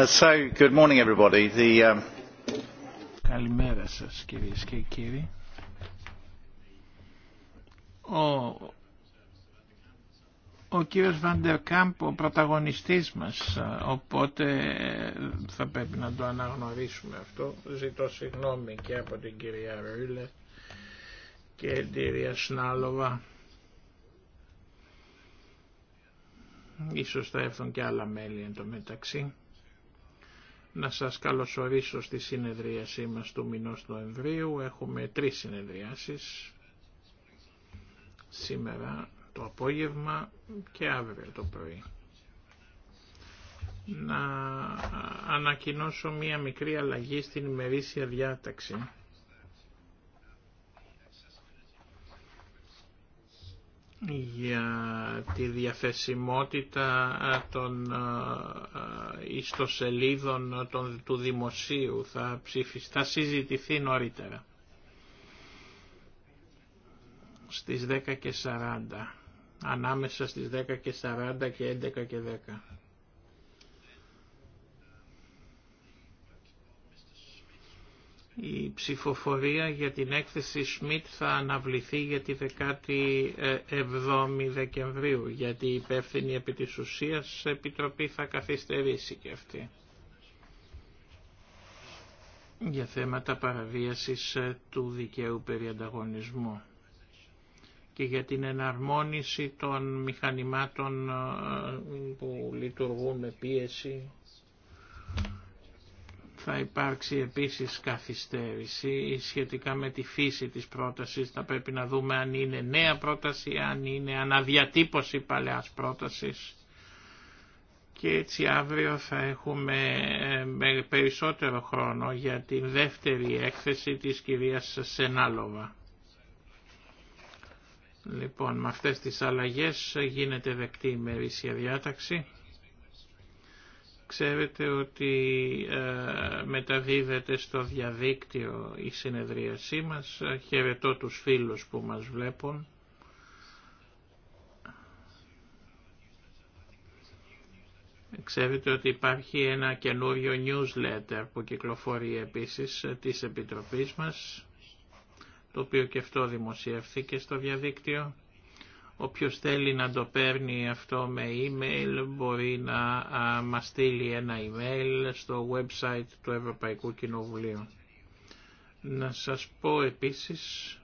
Uh, um, Καλημέρα σας κυρίες και κύριοι. Ο, ο κύριος Βαντερ ο πρωταγωνιστής μας, οπότε ε, θα πρέπει να το αναγνωρίσουμε αυτό. Ζητώ συγγνώμη και από την κυρία Ρούλε και την κυρία Σνάλοβα. Ίσως θα έρθουν και άλλα μέλη εν τω μεταξύ να σας καλωσορίσω στη συνεδρίασή μας του μηνός Νοεμβρίου. Έχουμε τρεις συνεδριάσεις σήμερα το απόγευμα και αύριο το πρωί. Να ανακοινώσω μία μικρή αλλαγή στην ημερήσια διάταξη. για τη διαθεσιμότητα ε, των ε, ε, ιστοσελίδων των, του δημοσίου θα, θα συζητηθεί νωρίτερα στις 10 και 40 ανάμεσα στις 10 και 40 και 11 και 10 Η ψηφοφορία για την έκθεση Σμιτ θα αναβληθεί για τη 17η Δεκεμβρίου, γιατί η υπεύθυνη επί της ουσίας επιτροπή θα καθυστερήσει και αυτή για θέματα παραβίασης ε, του δικαίου περί ανταγωνισμού και για την εναρμόνιση των μηχανημάτων ε, που λειτουργούν με πίεση θα υπάρξει επίσης καθυστέρηση σχετικά με τη φύση της πρότασης. Θα πρέπει να δούμε αν είναι νέα πρόταση, αν είναι αναδιατύπωση παλαιάς πρότασης. Και έτσι αύριο θα έχουμε ε, περισσότερο χρόνο για τη δεύτερη έκθεση της κυρίας Σενάλοβα. Λοιπόν, με αυτές τις αλλαγές γίνεται δεκτή η διάταξη. Ξέρετε ότι ε, μεταδίδεται στο διαδίκτυο η συνεδρίασή μας. Χαιρετώ τους φίλους που μας βλέπουν. Ξέρετε ότι υπάρχει ένα καινούριο newsletter που κυκλοφορεί επίσης της Επιτροπής μας, το οποίο και αυτό δημοσιεύθηκε στο διαδίκτυο. Όποιος θέλει να το παίρνει αυτό με email μπορεί να μας στείλει ένα email στο website του Ευρωπαϊκού Κοινοβουλίου. Να σας πω επίσης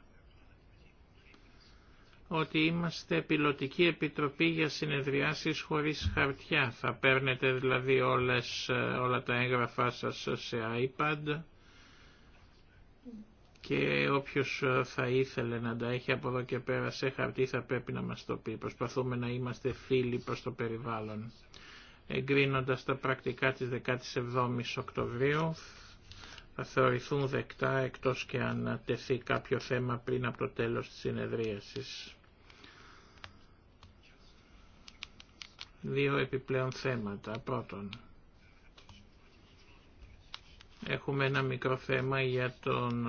ότι είμαστε πιλωτική επιτροπή για συνεδριάσεις χωρίς χαρτιά. Θα παίρνετε δηλαδή όλες, ε, όλα τα έγγραφά σας σε iPad και όποιος ε, θα ήθελε να τα έχει από εδώ και πέρα σε χαρτί θα πρέπει να μας το πει. Προσπαθούμε να είμαστε φίλοι προς το περιβάλλον. Εγκρίνοντας τα πρακτικά της 17ης Οκτωβρίου θα θεωρηθούν δεκτά εκτός και αν τεθεί κάποιο θέμα πριν από το τέλος της συνεδρίασης. Δύο επιπλέον θέματα. Πρώτον, Έχουμε ένα μικρό θέμα για, τον,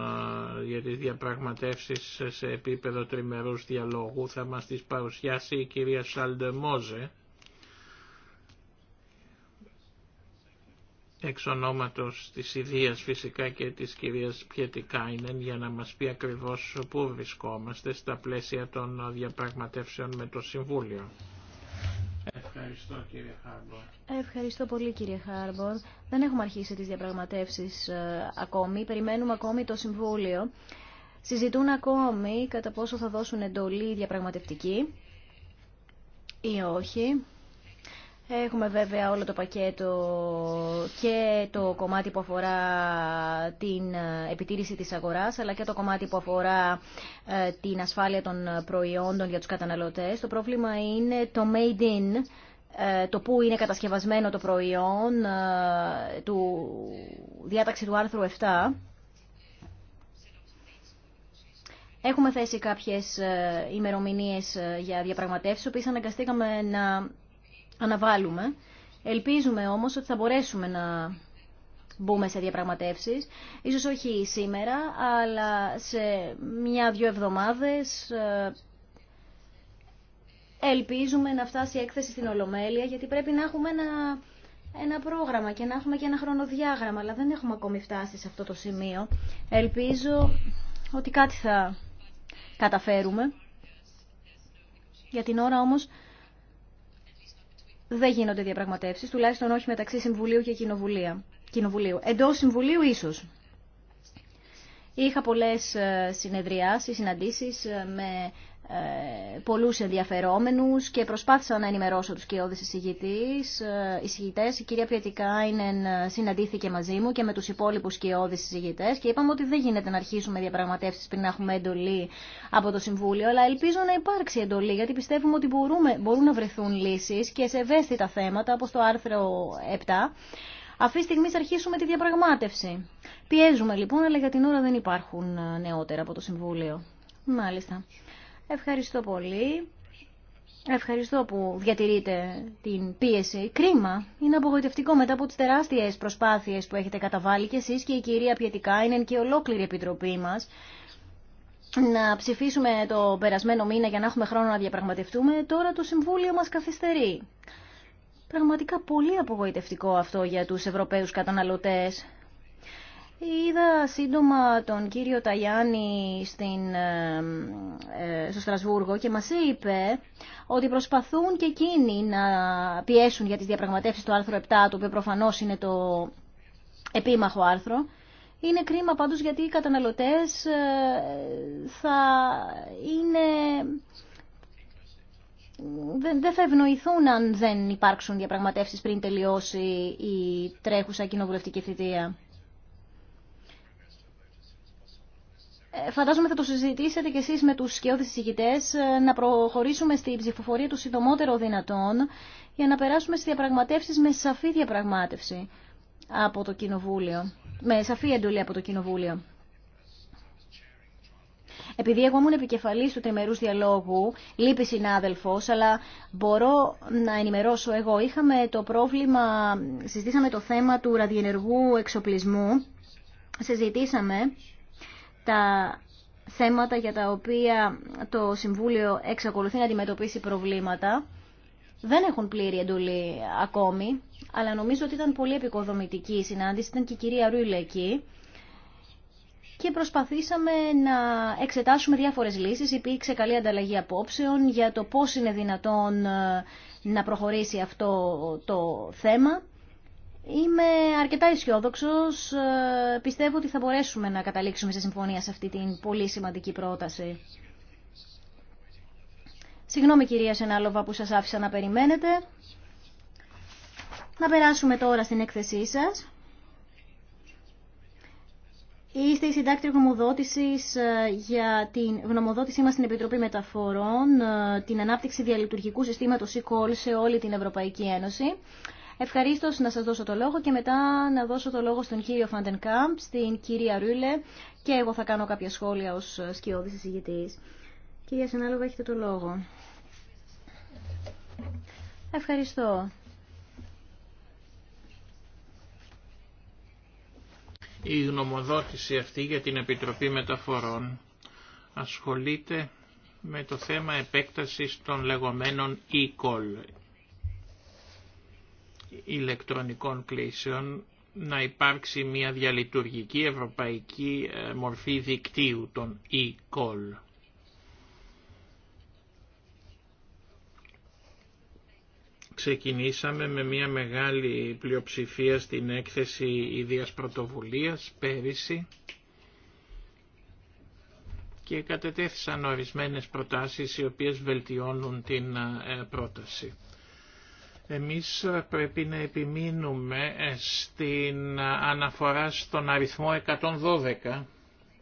για τις διαπραγματεύσεις σε επίπεδο τριμερούς διαλόγου. Θα μας τις παρουσιάσει η κυρία Σαλντεμόζε, εξ ονόματος της Ιδίας φυσικά και της κυρίας Πιετικάινεν για να μας πει ακριβώς πού βρισκόμαστε στα πλαίσια των διαπραγματεύσεων με το Συμβούλιο. Ευχαριστώ κύριε Χάρμπορ. Ευχαριστώ πολύ κύριε Χάρμπορ. Δεν έχουμε αρχίσει τις διαπραγματεύσεις ε, ακόμη. Περιμένουμε ακόμη το Συμβούλιο. Συζητούν ακόμη κατά πόσο θα δώσουν εντολή διαπραγματευτική ή όχι. Έχουμε βέβαια όλο το πακέτο και το κομμάτι που αφορά την ε, επιτήρηση της αγοράς, αλλά και το κομμάτι που αφορά ε, την ασφάλεια των προϊόντων για τους καταναλωτές. Το πρόβλημα είναι το made in, ε, το που είναι κατασκευασμένο το προϊόν, του διάταξη του άρθρου 7. Έχουμε θέσει κάποιες ημερομηνίες για διαπραγματεύσεις, οποίες αναγκαστήκαμε να αναβάλουμε. Ελπίζουμε όμως ότι θα μπορέσουμε να μπούμε σε διαπραγματεύσεις. Ίσως όχι σήμερα, αλλά σε μια-δυο εβδομάδες ε, ελπίζουμε να φτάσει η έκθεση στην Ολομέλεια, γιατί πρέπει να έχουμε ένα, πρόγραμμα και να έχουμε και ένα χρονοδιάγραμμα, αλλά δεν έχουμε ακόμη φτάσει σε αυτό το σημείο. Ελπίζω ότι κάτι θα καταφέρουμε. Για την ώρα όμως δεν γίνονται διαπραγματεύσεις, τουλάχιστον όχι μεταξύ Συμβουλίου και Κοινοβουλίου. Εντό Συμβουλίου ίσως. Είχα πολλές ε, συνεδριάσεις, συναντήσεις ε, με ε, πολλούς ενδιαφερόμενους και προσπάθησα να ενημερώσω τους κοιόδες εισηγητής. Ε, εισηγητές. Η κυρία είναι ε, συναντήθηκε μαζί μου και με τους υπόλοιπους κοιόδες εισηγητές και είπαμε ότι δεν γίνεται να αρχίσουμε διαπραγματεύσεις πριν να έχουμε εντολή από το Συμβούλιο, αλλά ελπίζω να υπάρξει εντολή γιατί πιστεύουμε ότι μπορούμε, μπορούν να βρεθούν λύσεις και σε ευαίσθητα θέματα όπως το άρθρο 7. Αυτή τη στιγμή αρχίσουμε τη διαπραγμάτευση. Πιέζουμε λοιπόν, αλλά για την ώρα δεν υπάρχουν νεότερα από το Συμβούλιο. Μάλιστα. Ευχαριστώ πολύ. Ευχαριστώ που διατηρείτε την πίεση. Κρίμα. Είναι απογοητευτικό μετά από τις τεράστιες προσπάθειες που έχετε καταβάλει και εσεί και η κυρία Πιετικά είναι και η ολόκληρη επιτροπή μας να ψηφίσουμε το περασμένο μήνα για να έχουμε χρόνο να διαπραγματευτούμε. Τώρα το Συμβούλιο μας καθυστερεί. Πραγματικά πολύ απογοητευτικό αυτό για του Ευρωπαίου καταναλωτέ. Είδα σύντομα τον κύριο Ταγιάννη στην, ε, στο Στρασβούργο και μας είπε ότι προσπαθούν και εκείνοι να πιέσουν για τις διαπραγματεύσεις του άρθρου 7, το οποίο προφανώς είναι το επίμαχο άρθρο. Είναι κρίμα πάντως γιατί οι καταναλωτές ε, θα είναι... Δεν θα ευνοηθούν αν δεν υπάρξουν διαπραγματεύσεις πριν τελειώσει η τρέχουσα κοινοβουλευτική θητεία. Ε, φαντάζομαι θα το συζητήσετε κι εσείς με τους σκιώδεις συζητητές ε, να προχωρήσουμε στη ψηφοφορία του συντομότερο δυνατόν για να περάσουμε στις διαπραγματεύσεις με σαφή διαπραγμάτευση από το Κοινοβούλιο, με σαφή εντολή από το Κοινοβούλιο. Επειδή εγώ ήμουν επικεφαλής του τριμερούς διαλόγου, λείπει συνάδελφο, αλλά μπορώ να ενημερώσω εγώ. Είχαμε το πρόβλημα, συζητήσαμε το θέμα του ραδιενεργού εξοπλισμού, συζητήσαμε τα θέματα για τα οποία το Συμβούλιο εξακολουθεί να αντιμετωπίσει προβλήματα. Δεν έχουν πλήρη εντολή ακόμη, αλλά νομίζω ότι ήταν πολύ επικοδομητική η συνάντηση. Ήταν και η κυρία Ρούιλε εκεί. Και προσπαθήσαμε να εξετάσουμε διάφορες λύσεις. Υπήρξε καλή ανταλλαγή απόψεων για το πώς είναι δυνατόν ε, να προχωρήσει αυτό το θέμα. Είμαι αρκετά αισιόδοξο. Ε, πιστεύω ότι θα μπορέσουμε να καταλήξουμε σε συμφωνία σε αυτή την πολύ σημαντική πρόταση. Συγγνώμη κυρία Σενάλοβα που σας άφησα να περιμένετε. Να περάσουμε τώρα στην έκθεσή σας. Είστε η συντάκτρια γνωμοδότησης ε, για την γνωμοδότησή μας στην Επιτροπή Μεταφορών, ε, την ανάπτυξη διαλειτουργικού συστήματος e σε όλη την Ευρωπαϊκή Ένωση. Ευχαρίστω να σας δώσω το λόγο και μετά να δώσω το λόγο στον κύριο Καμπ, στην κυρία Ρούλε και εγώ θα κάνω κάποια σχόλια ως σκιώδη εισηγητής. Κυρία Σενάλογα, έχετε το λόγο. Ευχαριστώ. Η γνωμοδότηση αυτή για την Επιτροπή Μεταφορών ασχολείται με το θέμα επέκτασης των λεγόμενων e-call ηλεκτρονικών κλήσεων να υπάρξει μια διαλειτουργική ευρωπαϊκή ε, μορφή δικτύου των e-call. Ξεκινήσαμε με μια μεγάλη πλειοψηφία στην έκθεση ιδίας πρωτοβουλίας πέρυσι και κατετέθησαν ορισμένες προτάσεις οι οποίες βελτιώνουν την ε, πρόταση. Εμείς πρέπει να επιμείνουμε στην αναφορά στον αριθμό 112,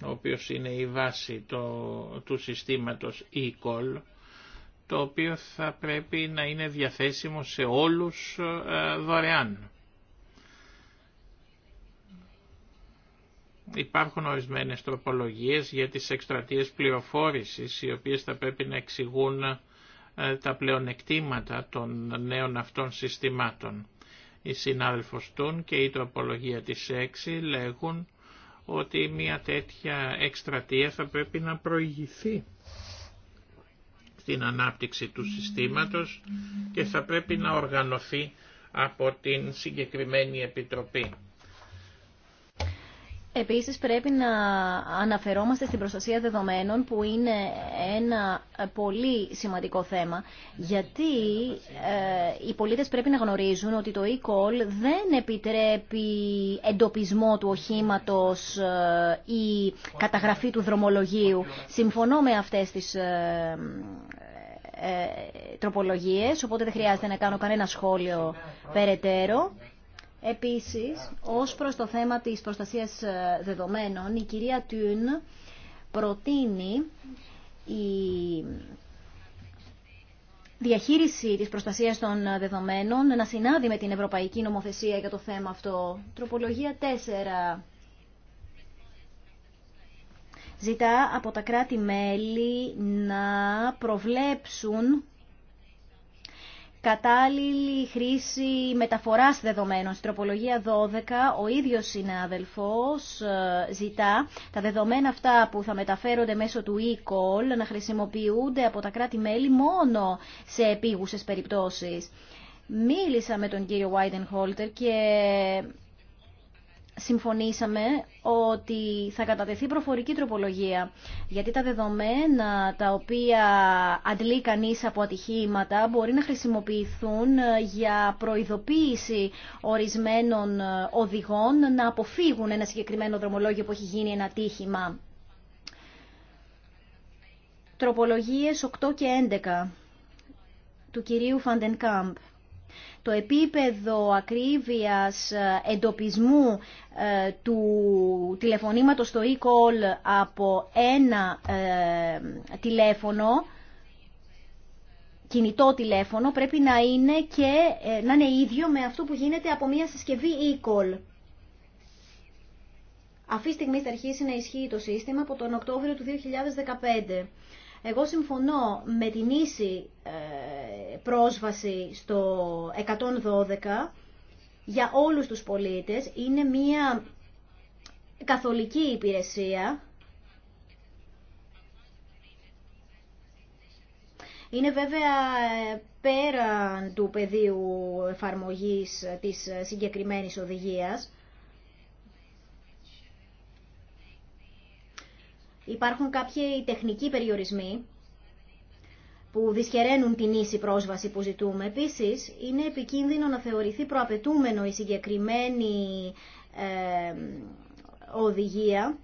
ο οποίος είναι η βάση το, του συστήματος το οποίο θα πρέπει να είναι διαθέσιμο σε όλους ε, δωρεάν. Υπάρχουν ορισμένες τροπολογίες για τις εκστρατείες πληροφόρησης, οι οποίες θα πρέπει να εξηγούν ε, τα πλεονεκτήματα των νέων αυτών συστημάτων. Οι συνάδελφος Τούν και η τροπολογία της 6 λέγουν ότι μια τέτοια εκστρατεία θα πρέπει να προηγηθεί στην ανάπτυξη του συστήματος και θα πρέπει να οργανωθεί από την συγκεκριμένη επιτροπή. Επίσης πρέπει να αναφερόμαστε στην προστασία δεδομένων που είναι ένα ε, πολύ σημαντικό θέμα γιατί ε, οι πολίτες πρέπει να γνωρίζουν ότι το e-call δεν επιτρέπει εντοπισμό του οχήματος ε, ή καταγραφή του δρομολογίου. Συμφωνώ με αυτές τις ε, τροπολογίες, οπότε δεν χρειάζεται να κάνω κανένα σχόλιο περαιτέρω. Επίσης, ως προς το θέμα της προστασίας ε, δεδομένων, η κυρία Τιούν προτείνει η διαχείριση της προστασίας των ε, δεδομένων να συνάδει με την Ευρωπαϊκή Νομοθεσία για το θέμα αυτό. Τροπολογία 4 ζητά από τα κράτη-μέλη να προβλέψουν κατάλληλη χρήση μεταφοράς δεδομένων. Στην τροπολογία 12 ο ίδιος συνάδελφος ε, ζητά τα δεδομένα αυτά που θα μεταφέρονται μέσω του e-call να χρησιμοποιούνται από τα κράτη-μέλη μόνο σε επίγουσες περιπτώσεις. Μίλησα με τον κύριο Χόλτερ και συμφωνήσαμε ότι θα κατατεθεί προφορική τροπολογία. Γιατί τα δεδομένα τα οποία αντλεί κανείς από ατυχήματα μπορεί να χρησιμοποιηθούν ε, για προειδοποίηση ορισμένων ε, οδηγών να αποφύγουν ένα συγκεκριμένο δρομολόγιο που έχει γίνει ένα ατύχημα. Τροπολογίες 8 και 11 του κυρίου Φαντενκάμπ το επίπεδο ακρίβειας ε, εντοπισμού ε, του τηλεφωνήματος στο e-call από ένα ε, τηλέφωνο, κινητό τηλέφωνο, πρέπει να είναι, και, να είναι ίδιο με αυτό που γίνεται από μια συσκευή e-call. Αυτή τη στιγμή θα αρχίσει να ισχύει το σύστημα από τον Οκτώβριο του 2015. Εγώ συμφωνώ με την ίση ε, πρόσβαση στο 112 για όλους τους πολίτες. Είναι μια καθολική υπηρεσία. Είναι βέβαια ε, πέραν του πεδίου εφαρμογής της συγκεκριμένης οδηγίας. υπάρχουν κάποιοι τεχνικοί περιορισμοί που δυσχεραίνουν την ίση πρόσβαση που ζητούμε. Επίσης, είναι επικίνδυνο να θεωρηθεί προαπαιτούμενο η συγκεκριμένη ε, οδηγία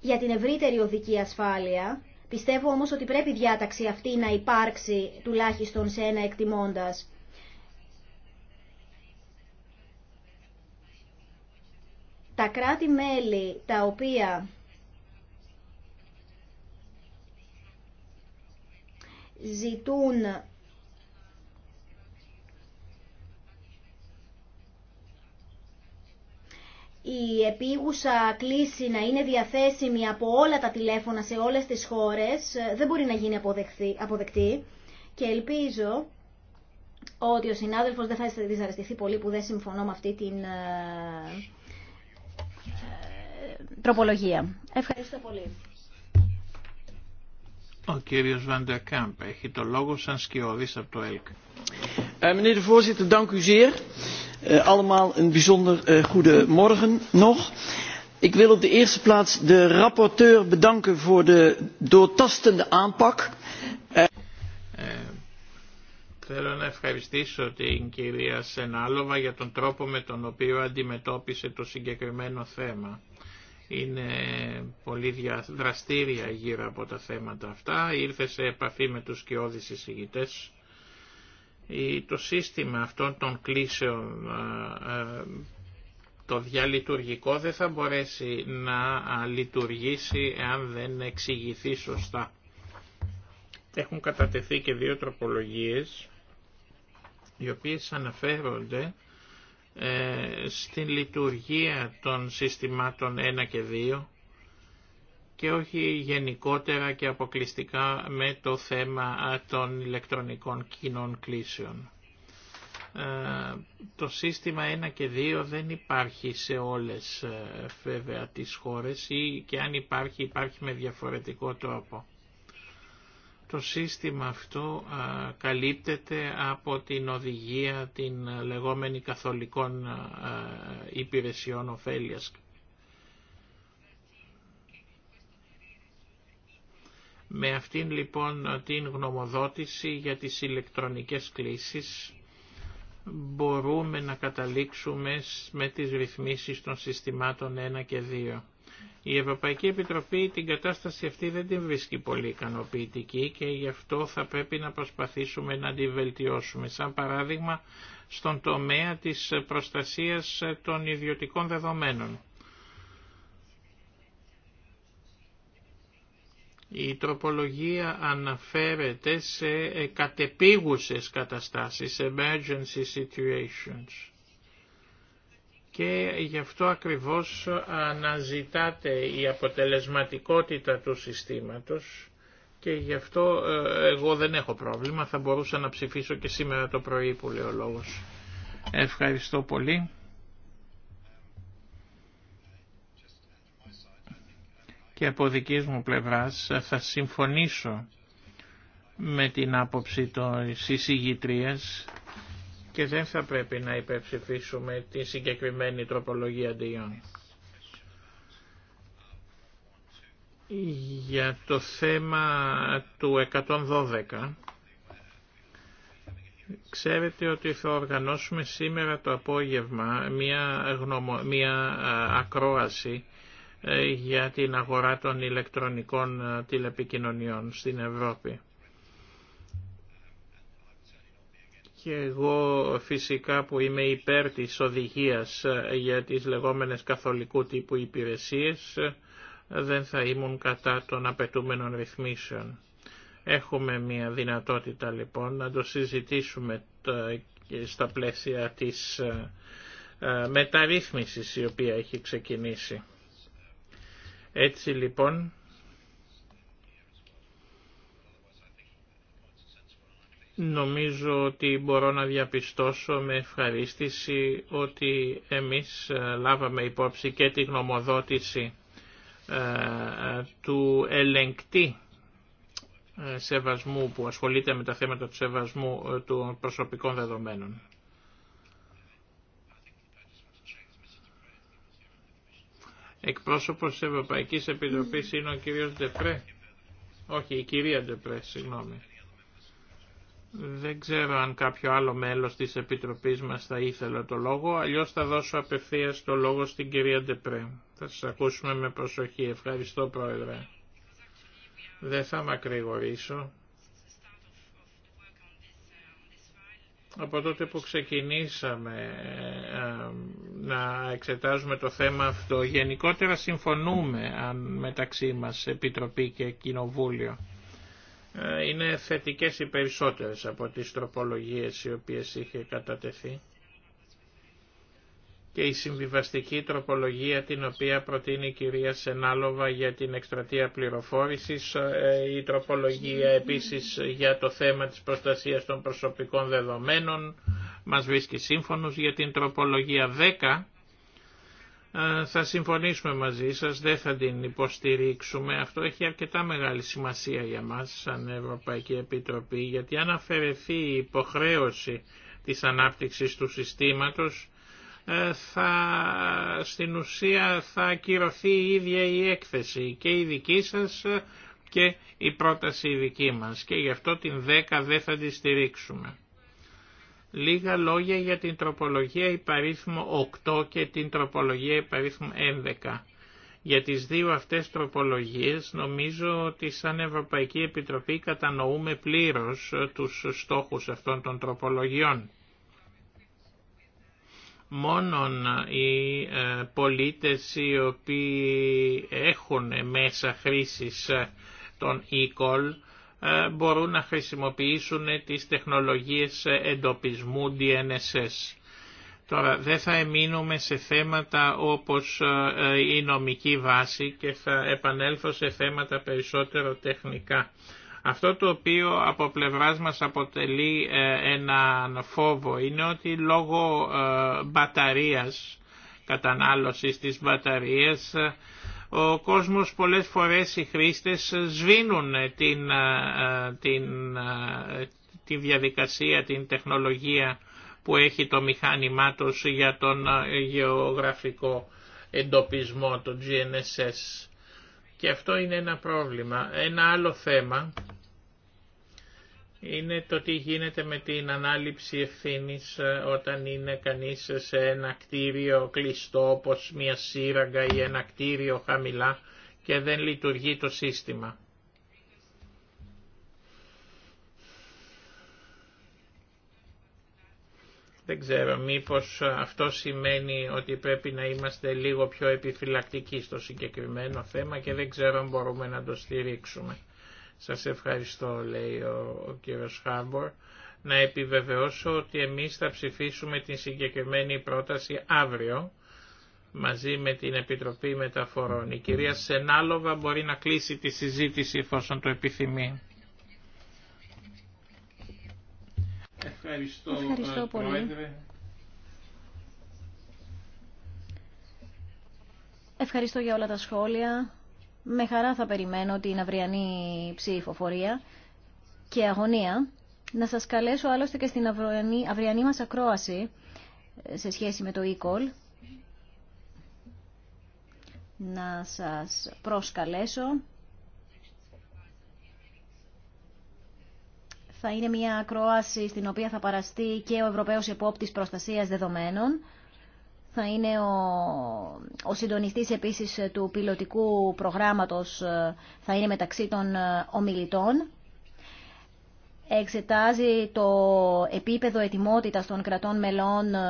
για την ευρύτερη οδική ασφάλεια Πιστεύω όμως ότι πρέπει η διάταξη αυτή να υπάρξει τουλάχιστον σε ένα εκτιμώντας. Τα κράτη-μέλη τα οποία ζητούν η επίγουσα κλίση να είναι διαθέσιμη από όλα τα τηλέφωνα σε όλες τις χώρες ε, δεν μπορεί να γίνει αποδεκτή και ελπίζω ότι ο συνάδελφος δεν θα δυσαρεστηθεί πολύ που δεν συμφωνώ με αυτή την ε, ε, τροπολογία. Ευχαριστώ πολύ. Ο κύριος Βαντερκάμπ έχει το λόγο σαν σκιώδης από το ΕΛΚ. Eh, allemaal een bijzonder eh, goede morgen nog. Ik wil op de eerste plaats de rapporteur bedanken voor de doortastende aanpak. Eh, θέλω να ευχαριστήσω την κυρία Σενάλοβα για τον τρόπο με τον οποίο αντιμετώπισε το συγκεκριμένο θέμα. Είναι πολύ δραστήρια γύρω από τα θέματα αυτά. Ήρθε σε επαφή με τους κοιόδης εισηγητές το σύστημα αυτών των κλήσεων ε, ε, το διαλειτουργικό δεν θα μπορέσει να λειτουργήσει αν δεν εξηγηθεί σωστά. Έχουν κατατεθεί και δύο τροπολογίες οι οποίες αναφέρονται ε, στην λειτουργία των συστημάτων 1 και 2 και όχι γενικότερα και αποκλειστικά με το θέμα των ηλεκτρονικών κοινών κλήσεων. Ε, το σύστημα 1 και 2 δεν υπάρχει σε όλες ε, βέβαια τις χώρες ή και αν υπάρχει υπάρχει με διαφορετικό τρόπο. Το σύστημα αυτό καλύπτεται από την οδηγία την λεγόμενη καθολικών υπηρεσιών ωφέλειας Με αυτήν λοιπόν την γνωμοδότηση για τις ηλεκτρονικές κλήσεις μπορούμε να καταλήξουμε με τις ρυθμίσεις των συστημάτων 1 και 2. Η Ευρωπαϊκή Επιτροπή την κατάσταση αυτή δεν την βρίσκει πολύ ικανοποιητική και γι' αυτό θα πρέπει να προσπαθήσουμε να τη βελτιώσουμε. Σαν παράδειγμα στον τομέα της προστασίας των ιδιωτικών δεδομένων. Η τροπολογία αναφέρεται σε ε, κατεπίγουσες καταστάσεις, emergency situations. Και γι' αυτό ακριβώς αναζητάτε η αποτελεσματικότητα του συστήματος και γι' αυτό ε, εγώ δεν έχω πρόβλημα, θα μπορούσα να ψηφίσω και σήμερα το πρωί που λέει ο λόγος. Ευχαριστώ πολύ. και από δικής μου πλευράς θα συμφωνήσω με την άποψη των εισηγητρίας και δεν θα πρέπει να υπερψηφίσουμε τη συγκεκριμένη τροπολογία διών. Για το θέμα του 112, ξέρετε ότι θα οργανώσουμε σήμερα το απόγευμα μια, μια ακρόαση ε, για την αγορά των ηλεκτρονικών ε, τηλεπικοινωνιών στην Ευρώπη. Και εγώ φυσικά που είμαι υπέρ της οδηγίας ε, για τις λεγόμενες καθολικού τύπου υπηρεσίες δεν θα ήμουν κατά των απαιτούμενων ρυθμίσεων. Έχουμε μια δυνατότητα λοιπόν να το συζητήσουμε στα πλαίσια της μεταρρύθμισης η οποία έχει ξεκινήσει. Έτσι λοιπόν νομίζω ότι μπορώ να διαπιστώσω με ευχαρίστηση ότι εμείς ε, λάβαμε υπόψη και τη γνωμοδότηση ε, του ελεγκτή ε, σεβασμού που ασχολείται με τα θέματα του σεβασμού των προσωπικών δεδομένων. Εκπρόσωπος της Ευρωπαϊκής Επιτροπής είναι ο κύριος Ντεπρέ. Όχι, η κυρία Ντεπρέ, συγγνώμη. Δεν ξέρω αν κάποιο άλλο μέλος της Επιτροπής μας θα ήθελε το λόγο, αλλιώς θα δώσω απευθείας το λόγο στην κυρία Ντεπρέ. Θα σας ακούσουμε με προσοχή. Ευχαριστώ Πρόεδρε. Δεν θα μακρηγορήσω. από τότε που ξεκινήσαμε ε, να εξετάζουμε το θέμα αυτό, γενικότερα συμφωνούμε αν μεταξύ μας Επιτροπή και Κοινοβούλιο. Ε, είναι θετικές οι περισσότερες από τις τροπολογίες οι οποίες είχε κατατεθεί και η συμβιβαστική τροπολογία την οποία προτείνει η κυρία Σενάλοβα για την εκστρατεία πληροφόρησης, ε, η τροπολογία επίσης για το θέμα της προστασίας των προσωπικών δεδομένων, μας βρίσκει σύμφωνος για την τροπολογία 10, ε, θα συμφωνήσουμε μαζί σας, δεν θα την υποστηρίξουμε. Αυτό έχει αρκετά μεγάλη σημασία για μας σαν Ευρωπαϊκή Επιτροπή, γιατί αν αφαιρεθεί η υποχρέωση της ανάπτυξης του συστήματος, ε, θα, στην ουσία θα ακυρωθεί η ίδια η έκθεση και η δική σας και η πρόταση η δική μας και γι' αυτό την 10 δεν θα τη στηρίξουμε. Λίγα λόγια για την τροπολογία υπαρίθμου 8 και την τροπολογία υπαρίθμου 11. Για τις δύο αυτές τροπολογίες νομίζω ότι σαν Ευρωπαϊκή Επιτροπή κατανοούμε πλήρως ε, τους στόχους αυτών των τροπολογιών μόνον οι ε, πολίτες οι οποίοι έχουν μέσα χρήσης ε, των e ε, μπορούν να χρησιμοποιήσουν τις τεχνολογίες εντοπισμού DNSS. Τώρα δεν θα εμείνουμε σε θέματα όπως η νομική βάση και θα επανέλθω σε θέματα περισσότερο τεχνικά. Αυτό το οποίο από πλευράς μας αποτελεί ε, έναν φόβο είναι ότι λόγω ε, μπαταρίας, κατανάλωσης της μπαταρίας, ε, ο κόσμος πολλές φορές οι χρήστες σβήνουν την, την, τη διαδικασία, την τεχνολογία που έχει το μηχάνημά τους για τον γεωγραφικό εντοπισμό, το GNSS. Και αυτό είναι ένα πρόβλημα. Ένα άλλο θέμα είναι το τι γίνεται με την ανάληψη ευθύνης ε, όταν είναι κανείς σε ένα κτίριο κλειστό όπως μια σύραγγα ή ένα κτίριο χαμηλά και δεν λειτουργεί το σύστημα. Δεν ξέρω, μήπως αυτό σημαίνει ότι πρέπει να είμαστε λίγο πιο επιφυλακτικοί στο συγκεκριμένο θέμα και δεν ξέρω αν μπορούμε να το στηρίξουμε. Σας ευχαριστώ, λέει ο, ο κύριος Χάμπορ. Να επιβεβαιώσω ότι εμείς θα ψηφίσουμε την συγκεκριμένη πρόταση αύριο μαζί με την Επιτροπή Μεταφορών. Η κυρία Σενάλοβα μπορεί να κλείσει τη συζήτηση εφόσον το επιθυμεί. Ευχαριστώ, Ευχαριστώ ε, πολύ. Ευχαριστώ για όλα τα σχόλια. Με χαρά θα περιμένω την αυριανή ψηφοφορία και αγωνία. Να σας καλέσω άλλωστε και στην αυριανή, αυριανή μας ακρόαση ε, σε σχέση με το e-call. Να σας προσκαλέσω. θα είναι μια ακρόαση στην οποία θα παραστεί και ο Ευρωπαίος Επόπτης Προστασίας Δεδομένων. Θα είναι ο, ο συντονιστής επίσης του πιλωτικού προγράμματος, ε, θα είναι μεταξύ των ε, ομιλητών. Εξετάζει το επίπεδο ετοιμότητας των κρατών μελών ε,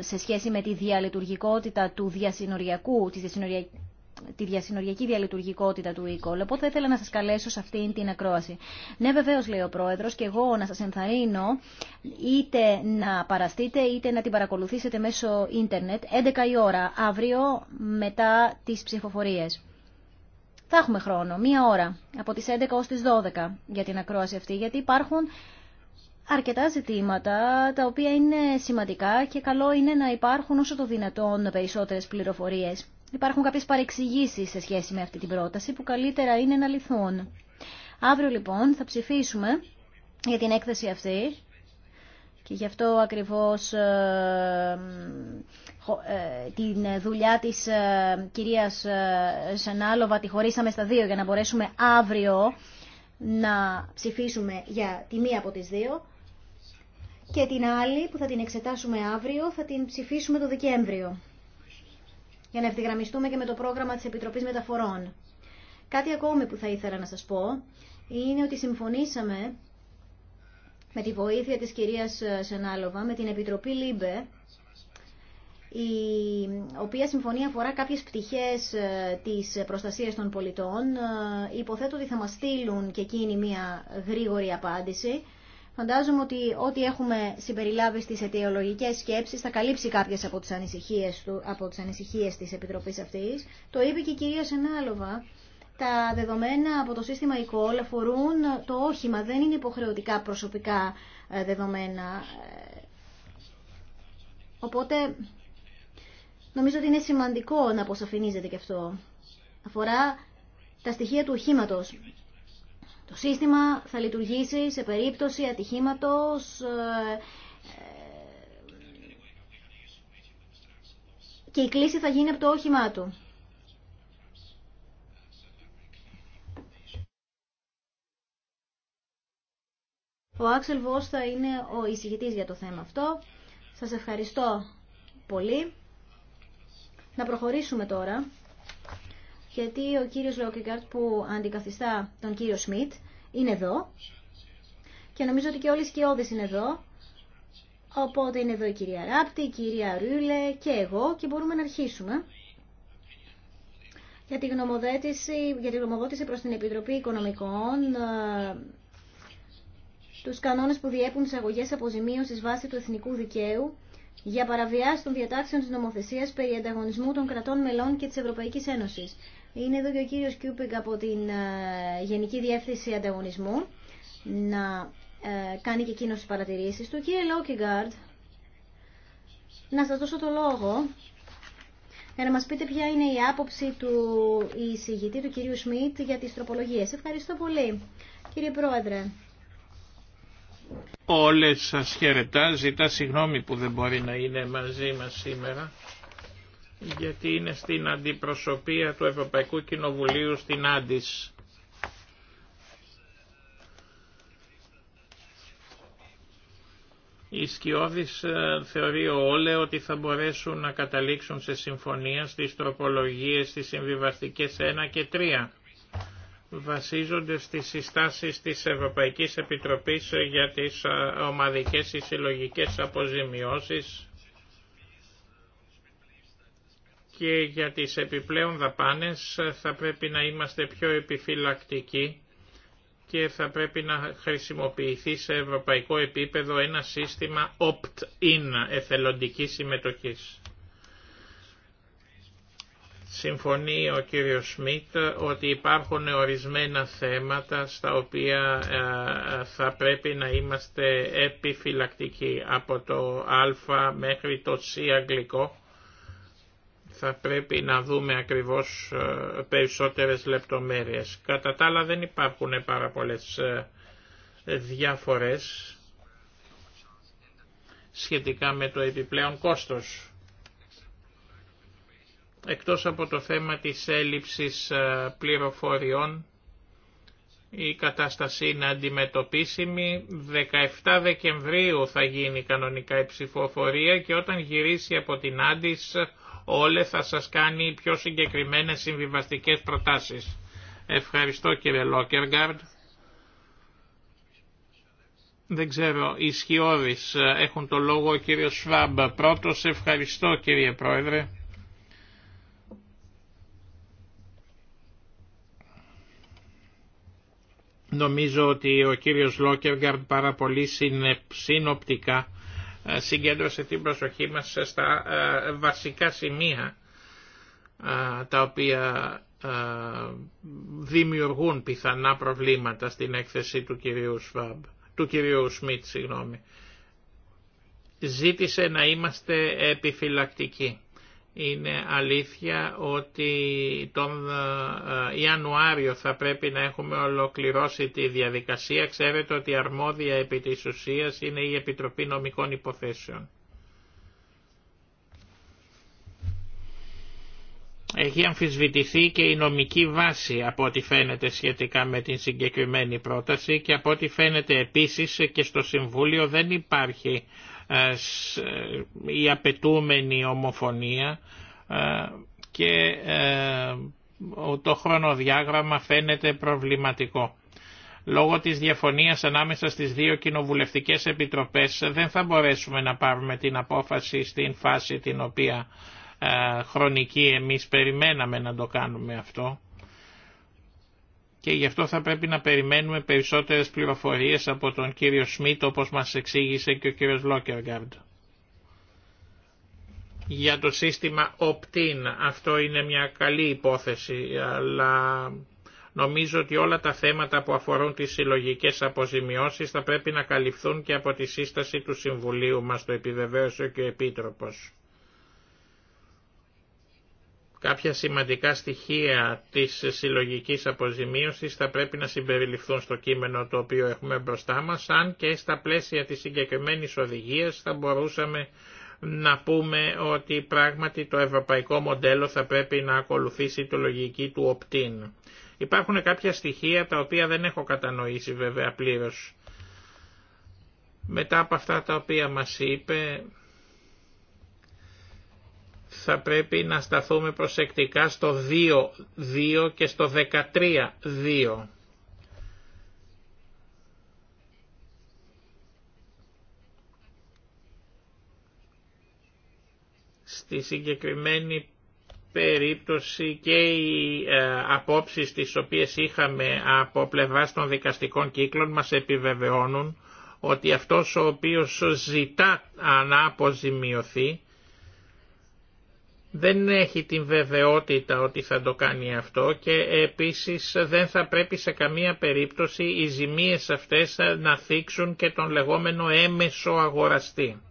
σε σχέση με τη διαλειτουργικότητα του διασυνοριακού, της διασυνοριακής τη διασυνοριακή διαλειτουργικότητα του e-call. Οπότε θα ήθελα να σα καλέσω σε αυτήν την ακρόαση. Ναι βεβαίω λέει ο πρόεδρο και εγώ να σα ενθαρρύνω είτε να παραστείτε είτε να την παρακολουθήσετε μέσω ίντερνετ 11 η ώρα αύριο μετά τι ψηφοφορίε. Θα έχουμε χρόνο, μία ώρα, από τις 11 ως τις 12 για την ακρόαση αυτή, γιατί υπάρχουν αρκετά ζητήματα τα οποία είναι σημαντικά και καλό είναι να υπάρχουν όσο το δυνατόν περισσότερες πληροφορίες. Υπάρχουν κάποιες παρεξηγήσεις σε σχέση με αυτή την πρόταση που καλύτερα είναι να λυθούν. Αύριο λοιπόν θα ψηφίσουμε για την έκθεση αυτή και γι' αυτό ακριβώς ε, ε, την δουλειά της ε, κυρίας Σενάλοβα τη χωρίσαμε στα δύο για να μπορέσουμε αύριο να ψηφίσουμε για τη μία από τις δύο και την άλλη που θα την εξετάσουμε αύριο θα την ψηφίσουμε το Δεκέμβριο για να ευθυγραμμιστούμε και με το πρόγραμμα της Επιτροπής Μεταφορών. Κάτι ακόμη που θα ήθελα να σας πω είναι ότι συμφωνήσαμε με τη βοήθεια της κυρίας ε, Σενάλοβα, με την Επιτροπή ΛΥΜΠΕ, η οποία συμφωνία αφορά κάποιες πτυχές ε, της προστασίας των πολιτών. Ε, υποθέτω ότι θα μας στείλουν και εκείνη μια γρήγορη απάντηση. Φαντάζομαι ότι ό,τι έχουμε συμπεριλάβει στις αιτιολογικές σκέψεις θα καλύψει κάποιες από τις ανησυχίες, του, από τις ανησυχίες της Επιτροπής αυτής. Το είπε και η κυρία Σενάλοβα. Τα δεδομένα από το σύστημα ECOL αφορούν το όχημα, δεν είναι υποχρεωτικά προσωπικά ε, δεδομένα. Ε, οπότε νομίζω ότι είναι σημαντικό να αποσαφηνίζεται και αυτό. Αφορά τα στοιχεία του οχήματο. Το σύστημα θα λειτουργήσει σε περίπτωση ατυχήματος ε, ε, και η κλίση θα γίνει από το όχημά του. Ο Άξελ Βος θα είναι ο εισηγητής για το θέμα αυτό. Σας ευχαριστώ πολύ. Να προχωρήσουμε τώρα γιατί ο κύριος Λόκεγκαρτ που αντικαθιστά τον κύριο Σμιτ είναι εδώ και νομίζω ότι και όλοι οι σκιώδες είναι εδώ. Οπότε είναι εδώ η κυρία Ράπτη, η κυρία Ρούλε και εγώ και μπορούμε να αρχίσουμε για τη γνωμοδότηση, για τη γνωμοδότηση προς την Επιτροπή Οικονομικών ε, τους κανόνες που διέπουν τις αγωγές αποζημίωσης βάσει του εθνικού δικαίου για παραβιάση των διατάξεων της νομοθεσίας περί ανταγωνισμού των κρατών μελών και της Ευρωπαϊκής Ένωσης. Είναι εδώ και ο κύριος Κιούπικ από την ε, Γενική Διεύθυνση Ανταγωνισμού να ε, κάνει και εκείνος τις παρατηρήσεις του. Κύριε Λόκιγκαρντ, να σας δώσω το λόγο για να μας πείτε ποια είναι η άποψη του εισηγητή, του κυρίου Σμιτ, για τις τροπολογίες. Ευχαριστώ πολύ. Κύριε Πρόεδρε. Όλες σας χαιρετά. Ζητά συγγνώμη που δεν μπορεί να είναι μαζί μας σήμερα γιατί είναι στην αντιπροσωπεία του Ευρωπαϊκού Κοινοβουλίου στην Άντις. Οι Σκιώδης ε, θεωρεί όλε ότι θα μπορέσουν να καταλήξουν σε συμφωνία στις τροπολογίες στις συμβιβαστικές 1 και 3 βασίζονται στις συστάσεις της Ευρωπαϊκής Επιτροπής για τις ε, ομαδικές ή συλλογικές αποζημιώσεις και για τις επιπλέον δαπάνες θα πρέπει να είμαστε πιο επιφυλακτικοί και θα πρέπει να χρησιμοποιηθεί σε ευρωπαϊκό επίπεδο ένα σύστημα opt-in εθελοντικής συμμετοχής. Συμφωνεί ο κύριος Σμιτ ότι υπάρχουν ορισμένα θέματα στα οποία ε, θα πρέπει να είμαστε επιφυλακτικοί από το α μέχρι το σ αγγλικό θα πρέπει να δούμε ακριβώς ε, περισσότερες λεπτομέρειες. Κατά τα άλλα δεν υπάρχουν πάρα πολλές ε, διάφορες σχετικά με το επιπλέον κόστος. Εκτός από το θέμα της έλλειψης ε, πληροφοριών, η κατάσταση είναι αντιμετωπίσιμη. 17 Δεκεμβρίου θα γίνει κανονικά η ψηφοφορία και όταν γυρίσει από την Άντις Όλε θα σας κάνει πιο συγκεκριμένες συμβιβαστικές προτάσεις. Ευχαριστώ κύριε Λόκεργαρντ. Δεν ξέρω, ισχυώδεις ε, έχουν το λόγο ο κύριος Σβάμπ. Πρώτος ευχαριστώ κύριε Πρόεδρε. Νομίζω ότι ο κύριος Λόκεργαρντ πάρα πολύ συνοπτικά ε, συγκέντρωσε την προσοχή μας στα ε, βασικά σημεία ε, τα οποία δημιουργούν πιθανά προβλήματα στην έκθεση του κυρίου, του κυρίου Σμιτ. Συγγνώμη. Ζήτησε να είμαστε επιφυλακτικοί. Είναι αλήθεια ότι τον ε, ε, Ιανουάριο θα πρέπει να έχουμε ολοκληρώσει τη διαδικασία. Ξέρετε ότι αρμόδια επί της ουσίας είναι η Επιτροπή Νομικών Υποθέσεων. Έχει αμφισβητηθεί και η νομική βάση από ό,τι φαίνεται σχετικά με την συγκεκριμένη πρόταση και από ό,τι φαίνεται επίσης και στο Συμβούλιο δεν υπάρχει ε, η απαιτούμενη ομοφωνία ε, και ε, το χρονοδιάγραμμα φαίνεται προβληματικό. Λόγω της διαφωνίας ανάμεσα στις δύο κοινοβουλευτικές επιτροπές δεν θα μπορέσουμε να πάρουμε την απόφαση στην φάση την οποία χρονική εμείς περιμέναμε να το κάνουμε αυτό και γι' αυτό θα πρέπει να περιμένουμε περισσότερες πληροφορίες από τον κύριο Σμίτ όπως μας εξήγησε και ο κύριος Λόκεργαρντ. Για το σύστημα opt-in αυτό είναι μια καλή υπόθεση αλλά νομίζω ότι όλα τα θέματα που αφορούν τις συλλογικέ αποζημιώσεις θα πρέπει να καλυφθούν και από τη σύσταση του Συμβουλίου μας το επιβεβαίωσε και ο Επίτροπος. Κάποια σημαντικά στοιχεία της συλλογικής αποζημίωσης θα πρέπει να συμπεριληφθούν στο κείμενο το οποίο έχουμε μπροστά μας, αν και στα πλαίσια της συγκεκριμένης οδηγίας θα μπορούσαμε να πούμε ότι πράγματι το ευρωπαϊκό μοντέλο θα πρέπει να ακολουθήσει τη λογική του opt Υπάρχουν κάποια στοιχεία τα οποία δεν έχω κατανοήσει βέβαια πλήρως. Μετά από αυτά τα οποία μας είπε θα πρέπει να σταθούμε προσεκτικά στο 2-2 και στο 13-2. Στη συγκεκριμένη περίπτωση και οι ε, απόψεις τις οποίες είχαμε από πλευράς των δικαστικών κύκλων μας επιβεβαιώνουν ότι αυτός ο οποίος ζητά να αποζημιωθεί δεν έχει την βεβαιότητα ότι θα το κάνει αυτό και επίσης δεν θα πρέπει σε καμία περίπτωση οι ζημίες αυτές να θίξουν και τον λεγόμενο έμεσο αγοραστή.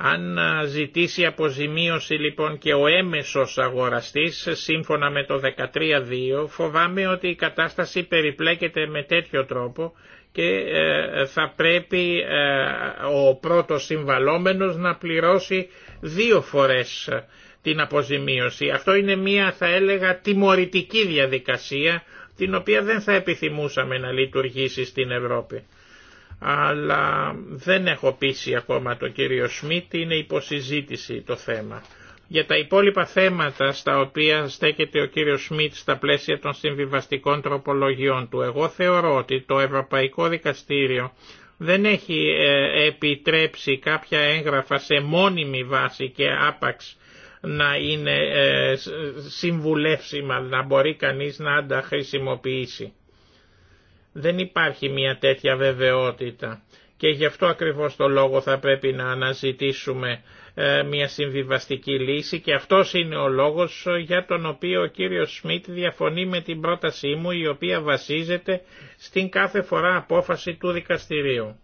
Αν ζητήσει αποζημίωση λοιπόν και ο έμεσος αγοραστής σύμφωνα με το 13.2 φοβάμαι ότι η κατάσταση περιπλέκεται με τέτοιο τρόπο και ε, θα πρέπει ε, ο πρώτος συμβαλόμενος να πληρώσει δύο φορές ε, την αποζημίωση. Αυτό είναι μία θα έλεγα τιμωρητική διαδικασία την οποία δεν θα επιθυμούσαμε να λειτουργήσει στην Ευρώπη. Αλλά δεν έχω πείσει ακόμα το κύριο Σμιτ, είναι υποσυζήτηση το θέμα. Για τα υπόλοιπα θέματα στα οποία στέκεται ο κύριος Σμιτ στα πλαίσια των συμβιβαστικών τροπολογιών του, εγώ θεωρώ ότι το Ευρωπαϊκό Δικαστήριο δεν έχει ε, επιτρέψει κάποια έγγραφα σε μόνιμη βάση και άπαξ να είναι ε, συμβουλεύσιμα, να μπορεί κανείς να ανταχρησιμοποιήσει. Δεν υπάρχει μια τέτοια βεβαιότητα και γι' αυτό ακριβώς το λόγο θα πρέπει να αναζητήσουμε ε, μια συμβιβαστική λύση και αυτός είναι ο λόγος για τον οποίο ο κύριος Σμιτ διαφωνεί με την πρότασή μου η οποία βασίζεται στην κάθε φορά απόφαση του δικαστηρίου.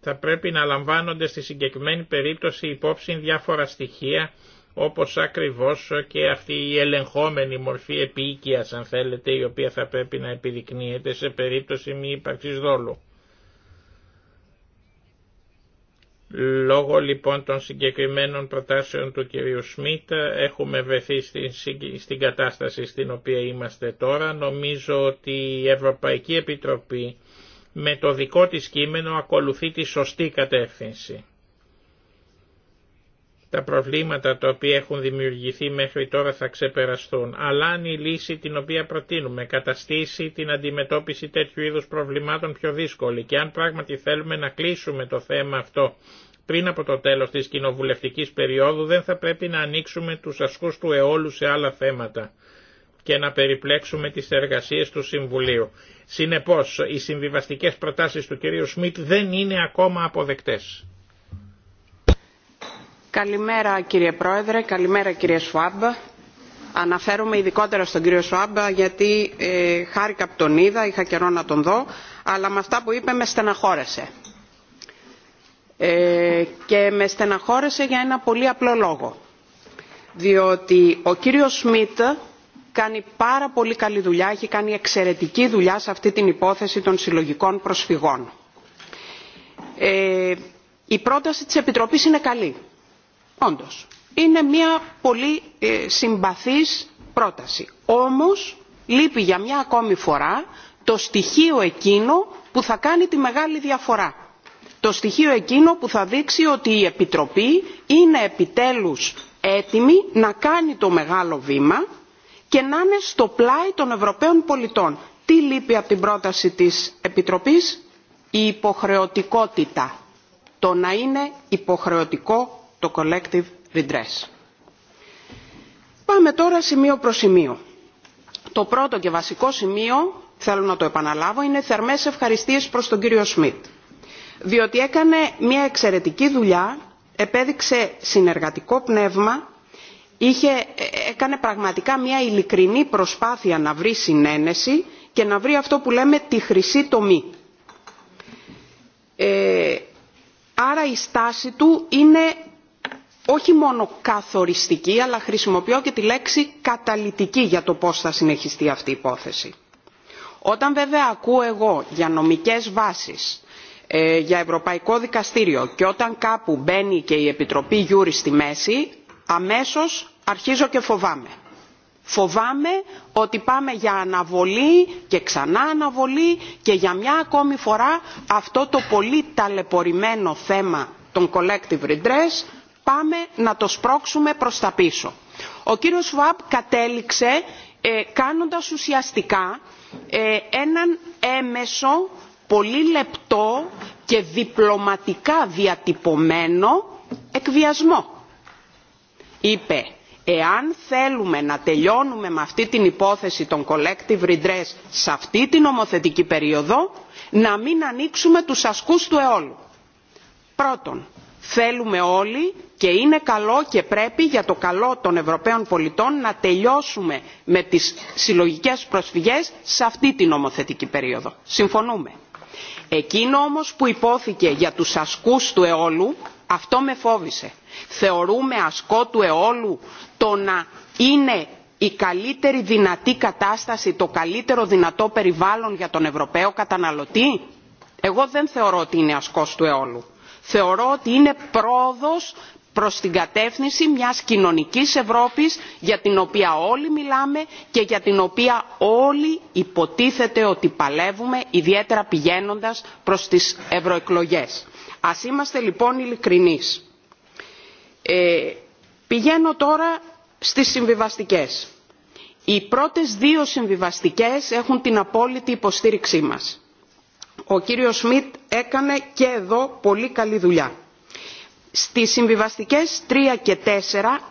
Θα πρέπει να λαμβάνονται στη συγκεκριμένη περίπτωση υπόψη διάφορα στοιχεία όπως ακριβώς και αυτή η ελεγχόμενη μορφή επίοικιας αν θέλετε η οποία θα πρέπει να επιδεικνύεται σε περίπτωση μη ύπαρξης δόλου. Λόγω λοιπόν των συγκεκριμένων προτάσεων του κυρίου Σμιτ έχουμε βρεθεί στην, στην κατάσταση στην οποία είμαστε τώρα. Νομίζω ότι η Ευρωπαϊκή Επιτροπή με το δικό της κείμενο ακολουθεί τη σωστή κατεύθυνση τα προβλήματα τα οποία έχουν δημιουργηθεί μέχρι τώρα θα ξεπεραστούν, αλλά αν η λύση την οποία προτείνουμε καταστήσει την αντιμετώπιση τέτοιου είδους προβλημάτων πιο δύσκολη και αν πράγματι θέλουμε να κλείσουμε το θέμα αυτό πριν από το τέλος της κοινοβουλευτικής περίοδου δεν θα πρέπει να ανοίξουμε τους ασκούς του αιώλου σε άλλα θέματα και να περιπλέξουμε τις εργασίες του Συμβουλίου. Συνεπώς, οι συμβιβαστικές προτάσεις του κ. Σμιτ δεν είναι ακόμα αποδεκτές. Καλημέρα κύριε Πρόεδρε, καλημέρα κύριε Σουάμπ. Αναφέρομαι ειδικότερα στον κύριο Σουάμπ γιατί ε, χάρηκα που τον είδα, είχα καιρό να τον δω, αλλά με αυτά που είπε με στεναχώρεσε. Ε, και με στεναχώρεσε για ένα πολύ απλό λόγο. Διότι ο κύριος Σμιτ κάνει πάρα πολύ καλή δουλειά, έχει κάνει εξαιρετική δουλειά σε αυτή την υπόθεση των συλλογικών προσφυγών. Ε, η πρόταση της Επιτροπής είναι καλή Όντως, είναι μια πολύ ε, συμπαθής πρόταση. Όμως, λείπει για μια ακόμη φορά το στοιχείο εκείνο που θα κάνει τη μεγάλη διαφορά. Το στοιχείο εκείνο που θα δείξει ότι η Επιτροπή είναι επιτέλους έτοιμη να κάνει το μεγάλο βήμα και να είναι στο πλάι των Ευρωπαίων πολιτών. Τι λείπει από την πρόταση της Επιτροπής? Η υποχρεωτικότητα. Το να είναι υποχρεωτικό το collective redress. Πάμε τώρα σημείο προς σημείο. Το πρώτο και βασικό σημείο, θέλω να το επαναλάβω, είναι θερμές ευχαριστίες προς τον κύριο Σμιτ. Διότι έκανε μια εξαιρετική δουλειά, επέδειξε συνεργατικό πνεύμα, είχε, ε, έκανε πραγματικά μια ειλικρινή προσπάθεια να βρει συνένεση και να βρει αυτό που λέμε τη χρυσή τομή. Ε, άρα η στάση του είναι όχι μόνο καθοριστική αλλά χρησιμοποιώ και τη λέξη καταλυτική για το πώς θα συνεχιστεί αυτή η υπόθεση. Όταν βέβαια ακούω εγώ για νομικές βάσεις, ε, για Ευρωπαϊκό Δικαστήριο και όταν κάπου μπαίνει και η Επιτροπή γιουρί στη μέση, αμέσως αρχίζω και φοβάμαι. Φοβάμαι ότι πάμε για αναβολή και ξανά αναβολή και για μια ακόμη φορά αυτό το πολύ ταλαιπωρημένο θέμα των collective redress πάμε να το σπρώξουμε προς τα πίσω. Ο κύριος Σουάπ κατέληξε ε, κάνοντας ουσιαστικά ε, έναν έμεσο, πολύ λεπτό και διπλωματικά διατυπωμένο εκβιασμό. Είπε, εάν θέλουμε να τελειώνουμε με αυτή την υπόθεση των collective redress σε αυτή την ομοθετική περίοδο, να μην ανοίξουμε τους ασκούς του αιώλου. Πρώτον, θέλουμε όλοι και είναι καλό και πρέπει για το καλό των ευρωπαίων πολιτών να τελειώσουμε με τις συλλογικές προσφυγές σε αυτή την νομοθετική περίοδο. συμφωνούμε. εκείνο όμως που υπόθηκε για τους ασκούς του αιώλου αυτό με φόβησε. θεωρούμε ασκό του αιώλου το να είναι η καλύτερη δυνατή κατάσταση το καλύτερο δυνατό περιβάλλον για τον ευρωπαίο καταναλωτή. εγώ δεν θεωρώ ότι είναι ασκός του αιώλου θεωρώ ότι είναι πρόοδος προς την κατεύθυνση μιας κοινωνικής ευρώπης για την οποία όλοι μιλάμε και για την οποία όλοι υποτίθεται ότι παλεύουμε ιδιαίτερα πηγαίνοντας προς τις ευρωεκλογές. Ας είμαστε λοιπόν ειλικρινείς. Ε, πηγαίνω τώρα στις συμβιβαστικές. Οι πρώτες δύο συμβιβαστικές έχουν την απόλυτη υποστήριξή μας ο κύριος Σμιτ έκανε και εδώ πολύ καλή δουλειά. Στις συμβιβαστικές 3 και 4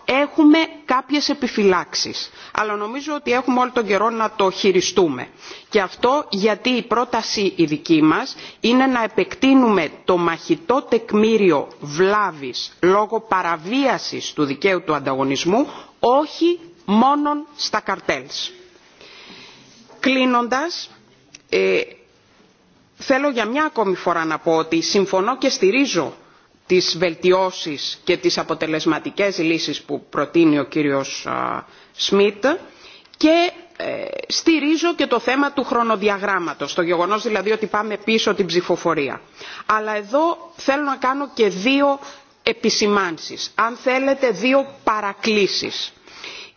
έχουμε κάποιες επιφυλάξεις, αλλά νομίζω ότι έχουμε όλο τον καιρό να το χειριστούμε. Και αυτό γιατί η πρόταση η δική μας είναι να επεκτείνουμε το μαχητό τεκμήριο βλάβης λόγω παραβίασης του δικαίου του ανταγωνισμού, όχι μόνον στα καρτέλς. Κλείνοντας, ε, θέλω για μια ακόμη φορά να πω ότι συμφωνώ και στηρίζω τις βελτιώσεις και τις αποτελεσματικές λύσεις που προτείνει ο κύριος Σμιτ και ε, στηρίζω και το θέμα του χρονοδιαγράμματος, το γεγονός δηλαδή ότι πάμε πίσω την ψηφοφορία. Αλλά εδώ θέλω να κάνω και δύο επισημάνσεις, αν θέλετε δύο παρακλήσεις.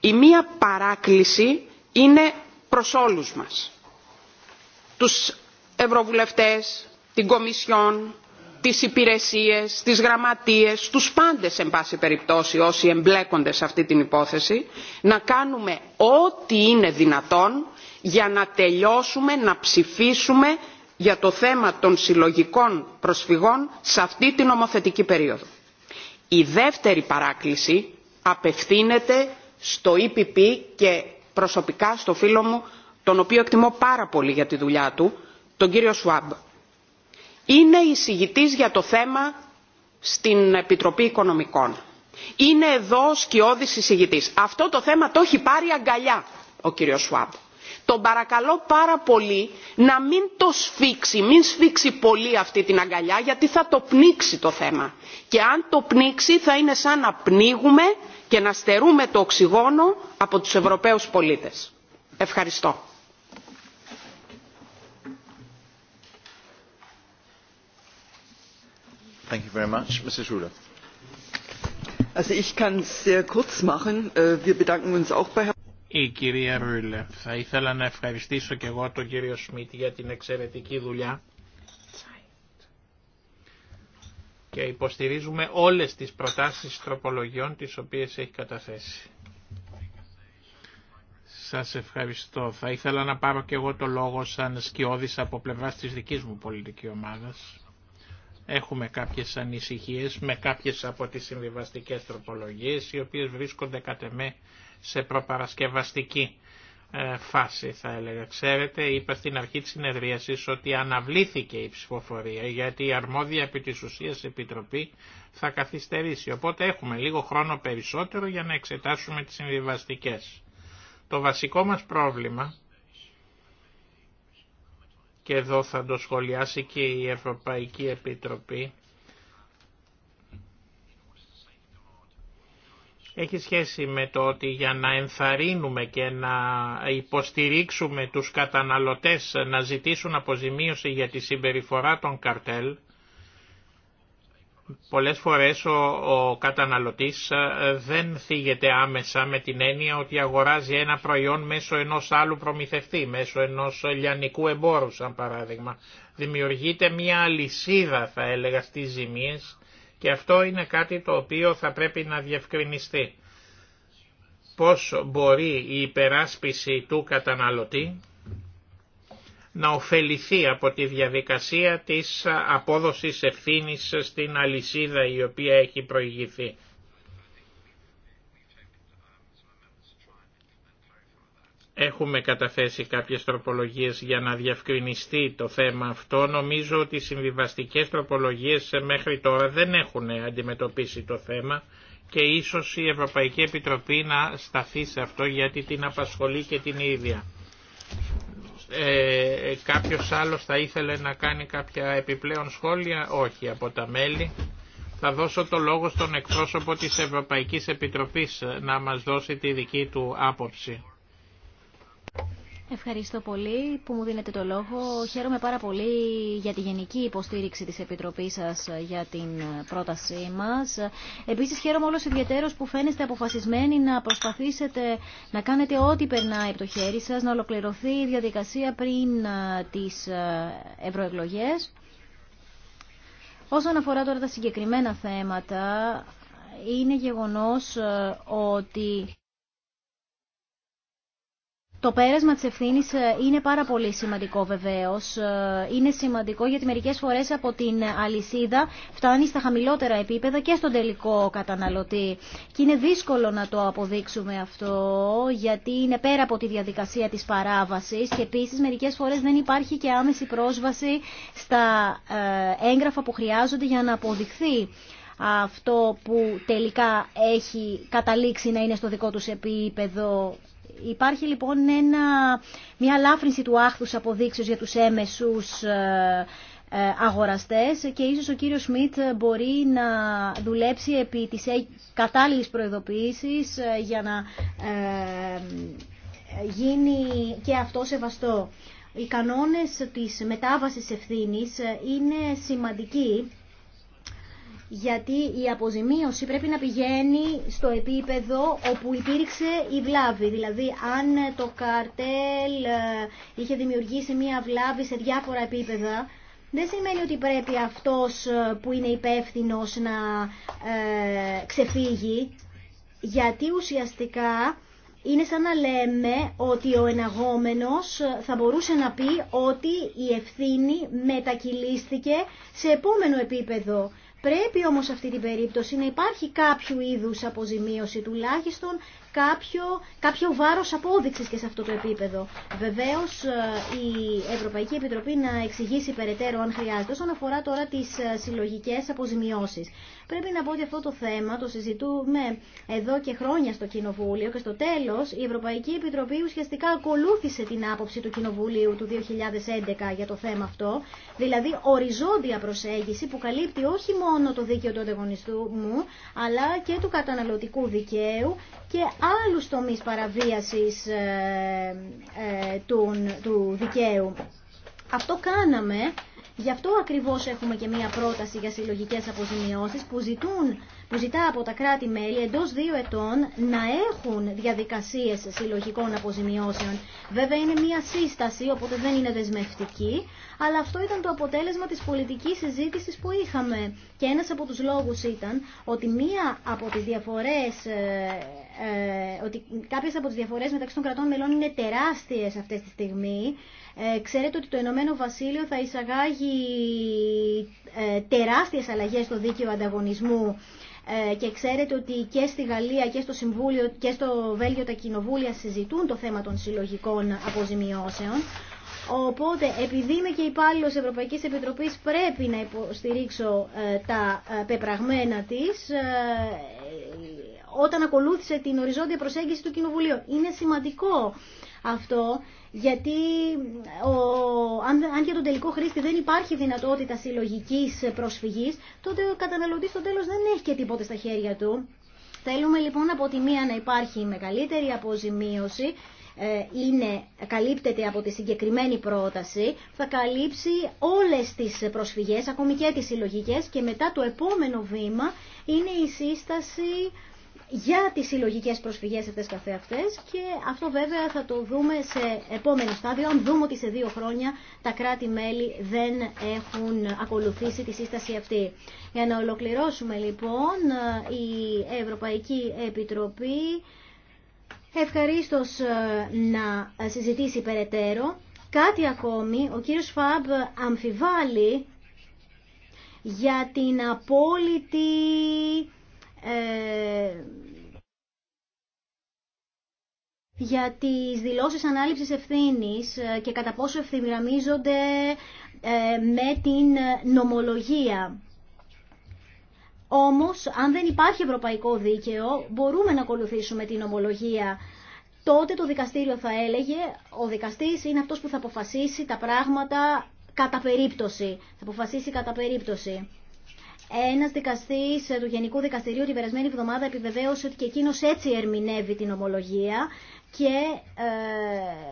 Η μία παράκληση είναι προς όλους μας. Τους ευρωβουλευτές, την Κομισιόν, τις υπηρεσίες, τις γραμματείες, τους πάντες εν πάση περιπτώσει όσοι εμπλέκονται σε αυτή την υπόθεση, να κάνουμε ό,τι είναι δυνατόν για να τελειώσουμε, να ψηφίσουμε για το θέμα των συλλογικών προσφυγών σε αυτή την ομοθετική περίοδο. Η δεύτερη παράκληση απευθύνεται στο ΕΠΠ και προσωπικά στο φίλο μου, τον οποίο εκτιμώ πάρα πολύ για τη δουλειά του, τον κύριο Σουάμπ. Είναι εισηγητής για το θέμα στην Επιτροπή Οικονομικών. Είναι εδώ ο σκιώδης Αυτό το θέμα το έχει πάρει αγκαλιά ο κύριο Σουάμπ. Τον παρακαλώ πάρα πολύ να μην το σφίξει, μην σφίξει πολύ αυτή την αγκαλιά γιατί θα το πνίξει το θέμα. Και αν το πνίξει θα είναι σαν να πνίγουμε και να στερούμε το οξυγόνο από τους Ευρωπαίους πολίτες. Ευχαριστώ. η κυρία Ρούλε. Θα ήθελα να ευχαριστήσω και εγώ τον κύριο Σμιτ για την εξαιρετική δουλειά και υποστηρίζουμε όλες τις προτάσεις τροπολογιών τις οποίες έχει καταθέσει. Σας ευχαριστώ. Θα ήθελα να πάρω και εγώ το λόγο σαν σκιώδης από πλευράς της δικής μου πολιτική ομάδας. Έχουμε κάποιες ανησυχίες με κάποιες από τις συμβιβαστικές τροπολογίες οι οποίες βρίσκονται κατ' εμέ σε προπαρασκευαστική ε, φάση θα έλεγα. Ξέρετε, είπα στην αρχή της συνεδρίασης ότι αναβλήθηκε η ψηφοφορία γιατί η αρμόδια επί της ουσίας επιτροπή θα καθυστερήσει. Οπότε έχουμε λίγο χρόνο περισσότερο για να εξετάσουμε τις συμβιβαστικές. Το βασικό μας πρόβλημα και εδώ θα το σχολιάσει και η Ευρωπαϊκή Επιτροπή, έχει σχέση με το ότι για να ενθαρρύνουμε και να υποστηρίξουμε τους καταναλωτές να ζητήσουν αποζημίωση για τη συμπεριφορά των καρτέλ, Πολλές φορές ο, ο καταναλωτής ε, δεν θίγεται άμεσα με την έννοια ότι αγοράζει ένα προϊόν μέσω ενός άλλου προμηθευτή, μέσω ενός λιανικού εμπόρου σαν παράδειγμα. Δημιουργείται μια αλυσίδα θα έλεγα στις ζημίες και αυτό είναι κάτι το οποίο θα πρέπει να διευκρινιστεί. Πώς μπορεί η υπεράσπιση του καταναλωτή να ωφεληθεί από τη διαδικασία της απόδοσης ευθύνης στην αλυσίδα η οποία έχει προηγηθεί. Έχουμε καταθέσει κάποιες τροπολογίες για να διευκρινιστεί το θέμα αυτό. Νομίζω ότι οι συμβιβαστικές τροπολογίες μέχρι τώρα δεν έχουν αντιμετωπίσει το θέμα και ίσως η Ευρωπαϊκή Επιτροπή να σταθεί σε αυτό γιατί την απασχολεί και την ίδια. Ε, κάποιος άλλος θα ήθελε να κάνει κάποια επιπλέον σχόλια. Όχι από τα μέλη. Θα δώσω το λόγο στον εκπρόσωπο της Ευρωπαϊκής Επιτροπής να μας δώσει τη δική του άποψη. Ευχαριστώ πολύ που μου δίνετε το λόγο. Χαίρομαι πάρα πολύ για τη γενική υποστήριξη της Επιτροπής σας ε, για την ε, πρότασή μας. Επίσης χαίρομαι όλος ιδιαίτερος που φαίνεστε αποφασισμένοι να προσπαθήσετε να κάνετε ό,τι περνάει από το χέρι σας, να ολοκληρωθεί η διαδικασία πριν ε, τις ευρωεκλογές. Όσον αφορά τώρα τα συγκεκριμένα θέματα, είναι γεγονός ότι... Το πέρασμα τη ευθύνη ε, είναι πάρα πολύ σημαντικό βεβαίω. Ε, είναι σημαντικό γιατί μερικέ φορές από την αλυσίδα φτάνει στα χαμηλότερα επίπεδα και στον τελικό καταναλωτή. Και είναι δύσκολο να το αποδείξουμε αυτό γιατί είναι πέρα από τη διαδικασία της παράβασης και επίση, μερικέ φορές δεν υπάρχει και άμεση πρόσβαση στα ε, έγγραφα που χρειάζονται για να αποδειχθεί αυτό που τελικά έχει καταλήξει να είναι στο δικό τους επίπεδο Υπάρχει λοιπόν ένα, μια λάφρυνση του άχθους αποδείξεως για τους έμεσους ε, ε, αγοραστές και ίσως ο κύριος Σμιτ μπορεί να δουλέψει επί της ε, κατάλληλης προειδοποίησης για να γίνει και αυτό σεβαστό. Οι κανόνες της μετάβασης ευθύνης είναι σημαντικοί γιατί η αποζημίωση πρέπει να πηγαίνει στο επίπεδο όπου υπήρξε η βλάβη. Δηλαδή, αν το καρτέλ ε, είχε δημιουργήσει μία βλάβη σε διάφορα επίπεδα, δεν σημαίνει ότι πρέπει αυτός ε, που είναι υπεύθυνο να ε, ξεφύγει, γιατί ουσιαστικά είναι σαν να λέμε ότι ο εναγόμενος θα μπορούσε να πει ότι η ευθύνη μετακυλίστηκε σε επόμενο επίπεδο. Πρέπει όμως αυτή την περίπτωση να υπάρχει κάποιο είδους αποζημίωση τουλάχιστον κάποιο, κάποιο βάρος απόδειξης και σε αυτό το επίπεδο. Βεβαίως ε, η Ευρωπαϊκή Επιτροπή να εξηγήσει περαιτέρω αν χρειάζεται όσον αφορά τώρα τις ε, συλλογικές αποζημιώσεις. Πρέπει να πω ότι αυτό το θέμα το συζητούμε εδώ και χρόνια στο Κοινοβούλιο και στο τέλος η Ευρωπαϊκή Επιτροπή ουσιαστικά ακολούθησε την άποψη του Κοινοβουλίου του 2011 για το θέμα αυτό, δηλαδή οριζόντια προσέγγιση που καλύπτει όχι μόνο το δίκαιο του ανταγωνιστού μου, αλλά και του καταναλωτικού δικαίου και άλλους τομείς παραβίασης ε, ε, του δικαίου. Αυτό κάναμε Γι' αυτό ακριβώς έχουμε και μία πρόταση για συλλογικές αποζημιώσεις που, ζητούν, που ζητά από τα κράτη-μέλη εντός δύο ετών να έχουν διαδικασίες συλλογικών αποζημιώσεων. Βέβαια είναι μία σύσταση, οπότε δεν είναι δεσμευτική, αλλά αυτό ήταν το αποτέλεσμα της πολιτικής συζήτησης που είχαμε. Και ένας από τους λόγους ήταν ότι μία από τις διαφορές, ε, ε ότι κάποιες από τις διαφορές μεταξύ των κρατών μελών είναι τεράστιες αυτή τη στιγμή, ε, ξέρετε ότι το Ηνωμένο Βασίλειο θα εισαγάγει ε, τεράστιες αλλαγές στο δίκαιο ανταγωνισμού ε, και ξέρετε ότι και στη Γαλλία και στο Συμβούλιο και στο Βέλγιο τα κοινοβούλια συζητούν το θέμα των συλλογικών αποζημιώσεων. Οπότε, επειδή είμαι και υπάλληλο Ευρωπαϊκή Επιτροπή, πρέπει να υποστηρίξω τα πεπραγμένα τη όταν ακολούθησε την οριζόντια προσέγγιση του Κοινοβουλίου. Είναι σημαντικό αυτό γιατί ε, ο, αν, αν για τον τελικό χρήστη δεν υπάρχει δυνατότητα συλλογική προσφυγής, τότε ο καταναλωτή στο τέλος δεν έχει και τίποτε στα χέρια του. Θέλουμε λοιπόν από τη μία να υπάρχει μεγαλύτερη αποζημίωση, ε, είναι, καλύπτεται από τη συγκεκριμένη πρόταση, θα καλύψει όλες τις προσφυγές, ακόμη και τις συλλογικέ και μετά το επόμενο βήμα είναι η σύσταση για τις συλλογικέ προσφυγές αυτές καθεαυτές και αυτό βέβαια θα το δούμε σε επόμενο στάδιο αν δούμε ότι σε δύο χρόνια τα κράτη-μέλη δεν έχουν ακολουθήσει τη σύσταση αυτή. Για να ολοκληρώσουμε λοιπόν η Ευρωπαϊκή Επιτροπή ευχαρίστως ε, να συζητήσει περαιτέρω κάτι ακόμη ο κύριος Φαμπ αμφιβάλλει για την απόλυτη ε, για τις δηλώσεις ανάληψης ευθύνης ε, και κατά πόσο ευθυγραμμίζονται ε, με την νομολογία. Όμως, αν δεν υπάρχει ευρωπαϊκό δίκαιο, μπορούμε να ακολουθήσουμε την νομολογία. Τότε το δικαστήριο θα έλεγε, ο δικαστής είναι αυτός που θα αποφασίσει τα πράγματα κατά περίπτωση. Θα αποφασίσει κατά περίπτωση. Ένα δικαστή του Γενικού Δικαστηρίου την περασμένη εβδομάδα επιβεβαίωσε ότι και εκείνο έτσι ερμηνεύει την ομολογία και ε,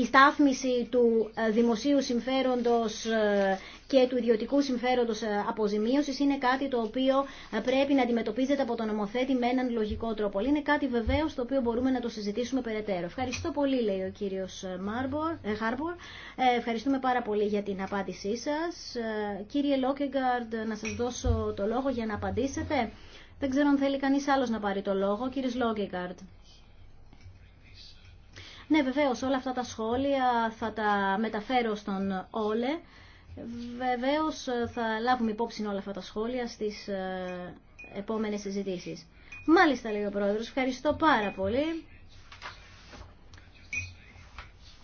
η στάθμιση του ε, δημοσίου συμφέροντος ε, και του ιδιωτικού συμφέροντος ε, αποζημίωσης είναι κάτι το οποίο ε, πρέπει να αντιμετωπίζεται από τον νομοθέτη με έναν λογικό τρόπο. Είναι κάτι βεβαίω το οποίο μπορούμε να το συζητήσουμε περαιτέρω. Ευχαριστώ πολύ, λέει ο κύριος ε, Χάρμπορ. Ευχαριστούμε πάρα πολύ για την απάντησή σας. Κύριε Λόκεγκαρντ, να σας δώσω το λόγο για να απαντήσετε. Δεν ξέρω αν θέλει κανείς άλλος να πάρει το λόγο. Κύριε Λόκεγκαρντ. Ναι, βεβαίως, όλα αυτά τα σχόλια θα τα μεταφέρω στον Όλε. Βεβαίως ε, θα λάβουμε υπόψη όλα αυτά τα σχόλια στις ε, επόμενες συζητήσεις. Μάλιστα λέει ο Πρόεδρος, ευχαριστώ πάρα πολύ.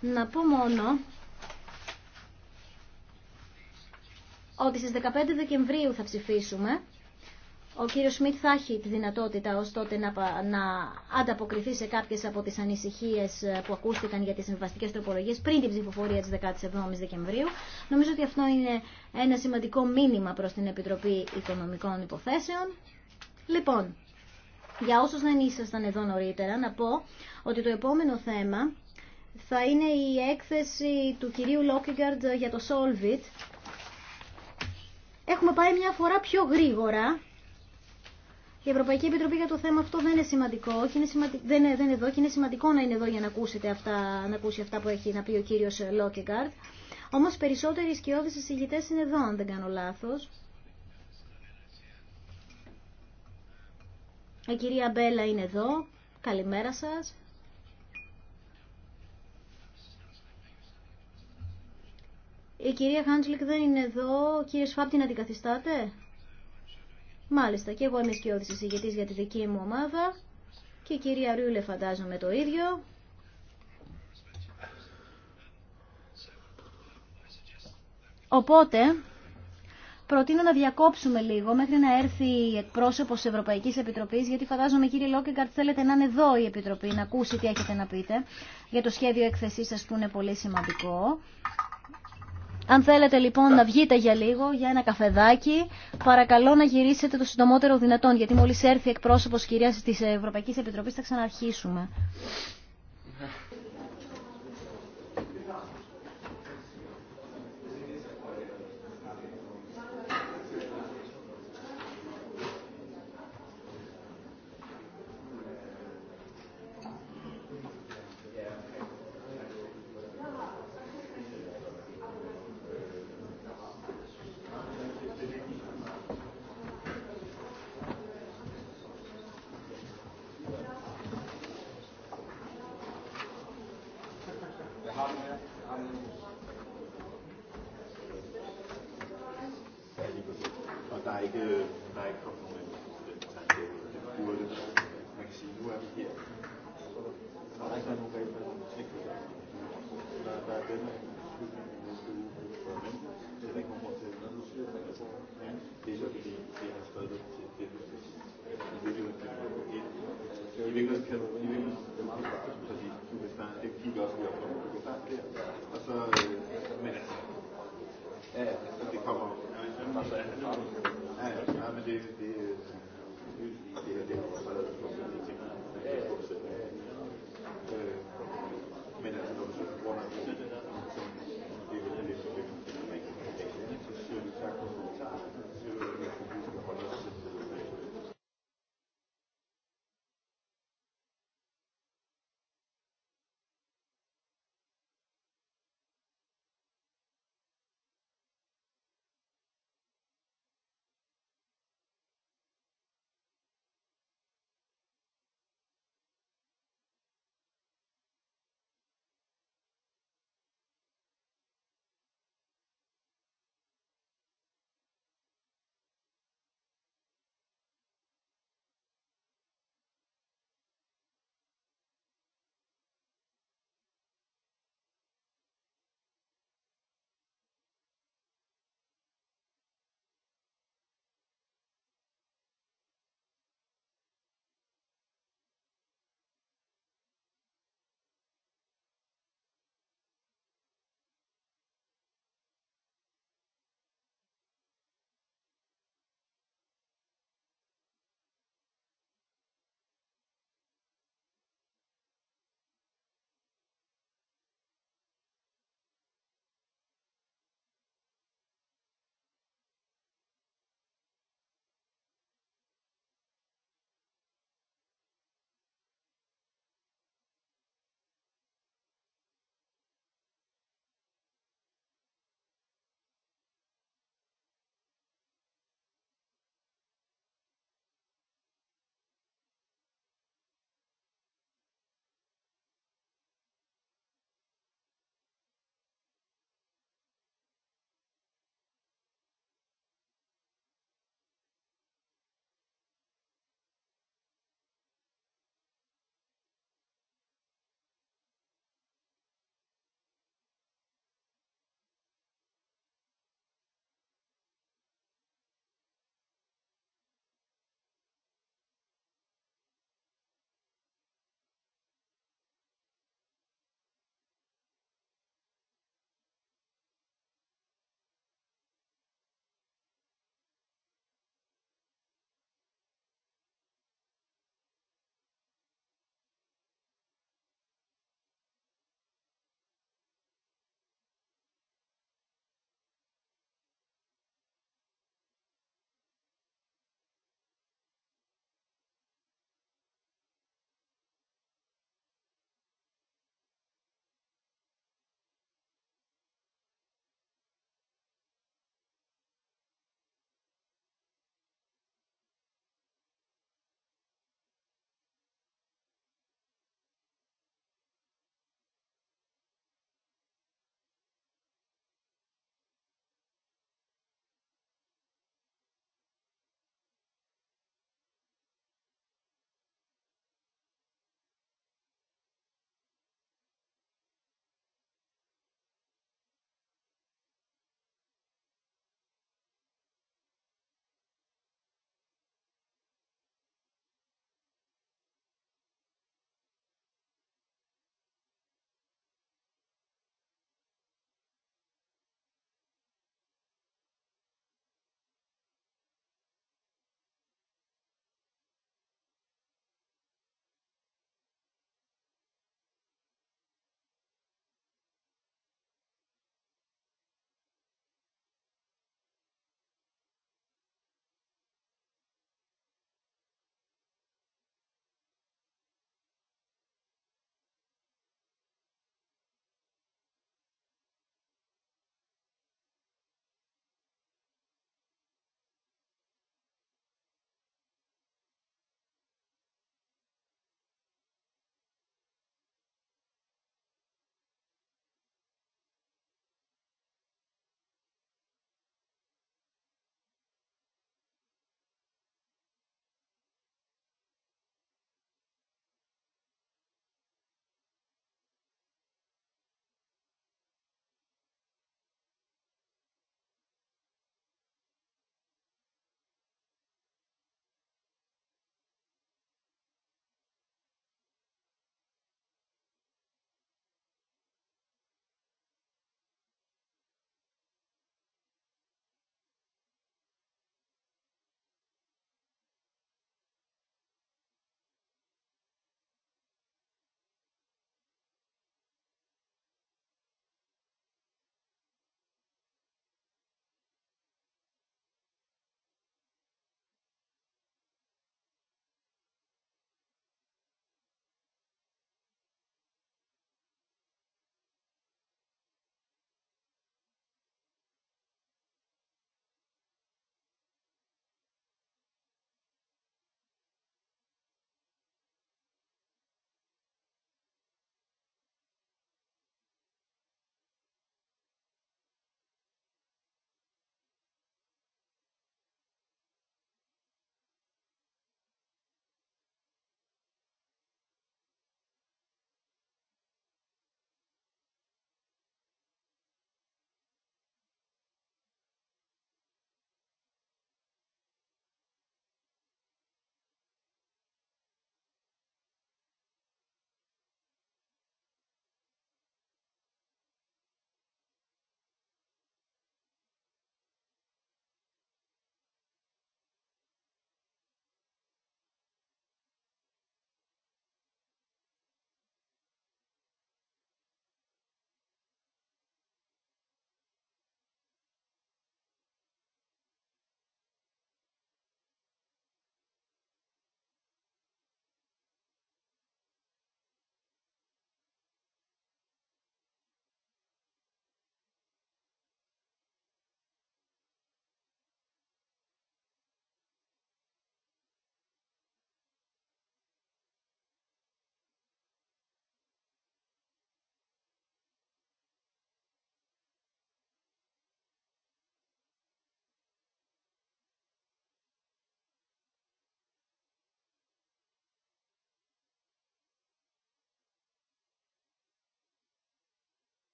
Να πω μόνο ότι στις 15 Δεκεμβρίου θα ψηφίσουμε ο κύριος Σμιτ θα έχει τη δυνατότητα ως τότε να, να ανταποκριθεί σε κάποιες από τις ανησυχίες ε, που ακούστηκαν για τις συμβαστικές τροπολογίες πριν την ψηφοφορία της 17ης Δεκεμβρίου. Νομίζω ότι αυτό είναι ένα σημαντικό μήνυμα προς την Επιτροπή Οικονομικών Υποθέσεων. Λοιπόν, για όσους δεν ήσασταν εδώ νωρίτερα, να πω ότι το επόμενο θέμα θα είναι η έκθεση του κυρίου Λόκιγκαρντ για το Solvit. Έχουμε πάει μια φορά πιο γρήγορα η Ευρωπαϊκή Επιτροπή για το θέμα αυτό δεν είναι σημαντικό, και είναι δεν, είναι, δεν είναι εδώ και είναι σημαντικό να είναι εδώ για να, ακούσετε αυτά, να ακούσει αυτά που έχει να πει ο κύριος Λόκεγκαρτ. Όμως περισσότεροι σκιώδεις εισηγητές είναι εδώ, αν δεν κάνω λάθος. Η κυρία Μπέλα είναι εδώ. Καλημέρα σας. Η κυρία Χάντζλικ δεν είναι εδώ. Κύριε Σφάπ, την αντικαθιστάτε. Μάλιστα, και εγώ είμαι σκιώδης εισηγητής για τη δική μου ομάδα και η κυρία Ρούλε φαντάζομαι το ίδιο. Οπότε, προτείνω να διακόψουμε λίγο μέχρι να έρθει η εκπρόσωπος της Ευρωπαϊκής Επιτροπής, γιατί φαντάζομαι κύριε Λόκεγκαρτ θέλετε να είναι εδώ η Επιτροπή, να ακούσει τι έχετε να πείτε για το σχέδιο έκθεσής σας που είναι πολύ σημαντικό. Αν θέλετε λοιπόν να βγείτε για λίγο, για ένα καφεδάκι, παρακαλώ να γυρίσετε το συντομότερο δυνατόν, γιατί μόλις έρθει εκπρόσωπος κυρίας της Ευρωπαϊκής Επιτροπής θα ξαναρχίσουμε.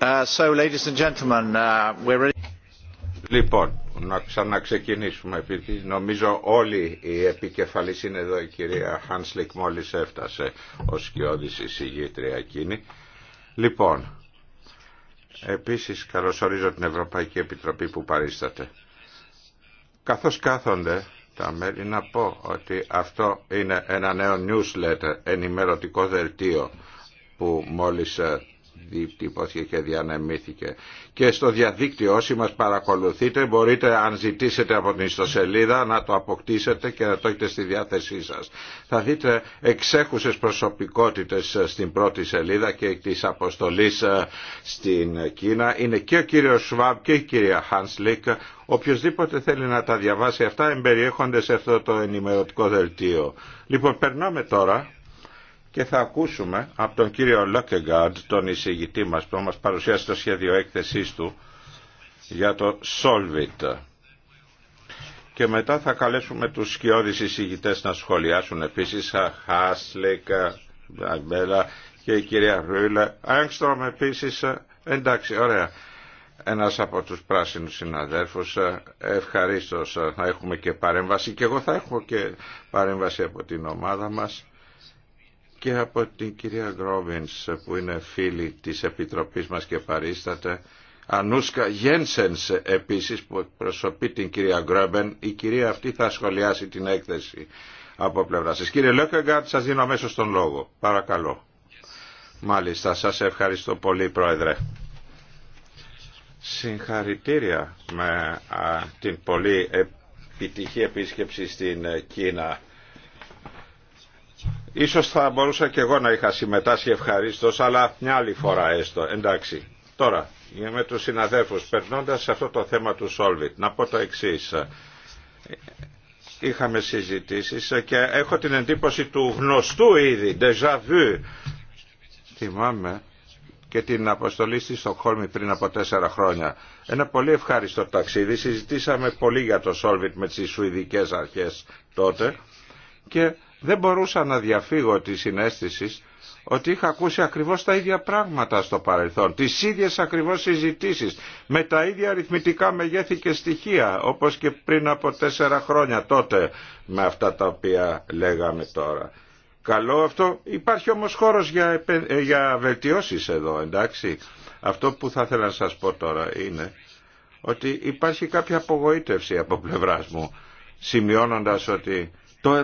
Uh, uh, λοιπόν, να ξαναξεκινήσουμε επειδή νομίζω όλοι οι επικεφαλής είναι εδώ η κυρία Χάνσλικ μόλις έφτασε ως σκιώδης συγγήτρια εκείνη. Λοιπόν, επίσης καλωσορίζω την Ευρωπαϊκή Επιτροπή που παρίσταται. Καθώς κάθονται τα μέλη να πω ότι αυτό είναι ένα νέο newsletter ενημερωτικό δελτίο που μόλις ε, διατύπωθηκε και διανεμήθηκε. Και στο διαδίκτυο όσοι μας παρακολουθείτε μπορείτε αν ζητήσετε από την ιστοσελίδα να το αποκτήσετε και να το έχετε στη διάθεσή σας. Θα δείτε εξέχουσες προσωπικότητες στην πρώτη σελίδα και της αποστολής ε, στην Κίνα. Είναι και ο κύριος Σβάμπ και η κυρία Χάνσλικ. Οποιοςδήποτε θέλει να τα διαβάσει αυτά εμπεριέχονται σε αυτό το ενημερωτικό δελτίο. Λοιπόν περνάμε τώρα και θα ακούσουμε από τον κύριο Λόκεγκαρντ, τον εισηγητή μας που μας παρουσιάσει το σχέδιο έκθεσής του για το Solvit. Και μετά θα καλέσουμε τους σκιώδεις εισηγητές να σχολιάσουν επίσης Χάσλικ, Αμπέλα και η κυρία Ρούιλε. Άγκστρομ επίσης, εντάξει ωραία. Ένας από τους πράσινους συναδέλφους, ευχαρίστως να έχουμε και παρέμβαση και εγώ θα έχω και παρέμβαση από την ομάδα μας και από την κυρία Γκρόβινς που είναι φίλη της Επιτροπής μας και παρίσταται Ανούσκα Γένσενς επίσης που εκπροσωπεί την κυρία Γκρόμπεν η κυρία αυτή θα σχολιάσει την έκθεση από πλευρά σας. Κύριε Λόκεγκαρτ σας δίνω αμέσω τον λόγο. Παρακαλώ. Μάλιστα σας ευχαριστώ πολύ πρόεδρε. Συγχαρητήρια με την πολύ επιτυχή επίσκεψη στην Κίνα Ίσως θα μπορούσα και εγώ να είχα συμμετάσχει ευχαρίστως, αλλά μια άλλη φορά έστω. Εντάξει. Τώρα, με τους συναδέλφους, περνώντας σε αυτό το θέμα του Solvit, να πω το εξή. Είχαμε συζητήσεις και έχω την εντύπωση του γνωστού ήδη, déjà vu. Θυμάμαι και την αποστολή στη Στοκχόλμη πριν από τέσσερα χρόνια. Ένα πολύ ευχάριστο ταξίδι. Συζητήσαμε πολύ για το Solvit με τις Σουηδικές αρχές τότε και δεν μπορούσα να διαφύγω τη συνέστηση ότι είχα ακούσει ακριβώς τα ίδια πράγματα στο παρελθόν, τις ίδιες ακριβώς συζητήσεις, με τα ίδια αριθμητικά μεγέθη και στοιχεία, όπως και πριν από τέσσερα χρόνια τότε με αυτά τα οποία λέγαμε τώρα. Καλό αυτό, υπάρχει όμως χώρος για, για βελτιώσεις εδώ, εντάξει. Αυτό που θα ήθελα να σας πω τώρα είναι ότι υπάρχει κάποια απογοήτευση από πλευράς μου, σημειώνοντας ότι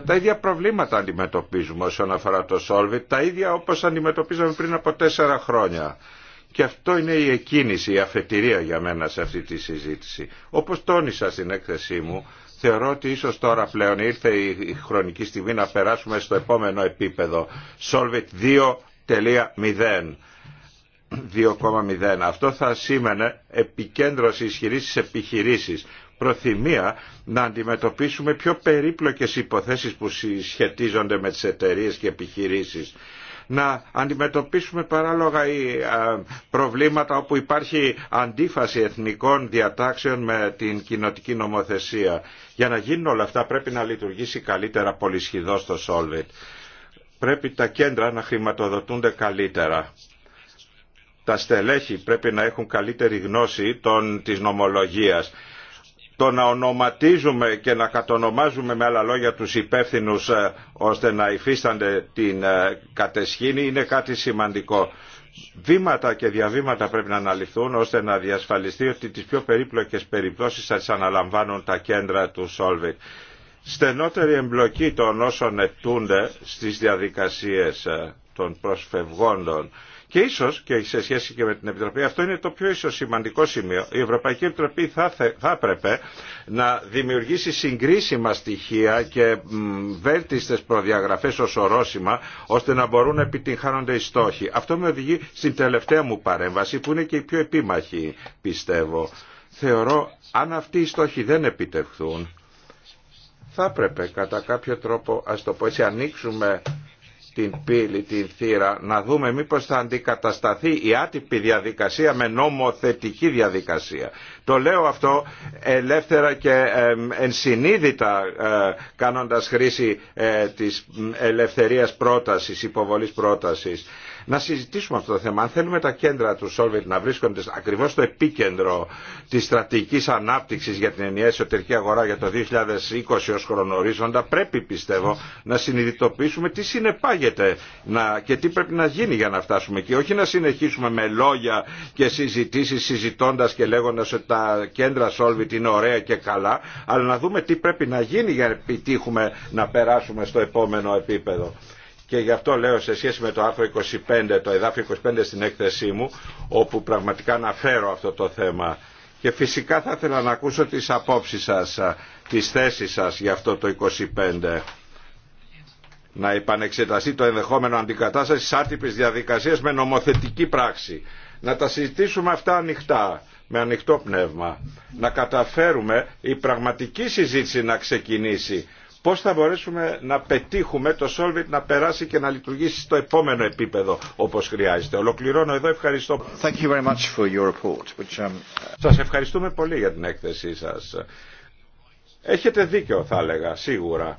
τα ίδια προβλήματα αντιμετωπίζουμε όσον αφορά το Solvit, τα ίδια όπως αντιμετωπίζαμε πριν από τέσσερα χρόνια. Και αυτό είναι η εκκίνηση, η αφετηρία για μένα σε αυτή τη συζήτηση. Όπως τόνισα στην έκθεσή μου, θεωρώ ότι ίσως τώρα πλέον ήρθε η χρονική στιγμή να περάσουμε στο επόμενο επίπεδο. Solvit 2.0. 2,0. Αυτό θα σήμαινε επικέντρωση ισχυρή στις επιχειρήσεις να αντιμετωπίσουμε πιο περίπλοκες υποθέσεις που σχετίζονται με τις εταιρείε και επιχειρήσεις να αντιμετωπίσουμε παράλογα ή προβλήματα όπου υπάρχει αντίφαση εθνικών διατάξεων με την κοινοτική νομοθεσία. Για να γίνουν όλα αυτά πρέπει να λειτουργήσει καλύτερα πολυσχηδώς το Solvit. Πρέπει τα κέντρα να χρηματοδοτούνται καλύτερα. Τα στελέχη πρέπει να έχουν καλύτερη γνώση των, της νομολογίας το να ονοματίζουμε και να κατονομάζουμε με άλλα λόγια τους υπεύθυνου ε, ώστε να υφίστανται την ε, κατεσχήνη είναι κάτι σημαντικό. Βήματα και διαβήματα πρέπει να αναλυθούν ώστε να διασφαλιστεί ότι τις πιο περίπλοκες περιπτώσεις θα τις αναλαμβάνουν τα κέντρα του Solvit. Στενότερη εμπλοκή των όσων ετούνται στις διαδικασίες ε, των προσφευγόντων και ίσω και σε σχέση και με την Επιτροπή, αυτό είναι το πιο ίσω σημαντικό σημείο. Η Ευρωπαϊκή Επιτροπή θα, θα έπρεπε να δημιουργήσει συγκρίσιμα στοιχεία και βέλτιστε προδιαγραφέ ω ορόσημα, ώστε να μπορούν να επιτυγχάνονται οι στόχοι. Αυτό με οδηγεί στην τελευταία μου παρέμβαση, που είναι και η πιο επίμαχη, πιστεύω. Θεωρώ, αν αυτοί οι στόχοι δεν επιτευχθούν, θα έπρεπε κατά κάποιο τρόπο, α το πω έτσι, ανοίξουμε την πύλη, την θύρα, να δούμε μήπως θα αντικατασταθεί η άτυπη διαδικασία με νομοθετική διαδικασία. Το λέω αυτό ελεύθερα και ενσυνείδητα ε, κάνοντας χρήση ε, της ελευθερίας πρότασης, υποβολής πρότασης να συζητήσουμε αυτό το θέμα. Αν θέλουμε τα κέντρα του Solvit να βρίσκονται ακριβώς στο επίκεντρο της στρατηγικής ανάπτυξης για την ενιαία εσωτερική αγορά για το 2020 ως χρονορίζοντα, πρέπει πιστεύω να συνειδητοποιήσουμε τι συνεπάγεται να, και τι πρέπει να γίνει για να φτάσουμε εκεί. Όχι να συνεχίσουμε με λόγια και συζητήσεις συζητώντας και λέγοντας ότι τα κέντρα Solvit είναι ωραία και καλά, αλλά να δούμε τι πρέπει να γίνει για να επιτύχουμε να περάσουμε στο επόμενο επίπεδο και γι' αυτό λέω σε σχέση με το άρθρο 25, το εδάφιο 25 στην έκθεσή μου, όπου πραγματικά αναφέρω αυτό το θέμα. Και φυσικά θα ήθελα να ακούσω τις απόψεις σας, τις θέσεις σας για αυτό το 25 να επανεξεταστεί το ενδεχόμενο αντικατάστασης άτυπης διαδικασίας με νομοθετική πράξη. Να τα συζητήσουμε αυτά ανοιχτά, με ανοιχτό πνεύμα. Να καταφέρουμε η πραγματική συζήτηση να ξεκινήσει πώς θα μπορέσουμε να πετύχουμε το Solvit να περάσει και να λειτουργήσει στο επόμενο επίπεδο όπως χρειάζεται. Ολοκληρώνω εδώ. Ευχαριστώ. Thank um, Σας ευχαριστούμε πολύ για την έκθεσή σας. Έχετε δίκιο θα έλεγα σίγουρα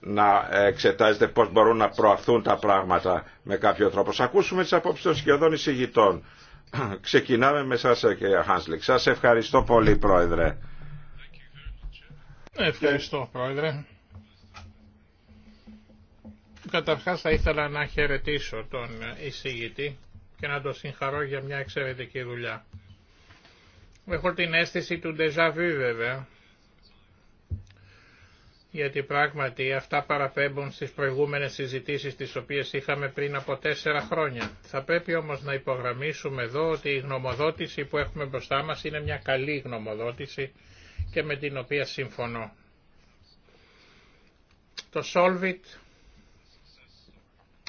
να εξετάζετε πώς μπορούν να προαθούν τα πράγματα με κάποιο τρόπο. Σας ακούσουμε τις απόψεις των σχεδόν εισηγητών. Ξεκινάμε με σας κύριε Χάνσλικ. Σας ευχαριστώ πολύ πρόεδρε. Ευχαριστώ Πρόεδρε. Καταρχάς θα ήθελα να χαιρετήσω τον εισηγητή και να τον συγχαρώ για μια εξαιρετική δουλειά. Έχω την αίσθηση του ντεζαβί βέβαια, γιατί πράγματι αυτά παραπέμπουν στις προηγούμενες συζητήσεις τις οποίες είχαμε πριν από τέσσερα χρόνια. Θα πρέπει όμως να υπογραμμίσουμε εδώ ότι η γνωμοδότηση που έχουμε μπροστά μας είναι μια καλή γνωμοδότηση και με την οποία συμφωνώ. Το Solvit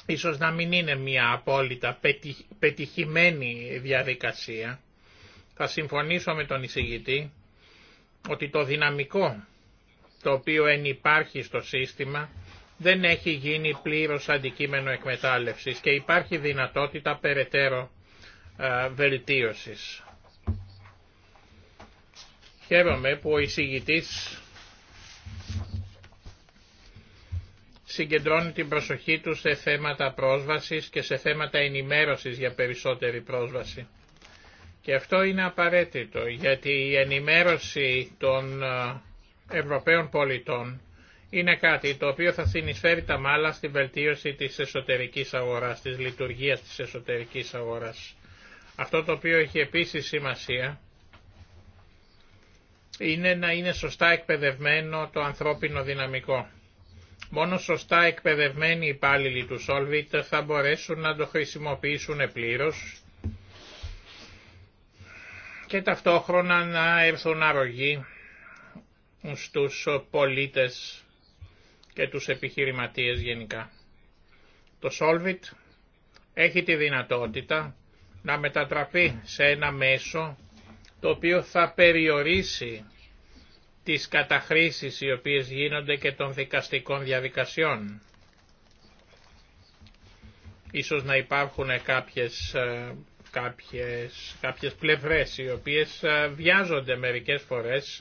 ίσως να μην είναι μια απόλυτα πετυχημένη διαδικασία. Θα συμφωνήσω με τον εισηγητή ότι το δυναμικό το οποίο ενυπάρχει στο σύστημα δεν έχει γίνει πλήρως αντικείμενο εκμετάλλευσης και υπάρχει δυνατότητα περαιτέρω ε, βελτίωσης. Χαίρομαι που ο εισηγητής συγκεντρώνει την προσοχή του σε θέματα πρόσβασης και σε θέματα ενημέρωσης για περισσότερη πρόσβαση. Και αυτό είναι απαραίτητο γιατί η ενημέρωση των ε, Ευρωπαίων πολιτών είναι κάτι το οποίο θα συνεισφέρει τα μάλα στην βελτίωση της εσωτερικής αγοράς, της λειτουργίας της εσωτερικής αγοράς. Αυτό το οποίο έχει επίσης σημασία είναι να είναι σωστά εκπαιδευμένο το ανθρώπινο δυναμικό. Μόνο σωστά εκπαιδευμένοι υπάλληλοι του Solvit θα μπορέσουν να το χρησιμοποιήσουν πλήρως και ταυτόχρονα να έρθουν αρρωγοί στους πολίτες και τους επιχειρηματίες γενικά. Το Solvit έχει τη δυνατότητα να μετατραπεί σε ένα μέσο το οποίο θα περιορίσει τις καταχρήσεις οι οποίες γίνονται και των δικαστικών διαδικασιών. Ίσως να υπάρχουν κάποιες, ε, κάποιες, κάποιες πλευρές οι οποίες ε, βιάζονται μερικές φορές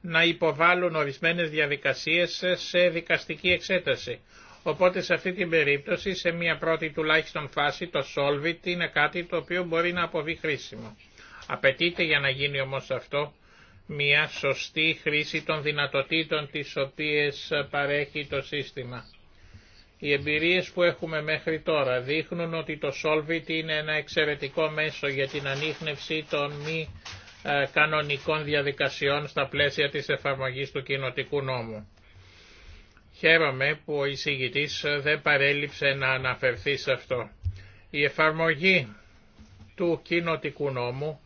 να υποβάλουν ορισμένες διαδικασίες σε δικαστική εξέταση. Οπότε σε αυτή την περίπτωση, σε μια πρώτη τουλάχιστον φάση, το Solvit είναι κάτι το οποίο μπορεί να αποβεί χρήσιμο. Απαιτείται για να γίνει όμως αυτό μια σωστή χρήση των δυνατοτήτων τις οποίες παρέχει το σύστημα. Οι εμπειρίες που έχουμε μέχρι τώρα δείχνουν ότι το Solvit είναι ένα εξαιρετικό μέσο για την ανείχνευση των μη ε, κανονικών διαδικασιών στα πλαίσια της εφαρμογής του κοινοτικού νόμου. Χαίρομαι που ο εισηγητής δεν παρέλειψε να αναφερθεί σε αυτό. Η εφαρμογή του κοινοτικού νόμου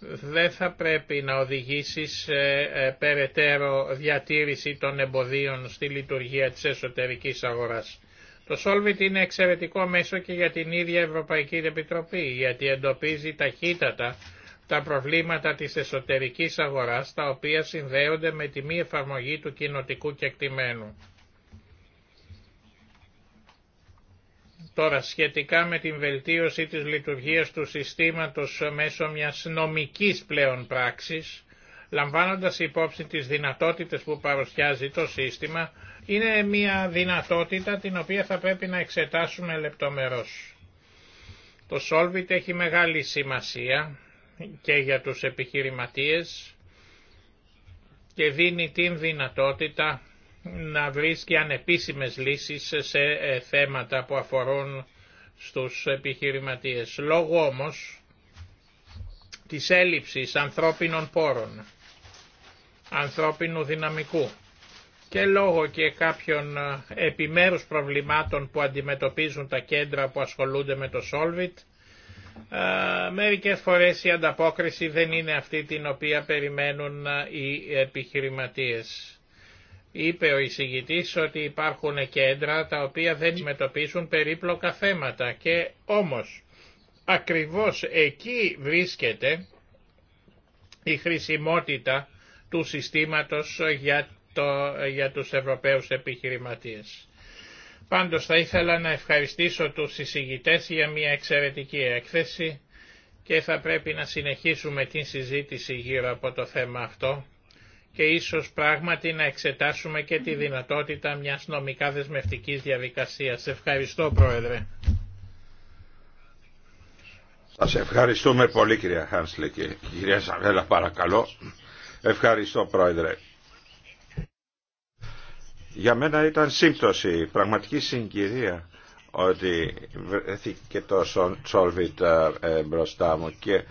δεν θα πρέπει να οδηγήσει σε ε, περαιτέρω διατήρηση των εμποδίων στη λειτουργία της εσωτερικής αγοράς. Το Solvit είναι εξαιρετικό μέσο και για την ίδια Ευρωπαϊκή Επιτροπή, γιατί εντοπίζει ταχύτατα τα προβλήματα της εσωτερικής αγοράς, τα οποία συνδέονται με τη μη εφαρμογή του κοινοτικού κεκτημένου. Τώρα σχετικά με την βελτίωση της λειτουργίας του συστήματος μέσω μιας νομικής πλέον πράξης, λαμβάνοντας υπόψη τις δυνατότητες που παρουσιάζει το σύστημα, είναι μια δυνατότητα την οποία θα πρέπει να εξετάσουμε λεπτομερώς. Το Solvit έχει μεγάλη σημασία και για τους επιχειρηματίες και δίνει την δυνατότητα να βρίσκει ανεπίσημες λύσεις σε ε, θέματα που αφορούν στους επιχειρηματίες. Λόγω όμως της έλλειψης ανθρώπινων πόρων, ανθρώπινου δυναμικού και λόγω και κάποιων ε, επιμέρους προβλημάτων που αντιμετωπίζουν τα κέντρα που ασχολούνται με το Solvit, ε, μερικές φορές η ανταπόκριση δεν είναι αυτή την οποία περιμένουν οι επιχειρηματίες. Είπε ο εισηγητής ότι υπάρχουν κέντρα τα οποία δεν συμμετοπίσουν περίπλοκα θέματα και όμως ακριβώς εκεί βρίσκεται η χρησιμότητα του συστήματος για, το, για τους Ευρωπαίους επιχειρηματίες. Πάντως θα ήθελα να ευχαριστήσω τους εισηγητές για μια εξαιρετική έκθεση και θα πρέπει να συνεχίσουμε την συζήτηση γύρω από το θέμα αυτό και ίσως πράγματι να εξετάσουμε και τη δυνατότητα μιας νομικά δεσμευτικής διαδικασίας. Ευχαριστώ Πρόεδρε. Σας ευχαριστούμε πολύ κυρία Χάνσλε και κυρία Σαβέλα παρακαλώ. Ευχαριστώ Πρόεδρε. Για μένα ήταν σύμπτωση, πραγματική συγκυρία ότι βρέθηκε το Solvit ε, μπροστά μου και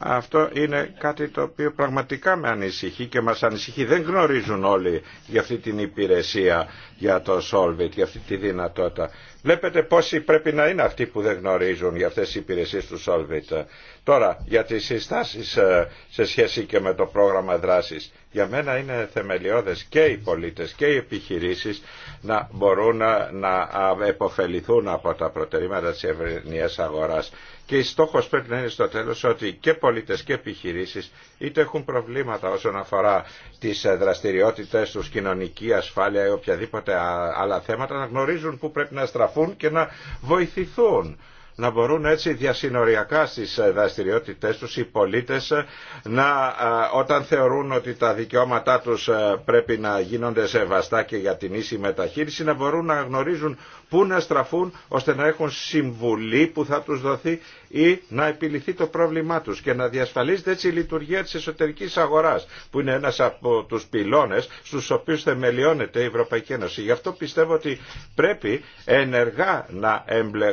αυτό είναι κάτι το οποίο πραγματικά με ανησυχεί και μας ανησυχεί. Δεν γνωρίζουν όλοι για αυτή την υπηρεσία για το Solvit, για αυτή τη δυνατότητα. Βλέπετε πόσοι πρέπει να είναι αυτοί που δεν γνωρίζουν για αυτές τις υπηρεσίες του Solvit. Τώρα, για τις συστάσεις ε, σε σχέση και με το πρόγραμμα δράσης. Για μένα είναι θεμελιώδες και οι πολίτες και οι επιχειρήσεις να μπορούν ε, να, να επωφεληθούν από τα προτερήματα της ευρυνίας αγοράς. Και η στόχος πρέπει να είναι στο τέλος ότι και πολίτες και επιχειρήσεις είτε έχουν προβλήματα όσον αφορά τις ε, δραστηριότητες τους, κοινωνική ασφάλεια ή οποιαδήποτε άλλα θέματα να γνωρίζουν πού πρέπει να στραφούν και να βοηθηθούν να μπορούν έτσι διασυνοριακά στις ε, δραστηριότητε, τους οι πολίτες ε, να, ε, όταν θεωρούν ότι τα δικαιώματά τους πρέπει να γίνονται σεβαστά και για την ίση μεταχείριση να μπορούν να γνωρίζουν πού να στραφούν ώστε να έχουν συμβουλή που θα τους δοθεί ή να επιληθεί το πρόβλημά τους και να διασφαλίζεται έτσι η λειτουργία της εσωτερικής αγοράς που είναι ένας από τους πυλώνες στους οποίους θεμελιώνεται η Ευρωπαϊκή Ένωση. Γι' αυτό πιστεύω ότι πρέπει ενεργά να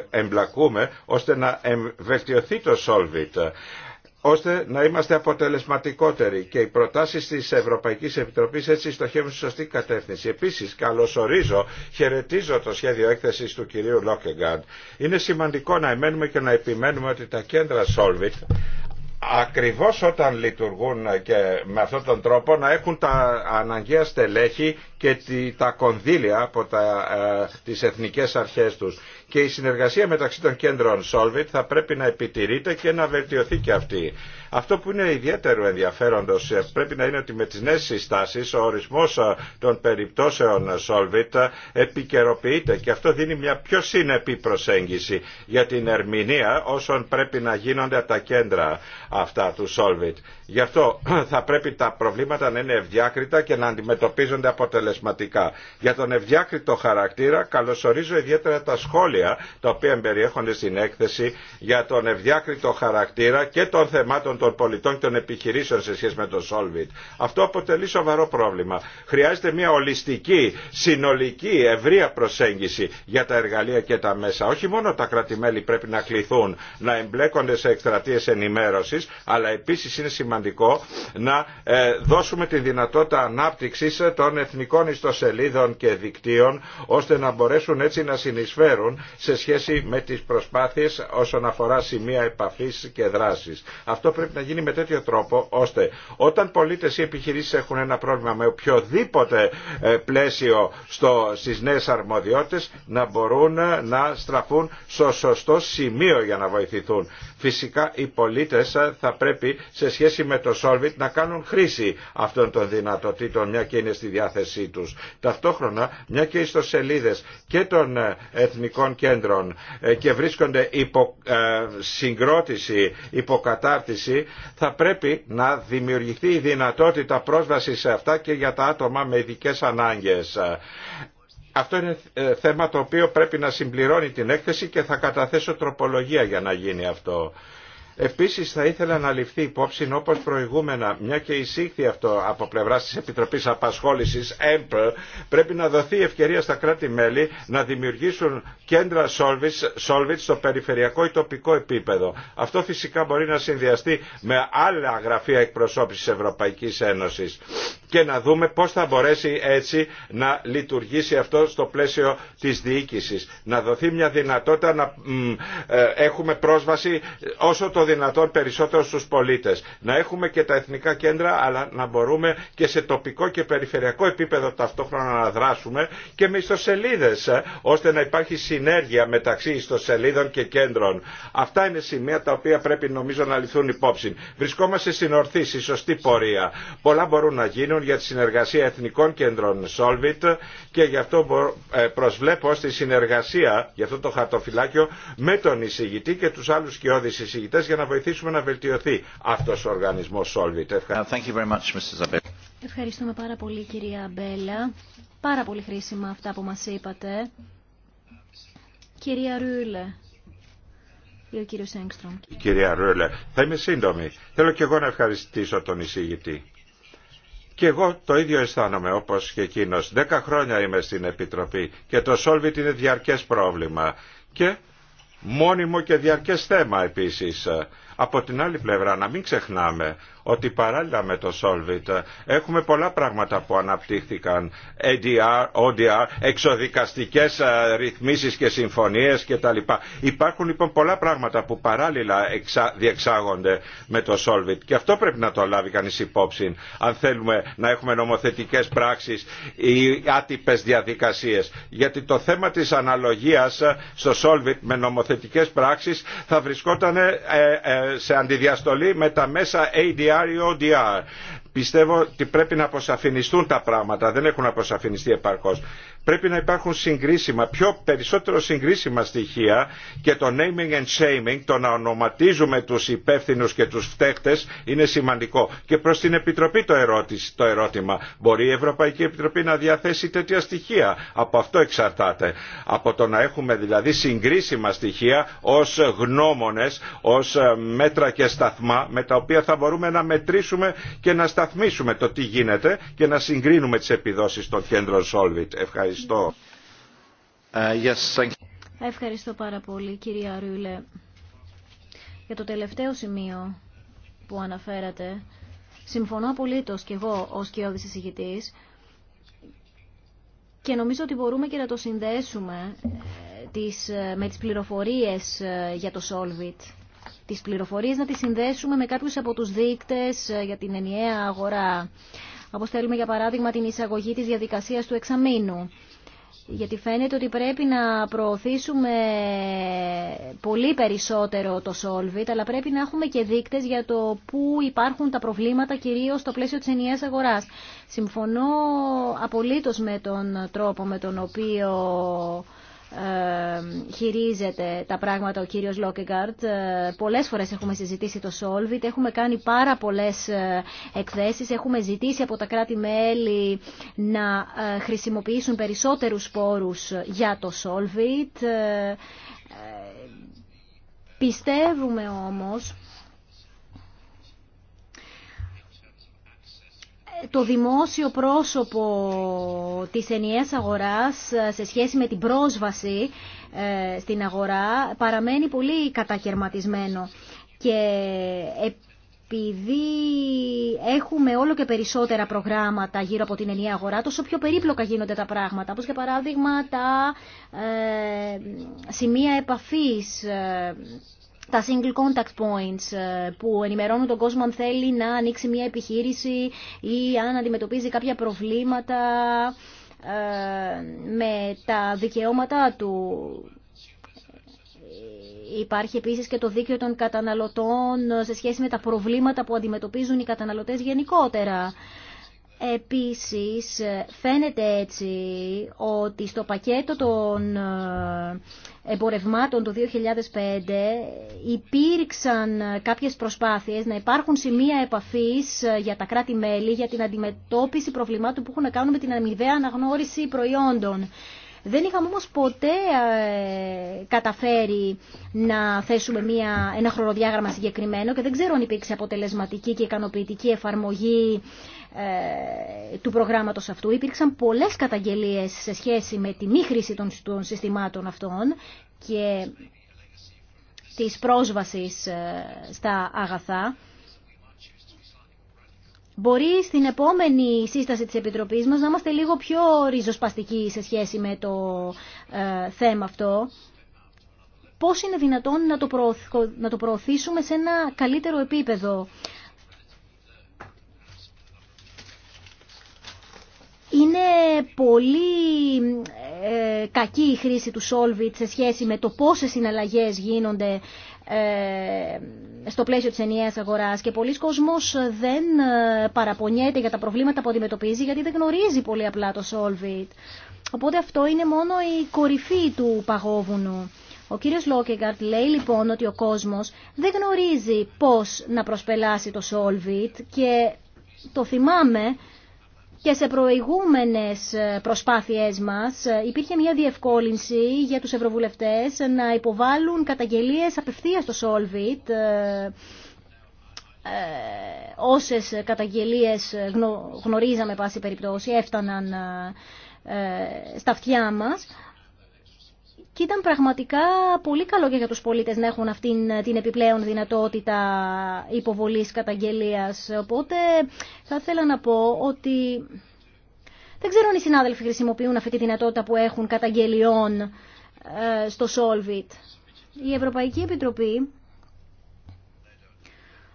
εμπλακούμε ώστε να βελτιωθεί το Solvit ώστε να είμαστε αποτελεσματικότεροι και οι προτάσει τη Ευρωπαϊκή Επιτροπή έτσι στοχεύουν στη σωστή κατεύθυνση. Επίσης καλωσορίζω, χαιρετίζω το σχέδιο έκθεσης του κυρίου Λόκεγκαντ. Είναι σημαντικό να εμένουμε και να επιμένουμε ότι τα κέντρα Solvit ακριβώς όταν λειτουργούν και με αυτόν τον τρόπο να έχουν τα αναγκαία στελέχη και τα κονδύλια από τα, ε, τις εθνικές αρχές τους. Και η συνεργασία μεταξύ των κέντρων Solvit θα πρέπει να επιτηρείται και να βελτιωθεί και αυτή. Αυτό που είναι ιδιαίτερο ενδιαφέροντος ε, πρέπει να είναι ότι με τις νέες συστάσεις ο ορισμός ε, των περιπτώσεων Solvit επικαιροποιείται και αυτό δίνει μια πιο συνεπή προσέγγιση για την ερμηνεία όσων πρέπει να γίνονται από τα κέντρα αυτά του Solvit. Γι' αυτό θα πρέπει τα προβλήματα να είναι ευδιάκριτα και να αντιμετωπίζονται αποτελεσματικά αποτελεσματικά. Για τον ευδιάκριτο χαρακτήρα καλωσορίζω ιδιαίτερα τα σχόλια τα οποία περιέχονται στην έκθεση για τον ευδιάκριτο χαρακτήρα και των θεμάτων των πολιτών και των επιχειρήσεων σε σχέση με το Solvit. Αυτό αποτελεί σοβαρό πρόβλημα. Χρειάζεται μια ολιστική, συνολική, ευρία προσέγγιση για τα εργαλεία και τα μέσα. Όχι μόνο τα κρατημέλη πρέπει να κληθούν να εμπλέκονται σε εκστρατείε ενημέρωση, αλλά επίση είναι σημαντικό να ε, δώσουμε τη δυνατότητα ανάπτυξη των εθνικών ιστοσελίδων και δικτύων ώστε να μπορέσουν έτσι να συνεισφέρουν σε σχέση με τις προσπάθειες όσον αφορά σημεία επαφής και δράσης. Αυτό πρέπει να γίνει με τέτοιο τρόπο ώστε όταν πολίτες ή επιχειρήσεις έχουν ένα πρόβλημα με οποιοδήποτε ε, πλαίσιο στο, στις νέες αρμοδιότητες να μπορούν ε, να στραφούν στο σωστό σημείο για να βοηθηθούν. Φυσικά οι πολίτες ε, θα πρέπει σε σχέση με το Solvit να κάνουν χρήση αυτών των δυνατοτήτων μια και είναι στη διάθεσή Ταυτόχρονα, μια και οι ιστοσελίδες και των ε, εθνικών κέντρων ε, και βρίσκονται υπό ε, συγκρότηση, υποκατάρτιση, θα πρέπει να δημιουργηθεί η δυνατότητα πρόσβαση σε αυτά και για τα άτομα με ειδικέ ανάγκες. Αυτό είναι θέμα το οποίο πρέπει να συμπληρώνει την έκθεση και θα καταθέσω τροπολογία για να γίνει αυτό. Επίση, θα ήθελα να ληφθεί υπόψη όπω προηγούμενα, μια και εισήχθη αυτό από πλευρά τη Επιτροπής Απασχόληση ΕΜΠΡ, πρέπει να δοθεί ευκαιρία στα κράτη-μέλη να δημιουργήσουν κέντρα Solvit στο περιφερειακό ή τοπικό επίπεδο. Αυτό φυσικά μπορεί να συνδυαστεί με άλλα γραφεία εκπροσώπησης Ευρωπαϊκή Ένωση και να δούμε πώ θα μπορέσει έτσι να λειτουργήσει αυτό στο πλαίσιο τη διοίκηση, Να δοθεί μια δυνατότητα να ε, έχουμε πρόσβαση όσο το δυνατόν περισσότερο στους πολίτες. Να έχουμε και τα εθνικά κέντρα αλλά να μπορούμε και σε τοπικό και περιφερειακό επίπεδο ταυτόχρονα να δράσουμε και με ιστοσελίδες ε, ώστε να υπάρχει συνέργεια μεταξύ ιστοσελίδων και κέντρων. Αυτά είναι σημεία τα οποία πρέπει νομίζω να ληφθούν υπόψη. Βρισκόμαστε στην ορθή, στη σωστή πορεία. Πολλά μπορούν να γίνουν για τη συνεργασία εθνικών κέντρων Solvit και γι' αυτό ε, προσβλέπω στη συνεργασία για αυτό το χαρτοφυλάκιο με τον εισηγητή και τους άλλους εισηγητές και να βοηθήσουμε να βελτιωθεί αυτός ο οργανισμός Solvit. Ευχαριστούμε πάρα πολύ κυρία Μπέλα. Πάρα πολύ χρήσιμα αυτά που μας είπατε. Κυρία Ρούλε. Ή ο κύριος Έγκστρομ. κυριος κυρια ρουλε Θα είμαι σύντομη. Θέλω και εγώ να ευχαριστήσω τον εισηγητή. Και εγώ το ίδιο αισθάνομαι όπως και εκείνος. Δέκα χρόνια είμαι στην Επιτροπή και το Solvit είναι διαρκές πρόβλημα. Και μόνιμο και διαρκές θέμα επίσης. Από την άλλη πλευρά να μην ξεχνάμε ότι παράλληλα με το Solvit ε, έχουμε πολλά πράγματα που αναπτύχθηκαν. ADR, ε ODR, εξοδικαστικές ε, ρυθμίσεις και συμφωνίες κτλ. Υπάρχουν λοιπόν πολλά πράγματα που παράλληλα διεξάγονται με το Solvit και αυτό πρέπει να το λάβει κανείς υπόψη αν θέλουμε να έχουμε νομοθετικές πράξεις ή άτυπες διαδικασίες. Γιατί το θέμα της αναλογίας στο Solvit με νομοθετικές πράξεις θα βρισκόταν σε αντιδιαστολή με τα μέσα ADR ODR. Πιστεύω ότι πρέπει να αποσαφινιστούν τα πράγματα. Δεν έχουν αποσαφινιστεί επαρκώς πρέπει να υπάρχουν συγκρίσιμα, πιο περισσότερο συγκρίσιμα στοιχεία και το naming and shaming, το να ονοματίζουμε τους υπεύθυνους και τους φταίχτες είναι σημαντικό. Και προς την Επιτροπή το, ερώτηση, το ερώτημα, μπορεί η Ευρωπαϊκή Επιτροπή να διαθέσει τέτοια στοιχεία. Από αυτό εξαρτάται. Από το να έχουμε δηλαδή συγκρίσιμα στοιχεία ως γνώμονες, ως ε, μέτρα και σταθμά με τα οποία θα μπορούμε να μετρήσουμε και να σταθμίσουμε το τι γίνεται και να συγκρίνουμε τις επιδόσεις των κέντρων Solvit. Ευχαριστώ. Ευχαριστώ. Ε, Ευχαριστώ πάρα πολύ κυρία Ρούλε. Για το τελευταίο σημείο που αναφέρατε, συμφωνώ απολύτως και εγώ ως κοιόδης εισηγητής και νομίζω ότι μπορούμε και να το συνδέσουμε ε, ε, με τις πληροφορίες για το Solvit. Τις πληροφορίες να τις συνδέσουμε με κάποιους από τους δείκτες για την ενιαία αγορά όπως θέλουμε για παράδειγμα την εισαγωγή της διαδικασίας του εξαμήνου. Γιατί φαίνεται ότι πρέπει να προωθήσουμε πολύ περισσότερο το Solvit, αλλά πρέπει να έχουμε και δείκτες για το πού υπάρχουν τα προβλήματα, κυρίως στο πλαίσιο της ενιαίας αγοράς. Συμφωνώ απολύτως με τον τρόπο με τον οποίο ε, χειρίζεται τα πράγματα ο κύριος Λόκεγκαρτ. Ε, πολλές φορές έχουμε συζητήσει το Solvit, έχουμε κάνει πάρα πολλές ε, εκθέσεις, έχουμε ζητήσει από τα κράτη-μέλη να χρησιμοποιήσουν περισσότερους πόρους για το Solvit. Πιστεύουμε όμως το δημόσιο πρόσωπο της ενιαίας αγοράς ε, σε σχέση με την πρόσβαση ε, στην αγορά παραμένει πολύ κατακαιρματισμένο και επειδή έχουμε όλο και περισσότερα προγράμματα γύρω από την ενιαία αγορά, τόσο πιο περίπλοκα γίνονται τα πράγματα, όπως για παράδειγμα τα ε, σημεία επαφής τα single contact points ε, που ενημερώνουν τον κόσμο αν θέλει να ανοίξει μια επιχείρηση ή αν αντιμετωπίζει κάποια προβλήματα ε, με τα δικαιώματά του. Υπάρχει επίσης και το δίκαιο των καταναλωτών ε, σε σχέση με τα προβλήματα που αντιμετωπίζουν οι καταναλωτές γενικότερα. Επίσης φαίνεται έτσι ότι στο πακέτο των ε, εμπορευμάτων το 2005 υπήρξαν κάποιες προσπάθειες να υπάρχουν σημεία επαφής ε, για τα κράτη-μέλη για την αντιμετώπιση προβλημάτων που έχουν να κάνουν με την αμοιβαία αναγνώριση προϊόντων. Δεν είχαμε όμως ποτέ ε, καταφέρει να θέσουμε μια, ένα χρονοδιάγραμμα συγκεκριμένο και δεν ξέρω αν υπήρξε αποτελεσματική και ικανοποιητική εφαρμογή ε, του προγράμματος αυτού. Υπήρξαν πολλές καταγγελίες σε σχέση με τη μη χρήση των, των συστημάτων αυτών και της πρόσβασης ε, στα αγαθά. Μπορεί στην επόμενη σύσταση της Επιτροπής μας να είμαστε λίγο πιο ριζοσπαστικοί σε σχέση με το ε, θέμα αυτό. Πώς είναι δυνατόν να το, προωθήσουμε σε ένα καλύτερο επίπεδο. Είναι πολύ ε, κακή η χρήση του Solvit σε σχέση με το πόσες συναλλαγές γίνονται ε, στο πλαίσιο της ενιαίας αγοράς και πολλοί κόσμος δεν ε, παραπονιέται για τα προβλήματα που αντιμετωπίζει γιατί δεν γνωρίζει πολύ απλά το Solvit. Οπότε αυτό είναι μόνο η κορυφή του παγόβουνου. Ο κύριος Λόκεγκαρτ λέει λοιπόν ότι ο κόσμος δεν γνωρίζει πώς να προσπελάσει το Solvit και το θυμάμαι και σε προηγούμενες ε, προσπάθειές μας ε, υπήρχε μια διευκόλυνση για τους ευρωβουλευτές να υποβάλουν καταγγελίες απευθείας στο Solvit ε, όσες καταγγελίες γνωρίζαμε πάση περιπτώσει έφταναν στα αυτιά μας και ήταν πραγματικά πολύ καλό και για τους πολίτες να έχουν αυτή την επιπλέον δυνατότητα υποβολής καταγγελίας. Οπότε θα ήθελα να πω ότι δεν ξέρω αν οι συνάδελφοι χρησιμοποιούν αυτή τη δυνατότητα που έχουν καταγγελιών ε, στο Solvit. Η Ευρωπαϊκή Επιτροπή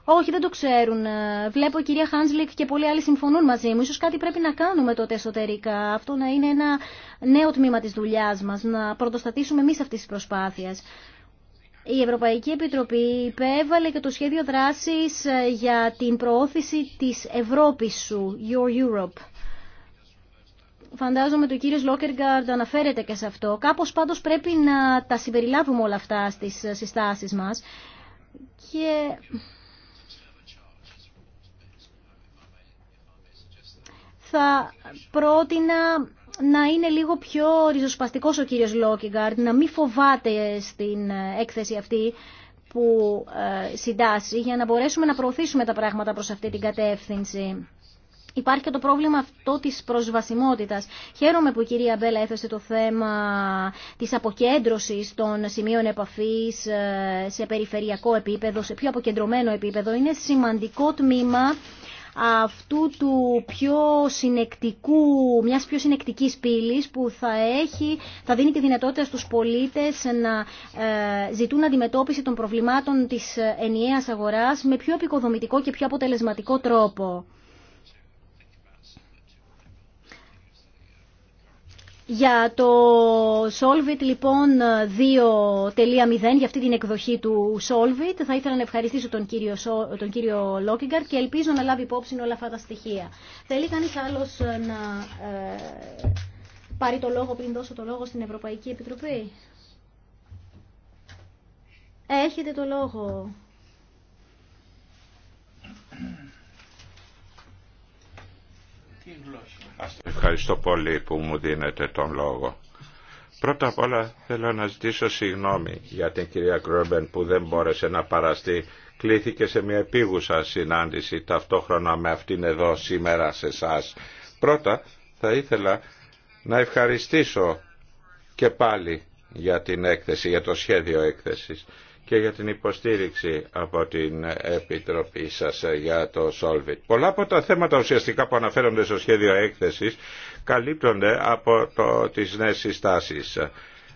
όχι, δεν το ξέρουν. Ε, βλέπω η κυρία Χάνσλικ και πολλοί άλλοι συμφωνούν μαζί μου. Ίσως κάτι πρέπει να κάνουμε τότε εσωτερικά. Αυτό να είναι ένα νέο τμήμα της δουλειάς μας, να πρωτοστατήσουμε εμείς αυτής της προσπάθειας. Η Ευρωπαϊκή Επιτροπή υπέβαλε και το σχέδιο δράσης ε, για την προώθηση της Ευρώπης σου, Your Europe. Φαντάζομαι το κύριο Λόκεργκαρντ αναφέρεται και σε αυτό. Κάπως πάντως πρέπει να τα συμπεριλάβουμε όλα αυτά στις ε, συστάσεις μας. Και θα πρότεινα να είναι λίγο πιο ριζοσπαστικός ο κύριος Λόκιγκαρτ, να μην φοβάται στην ε, έκθεση αυτή που ε, συντάσσει για να μπορέσουμε να προωθήσουμε τα πράγματα προς αυτή την κατεύθυνση. Υπάρχει και το πρόβλημα αυτό της προσβασιμότητας. Χαίρομαι που η κυρία Μπέλα έθεσε το θέμα της αποκέντρωσης των σημείων επαφής ε, σε περιφερειακό επίπεδο, σε πιο αποκεντρωμένο επίπεδο. Είναι σημαντικό τμήμα αυτού του πιο συνεκτικού, μιας πιο συνεκτικής πύλης που θα, έχει, θα δίνει τη δυνατότητα στους πολίτες να ε, ζητούν αντιμετώπιση των προβλημάτων της ενιαίας αγοράς με πιο επικοδομητικό και πιο αποτελεσματικό τρόπο. Για το Solvit λοιπόν 2.0, για αυτή την εκδοχή του Solvit, θα ήθελα να ευχαριστήσω τον κύριο, τον κύριο Λόκιγκαρτ και ελπίζω να λάβει υπόψη όλα αυτά τα στοιχεία. Θέλει κανείς άλλος ε, να ε, πάρει το λόγο πριν δώσω το λόγο στην Ευρωπαϊκή Επιτροπή. Έχετε το λόγο. Τι Ευχαριστώ πολύ που μου δίνετε τον λόγο. Πρώτα απ' όλα θέλω να ζητήσω συγγνώμη για την κυρία Κρόμπεν που δεν μπόρεσε να παραστεί. Κλήθηκε σε μια επίγουσα συνάντηση ταυτόχρονα με αυτήν εδώ σήμερα σε εσά. Πρώτα θα ήθελα να ευχαριστήσω και πάλι για την έκθεση, για το σχέδιο έκθεσης και για την υποστήριξη από την Επιτροπή σας για το Solvit. Πολλά από τα θέματα ουσιαστικά που αναφέρονται στο σχέδιο έκθεσης καλύπτονται από το, τις νέες συστάσεις.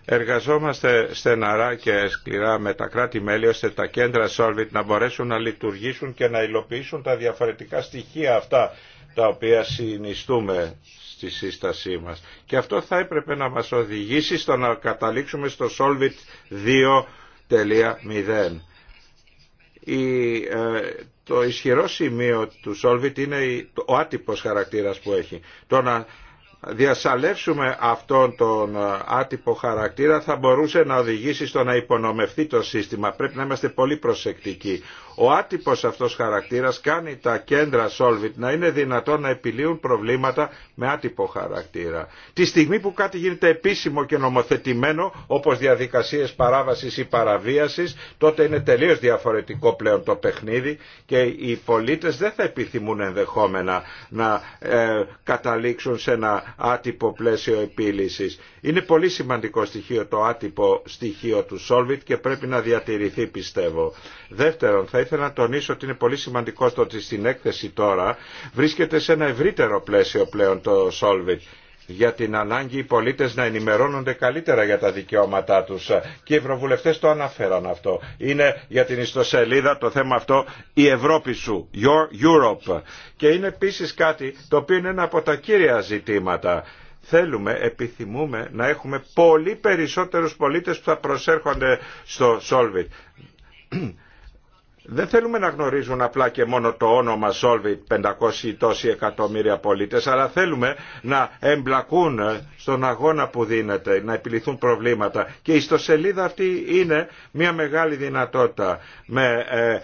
Εργαζόμαστε στεναρά και σκληρά με τα κράτη-μέλη ώστε τα κέντρα Solvit να μπορέσουν να λειτουργήσουν και να υλοποιήσουν τα διαφορετικά στοιχεία αυτά τα οποία συνιστούμε στη σύστασή μας. Και αυτό θα έπρεπε να μας οδηγήσει στο να καταλήξουμε στο Solvit 2 ε, το ισχυρό σημείο του Solvit είναι ο άτυπος χαρακτήρας που έχει. Το να διασαλεύσουμε αυτόν τον ε, άτυπο χαρακτήρα θα μπορούσε να οδηγήσει στο να υπονομευθεί το σύστημα. Πρέπει να είμαστε πολύ προσεκτικοί ο άτυπος αυτός χαρακτήρας κάνει τα κέντρα Solvit να είναι δυνατόν να επιλύουν προβλήματα με άτυπο χαρακτήρα. Τη στιγμή που κάτι γίνεται επίσημο και νομοθετημένο, όπως διαδικασίες παράβασης ή παραβίασης, τότε είναι τελείως διαφορετικό πλέον το παιχνίδι και οι πολίτες δεν θα επιθυμούν ενδεχόμενα να ε, καταλήξουν σε ένα άτυπο πλαίσιο επίλυσης. Είναι πολύ σημαντικό στοιχείο το άτυπο στοιχείο του Solvit και πρέπει να διατηρηθεί πιστεύω. Δεύτερον, θέλω να τονίσω ότι είναι πολύ σημαντικό το ότι στην έκθεση τώρα βρίσκεται σε ένα ευρύτερο πλαίσιο πλέον το Solvit για την ανάγκη οι πολίτες να ενημερώνονται καλύτερα για τα δικαιώματά τους και οι ευρωβουλευτές το αναφέραν αυτό. Είναι για την ιστοσελίδα το θέμα αυτό η Ευρώπη σου, Your Europe και είναι επίσης κάτι το οποίο είναι ένα από τα κύρια ζητήματα θέλουμε, επιθυμούμε να έχουμε πολύ περισσότερους πολίτες που θα προσέρχονται στο Solvit δεν θέλουμε να γνωρίζουν απλά και μόνο το όνομα Solvit 500 ή τόσοι εκατομμύρια πολίτες, αλλά θέλουμε να εμπλακούν στον αγώνα που δίνεται, να επιληθούν προβλήματα. Και η ιστοσελίδα αυτή είναι μια μεγάλη δυνατότητα με ε,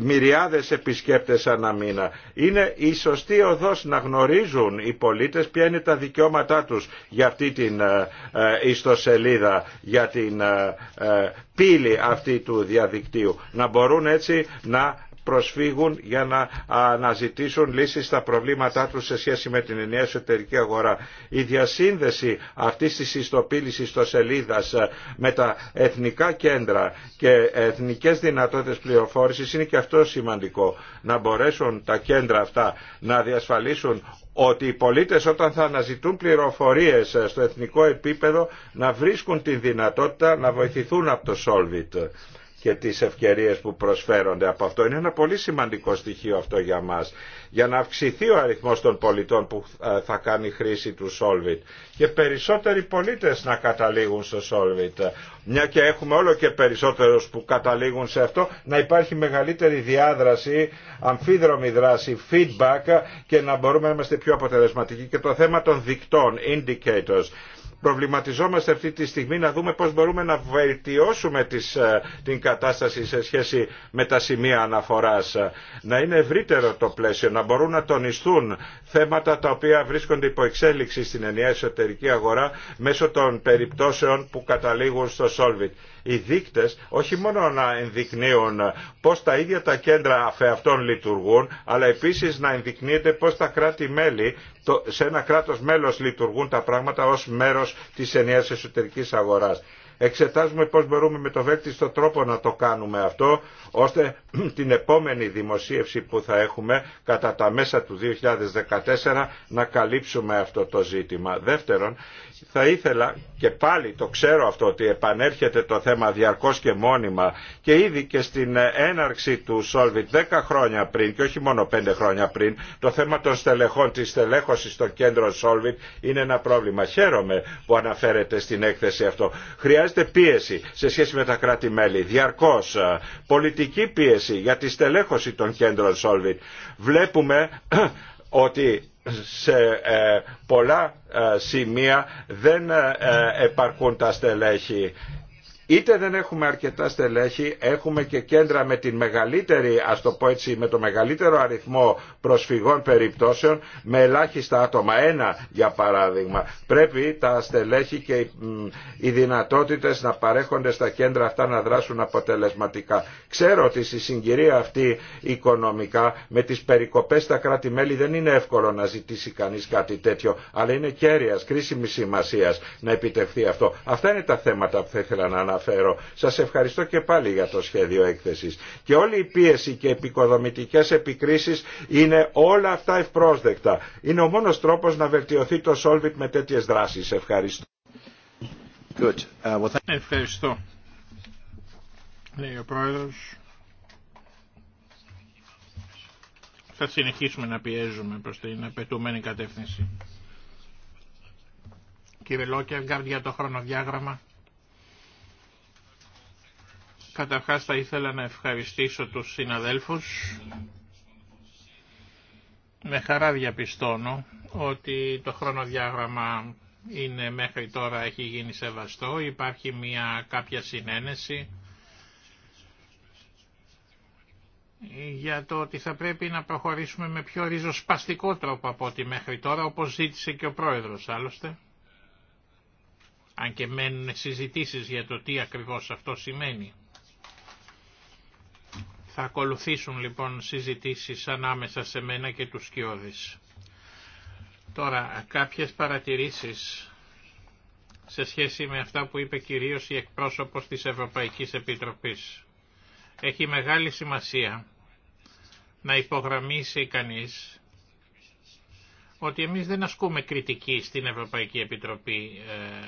μυριάδες επισκέπτες ανά μήνα. Είναι η σωστή οδός να γνωρίζουν οι πολίτες ποια είναι τα δικαιώματά τους για αυτή την ε, ε, ιστοσελίδα, για την ε, πύλη αυτή του διαδικτύου. Να μπορούν έτσι να προσφύγουν για να αναζητήσουν λύσεις στα προβλήματά τους σε σχέση με την ενιαία εσωτερική αγορά. Η διασύνδεση αυτής της ιστοπήλησης στο σελίδας ε, με τα εθνικά κέντρα και εθνικές δυνατότητες πληροφόρησης είναι και αυτό σημαντικό. Να μπορέσουν τα κέντρα αυτά να διασφαλίσουν ότι οι πολίτες όταν θα αναζητούν πληροφορίες ε, στο εθνικό επίπεδο να βρίσκουν την δυνατότητα να βοηθηθούν από το Solvit και τις ευκαιρίες που προσφέρονται από αυτό. Είναι ένα πολύ σημαντικό στοιχείο αυτό για μας, για να αυξηθεί ο αριθμός των πολιτών που ε, θα κάνει χρήση του Solvit και περισσότεροι πολίτες να καταλήγουν στο Solvit. Μια και έχουμε όλο και περισσότερους που καταλήγουν σε αυτό, να υπάρχει μεγαλύτερη διάδραση, αμφίδρομη δράση, feedback και να μπορούμε να είμαστε πιο αποτελεσματικοί. Και το θέμα των δικτών, indicators, προβληματιζόμαστε αυτή τη στιγμή να δούμε πώς μπορούμε να βελτιώσουμε τις, ε, την κατάσταση σε σχέση με τα σημεία αναφοράς. Να είναι ευρύτερο το πλαίσιο, να μπορούν να τονιστούν θέματα τα οποία βρίσκονται υπό εξέλιξη στην ενιαία εσωτερική αγορά μέσω των περιπτώσεων που καταλήγουν στο Solvit οι δείκτες όχι μόνο να ενδεικνύουν πώς τα ίδια τα κέντρα αυτών λειτουργούν, αλλά επίσης να ενδεικνύεται πώς τα κράτη-μέλη σε ένα κράτος μέλος λειτουργούν τα πράγματα ως μέρος της ενιαίας εσωτερικής αγοράς. Εξετάζουμε πώς μπορούμε με το βέλτιστο τρόπο να το κάνουμε αυτό, ώστε την επόμενη δημοσίευση που θα έχουμε κατά τα μέσα του 2014 να καλύψουμε αυτό το ζήτημα. Δεύτερον, θα ήθελα και πάλι το ξέρω αυτό ότι επανέρχεται το θέμα διαρκώς και μόνιμα και ήδη και στην έναρξη του Σόλβιτ 10 χρόνια πριν και όχι μόνο 5 χρόνια πριν το θέμα των στελεχών της στελέχωσης στο κέντρο Σόλβιτ είναι ένα πρόβλημα. Χαίρομαι που αναφέρεται στην έκθεση αυτό. Χρειάζεται πίεση σε σχέση με τα κράτη-μέλη, διαρκώς πολιτική πίεση για τη στελέχωση των κέντρων Solvit. Βλέπουμε ότι σε ε, πολλά ε, σημεία δεν ε, επαρκούν τα στελέχη είτε δεν έχουμε αρκετά στελέχη, έχουμε και κέντρα με την μεγαλύτερη, ας το πω έτσι, με το μεγαλύτερο αριθμό προσφυγών περιπτώσεων, με ελάχιστα άτομα. Ένα, για παράδειγμα. Πρέπει τα στελέχη και οι δυνατότητες να παρέχονται στα κέντρα αυτά να δράσουν αποτελεσματικά. Ξέρω ότι στη συγκυρία αυτή οικονομικά, με τις περικοπές στα κράτη-μέλη δεν είναι εύκολο να ζητήσει κανείς κάτι τέτοιο, αλλά είναι κέρια, κρίσιμη σημασία να επιτευχθεί αυτό. Αυτά είναι τα θέματα που θα ήθελα να αναφέρω αναφέρω. Σας ευχαριστώ και πάλι για το σχέδιο έκθεσης. Και όλη η πίεση και επικοδομητικές επικρίσεις είναι όλα αυτά ευπρόσδεκτα. Είναι ο μόνος τρόπος να βελτιωθεί το Solvit με τέτοιες δράσεις. Ευχαριστώ. Good. Uh, ευχαριστώ. Λέει ο Πρόεδρος. Θα συνεχίσουμε να πιέζουμε προς την απαιτούμενη κατεύθυνση. Κύριε Λόκερ, για το χρονοδιάγραμμα. Καταρχάς θα ήθελα να ευχαριστήσω τους συναδέλφους. Με χαρά διαπιστώνω ότι το χρονοδιάγραμμα είναι μέχρι τώρα έχει γίνει σεβαστό, υπάρχει μια κάποια συνένεση για το ότι θα πρέπει να προχωρήσουμε με πιο ριζοσπαστικό τρόπο από ό,τι μέχρι τώρα, όπως ζήτησε και ο πρόεδρος άλλωστε. Αν και μένουν συζητήσεις για το τι ακριβώς αυτό σημαίνει. Θα ακολουθήσουν λοιπόν συζητήσεις ανάμεσα σε μένα και τους Σκιώδης. Τώρα, κάποιες παρατηρήσεις σε σχέση με αυτά που είπε κυρίως η εκπρόσωπος της Ευρωπαϊκής Επιτροπής. Έχει μεγάλη σημασία να υπογραμμίσει κανείς ότι εμείς δεν ασκούμε κριτική στην Ευρωπαϊκή Επιτροπή. Ε,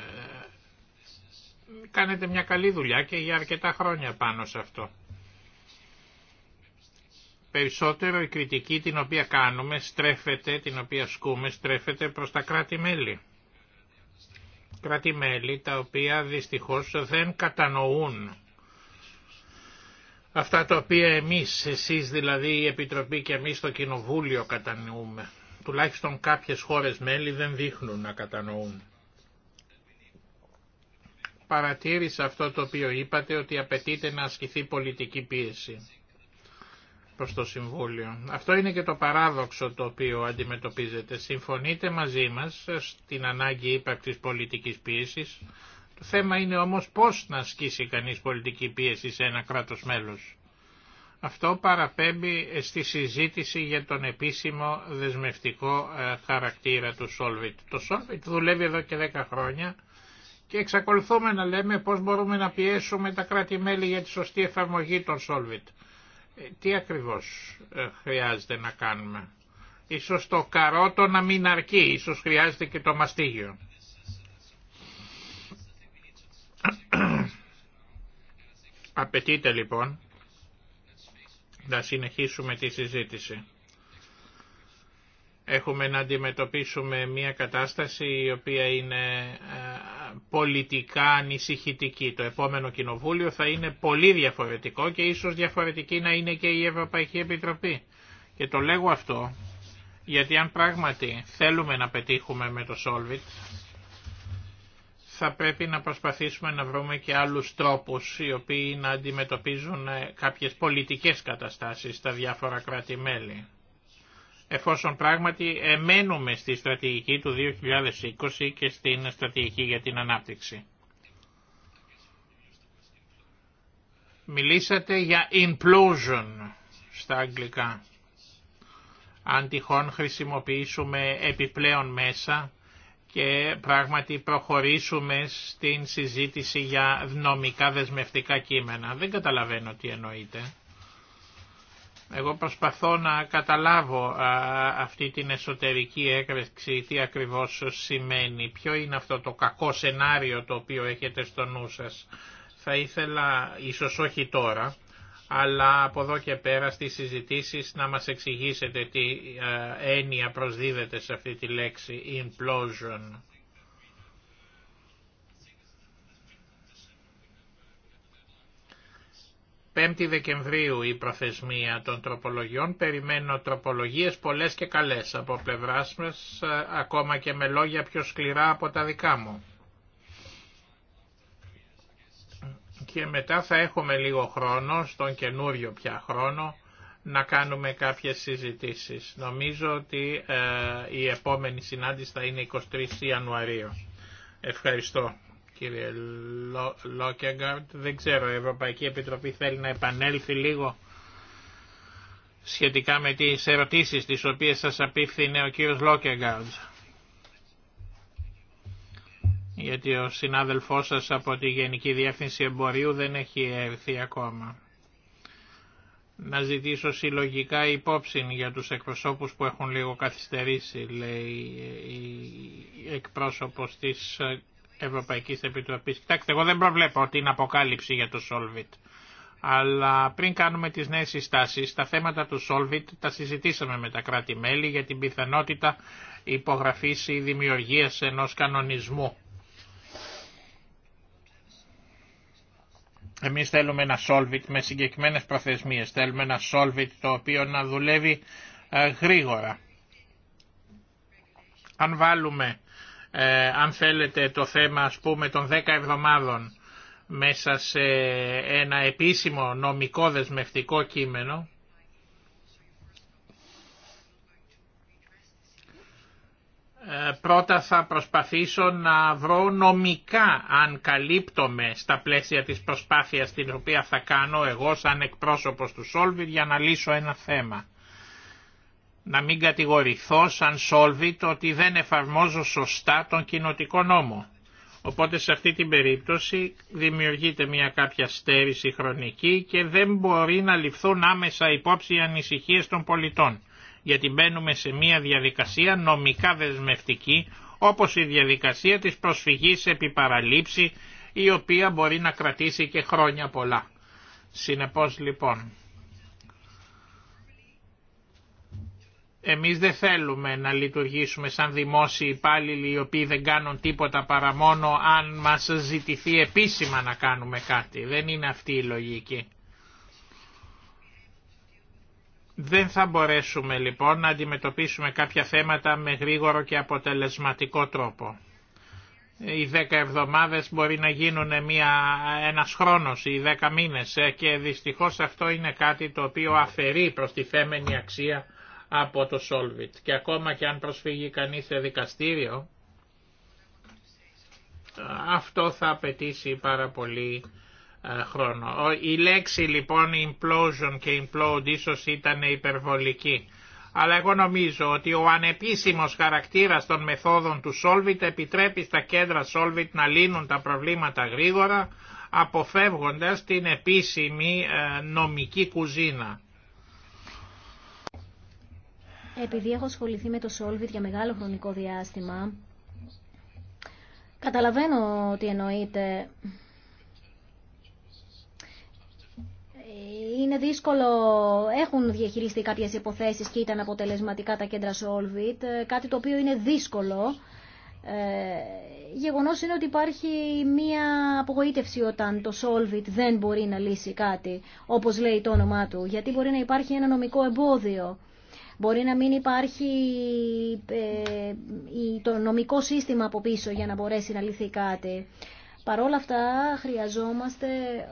κάνετε μια καλή δουλειά και για αρκετά χρόνια πάνω σε αυτό. Περισσότερο η κριτική την οποία κάνουμε, στρέφεται, την οποία σκούμε, στρέφεται προς τα κράτη-μέλη. Κράτη-μέλη τα οποία δυστυχώς δεν κατανοούν αυτά τα οποία εμείς, εσείς δηλαδή η Επιτροπή και εμείς το Κοινοβούλιο κατανοούμε. Τουλάχιστον κάποιες χώρες μέλη δεν δείχνουν να κατανοούν. Παρατήρησα αυτό το οποίο είπατε ότι απαιτείται να ασκηθεί πολιτική πίεση προς το Συμβούλιο. Αυτό είναι και το παράδοξο το οποίο αντιμετωπίζεται. Συμφωνείτε μαζί μας στην ανάγκη ύπαρξη πολιτικής πίεσης. Το θέμα είναι όμως πώς να ασκήσει κανείς πολιτική πίεση σε ένα κράτος μέλος. Αυτό παραπέμπει στη συζήτηση για τον επίσημο δεσμευτικό ε, χαρακτήρα του Solvit. Το Solvit δουλεύει εδώ και 10 χρόνια και εξακολουθούμε να λέμε πώς μπορούμε να πιέσουμε τα κράτη-μέλη για τη σωστή εφαρμογή των Solvit τι ακριβώς ε, χρειάζεται να κάνουμε. Ίσως το καρότο να μην αρκεί, ίσως χρειάζεται και το μαστίγιο. Απαιτείται λοιπόν να συνεχίσουμε τη συζήτηση. Έχουμε να αντιμετωπίσουμε μια κατάσταση η οποία είναι ε, πολιτικά ανησυχητική. Το επόμενο κοινοβούλιο θα είναι πολύ διαφορετικό και ίσως διαφορετική να είναι και η Ευρωπαϊκή Επιτροπή. Και το λέγω αυτό γιατί αν πράγματι θέλουμε να πετύχουμε με το Solvit θα πρέπει να προσπαθήσουμε να βρούμε και άλλους τρόπους οι οποίοι να αντιμετωπίζουν κάποιες πολιτικές καταστάσεις στα διάφορα κράτη-μέλη εφόσον πράγματι εμένουμε στη στρατηγική του 2020 και στην στρατηγική για την ανάπτυξη. Μιλήσατε για implosion στα αγγλικά. Αν τυχόν χρησιμοποιήσουμε επιπλέον μέσα και πράγματι προχωρήσουμε στην συζήτηση για νομικά δεσμευτικά κείμενα. Δεν καταλαβαίνω τι εννοείται. Εγώ προσπαθώ να καταλάβω αυτή την εσωτερική έκρηξη, τι ακριβώς σημαίνει, ποιο είναι αυτό το κακό σενάριο το οποίο έχετε στο νου σας. Θα ήθελα, ίσως όχι τώρα, αλλά από εδώ και πέρα στις συζητήσεις να μας εξηγήσετε τι έννοια προσδίδεται σε αυτή τη λέξη implosion. 5η Δεκεμβρίου η προθεσμία των τροπολογιών. Περιμένω τροπολογίες πολλές και καλές από πλευράς μας, ε, ακόμα και με λόγια πιο σκληρά από τα δικά μου. Και μετά θα έχουμε λίγο χρόνο, στον καινούριο πια χρόνο, να κάνουμε κάποιες συζητήσεις. Νομίζω ότι ε, η επόμενη συνάντηση θα είναι 23 Ιανουαρίου. Ευχαριστώ κύριε Λόκεγκαρτ. Δεν ξέρω, η Ευρωπαϊκή Επιτροπή θέλει να επανέλθει λίγο σχετικά με τις ερωτήσεις τις οποίες σας απίφθηνε ο κύριος Λόκεγκαρτ. Γιατί ο συνάδελφός σας από τη Γενική Διεύθυνση Εμπορίου δεν έχει έρθει ακόμα. Να ζητήσω συλλογικά υπόψη για τους εκπροσώπους που έχουν λίγο καθυστερήσει, λέει η εκπρόσωπος της ευρωπαϊκή Επιτροπής. Κοιτάξτε, εγώ δεν προβλέπω την αποκάλυψη για το Solvit. Αλλά πριν κάνουμε τις νέες συστάσεις, τα θέματα του Solvit τα συζητήσαμε με τα κράτη-μέλη για την πιθανότητα υπογραφής ή δημιουργίας ενός κανονισμού. Εμείς θέλουμε ένα Solvit με συγκεκριμένες προθεσμίες. Θέλουμε ένα Solvit το οποίο να δουλεύει ε, γρήγορα. Αν βάλουμε ε, αν θέλετε το θέμα ας πούμε των 10 εβδομάδων μέσα σε ένα επίσημο νομικό δεσμευτικό κείμενο ε, πρώτα θα προσπαθήσω να βρω νομικά αν καλύπτομαι στα πλαίσια της προσπάθειας την οποία θα κάνω εγώ σαν εκπρόσωπος του Solvit για να λύσω ένα θέμα να μην κατηγορηθώ σαν σόλβιτ ότι δεν εφαρμόζω σωστά τον κοινοτικό νόμο. Οπότε σε αυτή την περίπτωση δημιουργείται μια κάποια στέρηση χρονική και δεν μπορεί να ληφθούν άμεσα υπόψη οι ανησυχίες των πολιτών. Γιατί μπαίνουμε σε μια διαδικασία νομικά δεσμευτική όπως η διαδικασία της προσφυγής επί παραλήψη η οποία μπορεί να κρατήσει και χρόνια πολλά. Συνεπώς λοιπόν Εμείς δεν θέλουμε να λειτουργήσουμε σαν δημόσιοι υπάλληλοι οι οποίοι δεν κάνουν τίποτα παρά μόνο αν μας ζητηθεί επίσημα να κάνουμε κάτι. Δεν είναι αυτή η λογική. Δεν θα μπορέσουμε λοιπόν να αντιμετωπίσουμε κάποια θέματα με γρήγορο και αποτελεσματικό τρόπο. Οι δέκα εβδομάδες μπορεί να γίνουν μια, ένας χρόνος ή δέκα μήνες ε, και δυστυχώς αυτό είναι κάτι το οποίο αφαιρεί προς τη θέμενη αξία από το Σόλβιτ Και ακόμα και αν προσφύγει κανείς σε δικαστήριο, αυτό θα απαιτήσει πάρα πολύ ε, χρόνο. Η λέξη λοιπόν implosion και implode ίσως ήταν υπερβολική. Αλλά εγώ νομίζω ότι ο ανεπίσημος χαρακτήρας των μεθόδων του Solvit επιτρέπει στα κέντρα Solvit να λύνουν τα προβλήματα γρήγορα, αποφεύγοντας την επίσημη ε, νομική κουζίνα. Επειδή έχω ασχοληθεί με το Solvit για μεγάλο χρονικό διάστημα, καταλαβαίνω ότι εννοείται. Είναι δύσκολο, έχουν διαχειριστεί κάποιες υποθέσεις και ήταν αποτελεσματικά τα κέντρα Solvit, κάτι το οποίο είναι δύσκολο. Ε, γεγονός είναι ότι υπάρχει μία απογοήτευση όταν το Solvit δεν μπορεί να λύσει κάτι, όπως λέει το όνομά του, γιατί μπορεί να υπάρχει ένα νομικό εμπόδιο. Μπορεί να μην υπάρχει ε, το νομικό σύστημα από πίσω για να μπορέσει να λυθεί κάτι. Παρ' αυτά χρειαζόμαστε,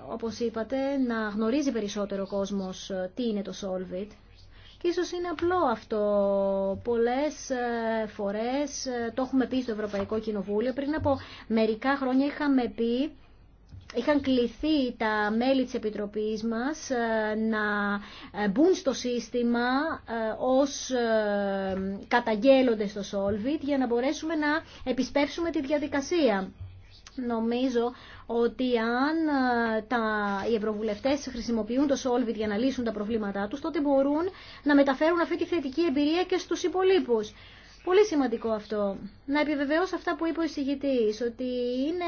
όπως είπατε, να γνωρίζει περισσότερο ο κόσμος ε, τι είναι το Solvit. Και ίσως είναι απλό αυτό. Πολλές ε, φορές το έχουμε πει στο Ευρωπαϊκό Κοινοβούλιο. Πριν από μερικά χρόνια είχαμε πει είχαν κληθεί τα μέλη της Επιτροπής μας ε, να ε, μπουν στο σύστημα ε, ως καταγγέλλοντες στο Solvit για να μπορέσουμε να επισπεύσουμε τη διαδικασία. Νομίζω ότι αν τα, οι ευρωβουλευτές χρησιμοποιούν το Solvit για να λύσουν τα προβλήματά τους, τότε μπορούν να μεταφέρουν αυτή τη θετική εμπειρία και στους υπολείπους. Πολύ σημαντικό αυτό. Να επιβεβαιώσω αυτά που είπε ο εισηγητής, ότι είναι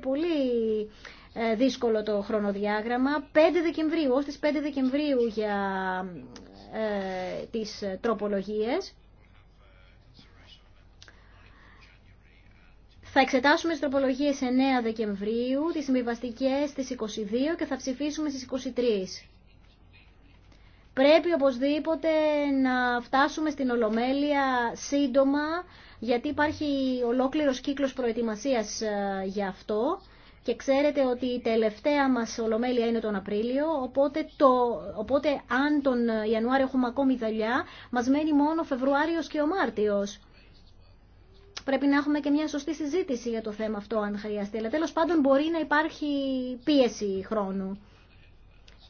πολύ ε, δύσκολο το χρονοδιάγραμμα. 5 Δεκεμβρίου, ως τις 5 Δεκεμβρίου για ε, τις τροπολογίες. Θα εξετάσουμε τις τροπολογίες 9 Δεκεμβρίου, τις συμβιβαστικές στις 22 και θα ψηφίσουμε στις 23. Πρέπει οπωσδήποτε να φτάσουμε στην Ολομέλεια σύντομα, γιατί υπάρχει ολόκληρος κύκλος προετοιμασίας ε, για αυτό. Και ξέρετε ότι η τελευταία μας Ολομέλεια είναι τον Απρίλιο, οπότε, το, οπότε αν τον Ιανουάριο έχουμε ακόμη δουλειά, μας μένει μόνο Φεβρουάριος και ο Μάρτιος. Πρέπει να έχουμε και μια σωστή συζήτηση για το θέμα αυτό, αν χρειαστεί. Αλλά τέλος πάντων μπορεί να υπάρχει πίεση χρόνου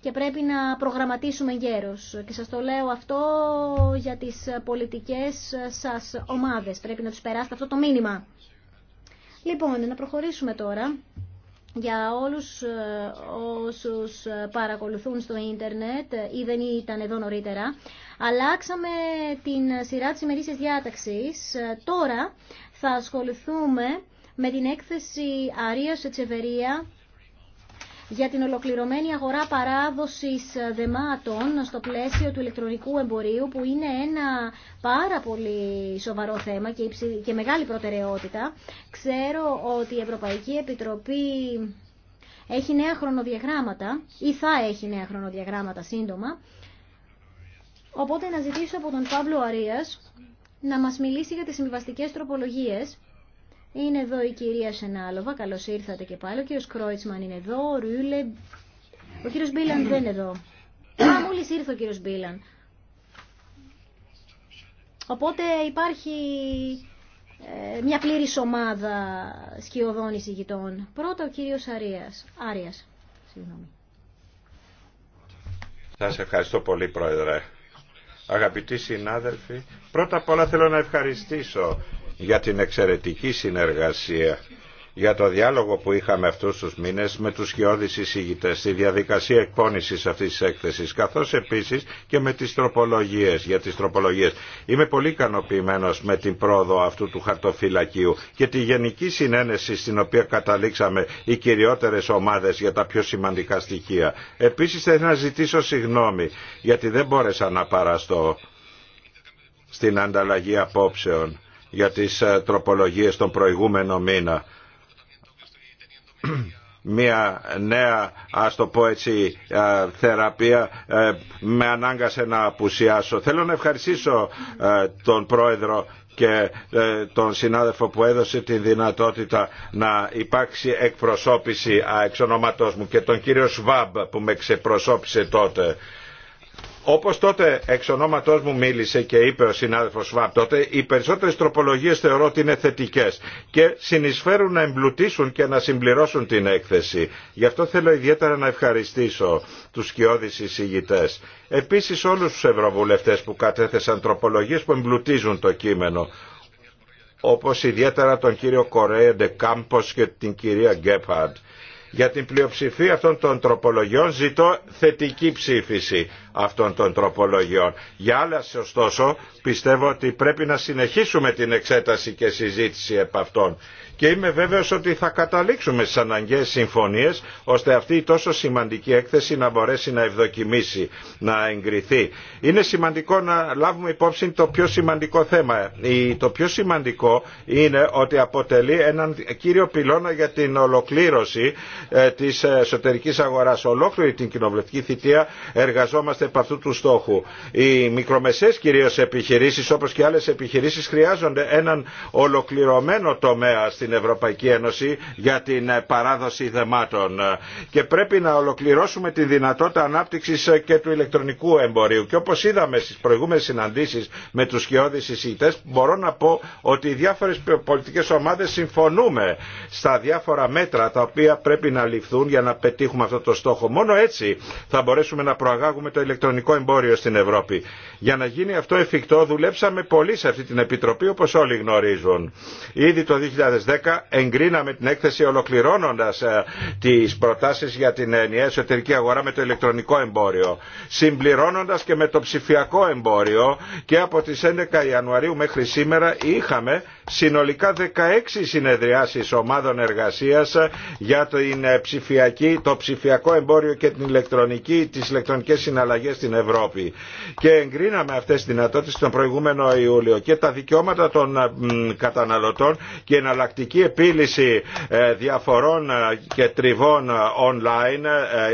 και πρέπει να προγραμματίσουμε γέρος. Και σας το λέω αυτό για τις πολιτικές σας ομάδες. Πρέπει να τους περάσετε αυτό το μήνυμα. Λοιπόν, να προχωρήσουμε τώρα για όλους ε, όσους ε, παρακολουθούν στο ίντερνετ ε, ή δεν ήταν εδώ νωρίτερα. Αλλάξαμε την σειρά της ημερήσιας διάταξης. Τώρα θα ασχοληθούμε με την έκθεση Αρίας Ετσεβερία για την ολοκληρωμένη αγορά παράδοσης δεμάτων στο πλαίσιο του ηλεκτρονικού εμπορίου που είναι ένα πάρα πολύ σοβαρό θέμα και, και μεγάλη προτεραιότητα. Ξέρω ότι η Ευρωπαϊκή Επιτροπή έχει νέα χρονοδιαγράμματα ή θα έχει νέα χρονοδιαγράμματα σύντομα. Οπότε να ζητήσω από τον Παύλο Αρίας να μας μιλήσει για τις συμβιβαστικές τροπολογίες είναι εδώ η κυρία Σενάλοβα, καλώ ήρθατε και πάλι. Ο κύριο Κρόιτσμαν είναι εδώ, ο Ρούλε. Ο κύριος Μπίλαν δεν είναι εδώ. Α, μόλι ήρθε ο κύριος Μπίλαν. Οπότε υπάρχει ε, μια πλήρη ομάδα σκιωδών εισηγητών. Πρώτα ο κύριος Άρια. Άριας. Σας ευχαριστώ πολύ πρόεδρε. Αγαπητοί συνάδελφοι, πρώτα απ' όλα θέλω να ευχαριστήσω για την εξαιρετική συνεργασία για το διάλογο που είχαμε αυτούς τους μήνες με τους χειώδεις εισηγητές στη διαδικασία εκπόνησης αυτής της έκθεσης καθώς επίσης και με τις τροπολογίες, για τις τροπολογίες. Είμαι πολύ ικανοποιημένος με την πρόοδο αυτού του χαρτοφυλακίου και τη γενική συνένεση στην οποία καταλήξαμε οι κυριότερες ομάδες για τα πιο σημαντικά στοιχεία. Επίσης θέλω να ζητήσω συγγνώμη γιατί δεν μπόρεσα να παραστώ στην ανταλλαγή απόψεων για τις ε, τροπολογίες των προηγούμενο μήνα. Μία νέα, ας το πω έτσι, ε, θεραπεία ε, με ανάγκασε να απουσιάσω. Θέλω να ευχαριστήσω τον πρόεδρο και τον συνάδελφο που έδωσε τη δυνατότητα να υπάρξει εκπροσώπηση εξ ονόματός μου και τον κύριο Σβάμπ που με ξεπροσώπησε τότε. Όπως τότε εξ ονόματός μου μίλησε και είπε ο συνάδελφος Σβάμπ τότε, οι περισσότερες τροπολογίες θεωρώ ότι είναι θετικές και συνεισφέρουν να εμπλουτίσουν και να συμπληρώσουν την έκθεση. Γι' αυτό θέλω ιδιαίτερα να ευχαριστήσω τους σκιώδεις εισηγητές. Επίσης όλους τους ευρωβουλευτές που κατέθεσαν τροπολογίες που εμπλουτίζουν το κείμενο όπως ιδιαίτερα τον κύριο Κορέεντε Κάμπος και την κυρία Γκέπαρντ. Για την πλειοψηφία αυτών των τροπολογιών ζητώ θετική ψήφιση αυτών των τροπολογιών. Για άλλα, ωστόσο, πιστεύω ότι πρέπει να συνεχίσουμε την εξέταση και συζήτηση επ' αυτών και είμαι βέβαιος ότι θα καταλήξουμε στις αναγκαίες συμφωνίες ώστε αυτή η τόσο σημαντική έκθεση να μπορέσει να ευδοκιμήσει, να εγκριθεί. Είναι σημαντικό να λάβουμε υπόψη το πιο σημαντικό θέμα. Το πιο σημαντικό είναι ότι αποτελεί έναν κύριο πυλώνα για την ολοκλήρωση ε, της εσωτερικής αγοράς. Ολόκληρη την κοινοβουλευτική θητεία εργαζόμαστε επ' αυτού του στόχου. Οι μικρομεσαίες κυρίως επιχειρήσεις όπως και άλλες επιχειρήσεις χρειάζονται έναν ολοκληρωμένο τομέα στην Ευρωπαϊκή Ένωση για την ε, παράδοση θεμάτων. Και πρέπει να ολοκληρώσουμε τη δυνατότητα ανάπτυξη ε, και του ηλεκτρονικού εμπορίου. Και όπω είδαμε στι προηγούμενε συναντήσει με του σκιώδει συζητητέ, μπορώ να πω ότι οι διάφορε πολιτικέ ομάδε συμφωνούμε στα διάφορα μέτρα τα οποία πρέπει να ληφθούν για να πετύχουμε αυτό το στόχο. Μόνο έτσι θα μπορέσουμε να προαγάγουμε το ηλεκτρονικό εμπόριο στην Ευρώπη. Για να γίνει αυτό εφικτό, δουλέψαμε πολύ σε αυτή την Επιτροπή, όπω όλοι γνωρίζουν. Ήδη το εγκρίναμε την έκθεση ολοκληρώνοντας ε, τις προτάσεις για την ενιαία εσωτερική αγορά με το ηλεκτρονικό εμπόριο. Συμπληρώνοντας και με το ψηφιακό εμπόριο και από τις 11 Ιανουαρίου μέχρι σήμερα είχαμε συνολικά 16 συνεδριάσεις ομάδων εργασίας για ε, ψηφιακή, το ψηφιακό εμπόριο και την ηλεκτρονική, τις ηλεκτρονικές συναλλαγές στην Ευρώπη. Και εγκρίναμε αυτές τις δυνατότητες τον προηγούμενο Ιούλιο και τα δικαιώματα των ε, καταναλωτών και η εναλλακτική επίλυση ε, διαφορών και τριβών online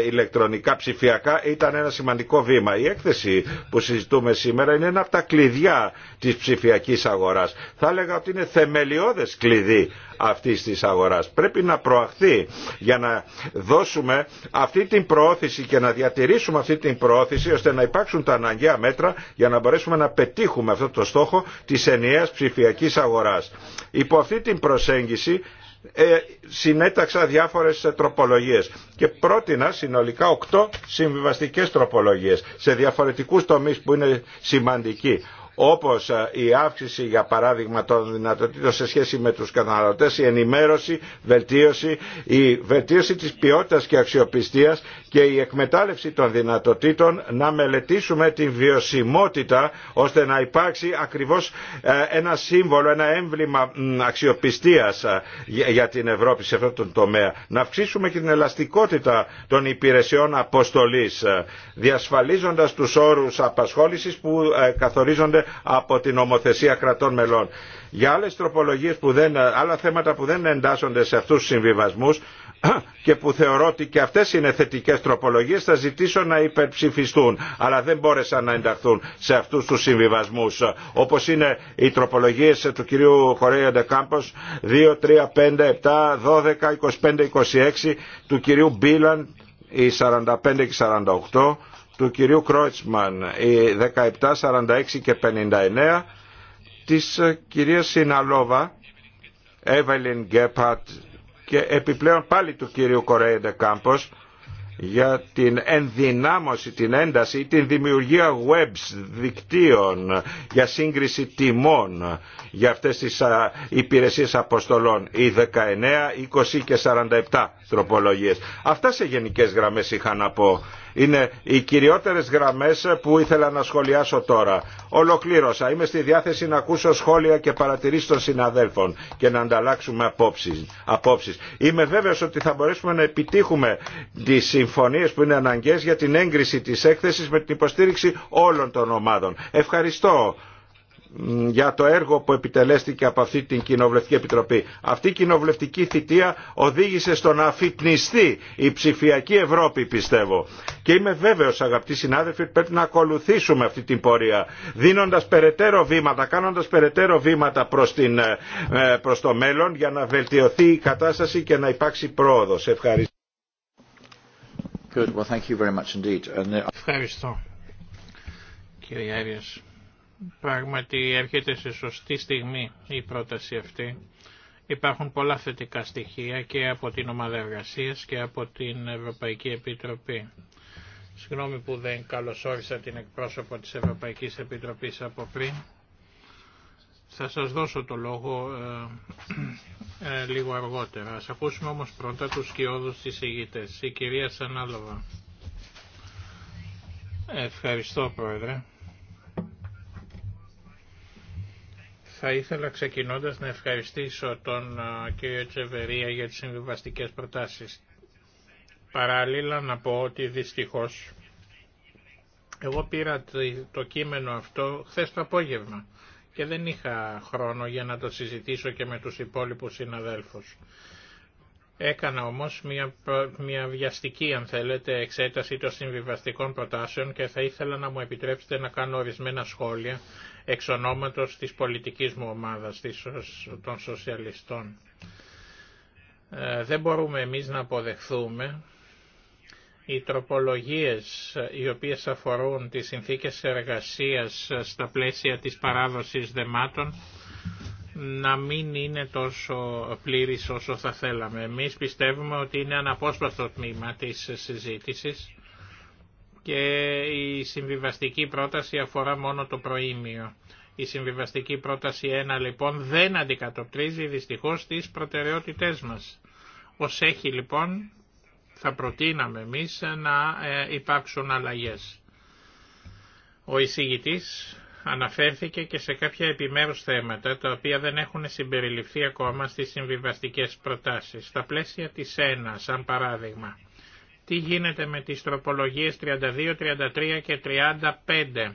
ηλεκτρονικά ψηφιακά ήταν ένα σημαντικό βήμα. Η έκθεση που συζητούμε σήμερα είναι ένα από τα κλειδιά της ψηφιακής αγοράς. Θα έλεγα ότι είναι είναι θεμελιώδες κλειδί αυτή της αγοράς. Πρέπει να προαχθεί για να δώσουμε αυτή την προώθηση και να διατηρήσουμε αυτή την προώθηση ώστε να υπάρξουν τα αναγκαία μέτρα για να μπορέσουμε να πετύχουμε αυτό το στόχο της ενιαίας ψηφιακής αγοράς. Υπό αυτή την προσέγγιση ε, συνέταξα διάφορες τροπολογίες και πρότεινα συνολικά οκτώ συμβιβαστικές τροπολογίες σε διαφορετικούς τομείς που είναι σημαντικοί όπως ε, η αύξηση για παράδειγμα των δυνατοτήτων σε σχέση με τους καταναλωτές, η ενημέρωση, βελτίωση, η βελτίωση της ποιότητας και αξιοπιστίας και η εκμετάλλευση των δυνατοτήτων να μελετήσουμε την βιωσιμότητα ώστε να υπάρξει ακριβώς ε, ένα σύμβολο, ένα έμβλημα αξιοπιστίας ε, για την Ευρώπη σε αυτόν τον τομέα. Να αυξήσουμε και την ελαστικότητα των υπηρεσιών αποστολής διασφαλίζοντας τους όρους απασχόλησης που καθορίζονται από την ομοθεσία κρατών μελών. Για άλλες τροπολογίες που δεν, άλλα θέματα που δεν εντάσσονται σε αυτούς τους συμβιβασμούς και που θεωρώ ότι και αυτές είναι θετικές τροπολογίες θα ζητήσω να υπερψηφιστούν αλλά δεν μπόρεσαν να ενταχθούν σε αυτούς τους συμβιβασμούς όπως είναι οι τροπολογίες του κυρίου Χορέια Ντεκάμπος 2, 3, 5, 7, 12, 25, 26 του κυρίου Μπίλαν οι 45 και 48 του κυρίου Κρότσμαν οι 17, και 59 της ε, κυρίας Σιναλόβα, Εύελιν Γκέπατ και επιπλέον πάλι του κυρίου Κορέιντε Κάμπος για την ενδυνάμωση, την ένταση ή την δημιουργία webs, δικτύων για σύγκριση τιμών για αυτές τις υπηρεσίες αποστολών οι 19, 20 και 47 τροπολογίες. Αυτά σε γενικές γραμμές είχα να πω είναι οι κυριότερες γραμμές που ήθελα να σχολιάσω τώρα. Ολοκλήρωσα. Είμαι στη διάθεση να ακούσω σχόλια και παρατηρήσεις των συναδέλφων και να ανταλλάξουμε απόψεις. απόψεις. Είμαι βέβαιος ότι θα μπορέσουμε να επιτύχουμε τις συμφωνίες που είναι αναγκαίες για την έγκριση της έκθεσης με την υποστήριξη όλων των ομάδων. Ευχαριστώ για το έργο που επιτελέστηκε από αυτή την Κοινοβουλευτική Επιτροπή. Αυτή η κοινοβουλευτική θητεία οδήγησε στο να αφυπνιστεί η ψηφιακή Ευρώπη πιστεύω. Και είμαι βέβαιο αγαπητοί συνάδελφοι ότι πρέπει να ακολουθήσουμε αυτή την πορεία δίνοντας περαιτέρω βήματα, κάνοντας περαιτέρω βήματα προ ε, προς το μέλλον για να βελτιωθεί η κατάσταση και να υπάρξει πρόοδο. Ευχαριστώ. Good. thank you very much indeed. Ευχαριστώ. Πράγματι έρχεται σε σωστή στιγμή η πρόταση αυτή. Υπάρχουν πολλά θετικά στοιχεία και από την ομάδα εργασία και από την Ευρωπαϊκή Επιτροπή. Συγγνώμη που δεν καλωσόρισα την εκπρόσωπο της Ευρωπαϊκής Επιτροπής από πριν. Θα σας δώσω το λόγο ε, ε, λίγο αργότερα. Ας ακούσουμε όμως πρώτα τους σκιώδους της ηγητές. Η κυρία Σανάλοβα. Ευχαριστώ Πρόεδρε. Θα ήθελα ξεκινώντας να ευχαριστήσω τον κύριο Τσεβερία για τις συμβιβαστικές προτάσεις. Παράλληλα να πω ότι δυστυχώς εγώ πήρα το κείμενο αυτό χθε το απόγευμα και δεν είχα χρόνο για να το συζητήσω και με τους υπόλοιπους συναδέλφους. Έκανα όμως μια, μια βιαστική, αν θέλετε, εξέταση των συμβιβαστικών προτάσεων και θα ήθελα να μου επιτρέψετε να κάνω ορισμένα σχόλια εξ ονόματος της πολιτικής μου ομάδας των σοσιαλιστών. Ε, δεν μπορούμε εμείς να αποδεχθούμε οι τροπολογίες ε, οι οποίες αφορούν τις συνθήκες εργασίας ε, στα πλαίσια της παράδοσης δεμάτων να μην είναι τόσο πλήρης όσο θα θέλαμε. Εμείς πιστεύουμε ότι είναι αναπόσπαστο τμήμα της συζήτησης και η συμβιβαστική πρόταση αφορά μόνο το προήμιο. Η συμβιβαστική πρόταση 1 λοιπόν δεν αντικατοπτρίζει δυστυχώς τις προτεραιότητές μας. Ως έχει λοιπόν θα προτείναμε εμείς να ε, υπάρξουν αλλαγές. Ο εισηγητής αναφέρθηκε και σε κάποια επιμέρους θέματα τα οποία δεν έχουν συμπεριληφθεί ακόμα στις συμβιβαστικές προτάσεις. Στα πλαίσια της 1 σαν παράδειγμα τι γίνεται με τις τροπολογίες 32, 33 και 35,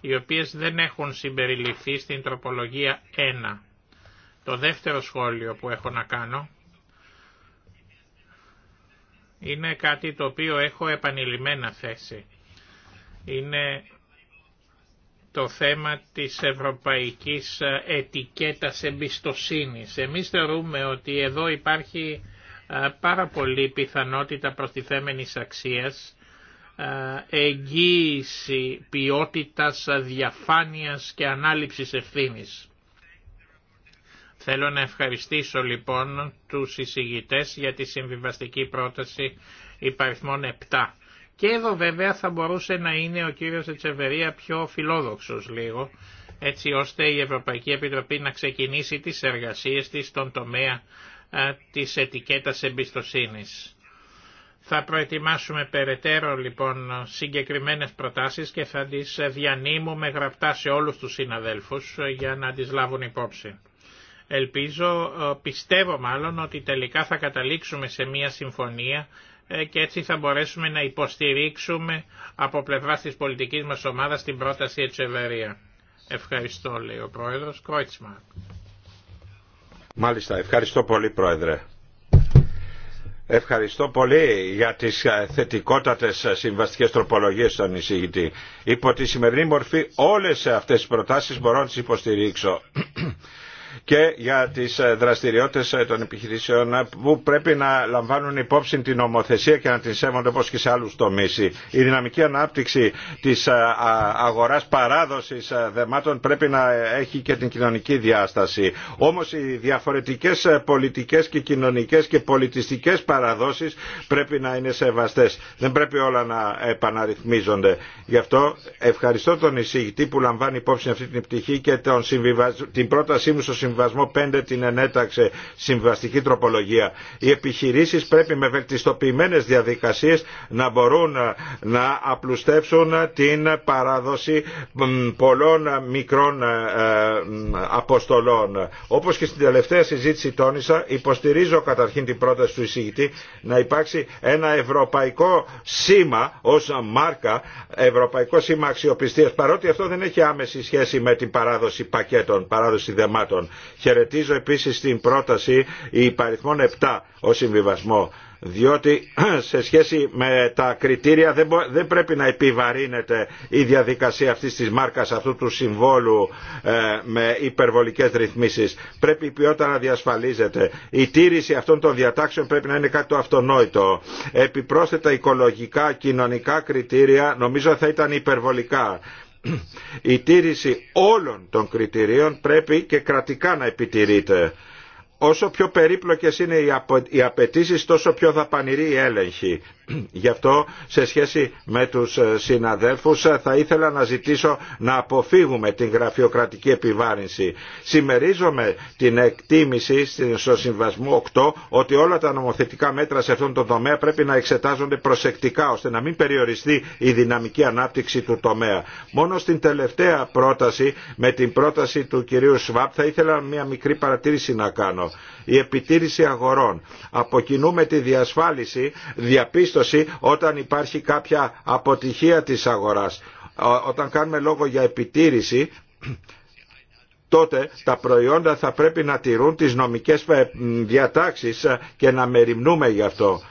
οι οποίες δεν έχουν συμπεριληφθεί στην τροπολογία 1. Το δεύτερο σχόλιο που έχω να κάνω είναι κάτι το οποίο έχω επανειλημμένα θέση. Είναι το θέμα της ευρωπαϊκής ετικέτας εμπιστοσύνης. Εμείς θεωρούμε ότι εδώ υπάρχει ε, πάρα πολύ πιθανότητα προστιθέμενης αξίας, ε, εγγύηση ποιότητας, διαφάνειας και ανάληψης ευθύνης. Θέλω να ευχαριστήσω λοιπόν τους εισηγητές για τη συμβιβαστική πρόταση υπαριθμών 7. Και εδώ βέβαια θα μπορούσε να είναι ο κύριος Ετσεβερία πιο φιλόδοξος λίγο, έτσι ώστε η Ευρωπαϊκή Επιτροπή να ξεκινήσει τις εργασίες της στον τομέα της ετικέτας εμπιστοσύνης. Θα προετοιμάσουμε περαιτέρω λοιπόν συγκεκριμένες προτάσεις και θα τις διανύμουμε γραπτά σε όλους τους συναδέλφους για να τις λάβουν υπόψη. Ελπίζω, πιστεύω μάλλον ότι τελικά θα καταλήξουμε σε μια συμφωνία και έτσι θα μπορέσουμε να υποστηρίξουμε από πλευράς της πολιτικής μας ομάδας την πρόταση Ετσεβερία. Ευχαριστώ λέει ο Πρόεδρος Κρόιτσμαρκ. Μάλιστα, ευχαριστώ πολύ Πρόεδρε. Ευχαριστώ πολύ για τις ε, θετικότατες ε, συμβαστικές τροπολογίες στον εισηγητή. Υπό τη σημερινή μορφή όλες αυτές τις προτάσεις μπορώ να τις υποστηρίξω και για τις ε, δραστηριότητες ε, των επιχειρήσεων ε, που πρέπει να λαμβάνουν υπόψη την νομοθεσία και να την σέβονται όπως και σε άλλους τομείς. Η δυναμική ανάπτυξη της αγοράς παράδοσης δεμάτων πρέπει να έχει και την κοινωνική διάσταση. Όμως οι διαφορετικές πολιτικές και κοινωνικές και πολιτιστικές παραδόσεις πρέπει να είναι σεβαστές. Δεν πρέπει όλα να επαναρρυθμίζονται. Γι' αυτό ευχαριστώ τον εισηγητή που λαμβάνει υπόψη αυτή την πτυχή και τον την πρότασή μου στο συμβασμό 5 την ενέταξε συμβαστική τροπολογία. Οι επιχειρήσεις πρέπει με βελτιστοποιημένες διαδικασίες να μπορούν ε, να απλουστεύσουν ε, την παράδοση πολλών ε, μικρών αποστολών. Όπως και στην τελευταία συζήτηση τόνισα, υποστηρίζω καταρχήν την πρόταση του εισηγητή να υπάρξει ένα ευρωπαϊκό σήμα ως μάρκα, ευρωπαϊκό σήμα αξιοπιστίας, παρότι αυτό δεν έχει άμεση σχέση με την παράδοση πακέτων, παράδοση δεμάτων. Χαιρετίζω επίσης την πρόταση υπαριθμών 7 ως συμβιβασμό διότι σε σχέση με τα κριτήρια δεν, δεν πρέπει να επιβαρύνεται η διαδικασία αυτής της μάρκας, αυτού του συμβόλου ε, με υπερβολικές ρυθμίσεις. Πρέπει η ποιότητα να διασφαλίζεται. Η τήρηση αυτών των διατάξεων πρέπει να είναι κάτι το αυτονόητο. Επιπρόσθετα οικολογικά, κοινωνικά κριτήρια νομίζω θα ήταν υπερβολικά η τήρηση όλων των κριτηρίων πρέπει και κρατικά να επιτηρείται Όσο πιο περίπλοκες είναι οι απαιτήσει, τόσο πιο δαπανηρή η έλεγχη. Γι' αυτό σε σχέση με τους ε, συναδέλφους ε, θα ήθελα να ζητήσω να αποφύγουμε την γραφειοκρατική επιβάρυνση. Σημερίζομαι την εκτίμηση στο Συμβασμό 8 ότι όλα τα νομοθετικά μέτρα σε αυτόν τον τομέα πρέπει να εξετάζονται προσεκτικά ώστε να μην περιοριστεί η δυναμική ανάπτυξη του τομέα. Μόνο στην τελευταία πρόταση με την πρόταση του κυρίου Σβάπ θα ήθελα μια μικρή παρατήρηση να κάνω η επιτήρηση αγορών. Αποκινούμε τη διασφάλιση, διαπίστωση όταν υπάρχει κάποια αποτυχία της αγοράς. Όταν κάνουμε λόγο για επιτήρηση, τότε τα προϊόντα θα πρέπει να τηρούν τις νομικές ε, διατάξεις ε, και να μεριμνούμε γι' αυτό.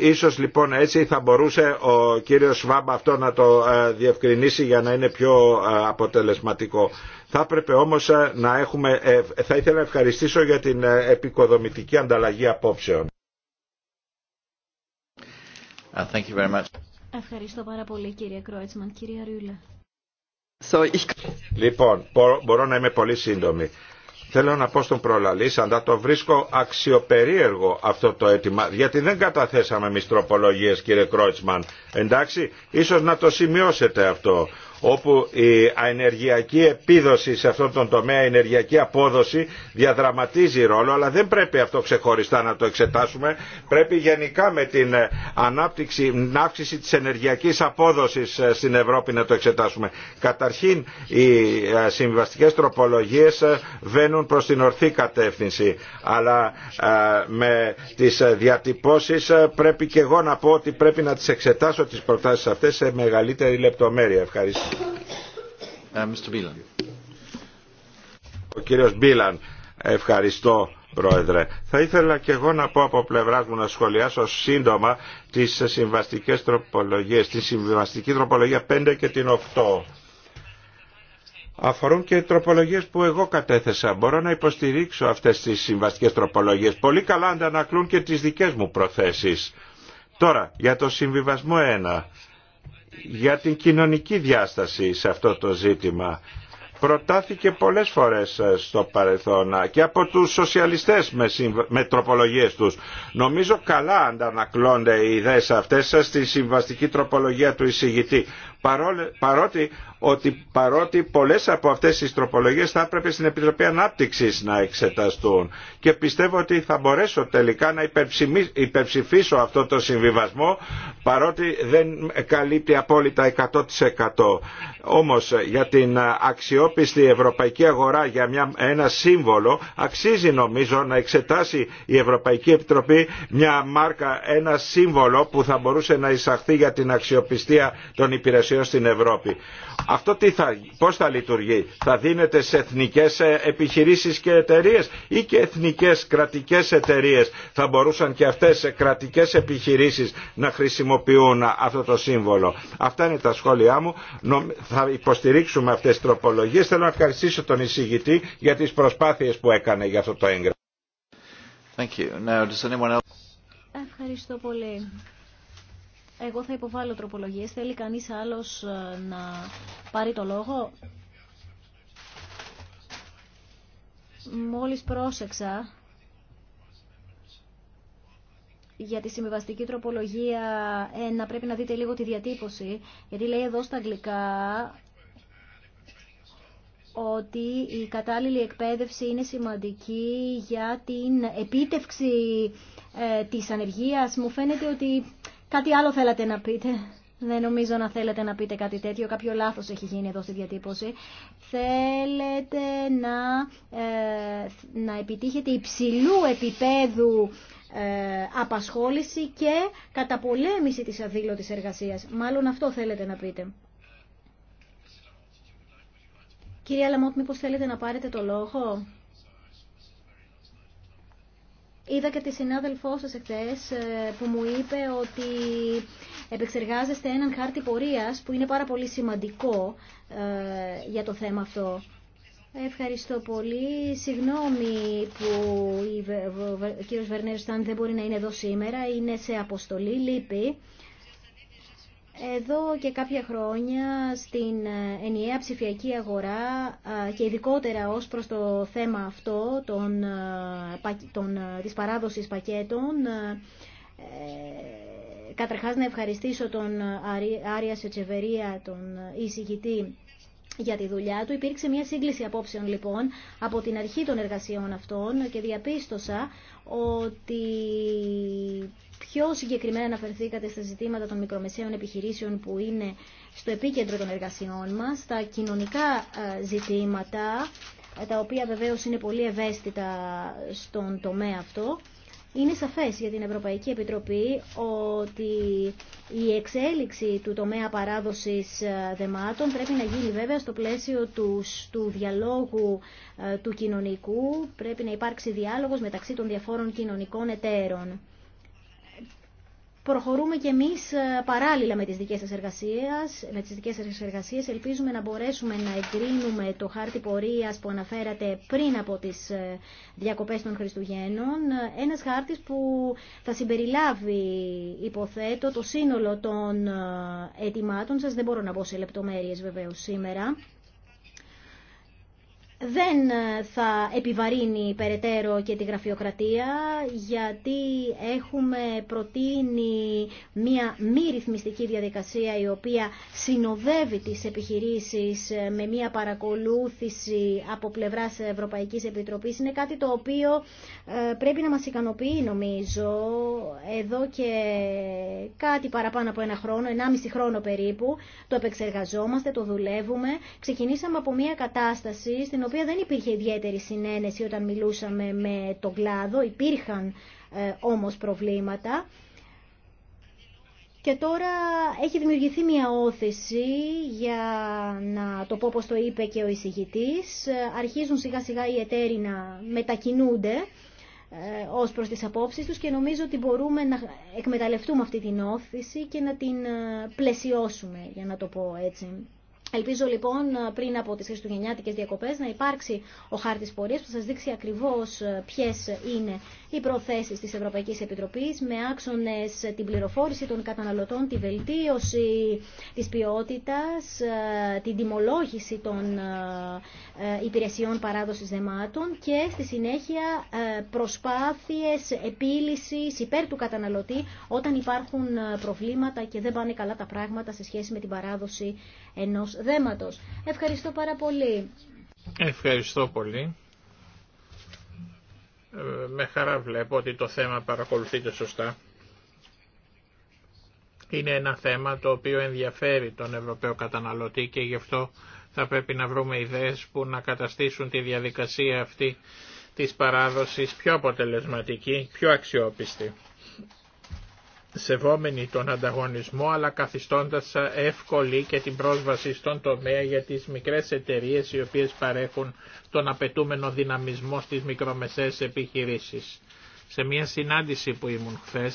Ίσως λοιπόν έτσι θα μπορούσε ο κύριος Σβάμπ αυτό να το ε, διευκρινίσει για να είναι πιο ε, αποτελεσματικό. Θα έπρεπε όμως ε, να έχουμε, θα ήθελα να ευχαριστήσω για την επικοδομητική ανταλλαγή απόψεων. Uh, Ευχαριστώ πάρα πολύ κύριε Κρόιτσμαν. Κύριε Ρούλα. Λοιπόν, μπορώ να είμαι πολύ σύντομη. Θέλω να πω στον προλαλήσαντα, το βρίσκω αξιοπερίεργο αυτό το αίτημα, γιατί δεν καταθέσαμε εμεί τροπολογίε κύριε Κρότσμαν. Εντάξει, ίσως να το σημειώσετε αυτό, όπου η ενεργειακή επίδοση σε αυτόν τον τομέα, η ενεργειακή απόδοση διαδραματίζει ρόλο, αλλά δεν πρέπει αυτό ξεχωριστά να το εξετάσουμε. Πρέπει γενικά με την ε, ανάπτυξη, την αύξηση της ενεργειακής απόδοσης ε, στην Ευρώπη να το εξετάσουμε. Καταρχήν οι ε, συμβαστικές τροπολογίες βαίνουν προς την ορθή κατεύθυνση, αλλά με τις διατυπώσεις πρέπει και εγώ να πω ότι πρέπει να τις εξετάσω τις προτάσεις αυτές σε μεγαλύτερη λεπτομέρεια. Ευχαριστώ. Ε, Ο κύριος Μπίλαν, ευχαριστώ. Πρόεδρε. Θα ήθελα και εγώ να πω από πλευρά μου να σχολιάσω σύντομα τι συμβαστικέ τροπολογίε, τη συμβαστική τροπολογία 5 και την 8. Αφορούν και τροπολογίες που εγώ κατέθεσα. Μπορώ να υποστηρίξω αυτές τις συμβαστικές τροπολογίες. Πολύ καλά αντανακλούν και τις δικές μου προθέσεις. Τώρα, για το συμβιβασμό 1 για την κοινωνική διάσταση σε αυτό το ζήτημα προτάθηκε πολλές φορές ε, στο παρελθόν ε, και από τους σοσιαλιστές με, τροπολογίε με τροπολογίες τους. Νομίζω καλά αντανακλώνται οι ιδέες αυτές ε, στη συμβαστική τροπολογία του εισηγητή παρότι, ότι, παρότι πολλές από αυτές τις τροπολογίες θα έπρεπε στην Επιτροπή Ανάπτυξης να εξεταστούν και πιστεύω ότι θα μπορέσω τελικά να υπερψηφίσω αυτό το συμβιβασμό παρότι δεν καλύπτει απόλυτα 100%. Όμως για την αξιόπιστη ευρωπαϊκή αγορά για μια, ένα σύμβολο αξίζει νομίζω να εξετάσει η Ευρωπαϊκή Επιτροπή μια μάρκα, ένα σύμβολο που θα μπορούσε να εισαχθεί για την αξιοπιστία των υπηρεσιών Ενώσεως στην Ευρώπη. Αυτό τι θα, πώς θα λειτουργεί, θα δίνεται σε εθνικές ε, επιχειρήσεις και εταιρείες ή και εθνικές κρατικές εταιρείες θα μπορούσαν και αυτές σε κρατικές επιχειρήσεις να χρησιμοποιούν αυτό το σύμβολο. Αυτά είναι τα σχόλιά μου. Θα υποστηρίξουμε αυτές τις τροπολογίες. Θέλω να ευχαριστήσω τον εισηγητή για τις προσπάθειες που έκανε για αυτό το έγγραφο. Thank you. Now, does anyone else... Ευχαριστώ πολύ. Εγώ θα υποβάλω τροπολογίες. Θέλει κανείς άλλος ε, να πάρει το λόγο. Μόλις πρόσεξα για τη συμβιβαστική τροπολογία ε, να πρέπει να δείτε λίγο τη διατύπωση, γιατί λέει εδώ στα αγγλικά ότι η κατάλληλη εκπαίδευση είναι σημαντική για την επίτευξη ε, της ανεργίας. Μου φαίνεται ότι Κάτι άλλο θέλατε να πείτε. Δεν νομίζω να θέλετε να πείτε κάτι τέτοιο. Κάποιο λάθος έχει γίνει εδώ στη διατύπωση. Θέλετε να, ε, να επιτύχετε υψηλού επίπεδου ε, απασχόληση και καταπολέμηση της αδήλωτης εργασίας. Μάλλον αυτό θέλετε να πείτε. Κυρία Λαμότ, μήπως θέλετε να πάρετε το λόγο. Είδα και τη συνάδελφό σας εχθές ε, που μου είπε ότι επεξεργάζεστε έναν χάρτη πορείας που είναι πάρα πολύ σημαντικό ε, για το θέμα αυτό. Ευχαριστώ πολύ. Συγγνώμη που ο κύριος Βερνέρ δεν μπορεί να είναι εδώ σήμερα. Είναι σε αποστολή. Λείπει. Εδώ και κάποια χρόνια στην ε, ενιαία ψηφιακή αγορά και ειδικότερα ως προς το θέμα αυτό των, ε, των, ε, της παράδοσης πακέτων καταρχάς να ευχαριστήσω τον Άρια Σετσεβερία, τον εισηγητή για τη δουλειά του. Υπήρξε μια σύγκληση απόψεων λοιπόν από την αρχή των εργασιών αυτών και διαπίστωσα ότι Πιο συγκεκριμένα αναφερθήκατε στα ζητήματα των μικρομεσαίων επιχειρήσεων που είναι στο επίκεντρο των εργασιών μας, τα κοινωνικά ε, ζητήματα, ε, τα οποία βεβαίως είναι πολύ ευαίσθητα στον τομέα αυτό. Είναι σαφές για την Ευρωπαϊκή Επιτροπή ότι η εξέλιξη του τομέα παράδοσης ε, δεμάτων πρέπει να γίνει βέβαια στο πλαίσιο του, του διαλόγου του κοινωνικού, πρέπει να υπάρξει διάλογος μεταξύ των διαφόρων κοινωνικών εταίρων προχωρούμε κι εμεί ε, παράλληλα με τις δικές σας εργασίες. εργασίες ελπίζουμε να μπορέσουμε να εγκρίνουμε το χάρτη πορεία που αναφέρατε πριν από τις ε, διακοπέ των Χριστουγέννων. Ένας χάρτης που θα συμπεριλάβει, υποθέτω, το σύνολο των ε, ετοιμάτων σας. Δεν μπορώ να πω σε λεπτομέρειε βεβαίως σήμερα δεν ε, θα επιβαρύνει περαιτέρω και τη γραφειοκρατία γιατί έχουμε προτείνει μια μη ρυθμιστική διαδικασία η οποία συνοδεύει τις επιχειρήσεις ε, με μια παρακολούθηση από πλευράς Ευρωπαϊκής Επιτροπής. Είναι κάτι το οποίο ε, πρέπει να μας ικανοποιεί νομίζω εδώ και κάτι παραπάνω από ένα χρόνο, 1,5 χρόνο περίπου. Το επεξεργαζόμαστε, το δουλεύουμε. Ξεκινήσαμε από μια κατάσταση στην οποία δεν υπήρχε ιδιαίτερη συνένεση όταν μιλούσαμε με τον κλάδο. Υπήρχαν ε, όμως προβλήματα. Και τώρα έχει δημιουργηθεί μια όθηση για να το πω όπως το είπε και ο εισηγητής. Ε, αρχίζουν σιγά σιγά οι εταίροι να μετακινούνται ε, ως προς τις απόψεις τους και νομίζω ότι μπορούμε να εκμεταλλευτούμε αυτή την όθηση και να την πλαισιώσουμε, για να το πω έτσι. Ελπίζω λοιπόν πριν από τις χριστουγεννιάτικες διακοπές να υπάρξει ο χάρτης πορείας που σας δείξει ακριβώς ε, ποιες είναι οι προθέσεις της Ευρωπαϊκής Επιτροπής με άξονες ε, την πληροφόρηση των καταναλωτών, τη βελτίωση της ποιότητας, ε, την τιμολόγηση των υπηρεσιών παράδοσης δεμάτων και στη συνέχεια προσπάθειες επίλυσης υπέρ του καταναλωτή όταν υπάρχουν προβλήματα και δεν πάνε καλά τα πράγματα σε σχέση με την παράδοση ενός δέματος. Ευχαριστώ πάρα πολύ. Ευχαριστώ πολύ. Ε, με χαρά βλέπω ότι το θέμα παρακολουθείται σωστά. Είναι ένα θέμα το οποίο ενδιαφέρει τον Ευρωπαίο καταναλωτή και γι' αυτό θα πρέπει να βρούμε ιδέες που να καταστήσουν τη διαδικασία αυτή της παράδοσης πιο αποτελεσματική, πιο αξιόπιστη σεβόμενοι τον ανταγωνισμό αλλά καθιστώντας εύκολη και την πρόσβαση στον τομέα για τις μικρές εταιρείες οι οποίες παρέχουν τον απαιτούμενο δυναμισμό στις μικρομεσαίες επιχειρήσεις. Σε μια συνάντηση που ήμουν χθε,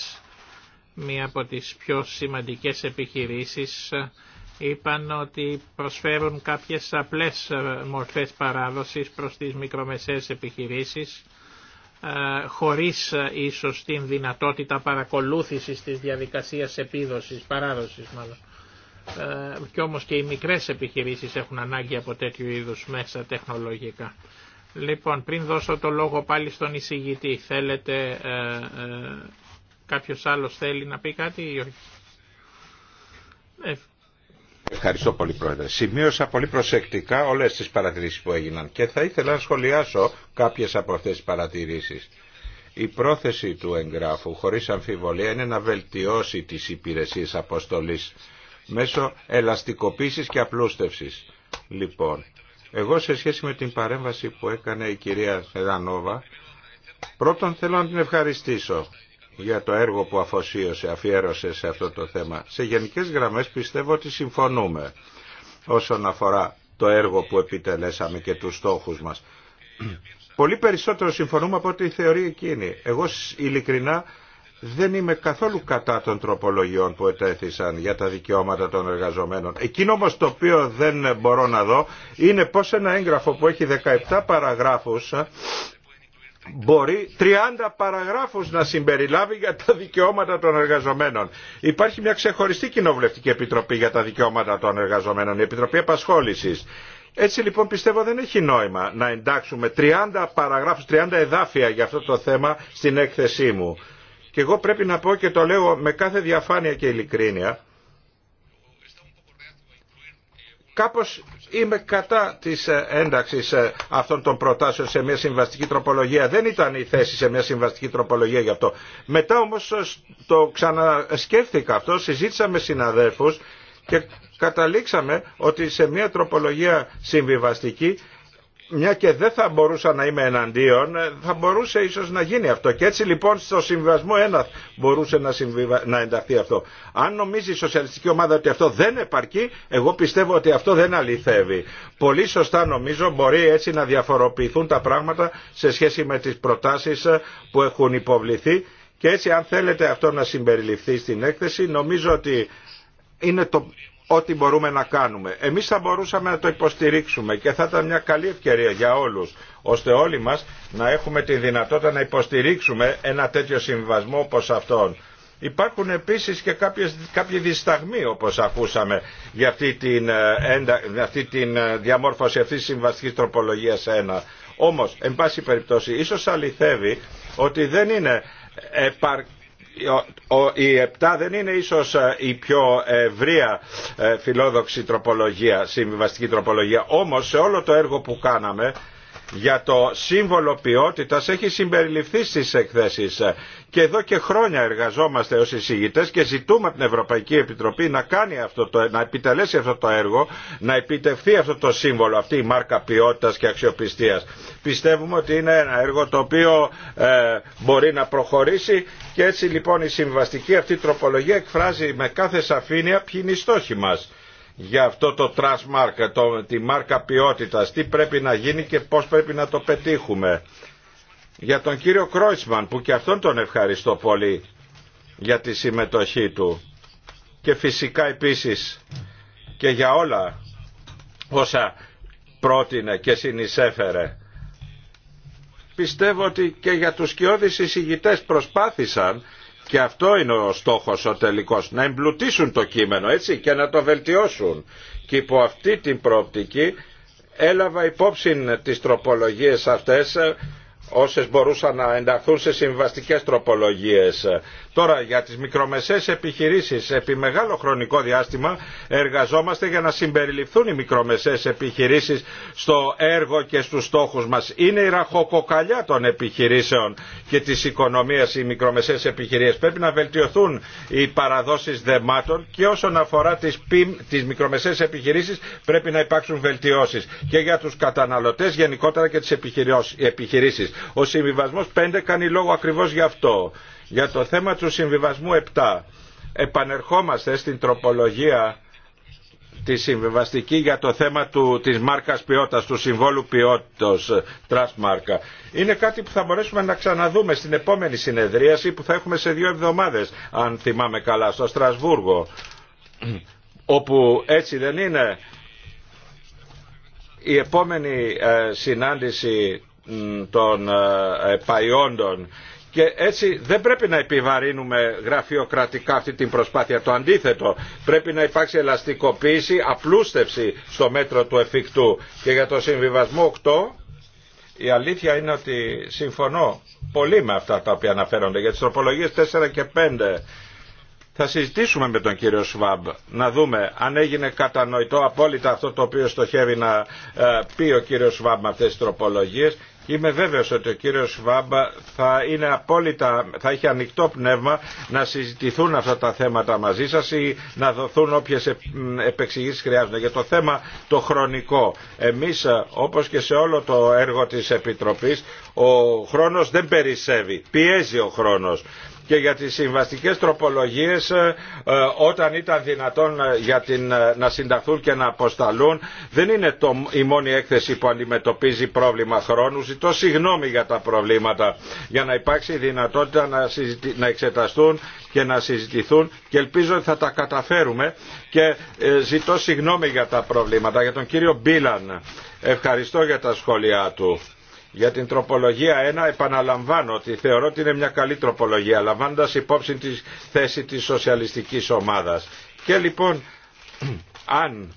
μία από τις πιο σημαντικές επιχειρήσεις είπαν ότι προσφέρουν κάποιες απλές μορφές παράδοσης προς τις μικρομεσαίες επιχειρήσεις ε, χωρίς ε, ίσως την δυνατότητα παρακολούθησης της διαδικασίας επίδοσης, παράδοσης μάλλον. Ε, κι όμως και οι μικρές επιχειρήσεις έχουν ανάγκη από τέτοιου είδους μέσα τεχνολογικά. Λοιπόν, πριν δώσω το λόγο πάλι στον εισηγητή, θέλετε, ε, ε, κάποιος άλλος θέλει να πει κάτι ή Ευχαριστώ πολύ Πρόεδρε. Σημείωσα πολύ προσεκτικά όλες τις παρατηρήσεις που έγιναν και θα ήθελα να σχολιάσω κάποιες από αυτές τις παρατηρήσεις. Η πρόθεση του εγγράφου χωρίς αμφιβολία είναι να βελτιώσει τις υπηρεσίες αποστολής μέσω ελαστικοποίησης και απλούστευσης. Λοιπόν, εγώ σε σχέση με την παρέμβαση που έκανε η κυρία Ρανόβα, πρώτον θέλω να την ευχαριστήσω για το έργο που αφοσίωσε, αφιέρωσε σε αυτό το θέμα. Σε γενικές γραμμές πιστεύω ότι συμφωνούμε όσον αφορά το έργο που επιτελέσαμε και τους στόχους μας. Πολύ περισσότερο συμφωνούμε από ό,τι θεωρεί εκείνη. Εγώ ειλικρινά δεν είμαι καθόλου κατά των τροπολογιών που ετέθησαν για τα δικαιώματα των εργαζομένων. Εκείνο όμω το οποίο δεν μπορώ να δω είναι πως ένα έγγραφο που έχει 17 παραγράφους μπορεί 30 παραγράφους να συμπεριλάβει για τα δικαιώματα των εργαζομένων. Υπάρχει μια ξεχωριστή κοινοβουλευτική επιτροπή για τα δικαιώματα των εργαζομένων, η Επιτροπή Επασχόλησης. Έτσι λοιπόν πιστεύω δεν έχει νόημα να εντάξουμε 30 παραγράφους, 30 εδάφια για αυτό το θέμα στην έκθεσή μου. Και εγώ πρέπει να πω και το λέω με κάθε διαφάνεια και ειλικρίνεια, κάπως είμαι κατά της ε, ένταξης ε, αυτών των προτάσεων σε μια συμβαστική τροπολογία. Δεν ήταν η θέση σε μια συμβαστική τροπολογία γι' αυτό. Μετά όμως ε, το ξανασκέφτηκα αυτό, συζήτησα με συναδέλφους και καταλήξαμε ότι σε μια τροπολογία συμβιβαστική μια και δεν θα μπορούσα να είμαι εναντίον, θα μπορούσε ίσως να γίνει αυτό. Και έτσι λοιπόν στο συμβιβασμό ένα μπορούσε να, συμβιβα... να ενταχθεί αυτό. Αν νομίζει η σοσιαλιστική ομάδα ότι αυτό δεν επαρκεί, εγώ πιστεύω ότι αυτό δεν αληθεύει. Πολύ σωστά νομίζω μπορεί έτσι να διαφοροποιηθούν τα πράγματα σε σχέση με τις προτάσεις ε, που έχουν υποβληθεί. Και έτσι αν θέλετε αυτό να συμπεριληφθεί στην έκθεση, νομίζω ότι είναι το ό,τι μπορούμε να κάνουμε. Εμείς θα μπορούσαμε να το υποστηρίξουμε και θα ήταν μια καλή ευκαιρία για όλους, ώστε όλοι μας να έχουμε τη δυνατότητα να υποστηρίξουμε ένα τέτοιο συμβασμό όπως αυτόν. Υπάρχουν επίσης και κάποιες, κάποιοι δισταγμοί όπως ακούσαμε για αυτή την, ε, για αυτή την ε, διαμόρφωση αυτής της συμβαστικής τροπολογίας 1. Όμως, εν πάση περιπτώσει, ίσως αληθεύει ότι δεν είναι επαρκή η 7 δεν είναι ίσως ε, η πιο ευρεία ε, φιλόδοξη τροπολογία, συμβιβαστική τροπολογία. Όμως σε όλο το έργο που κάναμε για το σύμβολο ποιότητας έχει συμπεριληφθεί στις εκθέσεις και εδώ και χρόνια εργαζόμαστε ως εισηγητές και ζητούμε από την Ευρωπαϊκή Επιτροπή να, κάνει αυτό το, να επιτελέσει αυτό το έργο, να επιτευχθεί αυτό το σύμβολο, αυτή η μάρκα ποιότητας και αξιοπιστίας. Πιστεύουμε ότι είναι ένα έργο το οποίο ε, μπορεί να προχωρήσει και έτσι λοιπόν η συμβαστική αυτή τροπολογία εκφράζει με κάθε σαφήνεια ποιοι είναι οι στόχοι μας για αυτό το trust το, τη μάρκα ποιότητας, τι πρέπει να γίνει και πώς πρέπει να το πετύχουμε. Για τον κύριο Κρόισμαν που και αυτόν τον ευχαριστώ πολύ για τη συμμετοχή του και φυσικά επίσης και για όλα όσα πρότεινε και συνεισέφερε. Πιστεύω ότι και για τους σκιώδεις εισηγητές προσπάθησαν και αυτό είναι ο στόχος ο τελικός, να εμπλουτίσουν το κείμενο έτσι και να το βελτιώσουν. Και υπό αυτή την πρόπτικη έλαβα υπόψη τις τροπολογίες αυτές όσες μπορούσαν να ενταχθούν σε συμβαστικές τροπολογίες. Τώρα για τις μικρομεσαίες επιχειρήσεις επί μεγάλο χρονικό διάστημα εργαζόμαστε για να συμπεριληφθούν οι μικρομεσαίες επιχειρήσεις στο έργο και στους στόχους μας. Είναι η ραχοκοκαλιά των επιχειρήσεων και της οικονομίας οι μικρομεσαίες επιχειρήσεις. Πρέπει να βελτιωθούν οι παραδόσεις δεμάτων και όσον αφορά τις, πι... τις μικρομεσαίες επιχειρήσεις πρέπει να υπάρξουν βελτιώσεις και για τους καταναλωτές γενικότερα και τις επιχειρήσεις. Ο συμβιβασμό 5 κάνει λόγο ακριβώς γι' αυτό. Για το θέμα του συμβιβασμού 7. Επανερχόμαστε στην τροπολογία τη συμβιβαστική για το θέμα του, της μάρκας ποιότητας, του συμβόλου ποιότητας, τρασμάρκα. Είναι κάτι που θα μπορέσουμε να ξαναδούμε στην επόμενη συνεδρίαση που θα έχουμε σε δύο εβδομάδες, αν θυμάμαι καλά, στο Στρασβούργο. Όπου έτσι δεν είναι η επόμενη ε, συνάντηση των ε, ε, παϊόντων και έτσι δεν πρέπει να επιβαρύνουμε γραφειοκρατικά αυτή την προσπάθεια. Το αντίθετο, πρέπει να υπάρξει ελαστικοποίηση, απλούστευση στο μέτρο του εφικτού. Και για το συμβιβασμό 8, η αλήθεια είναι ότι συμφωνώ πολύ με αυτά τα οποία αναφέρονται. Για τις τροπολογίες 4 και 5 θα συζητήσουμε με τον κύριο Σβάμπ να δούμε αν έγινε κατανοητό απόλυτα αυτό το οποίο στοχεύει να ε, πει ο κύριος Σβάμπ με αυτές τις τροπολογίες Είμαι βέβαιος ότι ο κύριος Σβάμπα θα, είναι απόλυτα, θα έχει ανοιχτό πνεύμα να συζητηθούν αυτά τα θέματα μαζί σας ή να δοθούν όποιες επεξηγήσεις χρειάζονται. Για το θέμα το χρονικό, εμείς όπως και σε όλο το έργο της Επιτροπής, ο χρόνος δεν περισσεύει, πιέζει ο χρόνος και για τις συμβαστικές τροπολογίες ε, ε, όταν ήταν δυνατόν ε, για την, να συνταχθούν και να αποσταλούν. Δεν είναι το, η μόνη έκθεση που αντιμετωπίζει πρόβλημα χρόνου. Ζητώ συγγνώμη για τα προβλήματα για να υπάρξει δυνατότητα να, να εξεταστούν και να συζητηθούν και ελπίζω ότι θα τα καταφέρουμε και ζητώ συγγνώμη για τα προβλήματα. Για τον κύριο Μπίλαν ευχαριστώ για τα σχόλιά του. Για την τροπολογία 1 επαναλαμβάνω ότι θεωρώ ότι είναι μια καλή τροπολογία λαμβάνοντας υπόψη τη θέση της σοσιαλιστικής ομάδας. Και λοιπόν αν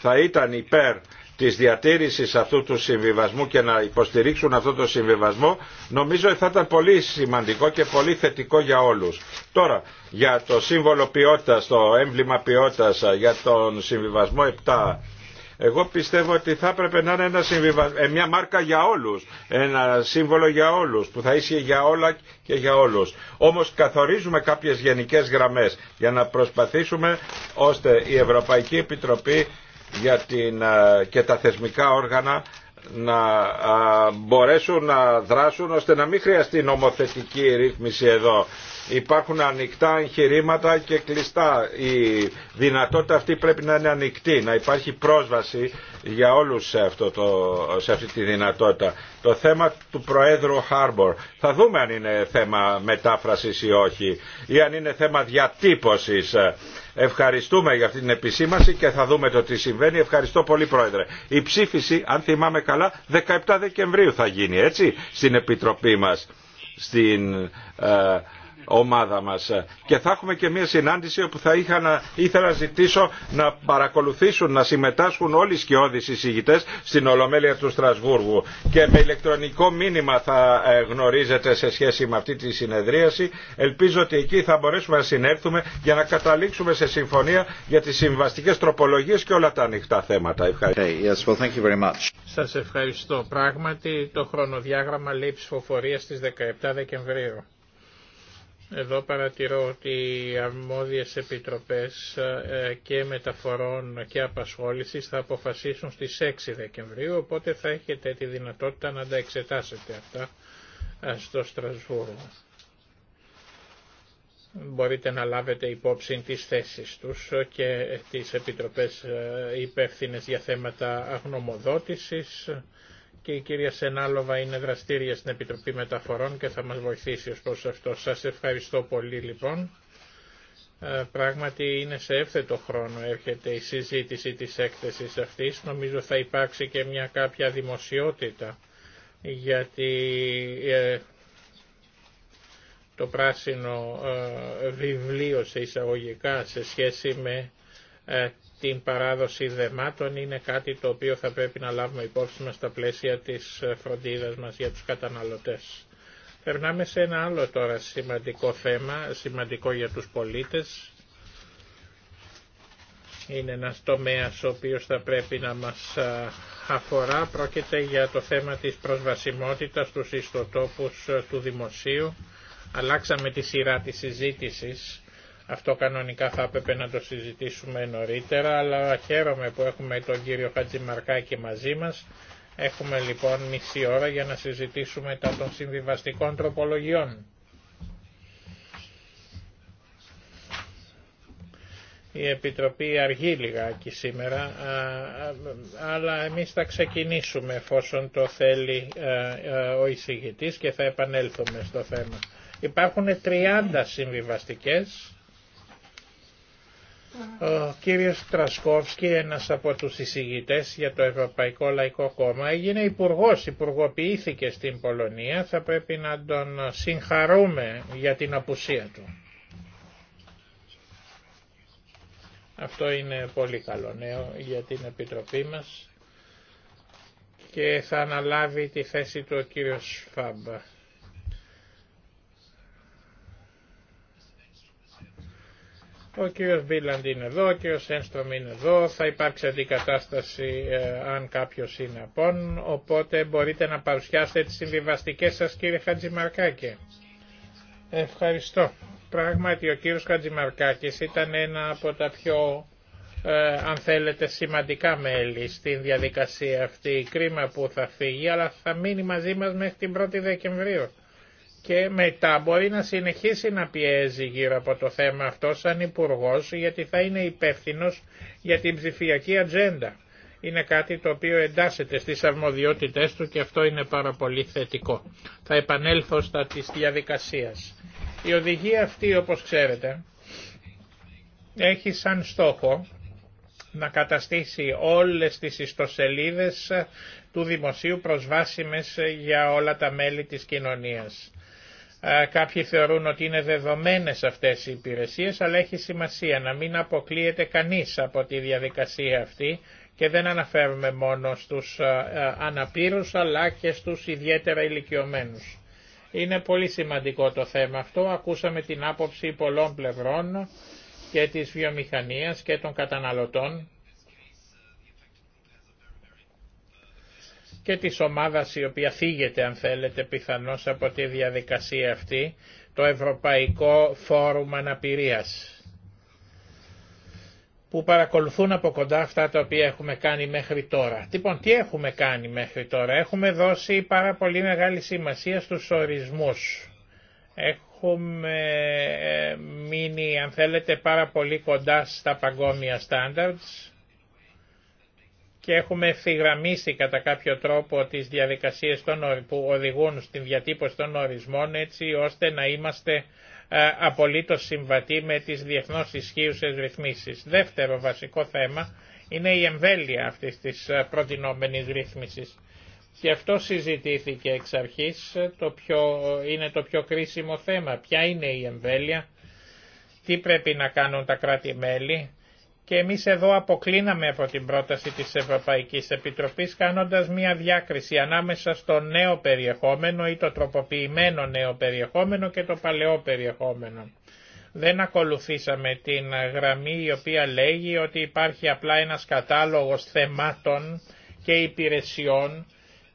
θα ήταν υπέρ της διατήρησης αυτού του συμβιβασμού και να υποστηρίξουν αυτό το συμβιβασμό νομίζω ότι θα ήταν πολύ σημαντικό και πολύ θετικό για όλους. Τώρα, για το σύμβολο ποιότητας, το έμβλημα ποιότητας, για τον συμβιβασμό 7 εγώ πιστεύω ότι θα έπρεπε να είναι ε, μια μάρκα για όλους, ένα σύμβολο για όλους που θα ίσχυε για όλα και για όλους. Όμως καθορίζουμε κάποιες γενικές γραμμές για να προσπαθήσουμε ώστε η Ευρωπαϊκή Επιτροπή για την... Ε, και τα θεσμικά όργανα να ε, μπορέσουν να δράσουν ώστε να μην χρειαστεί νομοθετική ρύθμιση εδώ Υπάρχουν ανοιχτά εγχειρήματα και κλειστά. Η δυνατότητα αυτή πρέπει να είναι ανοιχτή, να υπάρχει πρόσβαση για όλους σε, αυτό το, σε αυτή τη δυνατότητα. Το θέμα του Προέδρου Χάρμπορ. Θα δούμε αν είναι θέμα μετάφρασης ή όχι ή αν είναι θέμα διατύπωσης. Ευχαριστούμε για αυτή την επισήμαση και θα δούμε το τι συμβαίνει. Ευχαριστώ πολύ Πρόεδρε. Η ψήφιση, αν θυμάμαι καλά, 17 Δεκεμβρίου θα γίνει, έτσι, στην Επιτροπή μας. Στην, ε, ομάδα μας. Και θα έχουμε και μια συνάντηση όπου θα είχα να, ήθελα να ζητήσω να παρακολουθήσουν, να συμμετάσχουν όλοι οι σκιώδεις εισηγητές στην Ολομέλεια του Στρασβούργου. Και με ηλεκτρονικό μήνυμα θα ε, γνωρίζετε σε σχέση με αυτή τη συνεδρίαση. Ελπίζω ότι εκεί θα μπορέσουμε να συνέλθουμε για να καταλήξουμε σε συμφωνία για τις συμβαστικές τροπολογίες και όλα τα ανοιχτά θέματα. Ευχαριστώ. yes, well, thank you very much. Σας ευχαριστώ. Πράγματι το χρονοδιάγραμμα λέει ψηφοφορία στις 17 Δεκεμβρίου. Εδώ παρατηρώ ότι οι αρμόδιες επιτροπές ε, και μεταφορών και απασχόλησης θα αποφασίσουν στις 6 Δεκεμβρίου, οπότε θα έχετε τη δυνατότητα να τα εξετάσετε αυτά ε, στο Στρασβούργο. Μπορείτε να λάβετε υπόψη τις θέσεις τους ε, και τις επιτροπές υπεύθυνες για θέματα αγνομοδότησης και η κυρία Σενάλοβα είναι δραστήρια στην Επιτροπή Μεταφορών και θα μας βοηθήσει ως προς αυτό. Σας ευχαριστώ πολύ λοιπόν. Ε, πράγματι είναι σε εύθετο χρόνο έρχεται η συζήτηση της έκθεσης αυτής. Νομίζω θα υπάρξει και μια κάποια δημοσιότητα γιατί ε, το πράσινο ε, βιβλίο σε εισαγωγικά σε σχέση με την παράδοση δεμάτων είναι κάτι το οποίο θα πρέπει να λάβουμε υπόψη μας στα πλαίσια της φροντίδας μας για τους καταναλωτές. Περνάμε σε ένα άλλο τώρα σημαντικό θέμα, σημαντικό για τους πολίτες. Είναι ένας τομέας ο οποίος θα πρέπει να μας αφορά. Πρόκειται για το θέμα της προσβασιμότητας στους ιστοτόπους του δημοσίου. Αλλάξαμε τη σειρά της συζήτησης αυτό κανονικά θα έπρεπε να το συζητήσουμε νωρίτερα, αλλά χαίρομαι που έχουμε τον κύριο Χατζημαρκάκη μαζί μας. Έχουμε λοιπόν μισή ώρα για να συζητήσουμε τα των συμβιβαστικών τροπολογιών. Η Επιτροπή αργεί λιγάκι σήμερα, αλλά εμείς θα ξεκινήσουμε εφόσον το θέλει ο εισηγητής και θα επανέλθουμε στο θέμα. Υπάρχουν 30 συμβιβαστικές ο ε, κύριος Τρασκόφσκι, ένας από τους εισηγητές για το Ευρωπαϊκό Λαϊκό Κόμμα, έγινε υπουργός, υπουργοποιήθηκε στην Πολωνία, θα πρέπει να τον συγχαρούμε για την απουσία του. Αυτό είναι πολύ καλό νέο για την Επιτροπή μας και θα αναλάβει τη θέση του ο κύριος Φάμπα. Ο κύριος Μπίλαντ είναι εδώ, ο κύριος Ένστρομ είναι εδώ, θα υπάρξει αντικατάσταση ε, αν κάποιος είναι απόν, οπότε μπορείτε να παρουσιάσετε τις συμβιβαστικές σας κύριε Χατζημαρκάκη. Ευχαριστώ. Πράγματι ο κύριος Χατζημαρκάκης ήταν ένα από τα πιο, ε, αν θέλετε, σημαντικά μέλη στην διαδικασία αυτή. Κρίμα που θα φύγει, αλλά θα μείνει μαζί μας μέχρι την 1η Δεκεμβρίου και μετά μπορεί να συνεχίσει να πιέζει γύρω από το θέμα αυτό σαν υπουργό γιατί θα είναι υπεύθυνο για την ψηφιακή ατζέντα. Είναι κάτι το οποίο εντάσσεται στις αρμοδιότητές του και αυτό είναι πάρα πολύ θετικό. Θα επανέλθω στα της διαδικασίας. Η οδηγία αυτή όπως ξέρετε έχει σαν στόχο να καταστήσει όλες τις ιστοσελίδες του δημοσίου προσβάσιμες για όλα τα μέλη της κοινωνίας. Κάποιοι θεωρούν ότι είναι δεδομένες αυτές οι υπηρεσίες, αλλά έχει σημασία να μην αποκλείεται κανείς από τη διαδικασία αυτή και δεν αναφέρουμε μόνο στους αναπήρους αλλά και στους ιδιαίτερα ηλικιωμένους. Είναι πολύ σημαντικό το θέμα αυτό, ακούσαμε την άποψη πολλών πλευρών και της βιομηχανίας και των καταναλωτών και της ομάδας η οποία φύγεται, αν θέλετε πιθανώς από τη διαδικασία αυτή, το Ευρωπαϊκό Φόρουμ Αναπηρίας που παρακολουθούν από κοντά αυτά τα οποία έχουμε κάνει μέχρι τώρα. Λοιπόν, τι έχουμε κάνει μέχρι τώρα. Έχουμε δώσει πάρα πολύ μεγάλη σημασία στους ορισμούς. Έχουμε ε, μείνει, αν θέλετε, πάρα πολύ κοντά στα παγκόμια standards και έχουμε ευθυγραμμίσει κατά κάποιο τρόπο τις διαδικασίες που οδηγούν στην διατύπωση των ορισμών έτσι ώστε να είμαστε ε, απολύτως συμβατοί με τις διεθνώς ισχύουσες ρυθμίσεις. Δεύτερο βασικό θέμα είναι η εμβέλεια αυτής της ε, προτινόμενης ρύθμισης. Και αυτό συζητήθηκε εξ αρχής, το πιο, ε, είναι το πιο κρίσιμο θέμα. Ποια είναι η εμβέλεια, τι πρέπει να κάνουν τα κράτη-μέλη, και εμείς εδώ αποκλίναμε από την πρόταση της Ευρωπαϊκής Επιτροπής κάνοντας μια διάκριση ανάμεσα στο νέο περιεχόμενο ή το τροποποιημένο νέο περιεχόμενο και το παλαιό περιεχόμενο. Δεν ακολουθήσαμε την γραμμή η οποία λέγει ότι υπάρχει απλά ένας κατάλογος θεμάτων και υπηρεσιών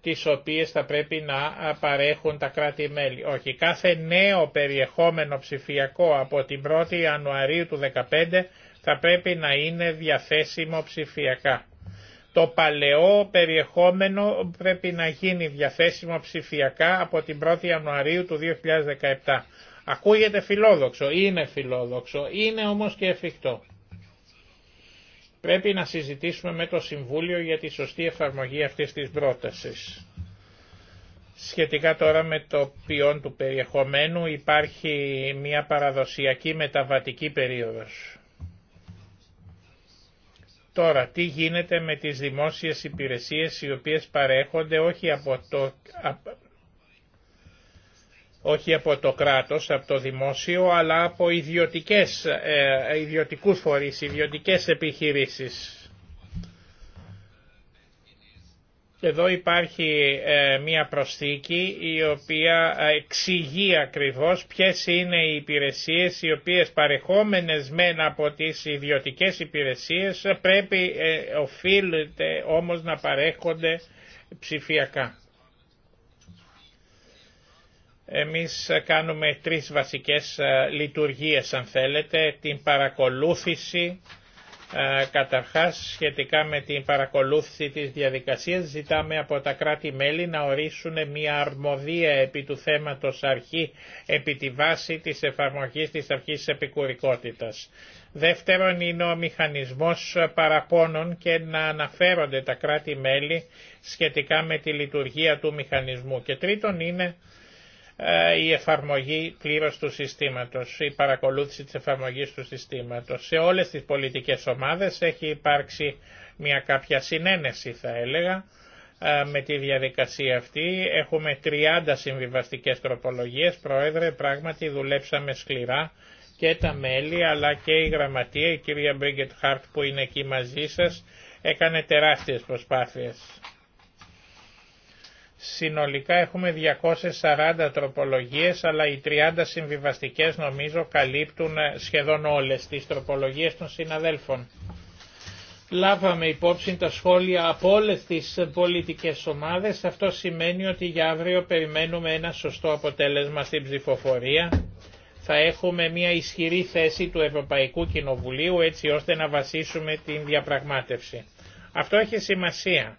τις οποίες θα πρέπει να παρέχουν τα κράτη-μέλη. Όχι, κάθε νέο περιεχόμενο ψηφιακό από την 1η Ιανουαρίου του 2015 θα πρέπει να είναι διαθέσιμο ψηφιακά. Το παλαιό περιεχόμενο πρέπει να γίνει διαθέσιμο ψηφιακά από την 1η Ιανουαρίου του 2017. Ακούγεται φιλόδοξο, είναι φιλόδοξο, είναι όμως και εφικτό. Πρέπει να συζητήσουμε με το Συμβούλιο για τη σωστή εφαρμογή αυτής της πρότασης. Σχετικά τώρα με το ποιόν του περιεχομένου υπάρχει μια παραδοσιακή μεταβατική περίοδος. Τώρα, τι γίνεται με τις δημόσιες υπηρεσίες οι οποίες παρέχονται όχι από το, όχι από το κράτος, από το δημόσιο, αλλά από ιδιωτικές, ε, ιδιωτικούς φορείς, ιδιωτικές επιχειρήσεις. Εδώ υπάρχει ε, μία προσθήκη η οποία ε, εξηγεί ακριβώς ποιες είναι οι υπηρεσίες οι οποίες παρεχόμενες μεν από τις ιδιωτικές υπηρεσίες πρέπει, ε, οφείλεται όμως να παρέχονται ψηφιακά. Εμείς κάνουμε τρεις βασικές λειτουργίες αν θέλετε, την παρακολούθηση, ε, καταρχάς σχετικά με την παρακολούθηση της διαδικασίας ζητάμε από τα κράτη-μέλη να ορίσουν μια αρμοδία επί του θέματος αρχή επί τη βάση της εφαρμογής της αρχής επικουρικότητας. Δεύτερον είναι ο μηχανισμός παραπώνων και να αναφέρονται τα κράτη-μέλη σχετικά με τη λειτουργία του μηχανισμού. Και τρίτον είναι ε, η εφαρμογή πλήρω του συστήματος, η παρακολούθηση της εφαρμογής του συστήματος. Σε όλες τις πολιτικές ομάδες έχει υπάρξει μια κάποια συνένεση θα έλεγα ε, με τη διαδικασία αυτή. Έχουμε 30 συμβιβαστικές τροπολογίες. Πρόεδρε, πράγματι δουλέψαμε σκληρά και τα μέλη αλλά και η γραμματεία, η κυρία Μπρίγκετ Χάρτ που είναι εκεί μαζί σας, έκανε τεράστιες προσπάθειες. Συνολικά έχουμε 240 τροπολογίες, αλλά οι 30 συμβιβαστικές νομίζω καλύπτουν ε, σχεδόν όλες τις τροπολογίες των συναδέλφων. Λάβαμε υπόψη τα σχόλια από όλες τις πολιτικές ομάδες. Αυτό σημαίνει ότι για αύριο περιμένουμε ένα σωστό αποτέλεσμα στην ψηφοφορία. Θα έχουμε μια ισχυρή θέση του Ευρωπαϊκού Κοινοβουλίου έτσι ώστε να βασίσουμε την διαπραγμάτευση. Αυτό έχει σημασία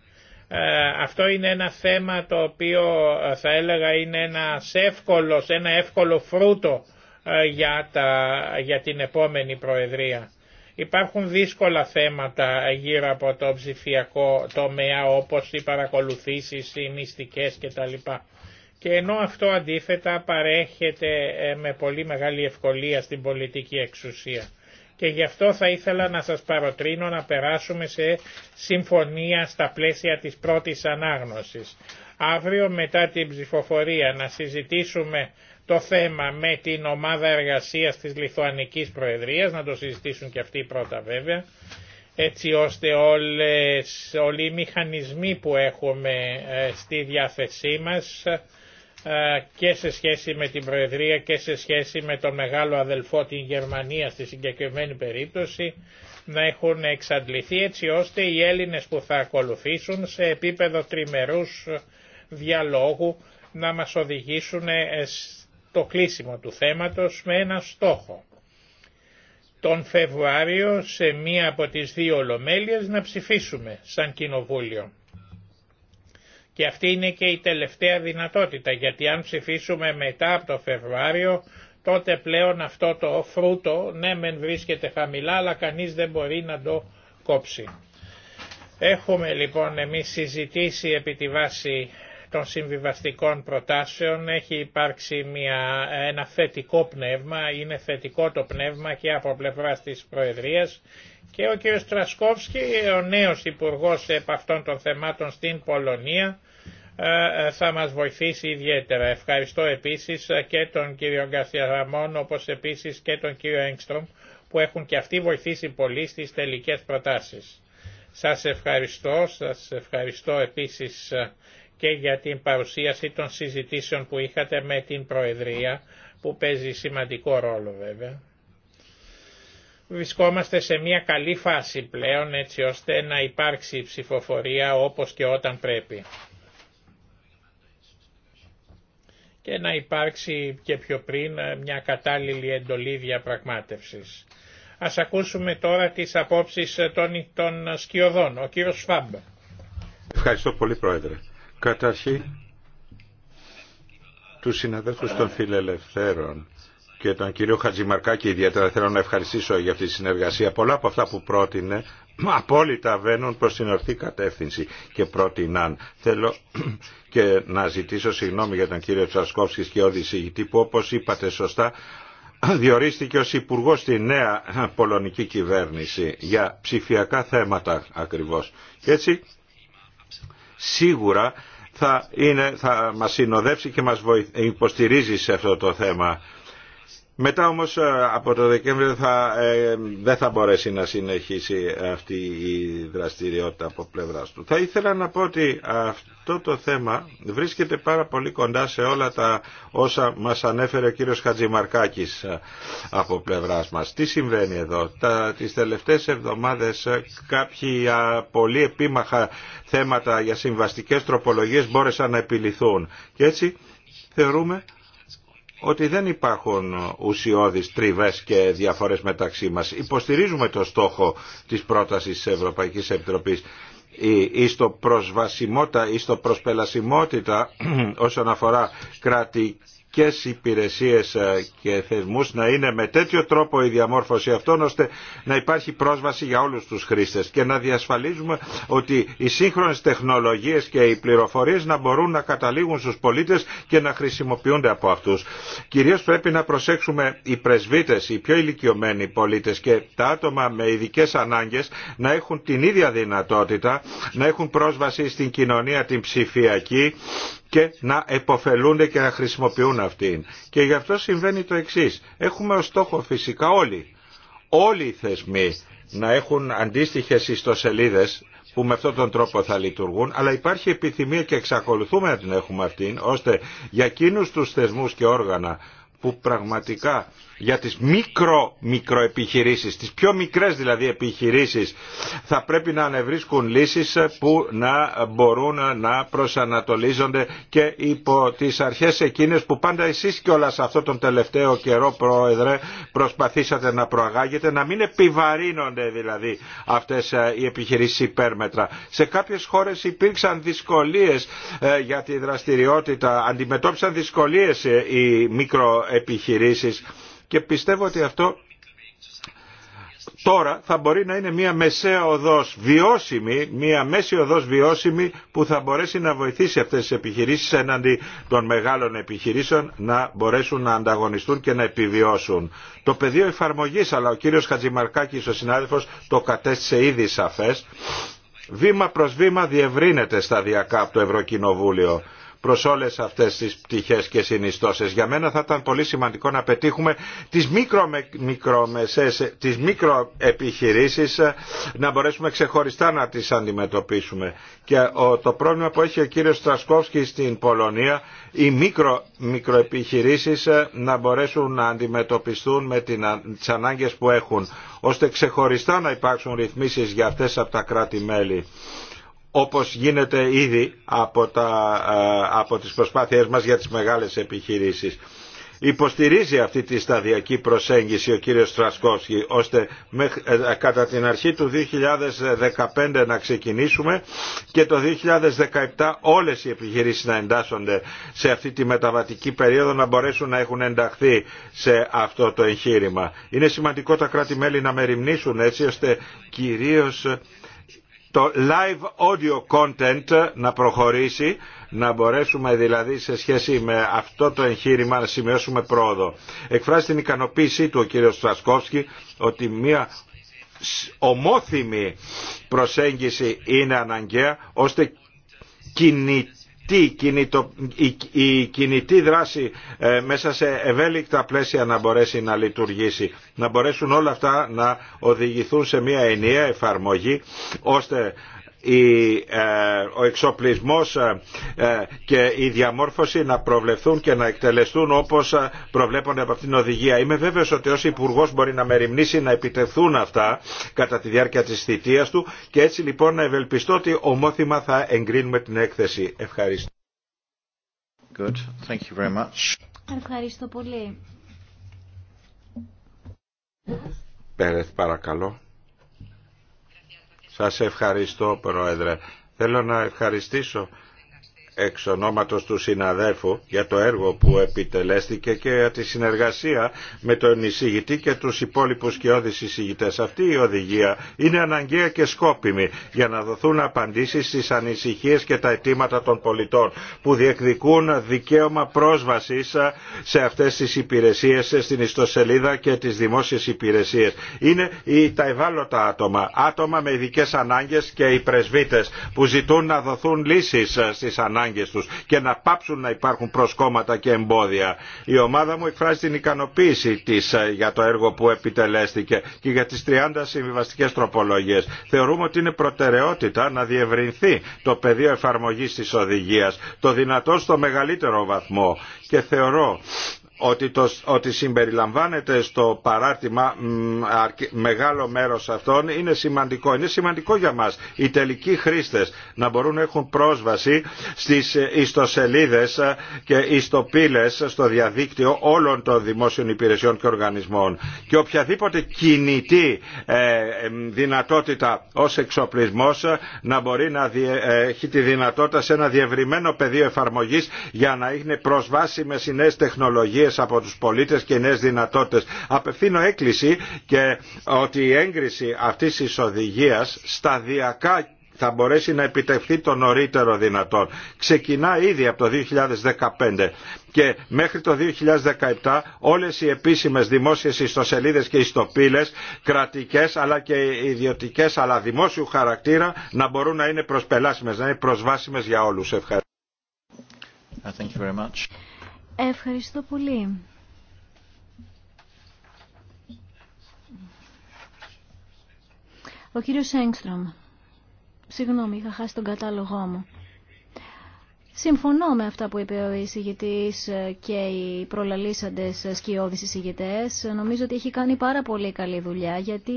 ε, αυτό είναι ένα θέμα το οποίο ε, θα έλεγα είναι ένα εύκολος, ένα εύκολο φρούτο ε, για, τα, για την επόμενη Προεδρία. Υπάρχουν δύσκολα θέματα γύρω από το ψηφιακό τομέα όπως οι παρακολουθήσεις, οι μυστικές κτλ. Και ενώ αυτό αντίθετα παρέχεται με πολύ μεγάλη ευκολία στην πολιτική εξουσία και γι' αυτό θα ήθελα να σας παροτρύνω να περάσουμε σε συμφωνία στα πλαίσια της πρώτης ανάγνωσης. Αύριο μετά την ψηφοφορία να συζητήσουμε το θέμα με την ομάδα εργασίας της Λιθουανικής Προεδρίας, να το συζητήσουν και αυτοί πρώτα βέβαια, έτσι ώστε όλες, όλοι οι μηχανισμοί που έχουμε ε, στη διάθεσή μας ε, και σε σχέση με την Προεδρία και σε σχέση με τον μεγάλο αδελφό την Γερμανία στη συγκεκριμένη περίπτωση να έχουν εξαντληθεί έτσι ώστε οι Έλληνες που θα ακολουθήσουν σε επίπεδο τριμερούς διαλόγου να μας οδηγήσουν ε, στο κλείσιμο του θέματος με ένα στόχο. Τον Φεβρουάριο σε μία από τις δύο Ολομέλειες να ψηφίσουμε σαν Κοινοβούλιο. Και αυτή είναι και η τελευταία δυνατότητα γιατί αν ψηφίσουμε μετά από το Φεβρουάριο τότε πλέον αυτό το φρούτο ναι μεν βρίσκεται χαμηλά αλλά κανείς δεν μπορεί να το κόψει. Έχουμε λοιπόν εμείς συζητήσει επί τη βάση των συμβιβαστικών προτάσεων έχει υπάρξει μια, ένα θετικό πνεύμα, είναι θετικό το πνεύμα και από πλευρά της Προεδρίας και ο κ. Στρασκόφσκι, ο νέος υπουργός επ' αυτών των θεμάτων στην Πολωνία, ε, ε, θα μας βοηθήσει ιδιαίτερα. Ευχαριστώ επίσης ε, και τον κύριο Γκασιαραμών, όπως επίσης και τον κύριο Έγκστρομ, που έχουν και αυτοί βοηθήσει πολύ στις τελικές προτάσεις. Σας ευχαριστώ, σας ευχαριστώ επίσης και για την παρουσίαση των συζητήσεων που είχατε με την Προεδρία που παίζει σημαντικό ρόλο βέβαια. Βρισκόμαστε σε μια καλή φάση πλέον έτσι ώστε να υπάρξει ψηφοφορία όπως και όταν πρέπει. Και να υπάρξει και πιο πριν μια κατάλληλη εντολή διαπραγμάτευσης. Ας ακούσουμε τώρα τις απόψεις των, των σκιωδών. Ο κύριος Σφάμπ. Ευχαριστώ πολύ Πρόεδρε. Καταρχήν, τους συναδέλφους των φιλελευθέρων και τον κύριο Χατζημαρκάκη ιδιαίτερα θέλω να ευχαριστήσω για αυτή τη συνεργασία. Πολλά από αυτά που πρότεινε απόλυτα βαίνουν προς την ορθή κατεύθυνση και πρότειναν. Θέλω και να ζητήσω συγγνώμη για τον κύριο Τσασκόφσκης και όδηση που όπως είπατε σωστά διορίστηκε ως υπουργό στη νέα πολωνική κυβέρνηση για ψηφιακά θέματα ακριβώς. Και έτσι σίγουρα θα, είναι, θα μας συνοδεύσει και μας υποστηρίζει σε αυτό το θέμα. Μετά όμως ε, από το Δεκέμβριο θα, ε, δεν θα μπορέσει να συνεχίσει αυτή η δραστηριότητα από πλευράς του. Θα ήθελα να πω ότι αυτό το θέμα βρίσκεται πάρα πολύ κοντά σε όλα τα όσα μας ανέφερε ο κύριος Χατζημαρκάκης ε, από πλευράς μας. Τι συμβαίνει εδώ. Τα, τις τελευταίες εβδομάδες κάποια πολύ επίμαχα θέματα για συμβαστικές τροπολογίες μπόρεσαν να επιληθούν. Και έτσι θεωρούμε ότι δεν υπάρχουν ουσιώδεις τριβές και διαφορές μεταξύ μας. Υποστηρίζουμε το στόχο της πρότασης της Ευρωπαϊκής Επιτροπής ή στο προσβασιμότητα ή στο προσπελασιμότητα όσον αφορά κράτη κρατικές υπηρεσίες ε, και θεσμούς να είναι με τέτοιο τρόπο η διαμόρφωση αυτών ώστε να υπάρχει πρόσβαση για όλους τους χρήστες και να διασφαλίζουμε ότι οι σύγχρονες τεχνολογίες και οι πληροφορίες να μπορούν να καταλήγουν στους πολίτες και να χρησιμοποιούνται από αυτούς. Κυρίως πρέπει να προσέξουμε οι πρεσβύτες, οι πιο ηλικιωμένοι πολίτες και τα άτομα με ειδικέ ανάγκες να έχουν την ίδια δυνατότητα, να έχουν πρόσβαση στην κοινωνία την ψηφιακή και να εποφελούνται και να χρησιμοποιούν αυτήν. Και γι' αυτό συμβαίνει το εξή. Έχουμε ως στόχο φυσικά όλοι, όλοι οι θεσμοί να έχουν αντίστοιχες ιστοσελίδες που με αυτόν τον τρόπο θα λειτουργούν, αλλά υπάρχει επιθυμία και εξακολουθούμε να την έχουμε αυτήν, ώστε για εκείνους τους θεσμούς και όργανα που πραγματικά για τις μικρο μικροεπιχειρήσεις, τις πιο μικρές δηλαδή επιχειρήσεις θα πρέπει να ανεβρίσκουν λύσεις που να μπορούν να προσανατολίζονται και υπό τις αρχές εκείνες που πάντα εσείς σε αυτόν τον τελευταίο καιρό πρόεδρε προσπαθήσατε να προαγάγετε να μην επιβαρύνονται δηλαδή αυτές ε, οι επιχειρήσεις υπέρμετρα. Σε κάποιες χώρες υπήρξαν δυσκολίες ε, για τη δραστηριότητα, αντιμετώπισαν δυσκολίες ε, οι μικροεπιχειρήσεις και πιστεύω ότι αυτό τώρα θα μπορεί να είναι μια μεσαία οδός βιώσιμη, μια μέση οδός βιώσιμη που θα μπορέσει να βοηθήσει αυτές τις επιχειρήσεις έναντι των μεγάλων επιχειρήσεων να μπορέσουν να ανταγωνιστούν και να επιβιώσουν. Το πεδίο εφαρμογής, αλλά ο κύριος Χατζημαρκάκης, ο συνάδελφος, το κατέστησε ήδη σαφές, βήμα προς βήμα διευρύνεται σταδιακά από το Ευρωκοινοβούλιο προς όλες αυτές τις πτυχές και συνιστώσεις. Για μένα θα ήταν πολύ σημαντικό να πετύχουμε τις, μικροεπιχειρήσεις ε, να μπορέσουμε ξεχωριστά να τις αντιμετωπίσουμε. Και το πρόβλημα που έχει ο κύριος Στρασκόφσκι στην Πολωνία, οι μικρο, μικροεπιχειρήσεις ε, να μπορέσουν να αντιμετωπιστούν με την, τις που έχουν, ώστε ξεχωριστά να υπάρξουν ρυθμίσεις για αυτές από τα κράτη-μέλη όπως γίνεται ήδη από, τα, ε, από τις προσπάθειές μας για τις μεγάλες επιχειρήσεις. Υποστηρίζει αυτή τη σταδιακή προσέγγιση ο κύριος Στρασκόφσκι ώστε ε, κατά την αρχή του 2015 να ξεκινήσουμε και το 2017 όλες οι επιχειρήσεις να εντάσσονται σε αυτή τη μεταβατική περίοδο να μπορέσουν να έχουν ενταχθεί σε αυτό το εγχείρημα. Είναι σημαντικό τα κράτη-μέλη να μεριμνήσουν έτσι ώστε κυρίως το live audio content να προχωρήσει, να μπορέσουμε δηλαδή σε σχέση με αυτό το εγχείρημα να σημειώσουμε πρόοδο. Εκφράζει την ικανοποίησή του ο κ. Στρασκόφσκι ότι μια ομόθυμη προσέγγιση είναι αναγκαία ώστε κινητή τι η κινητή δράση ε, μέσα σε ευέλικτα πλαίσια να μπορέσει να λειτουργήσει. Να μπορέσουν όλα αυτά να οδηγηθούν σε μια ενιαία εφαρμογή ώστε ε, ο εξοπλισμός ε, ε, και η διαμόρφωση να προβλεφθούν και να εκτελεστούν όπως προβλέπονται από αυτήν την οδηγία. Είμαι βέβαιος ότι ως Υπουργός μπορεί να μεριμνήσει να επιτεθούν αυτά κατά τη διάρκεια της θητείας του και έτσι λοιπόν να ευελπιστώ ότι ομόθυμα θα εγκρίνουμε την έκθεση. Ευχαριστώ. Good. Thank you very much. Ευχαριστώ πολύ. Πέρεθ, παρακαλώ. Σας ευχαριστώ Πρόεδρε. Θέλω να ευχαριστήσω εξ ονόματος του συναδέλφου για το έργο που επιτελέστηκε και για τη συνεργασία με τον εισηγητή και τους υπόλοιπους κοιόδης εισηγητές. Αυτή η οδηγία είναι αναγκαία και σκόπιμη για να δοθούν απαντήσεις στις ανησυχίες και τα αιτήματα των πολιτών που διεκδικούν δικαίωμα πρόσβασης σε αυτές τις υπηρεσίες στην ιστοσελίδα και τις δημόσιες υπηρεσίες. Είναι τα ευάλωτα άτομα, άτομα με ειδικές ανάγκες και οι πρεσβύτες που ζητούν να δοθούν λύσεις στις ανάγκες ανάγκες τους και να πάψουν να υπάρχουν προσκόμματα και εμπόδια. Η ομάδα μου εκφράζει την ικανοποίηση της ε, για το έργο που επιτελέστηκε και για τις 30 συμβιβαστικέ τροπολογίες. Θεωρούμε ότι είναι προτεραιότητα να διευρυνθεί το πεδίο εφαρμογής της οδηγίας, το δυνατόν στο μεγαλύτερο βαθμό και θεωρώ ότι, το, ότι συμπεριλαμβάνεται στο παράρτημα μεγάλο μέρος αυτών είναι σημαντικό. Είναι σημαντικό για μας οι τελικοί χρήστες να μπορούν να έχουν πρόσβαση στις ιστοσελίδες και ιστοπύλες στο διαδίκτυο όλων των δημόσιων υπηρεσιών και οργανισμών. Και οποιαδήποτε κινητή ε, δυνατότητα ως εξοπλισμός ε, να μπορεί να ε, έχει τη δυνατότητα σε ένα διευρυμένο πεδίο εφαρμογής για να είναι προσβάσιμες οι νέες τεχνολογίες από τους πολίτες και νέες δυνατότητες. Απευθύνω έκκληση και ότι η έγκριση αυτής της οδηγίας σταδιακά θα μπορέσει να επιτευχθεί το νωρίτερο δυνατόν. Ξεκινά ήδη από το 2015 και μέχρι το 2017 όλες οι επίσημες δημόσιες ιστοσελίδες και ιστοπύλες, κρατικές αλλά και ιδιωτικές αλλά δημόσιου χαρακτήρα να μπορούν να είναι προσπελάσιμες, να είναι προσβάσιμες για όλους. Ευχαριστώ. Ευχαριστώ πολύ. Ο κύριος Έγκστρομ. Συγγνώμη, είχα χάσει τον κατάλογό μου. Συμφωνώ με αυτά που είπε ο εισηγητής και οι προλαλήσαντες σκιώδεις εισηγητές. Νομίζω ότι έχει κάνει πάρα πολύ καλή δουλειά, γιατί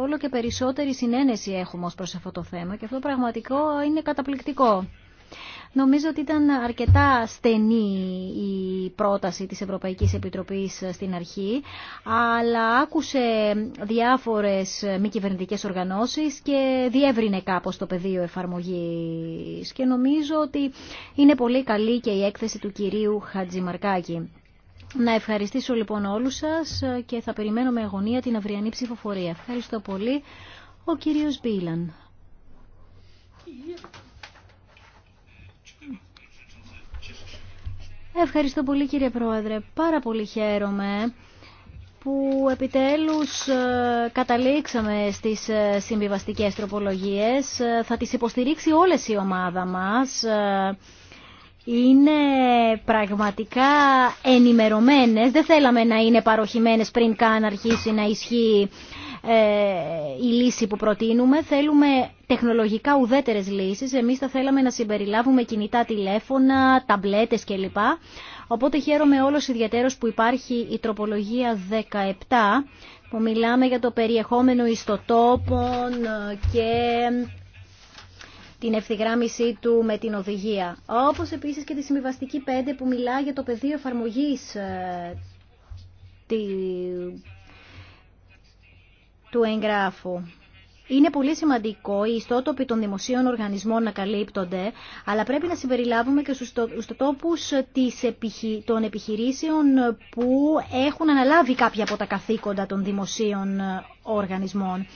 όλο και περισσότερη συνένεση έχουμε ως προς αυτό το θέμα και αυτό πραγματικό είναι καταπληκτικό. Νομίζω ότι ήταν αρκετά στενή η πρόταση της Ευρωπαϊκής Επιτροπής στην αρχή, αλλά άκουσε διάφορες μη κυβερνητικέ οργανώσεις και διεύρυνε κάπως το πεδίο εφαρμογής. Και νομίζω ότι είναι πολύ καλή και η έκθεση του κυρίου Χατζημαρκάκη. Να ευχαριστήσω λοιπόν όλους σας και θα περιμένω με αγωνία την αυριανή ψηφοφορία. Ευχαριστώ πολύ. Ο κύριος Μπίλαν. Ευχαριστώ πολύ κύριε Πρόεδρε. Πάρα πολύ χαίρομαι που επιτέλους ε, καταλήξαμε στις ε, συμβιβαστικές τροπολογίες. Ε, θα τις υποστηρίξει όλες η ομάδα μας. Είναι πραγματικά ενημερωμένες. Δεν θέλαμε να είναι παροχημένες πριν καν αρχίσει να ισχύει ε, η λύση που προτείνουμε. Θέλουμε τεχνολογικά ουδέτερες λύσεις. Εμείς θα θέλαμε να συμπεριλάβουμε κινητά τηλέφωνα, ταμπλέτες κλπ. Οπότε χαίρομαι όλος ιδιαίτερος που υπάρχει η τροπολογία 17 που μιλάμε για το περιεχόμενο ιστοτόπων και την ευθυγράμμιση του με την οδηγία. Όπως επίσης και τη συμβιβαστική 5 που μιλά για το πεδίο εφαρμογής ε, του εγγράφου. Είναι πολύ σημαντικό οι ιστότοποι των δημοσίων οργανισμών να καλύπτονται, αλλά πρέπει να συμπεριλάβουμε και στους τόπους των επιχειρήσεων που έχουν αναλάβει κάποια από τα καθήκοντα των δημοσίων οργανισμών.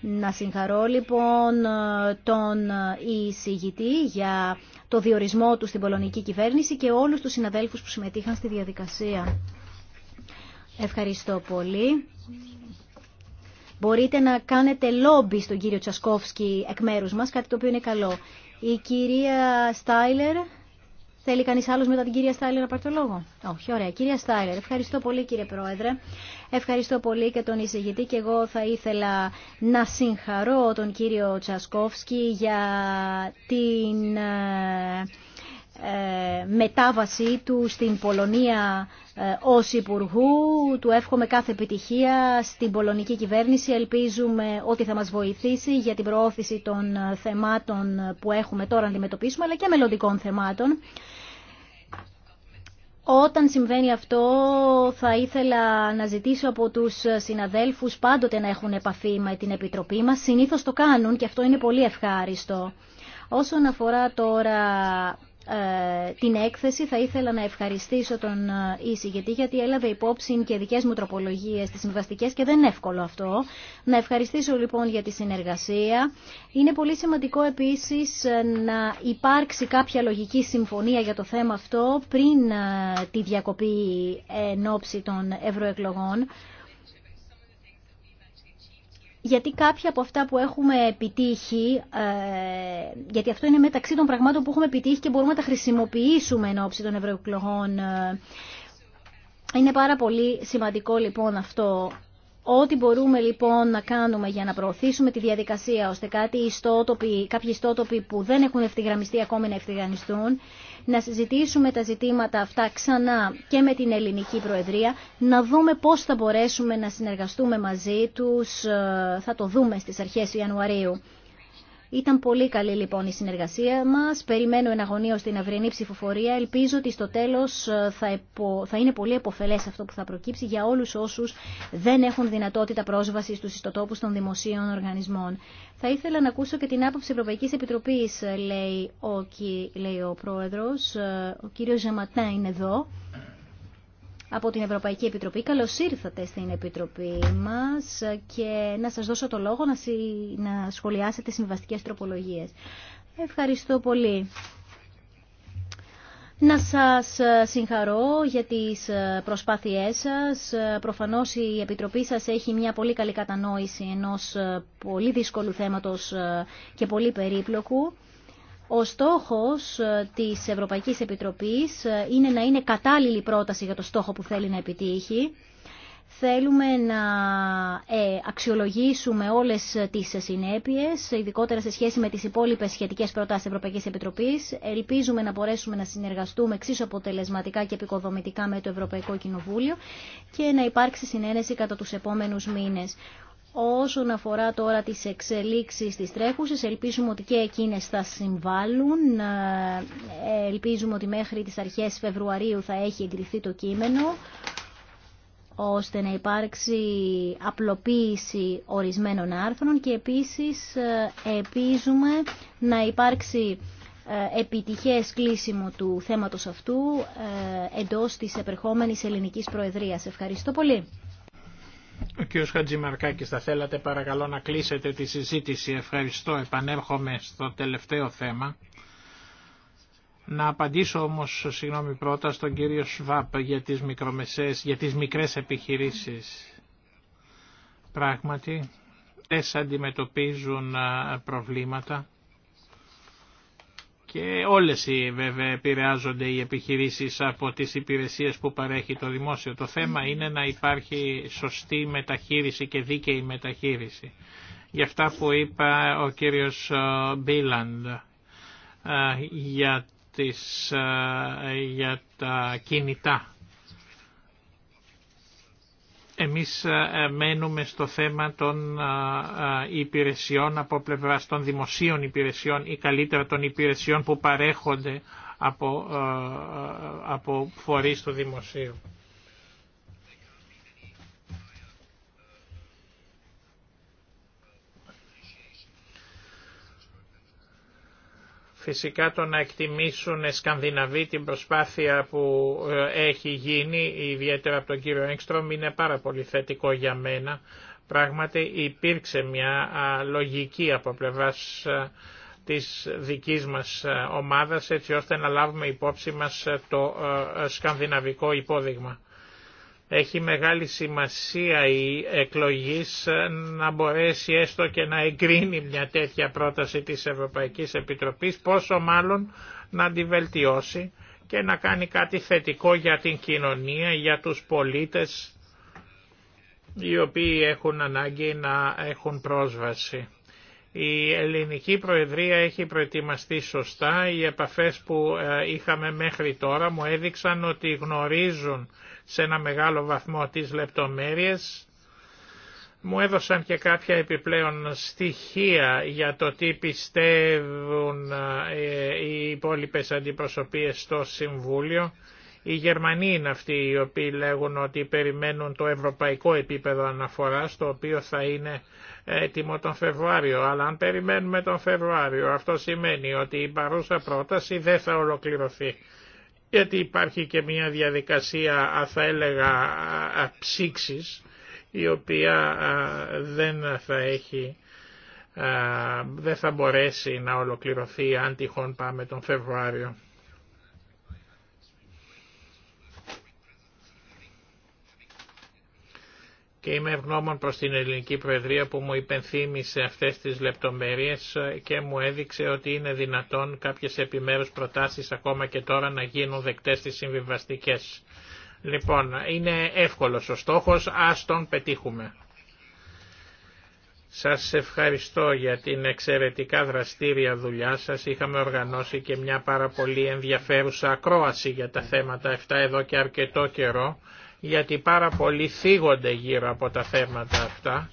Να συγχαρώ λοιπόν τον εισηγητή για το διορισμό του στην πολωνική κυβέρνηση και όλους τους συναδέλφους που συμμετείχαν στη διαδικασία. Ευχαριστώ πολύ. Μπορείτε να κάνετε λόμπι στον κύριο Τσασκόφσκι εκ μέρους μας, κάτι το οποίο είναι καλό. Η κυρία Στάιλερ, θέλει κανείς άλλος μετά την κυρία Στάιλερ να πάρει το λόγο. Όχι, ωραία. Κυρία Στάιλερ, ευχαριστώ πολύ κύριε Πρόεδρε. Ευχαριστώ πολύ και τον εισηγητή και εγώ θα ήθελα να συγχαρώ τον κύριο Τσασκόφσκι για την ε, ε, μετάβασή του στην Πολωνία ε, ως Υπουργού. Του εύχομαι κάθε επιτυχία στην πολωνική κυβέρνηση. Ελπίζουμε ότι θα μας βοηθήσει για την προώθηση των ε, θεμάτων που έχουμε τώρα να αντιμετωπίσουμε, αλλά και μελλοντικών θεμάτων. Όταν συμβαίνει αυτό θα ήθελα να ζητήσω από τους συναδέλφους πάντοτε να έχουν επαφή με την Επιτροπή μας. Συνήθως το κάνουν και αυτό είναι πολύ ευχάριστο. Όσον αφορά τώρα ε, την έκθεση θα ήθελα να ευχαριστήσω τον ε, εισηγητή γιατί έλαβε υπόψη και δικές μου τροπολογίες τις συμβαστικές και δεν είναι εύκολο αυτό. Να ευχαριστήσω λοιπόν για τη συνεργασία. Είναι πολύ σημαντικό επίσης ε, να υπάρξει κάποια λογική συμφωνία για το θέμα αυτό πριν τη διακοπή ενόψη των ευρωεκλογών γιατί κάποια από αυτά που έχουμε επιτύχει, ε, γιατί αυτό είναι μεταξύ των πραγμάτων που έχουμε επιτύχει και μπορούμε να τα χρησιμοποιήσουμε εν ώψη των ευρωεκλογών. Ε, είναι πάρα πολύ σημαντικό λοιπόν αυτό. Ό,τι μπορούμε λοιπόν να κάνουμε για να προωθήσουμε τη διαδικασία ώστε κάτι ιστότοποι, κάποιοι ιστότοποι που δεν έχουν ευθυγραμμιστεί ακόμη να ευθυγραμμιστούν να συζητήσουμε τα ζητήματα αυτά ξανά και με την Ελληνική Προεδρία, να δούμε πώς θα μπορέσουμε να συνεργαστούμε μαζί τους, ε, θα το δούμε στις αρχές Ιανουαρίου. Ήταν πολύ καλή λοιπόν η συνεργασία μας. Περιμένω εναγωνίως την αυριανή ψηφοφορία. Ελπίζω ότι στο τέλος ε, θα, είναι πολύ επωφελέ αυτό που θα προκύψει για όλους όσους δεν έχουν δυνατότητα πρόσβαση στους ιστοτόπους των δημοσίων οργανισμών. Θα ήθελα να ακούσω και την άποψη Ευρωπαϊκής Επιτροπής, λέει ο, λέει ο Πρόεδρος. Ε, ο κύριος Ζαματά είναι εδώ από την Ευρωπαϊκή Επιτροπή. καλώ ήρθατε στην Επιτροπή μας και να σα δώσω το λόγο να, να σχολιάσετε συμβαστικές τροπολογίες. Ευχαριστώ πολύ. Να σας συγχαρώ για τις προσπάθειές σας. Προφανώς η Επιτροπή σας έχει μια πολύ καλή κατανόηση ενός πολύ δύσκολου θέματος και πολύ περίπλοκου. Ο στόχος ε, της Ευρωπαϊκής Επιτροπής ε, είναι να είναι κατάλληλη πρόταση για το στόχο που θέλει να επιτύχει. Θέλουμε να ε, αξιολογήσουμε όλες τις συνέπειες, ειδικότερα σε σχέση με τις υπόλοιπες σχετικές προτάσεις Ευρωπαϊκής Επιτροπής. Ελπίζουμε να μπορέσουμε να συνεργαστούμε εξίσου αποτελεσματικά και επικοδομητικά με το Ευρωπαϊκό Κοινοβούλιο και να υπάρξει συνένεση κατά τους επόμενους μήνες. Όσον αφορά τώρα τις εξελίξεις της τρέχουσης, ελπίζουμε ότι και εκείνες θα συμβάλλουν. Ελπίζουμε ότι μέχρι τις αρχές Φεβρουαρίου θα έχει εγκριθεί το κείμενο ώστε να υπάρξει απλοποίηση ορισμένων άρθρων και επίσης επίζουμε να υπάρξει ε, επιτυχές κλείσιμο του θέματος αυτού ε, εντός της επερχόμενης ελληνικής προεδρίας. Ευχαριστώ πολύ. Ο κ. Χατζημαρκάκης, θα θέλατε παρακαλώ να κλείσετε τη συζήτηση. Ευχαριστώ. Επανέρχομαι στο τελευταίο θέμα. Να απαντήσω όμως, συγγνώμη πρώτα, στον κύριο Σβάπ για τις, μικρομεσές, για τις μικρές επιχειρήσεις. Πράγματι, τες αντιμετωπίζουν προβλήματα και όλες οι βέβαια επηρεάζονται οι επιχειρήσεις από τις υπηρεσίες που παρέχει το δημόσιο. Το θέμα είναι να υπάρχει σωστή μεταχείριση και δίκαιη μεταχείριση. Γι' αυτά που είπα ο κύριος ε, Μπίλαντ ε, για, τις, ε, για τα κινητά εμείς ε, ε, μένουμε στο θέμα των ε, υπηρεσιών από πλευρά των δημοσίων υπηρεσιών ή καλύτερα των υπηρεσιών που παρέχονται από, από φορείς του δημοσίου. Φυσικά το να εκτιμήσουν Σκανδιναβοί την προσπάθεια που ε, έχει γίνει, ιδιαίτερα από τον κύριο Έγκστρομ, είναι πάρα πολύ θετικό για μένα. Πράγματι υπήρξε μια λογική από πλευράς της δικής μας ομάδας έτσι ώστε να λάβουμε υπόψη μας το σκανδιναβικό υπόδειγμα έχει μεγάλη σημασία η εκλογής να μπορέσει έστω και να εγκρίνει μια τέτοια πρόταση της Ευρωπαϊκής Επιτροπής, πόσο μάλλον να την βελτιώσει και να κάνει κάτι θετικό για την κοινωνία, για τους πολίτες οι οποίοι έχουν ανάγκη να έχουν πρόσβαση. Η ελληνική προεδρία έχει προετοιμαστεί σωστά. Οι επαφές που ε, είχαμε μέχρι τώρα μου έδειξαν ότι γνωρίζουν σε ένα μεγάλο βαθμό τις λεπτομέρειες. Μου έδωσαν και κάποια επιπλέον στοιχεία για το τι πιστεύουν ε, οι υπόλοιπες αντιπροσωπείες στο Συμβούλιο. Οι Γερμανοί είναι αυτοί οι οποίοι λέγουν ότι περιμένουν το ευρωπαϊκό επίπεδο αναφοράς, το οποίο θα είναι έτοιμο τον Φεβρουάριο, αλλά αν περιμένουμε τον Φεβρουάριο αυτό σημαίνει ότι η παρούσα πρόταση δεν θα ολοκληρωθεί. Γιατί υπάρχει και μια διαδικασία, θα έλεγα, ψήξης, η οποία δεν θα έχει δεν θα μπορέσει να ολοκληρωθεί αν τυχόν πάμε τον Φεβρουάριο. και είμαι ευγνώμων προς την Ελληνική Προεδρία που μου υπενθύμησε αυτές τις λεπτομέρειες και μου έδειξε ότι είναι δυνατόν κάποιες επιμέρους προτάσεις ακόμα και τώρα να γίνουν δεκτές στις συμβιβαστικές. Λοιπόν, είναι εύκολος ο στόχος, ας τον πετύχουμε. Σας ευχαριστώ για την εξαιρετικά δραστήρια δουλειά σας. Είχαμε οργανώσει και μια πάρα πολύ ενδιαφέρουσα ακρόαση για τα θέματα αυτά εδώ και αρκετό καιρό γιατί πάρα πολλοί θίγονται γύρω από τα θέματα αυτά.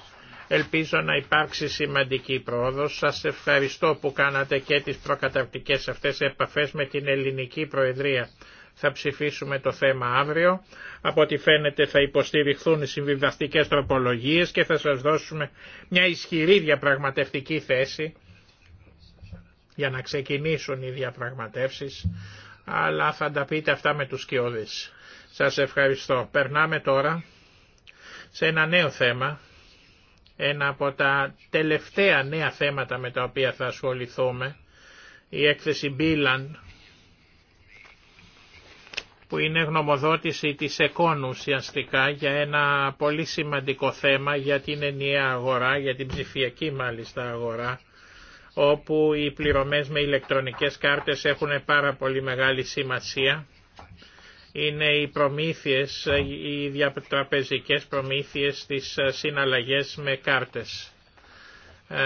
Ελπίζω να υπάρξει σημαντική πρόοδος. Σας ευχαριστώ που κάνατε και τις προκαταρκτικές αυτές επαφές με την Ελληνική Προεδρία. Θα ψηφίσουμε το θέμα αύριο. Από ό,τι φαίνεται θα υποστηριχθούν οι συμβιβαστικές τροπολογίες και θα σας δώσουμε μια ισχυρή διαπραγματευτική θέση για να ξεκινήσουν οι διαπραγματεύσεις. Αλλά θα τα πείτε αυτά με τους κοιόδης. Σας ευχαριστώ. Περνάμε τώρα σε ένα νέο θέμα, ένα από τα τελευταία νέα θέματα με τα οποία θα ασχοληθούμε, η έκθεση Μπίλαν, που είναι γνωμοδότηση της ΕΚΟΝ ουσιαστικά για ένα πολύ σημαντικό θέμα για την ενιαία αγορά, για την ψηφιακή μάλιστα αγορά, όπου οι πληρωμές με ηλεκτρονικές κάρτες έχουν πάρα πολύ μεγάλη σημασία είναι οι προμήθειες, οι διατραπεζικές προμήθειες στις συναλλαγές με κάρτες. Ε,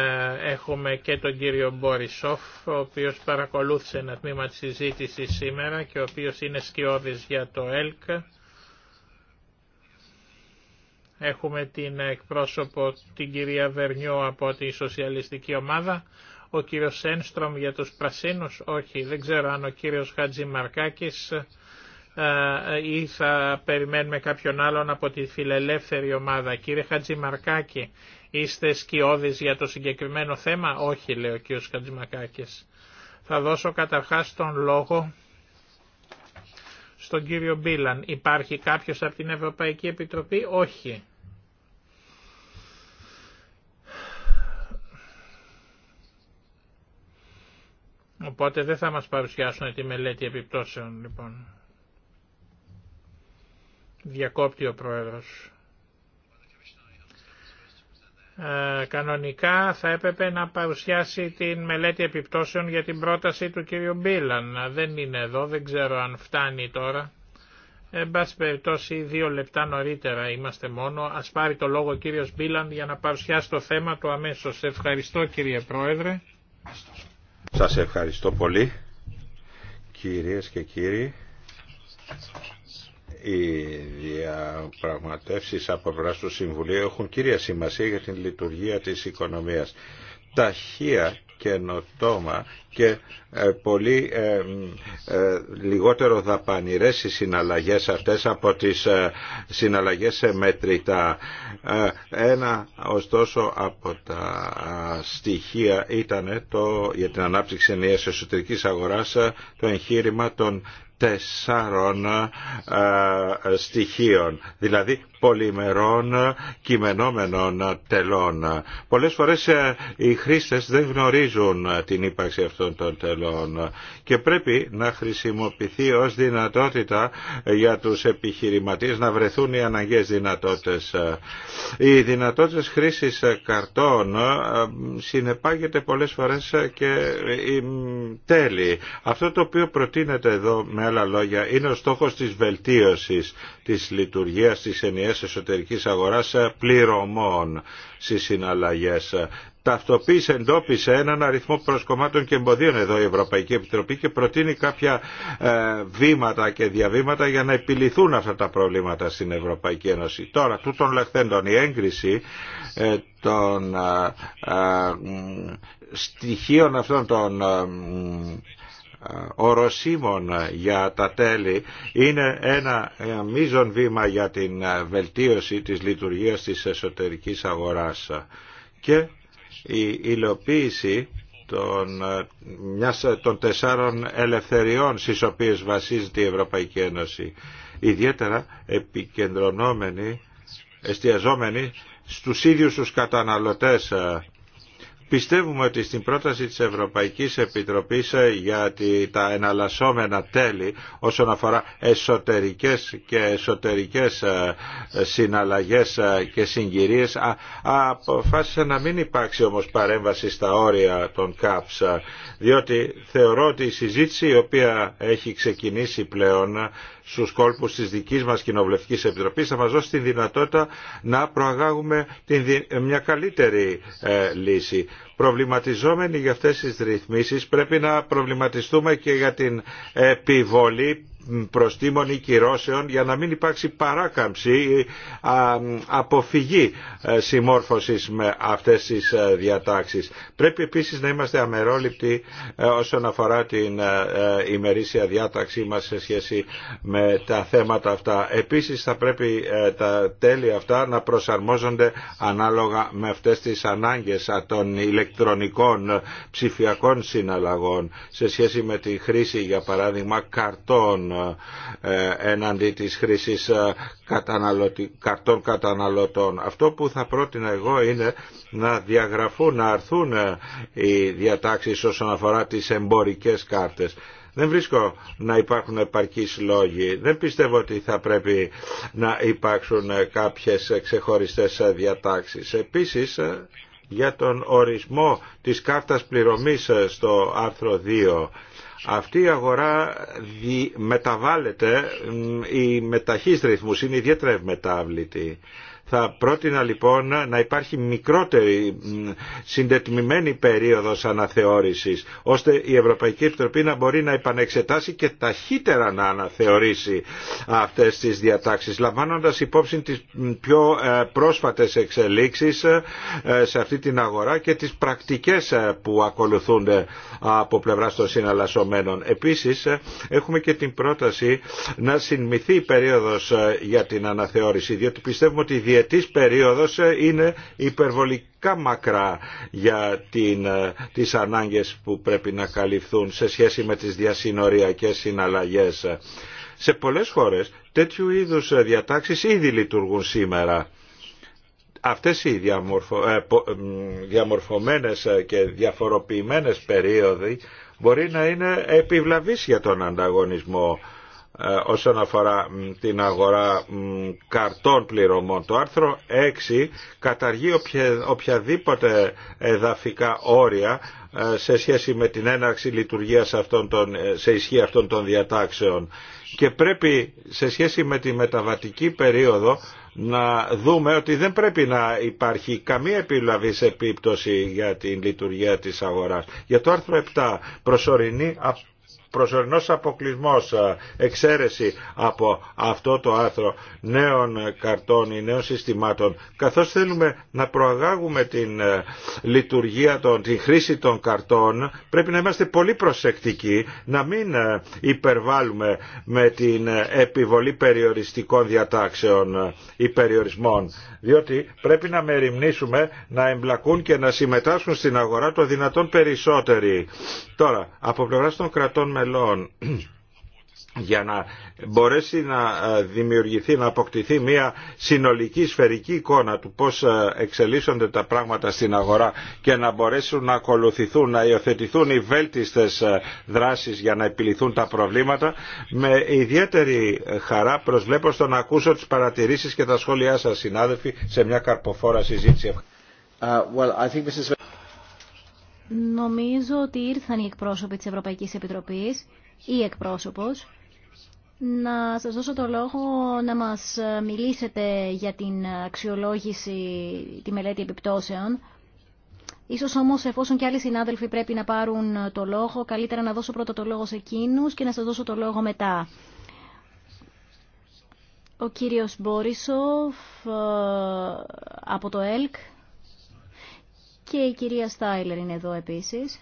έχουμε και τον κύριο Μπόρισοφ, ο οποίος παρακολούθησε ένα τμήμα της συζήτηση σήμερα και ο οποίος είναι σκιώδης για το ΕΛΚ. Έχουμε την εκπρόσωπο την κυρία Βερνιό από τη Σοσιαλιστική Ομάδα, ο κύριος Ένστρομ για τους Πρασίνους, όχι δεν ξέρω αν ο κύριος Χατζημαρκάκης ε, ε, ή θα περιμένουμε κάποιον άλλον από τη φιλελεύθερη ομάδα. Κύριε Χατζημαρκάκη, είστε σκιώδης για το συγκεκριμένο θέμα. Όχι, λέει ο κύριος Χατζημαρκάκης. Θα δώσω καταρχάς τον λόγο στον κύριο Μπίλαν. Υπάρχει κάποιος από την Ευρωπαϊκή Επιτροπή. Όχι. Οπότε δεν θα μας παρουσιάσουν τη μελέτη επιπτώσεων λοιπόν. Διακόπτει ο Πρόεδρος. Ε, κανονικά θα έπρεπε να παρουσιάσει την μελέτη επιπτώσεων για την πρόταση του κύριου Μπίλαν. Δεν είναι εδώ, δεν ξέρω αν φτάνει τώρα. Εν πάση περιπτώσει δύο λεπτά νωρίτερα είμαστε μόνο. Ας πάρει το λόγο ο κύριος Μπίλαν για να παρουσιάσει το θέμα του αμέσως. Ευχαριστώ κύριε Πρόεδρε. Σας ευχαριστώ πολύ. Κυρίες και κύριοι, οι διαπραγματεύσεις από πλευρά του Συμβουλίου έχουν κύρια σημασία για την λειτουργία της οικονομίας. Ταχεία καινοτόμα και ε, πολύ ε, ε, λιγότερο δαπανηρές οι συναλλαγές αυτές από τις ε, συναλλαγές σε μέτρητα. Ένα ωστόσο από τα στοιχεία ήταν το, για την ανάπτυξη ενιαίας εσωτερικής αγοράς το εγχείρημα των τεσσάρων ε, στοιχείων. Δηλαδή πολυμερών κειμενόμενων τελών. Πολλές φορές ε, οι χρήστες δεν γνωρίζουν ε, την ύπαρξη αυτών των τελών και πρέπει να χρησιμοποιηθεί ως δυνατότητα ε, για τους επιχειρηματίες να βρεθούν οι αναγκαίες δυνατότητες. Οι δυνατότητες χρήσης καρτών συνεπάγεται πολλές φορές και η τέλη. Αυτό το οποίο προτείνεται εδώ με άλλα λόγια είναι ο στόχος της βελτίωσης της λειτουργίας της ενιαίας συναλλαγές εσωτερικής αγοράς ε, πληρωμών στις συναλλαγές. Ταυτοποίησε, εντόπισε έναν αριθμό προσκομμάτων και εμποδίων εδώ η Ευρωπαϊκή Επιτροπή και προτείνει κάποια ε, βήματα και διαβήματα για να επιληθούν αυτά τα προβλήματα στην Ευρωπαϊκή Ένωση. Τώρα, τούτων λεχθέντων, η έγκριση ε, των στοιχείων αυτών των οροσίμων για τα τέλη είναι ένα μείζον βήμα για την βελτίωση της λειτουργίας της εσωτερικής αγοράς και η υλοποίηση των, των τεσσάρων ελευθεριών στις οποίες βασίζεται η Ευρωπαϊκή Ένωση ιδιαίτερα επικεντρωνόμενοι εστιαζόμενοι στους ίδιους τους καταναλωτές Πιστεύουμε ότι στην πρόταση της Ευρωπαϊκής Επιτροπής ε, για τα εναλλασσόμενα τέλη όσον αφορά εσωτερικές και εσωτερικές ε, συναλλαγές ε, και συγκυρίες αποφάσισα να μην υπάρξει όμως παρέμβαση στα όρια των ΚΑΠΣ διότι θεωρώ ότι η συζήτηση η οποία έχει ξεκινήσει πλέον Στου κόλπου τη δικής μα κοινοβουλευτική Επιτροπής θα μα δώσει τη δυνατότητα να προαγάγουμε μια καλύτερη ε, λύση. Προβληματιζόμενοι για αυτές τις ρυθμίσει, πρέπει να προβληματιστούμε και για την επιβολή προστήμων ή κυρώσεων για να μην υπάρξει παράκαμψη ή αποφυγή ε, συμμόρφωσης με αυτές τις ε, διατάξεις. Πρέπει επίσης να είμαστε αμερόληπτοι ε, όσον αφορά την ημερήσια διάταξή μας σε σχέση με τα θέματα αυτά. Επίσης θα πρέπει τα τέλη αυτά να προσαρμόζονται ανάλογα με αυτές τις ανάγκες των ηλεκτρονικών ψηφιακών συναλλαγών σε σχέση με τη χρήση για παράδειγμα καρτών ε, έναντι της χρήσης ε, καρτών καταναλωτών. Αυτό που θα πρότεινα εγώ είναι να διαγραφούν, να αρθούν ε, οι διατάξεις όσον αφορά τις εμπορικές κάρτες. Δεν βρίσκω να υπάρχουν επαρκείς λόγοι. Δεν πιστεύω ότι θα πρέπει να υπάρξουν κάποιες ξεχωριστές διατάξεις. Επίσης, για τον ορισμό της κάρτας πληρωμής στο άρθρο 2 αυτή η αγορά μεταβάλλεται η μεταχείς ρυθμούς, είναι ιδιαίτερα ευμετάβλητη. Θα πρότεινα λοιπόν να υπάρχει μικρότερη συντετμημένη περίοδος αναθεώρησης ώστε η Ευρωπαϊκή Επιτροπή να μπορεί να επανεξετάσει και ταχύτερα να αναθεωρήσει αυτές τις διατάξεις λαμβάνοντας υπόψη τις πιο ε, πρόσφατες εξελίξεις ε, σε αυτή την αγορά και τις πρακτικές ε, που ακολουθούνται από πλευρά των συναλλασσομένων. Επίσης έχουμε και την πρόταση να συνμηθεί η περίοδος για την αναθεώρηση διότι πιστεύουμε ότι διετής περίοδος ε, είναι υπερβολικά μακρά για την, ε, τις ανάγκες που πρέπει να καλυφθούν σε σχέση με τις διασυνοριακές συναλλαγές. Σε πολλές χώρες τέτοιου είδους ε, διατάξεις ήδη λειτουργούν σήμερα. Αυτές οι διαμορφωμένες και διαφοροποιημένες περίοδοι μπορεί να είναι επιβλαβείς για τον ανταγωνισμό ε, όσον αφορά την αγορά καρτών πληρωμών. Το άρθρο 6 καταργεί οποιαδήποτε εδαφικά όρια ε, σε σχέση με την έναρξη λειτουργίας αυτών των, ε, σε ισχύ αυτών των διατάξεων και πρέπει σε σχέση με τη μεταβατική περίοδο να δούμε ότι δεν πρέπει να υπάρχει καμία σε επίπτωση για την λειτουργία της αγοράς. Για το άρθρο 7, προσωρινή προσωρινός αποκλεισμός, ε, εξαίρεση από αυτό το άρθρο νέων καρτών ή νέων συστημάτων, καθώς θέλουμε να προαγάγουμε την ε, λειτουργία, των, την χρήση των καρτών, πρέπει να είμαστε πολύ προσεκτικοί, να μην ε, υπερβάλλουμε με την επιβολή περιοριστικών διατάξεων ή περιορισμών, διότι πρέπει να μεριμνήσουμε να εμπλακούν και να συμμετάσχουν στην αγορά το δυνατόν περισσότεροι. Τώρα, από πλευρά των κρατών μελών για να μπορέσει να ε, δημιουργηθεί, να αποκτηθεί μια συνολική σφαιρική εικόνα του πώς ε, εξελίσσονται τα πράγματα στην αγορά και να μπορέσουν να ακολουθηθούν, να υιοθετηθούν οι βέλτιστες ε, δράσεις για να επιληθούν τα προβλήματα. Με ιδιαίτερη χαρά προσβλέπω στο να ακούσω τις παρατηρήσεις και τα σχόλιά σας συνάδελφοι σε μια καρποφόρα συζήτηση. well, Νομίζω ότι ήρθαν οι εκπρόσωποι της Ευρωπαϊκής Επιτροπής ή εκπρόσωπος να σας δώσω το λόγο να μας μιλήσετε για την αξιολόγηση, τη μελέτη επιπτώσεων. Ίσως όμως εφόσον και άλλοι συνάδελφοι πρέπει να πάρουν το λόγο, καλύτερα να δώσω πρώτα το λόγο σε εκείνους και να σας δώσω το λόγο μετά. Ο κύριος Μπόρισοφ ε, από το ΕΛΚ και η κυρία Στάιλερ είναι εδώ επίσης.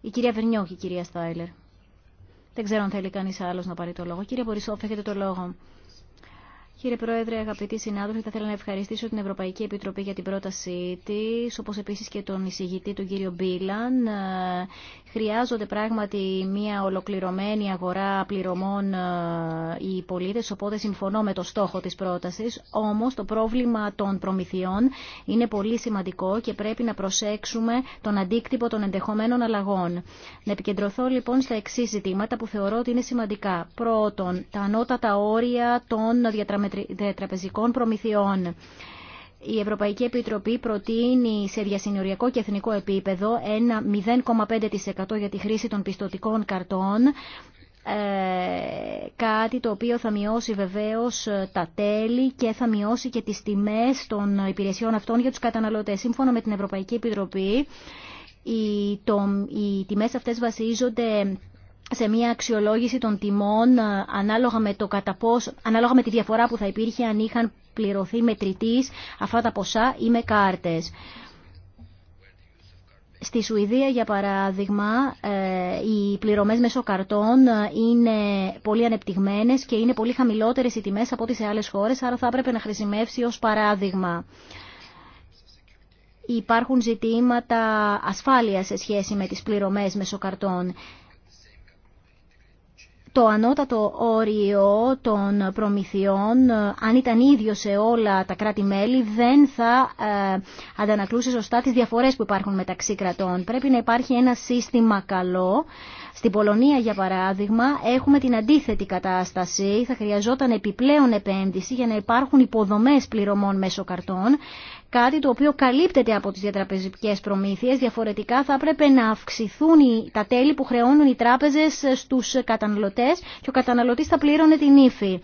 Η κυρία Βερνιόχη, η κυρία Στάιλερ. Δεν ξέρω αν θέλει κανείς άλλος να πάρει το λόγο. Κύριε Μπορισόφ, έχετε το λόγο. Κύριε Πρόεδρε, αγαπητοί συνάδελφοι, θα ήθελα να ευχαριστήσω την Ευρωπαϊκή Επιτροπή για την πρότασή τη, όπω επίση και τον εισηγητή, τον κύριο Μπίλαν. Ε, χρειάζονται πράγματι μια ολοκληρωμένη αγορά πληρωμών ε, οι πολίτε, οπότε συμφωνώ με το στόχο τη πρόταση. Όμω το πρόβλημα των προμηθειών είναι πολύ σημαντικό και πρέπει να προσέξουμε τον αντίκτυπο των ενδεχομένων αλλαγών. Να επικεντρωθώ λοιπόν στα εξή ζητήματα που θεωρώ ότι είναι σημαντικά. Πρώτον, τα ανώτατα όρια των διατραμετών τραπεζικών προμηθειών. Η Ευρωπαϊκή Επιτροπή προτείνει σε διασυνοριακό και εθνικό επίπεδο ένα 0,5% για τη χρήση των πιστοτικών καρτών, ε, κάτι το οποίο θα μειώσει βεβαίως ε, τα τέλη και θα μειώσει και τις τιμές των υπηρεσιών αυτών για τους καταναλωτές. Σύμφωνα με την Ευρωπαϊκή Επιτροπή, οι, το, οι τιμές αυτές βασίζονται σε μια αξιολόγηση των τιμών ε, ανάλογα με, το κατά ανάλογα με τη διαφορά που θα υπήρχε αν είχαν πληρωθεί μετρητής αυτά τα ποσά ή με κάρτες. Στη Σουηδία, για παράδειγμα, ε, οι πληρωμές μέσω καρτών ε, είναι πολύ ανεπτυγμένες και είναι πολύ χαμηλότερες οι τιμές από ό,τι σε άλλες χώρες, άρα θα έπρεπε να χρησιμεύσει ως παράδειγμα. Υπάρχουν ζητήματα ασφάλειας σε σχέση με τις πληρωμές μέσω το ανώτατο όριο των προμηθειών, αν ήταν ίδιο σε όλα τα κράτη-μέλη, δεν θα ε, αντανακλούσε σωστά τις διαφορές που υπάρχουν μεταξύ κρατών. Πρέπει να υπάρχει ένα σύστημα καλό στην Πολωνία, για παράδειγμα, έχουμε την αντίθετη κατάσταση. Θα χρειαζόταν επιπλέον επένδυση για να υπάρχουν υποδομές πληρωμών μέσω καρτών κάτι το οποίο καλύπτεται από τις διατραπεζικές προμήθειες, διαφορετικά θα έπρεπε να αυξηθούν τα τέλη που χρεώνουν οι τράπεζες στους καταναλωτές και ο καταναλωτής θα πλήρωνε την ύφη.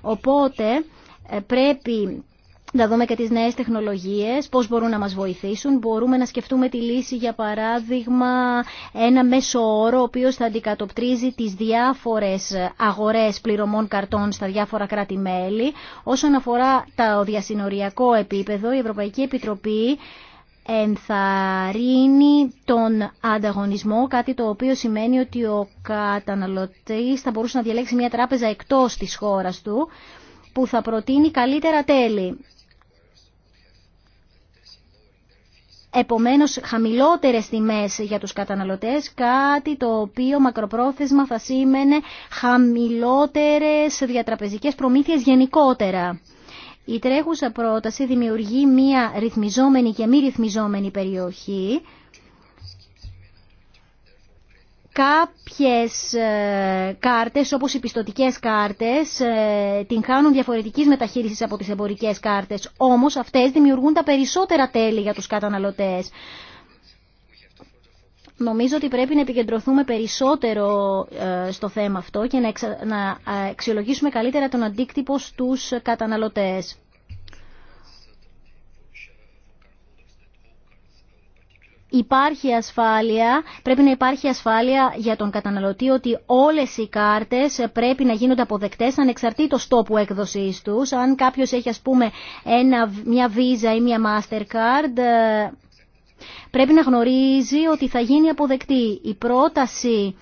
Οπότε ε, πρέπει να δούμε και τις νέες τεχνολογίες, πώς μπορούν να μας βοηθήσουν. Μπορούμε να σκεφτούμε τη λύση, για παράδειγμα, ένα μέσο όρο, ο οποίος θα αντικατοπτρίζει τις διάφορες αγορές πληρωμών καρτών στα διάφορα κράτη-μέλη. Όσον αφορά το διασυνοριακό επίπεδο, η Ευρωπαϊκή Επιτροπή ενθαρρύνει τον ανταγωνισμό, κάτι το οποίο σημαίνει ότι ο καταναλωτής θα μπορούσε να διαλέξει μια τράπεζα εκτός της χώρας του, που θα προτείνει καλύτερα τέλη. επομένως χαμηλότερες τιμές για τους καταναλωτές, κάτι το οποίο μακροπρόθεσμα θα σήμαινε χαμηλότερες διατραπεζικές προμήθειες γενικότερα. Η τρέχουσα πρόταση δημιουργεί μία ρυθμιζόμενη και μη ρυθμιζόμενη περιοχή κάποιες ε, κάρτες όπως οι πιστοτικές κάρτες ε, την χάνουν διαφορετικής μεταχείρισης από τις εμπορικές κάρτες. Όμως αυτές δημιουργούν τα περισσότερα τέλη για τους καταναλωτές. Νομίζω ότι πρέπει να επικεντρωθούμε περισσότερο ε, στο θέμα αυτό και να αξιολογήσουμε καλύτερα τον αντίκτυπο στους καταναλωτές. υπάρχει ασφάλεια, πρέπει να υπάρχει ασφάλεια για τον καταναλωτή ότι όλες οι κάρτες πρέπει να γίνονται αποδεκτές ανεξαρτήτως τόπου έκδοσης τους. Αν κάποιος έχει ας πούμε ένα, μια Visa ή μια Mastercard ε, πρέπει να γνωρίζει ότι θα γίνει αποδεκτή. Η πρόταση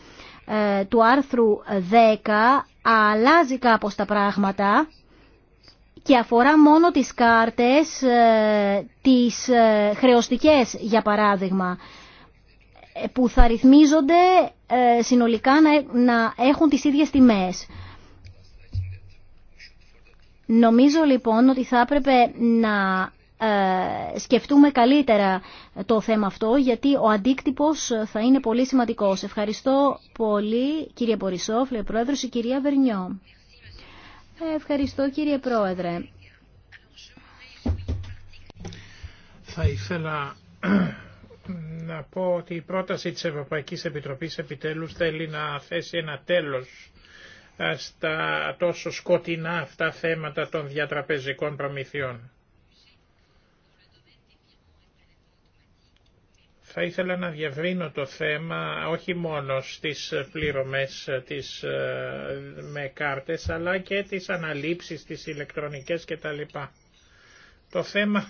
ε, του άρθρου 10 αλλάζει κάπως τα πράγματα και αφορά μόνο τις κάρτες, ε, τις ε, χρεωστικές για παράδειγμα, ε, που θα ρυθμίζονται συνολικά να έχουν τις ίδιες τιμές. Νομίζω λοιπόν ότι θα έπρεπε να σκεφτούμε καλύτερα το θέμα αυτό, γιατί ο αντίκτυπος θα είναι πολύ σημαντικός. Ευχαριστώ πολύ κύριε Μπορισόφ, λέει πρόεδρος, η κυρία Βερνιό. Ευχαριστώ κύριε Πρόεδρε. Θα ήθελα να πω ότι η πρόταση της Ευρωπαϊκής Επιτροπής επιτέλους θέλει να θέσει ένα τέλος ε, στα τόσο σκοτεινά αυτά θέματα των διατραπεζικών προμηθειών. Θα ήθελα να διαβρύνω το θέμα όχι μόνο στις πληρωμές τις, ε, με κάρτες, αλλά και τις αναλήψεις, τις ηλεκτρονικές κτλ. Το θέμα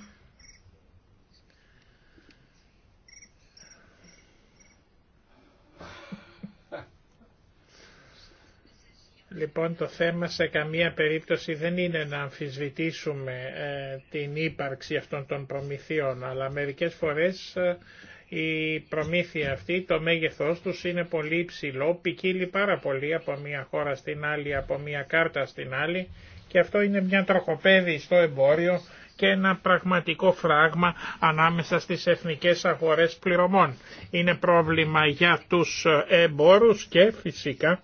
Λοιπόν, το θέμα σε καμία περίπτωση δεν είναι να αμφισβητήσουμε ε, την ύπαρξη αυτών των προμηθείων, αλλά μερικές φορές ε, η προμήθεια αυτή, το μέγεθός τους είναι πολύ υψηλό, ποικίλει πάρα πολύ από μια χώρα στην άλλη, από μια κάρτα στην άλλη και αυτό είναι μια τροχοπέδη στο εμπόριο και ένα πραγματικό φράγμα ανάμεσα στις εθνικές αγορές πληρωμών. Είναι πρόβλημα για τους εμπόρους και φυσικά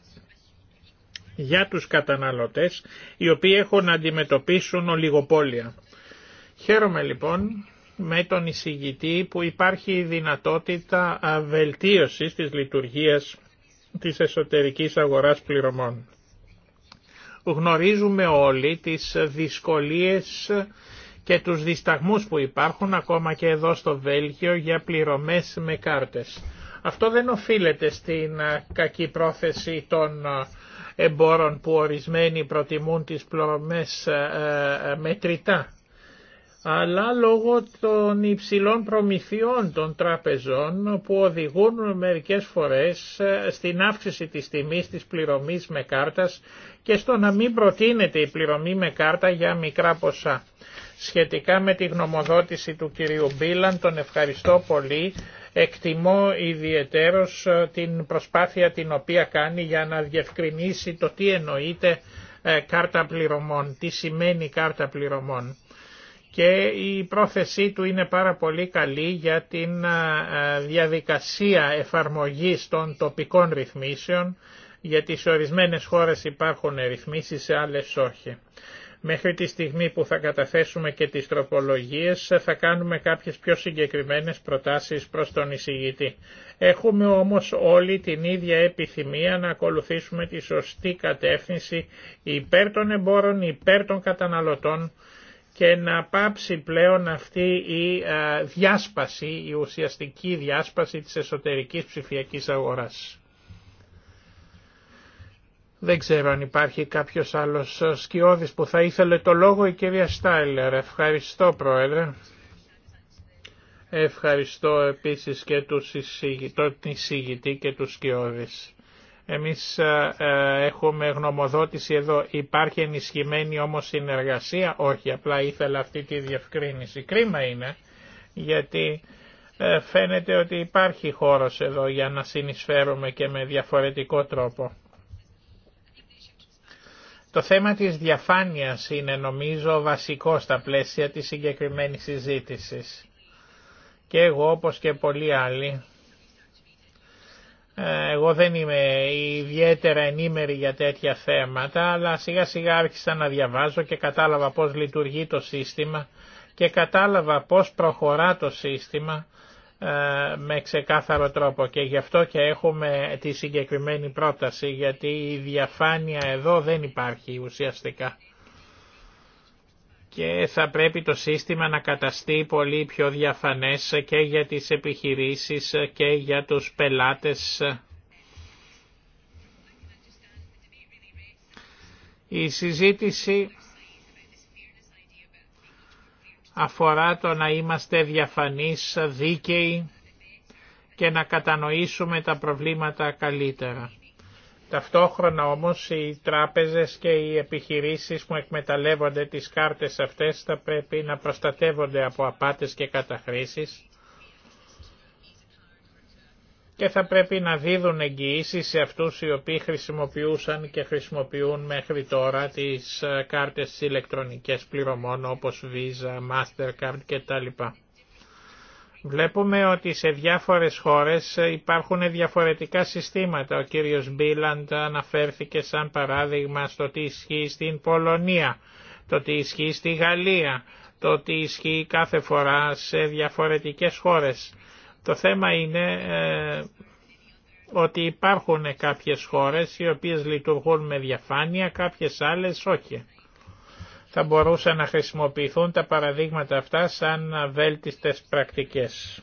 για τους καταναλωτές οι οποίοι έχουν να αντιμετωπίσουν ολιγοπόλια. Χαίρομαι λοιπόν με τον εισηγητή που υπάρχει η δυνατότητα βελτίωσης της λειτουργίας της εσωτερικής αγοράς πληρωμών. Γνωρίζουμε όλοι τις δυσκολίες και τους δισταγμούς που υπάρχουν ακόμα και εδώ στο Βέλγιο για πληρωμές με κάρτες. Αυτό δεν οφείλεται στην κακή πρόθεση των εμπόρων που ορισμένοι προτιμούν τις πληρωμές μετρητά αλλά λόγω των υψηλών προμηθειών των τραπεζών που οδηγούν μερικές φορές ε, στην αύξηση της τιμής της πληρωμής με κάρτας και στο να μην προτείνεται η πληρωμή με κάρτα για μικρά ποσά. Σχετικά με τη γνωμοδότηση του κυρίου Μπίλαν τον ευχαριστώ πολύ. Εκτιμώ ιδιαιτέρως ε, την προσπάθεια την οποία κάνει για να διευκρινίσει το τι εννοείται ε, κάρτα πληρωμών, τι σημαίνει κάρτα πληρωμών και η πρόθεσή του είναι πάρα πολύ καλή για την διαδικασία εφαρμογής των τοπικών ρυθμίσεων, γιατί σε ορισμένες χώρες υπάρχουν ρυθμίσεις, σε άλλες όχι. Μέχρι τη στιγμή που θα καταθέσουμε και τις τροπολογίες θα κάνουμε κάποιες πιο συγκεκριμένες προτάσεις προς τον εισηγητή. Έχουμε όμως όλοι την ίδια επιθυμία να ακολουθήσουμε τη σωστή κατεύθυνση υπέρ των εμπόρων, υπέρ των καταναλωτών και να πάψει πλέον αυτή η διάσπαση, η ουσιαστική διάσπαση της εσωτερικής ψηφιακής αγοράς. Δεν ξέρω αν υπάρχει κάποιος άλλος σκιώδης που θα ήθελε το λόγο η κυρία Στάιλερ. Ευχαριστώ Πρόεδρε. Ευχαριστώ επίσης και τον εισηγητή και τους σκιώδης. Εμείς ε, ε, έχουμε γνωμοδότηση εδώ. Υπάρχει ενισχυμένη όμως συνεργασία. Όχι, απλά ήθελα αυτή τη διευκρίνηση. Κρίμα είναι, γιατί ε, φαίνεται ότι υπάρχει χώρος εδώ για να συνεισφέρουμε και με διαφορετικό τρόπο. Το θέμα της διαφάνειας είναι νομίζω βασικό στα πλαίσια της συγκεκριμένης συζήτησης. Και εγώ όπως και πολλοί άλλοι ε, εγώ δεν είμαι ιδιαίτερα ενήμερη για τέτοια θέματα, αλλά σιγά σιγά άρχισα να διαβάζω και κατάλαβα πώς λειτουργεί το σύστημα και κατάλαβα πώς προχωρά το σύστημα ε, με ξεκάθαρο τρόπο και γι' αυτό και έχουμε τη συγκεκριμένη πρόταση γιατί η διαφάνεια εδώ δεν υπάρχει ουσιαστικά και θα πρέπει το σύστημα να καταστεί πολύ πιο διαφανές και για τις επιχειρήσεις και για τους πελάτες. Η συζήτηση αφορά το να είμαστε διαφανείς, δίκαιοι και να κατανοήσουμε τα προβλήματα καλύτερα. Ταυτόχρονα όμως οι τράπεζες και οι επιχειρήσεις που εκμεταλλεύονται τις κάρτες αυτές θα πρέπει να προστατεύονται από απάτες και καταχρήσεις και θα πρέπει να δίδουν εγγυήσεις σε αυτούς οι οποίοι χρησιμοποιούσαν και χρησιμοποιούν μέχρι τώρα τις κάρτες ηλεκτρονικές πληρωμών όπως Visa, Mastercard κτλ. Βλέπουμε ότι σε διάφορες χώρες υπάρχουν διαφορετικά συστήματα. Ο κύριος Μπίλαντ αναφέρθηκε σαν παράδειγμα στο τι ισχύει στην Πολωνία, το τι ισχύει στη Γαλλία, το τι ισχύει κάθε φορά σε διαφορετικές χώρες. Το θέμα είναι ε, ότι υπάρχουν κάποιες χώρες οι οποίες λειτουργούν με διαφάνεια, κάποιες άλλες όχι θα μπορούσαν να χρησιμοποιηθούν τα παραδείγματα αυτά σαν βέλτιστες πρακτικές.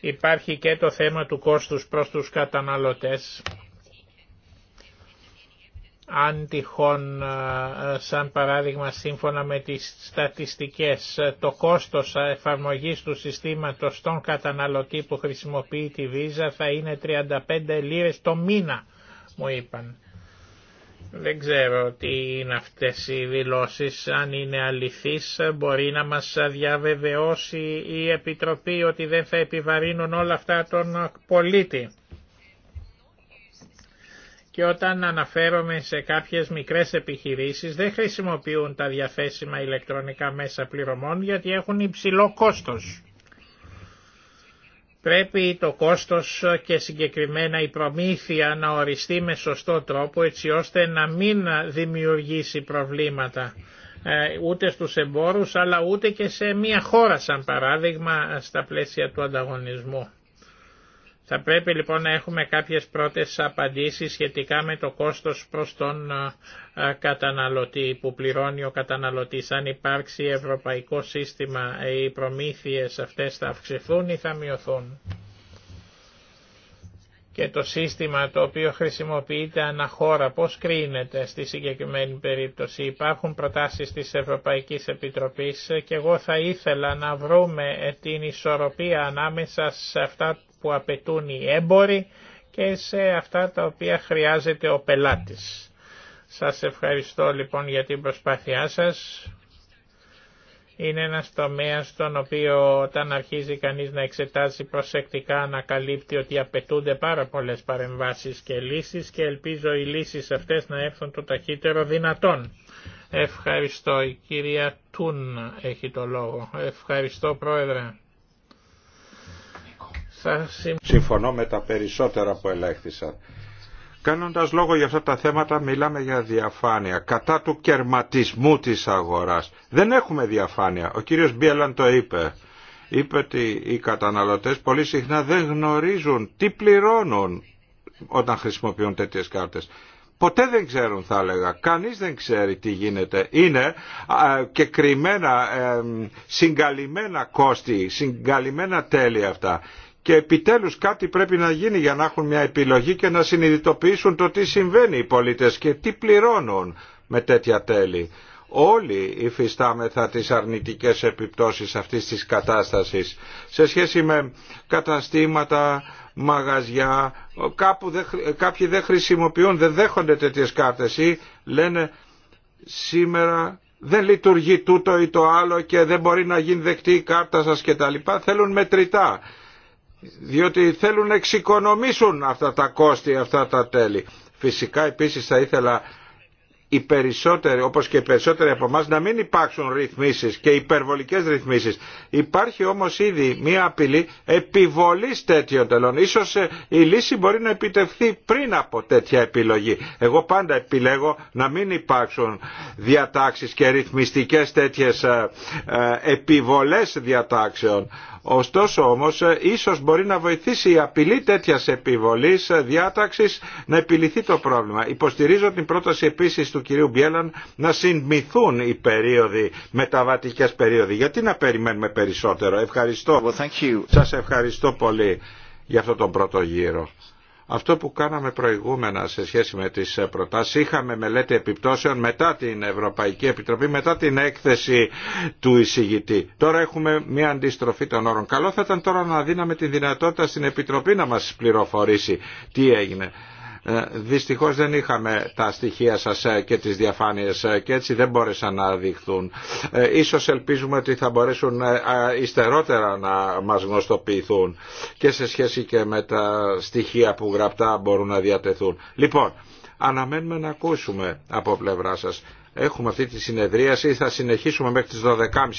Υπάρχει και το θέμα του κόστους προς τους καταναλωτές. Αν τυχόν, σαν παράδειγμα σύμφωνα με τις στατιστικές, το κόστος εφαρμογής του συστήματος στον καταναλωτή που χρησιμοποιεί τη Visa θα είναι 35 λίρες το μήνα, μου είπαν. Δεν ξέρω τι είναι αυτές οι δηλώσεις, αν είναι αληθείς μπορεί να μας διαβεβαιώσει η Επιτροπή ότι δεν θα επιβαρύνουν όλα αυτά τον πολίτη. Και όταν αναφέρομαι σε κάποιες μικρές επιχειρήσεις δεν χρησιμοποιούν τα διαθέσιμα ηλεκτρονικά μέσα πληρωμών γιατί έχουν υψηλό κόστος. Πρέπει το κόστος και συγκεκριμένα η προμήθεια να οριστεί με σωστό τρόπο έτσι ώστε να μην δημιουργήσει προβλήματα ε, ούτε στους εμπόρους αλλά ούτε και σε μια χώρα σαν παράδειγμα στα πλαίσια του ανταγωνισμού. Θα πρέπει λοιπόν να έχουμε κάποιες πρώτες απαντήσεις σχετικά με το κόστος προς τον ε, ε, καταναλωτή που πληρώνει ο καταναλωτής. Αν υπάρξει ευρωπαϊκό σύστημα ε, οι προμήθειες αυτές θα αυξηθούν ή θα μειωθούν. Και το σύστημα το οποίο χρησιμοποιείται αναχώρα πώς κρίνεται στη συγκεκριμένη περίπτωση. Υπάρχουν προτάσεις της Ευρωπαϊκής Επιτροπής και εγώ θα ήθελα να βρούμε την ισορροπία ανάμεσα σε αυτά που απαιτούν οι έμποροι και σε αυτά τα οποία χρειάζεται ο πελάτης. Σας ευχαριστώ λοιπόν για την προσπάθειά σας. Είναι ένας τομέας στον οποίο όταν αρχίζει κανείς να εξετάζει προσεκτικά ανακαλύπτει ότι απαιτούνται πάρα πολλές παρεμβάσεις και λύσεις και ελπίζω οι λύσεις αυτές να έρθουν το ταχύτερο δυνατόν. Ευχαριστώ. Η κυρία Τούν έχει το λόγο. Ευχαριστώ πρόεδρε. Συμφωνώ με τα περισσότερα που ελέγχθησαν. Κάνοντας λόγο για αυτά τα θέματα μιλάμε για διαφάνεια, κατά του κερματισμού της αγοράς. Δεν έχουμε διαφάνεια. Ο κύριος Μπίελαν το είπε. Είπε ότι οι καταναλωτές πολύ συχνά δεν γνωρίζουν τι πληρώνουν όταν χρησιμοποιούν τέτοιες κάρτες. Ποτέ δεν ξέρουν θα έλεγα. Κανείς δεν ξέρει τι γίνεται. Είναι και κρυμμένα, ε, κόστη, συγκαλυμμένα τέλη αυτά και επιτέλους κάτι πρέπει να γίνει για να έχουν μια επιλογή και να συνειδητοποιήσουν το τι συμβαίνει οι πολίτες και τι πληρώνουν με τέτοια τέλη. Όλοι υφιστάμεθα τις αρνητικές επιπτώσεις αυτής της κατάστασης σε σχέση με καταστήματα, μαγαζιά, κάποιοι δεν χρησιμοποιούν, δεν δέχονται τέτοιες κάρτες ή λένε σήμερα δεν λειτουργεί τούτο ή το άλλο και δεν μπορεί να γίνει δεκτή η κάρτα σας κτλ. Θέλουν μετρητά διότι θέλουν να εξοικονομήσουν αυτά τα κόστη, αυτά τα τέλη. Φυσικά επίσης θα ήθελα οι περισσότεροι, όπως και οι περισσότεροι από εμά, να μην υπάρξουν ρυθμίσεις και υπερβολικές ρυθμίσεις. Υπάρχει όμως ήδη μία απειλή επιβολής τέτοιων τελών. Ίσως ε, η λύση μπορεί να επιτευχθεί πριν από τέτοια επιλογή. Εγώ πάντα επιλέγω να μην υπάρξουν διατάξεις και ρυθμιστικές τέτοιες ε, ε, επιβολές διατάξεων. Ωστόσο όμως ίσως μπορεί να βοηθήσει η απειλή τέτοιας επιβολής διάταξης να επιληθεί το πρόβλημα. Υποστηρίζω την πρόταση επίσης του του κυρίου Μπιέλλαν να συνμηθούν οι περίοδοι, μεταβατικές περίοδοι. Γιατί να περιμένουμε περισσότερο. Ευχαριστώ. Well, thank Σας ευχαριστώ πολύ για αυτό τον πρώτο γύρο. Αυτό που κάναμε προηγούμενα σε σχέση με τις προτάσεις, είχαμε μελέτη επιπτώσεων μετά την Ευρωπαϊκή Επιτροπή, μετά την έκθεση του εισηγητή. Τώρα έχουμε μια αντιστροφή των όρων. Καλό θα ήταν τώρα να δίναμε τη δυνατότητα στην Επιτροπή να μας πληροφορήσει τι έγινε. Ε, δυστυχώς δεν είχαμε τα στοιχεία σας ε, και τις διαφάνειες ε, και έτσι δεν μπόρεσαν να δειχθούν. Ίσως ελπίζουμε ότι θα μπορέσουν ιστερότερα να μας γνωστοποιηθούν και σε σχέση και με τα στοιχεία που γραπτά μπορούν να διατεθούν. Λοιπόν, αναμένουμε να ακούσουμε από πλευρά σας έχουμε αυτή τη συνεδρίαση, θα συνεχίσουμε μέχρι τις 12.30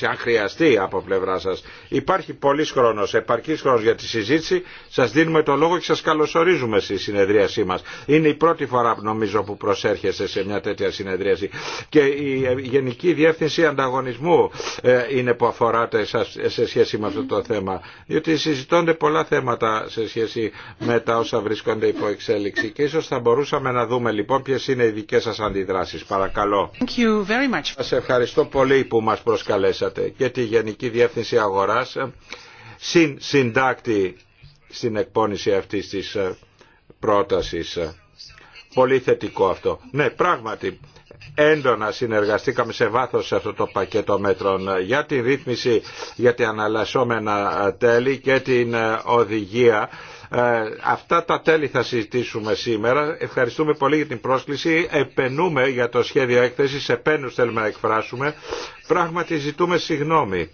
αν χρειαστεί από πλευρά σας. Υπάρχει πολύς χρόνος, επαρκής χρόνος για τη συζήτηση, σας δίνουμε το λόγο και σας καλωσορίζουμε στη συνεδρίασή μας. Είναι η πρώτη φορά νομίζω που προσέρχεστε σε μια τέτοια συνεδρίαση και η Γενική Διεύθυνση Ανταγωνισμού ε, είναι που αφοράτε σε σχέση με αυτό το θέμα, διότι συζητώνται πολλά θέματα σε σχέση με τα όσα βρίσκονται υπό εξέλιξη και ίσως θα μπορούσαμε να δούμε λοιπόν ποιε είναι οι δικές σας αντιδράσεις. Παρακαλώ. Thank Σας ευχαριστώ πολύ που μας προσκαλέσατε και τη Γενική Διεύθυνση Αγοράς ε, συν συντάκτη στην εκπόνηση αυτής της ε, πρότασης. Ε, πολύ θετικό αυτό. Ναι, πράγματι, έντονα συνεργαστήκαμε σε βάθος σε αυτό το πακέτο μέτρων για την ρύθμιση για τα αναλασσόμενα τέλη και την οδηγία ε, αυτά τα τέλη θα συζητήσουμε σήμερα. Ευχαριστούμε πολύ για την πρόσκληση. Επενούμε για το σχέδιο έκθεσης, επένους θέλουμε να εκφράσουμε. Πράγματι ζητούμε συγγνώμη,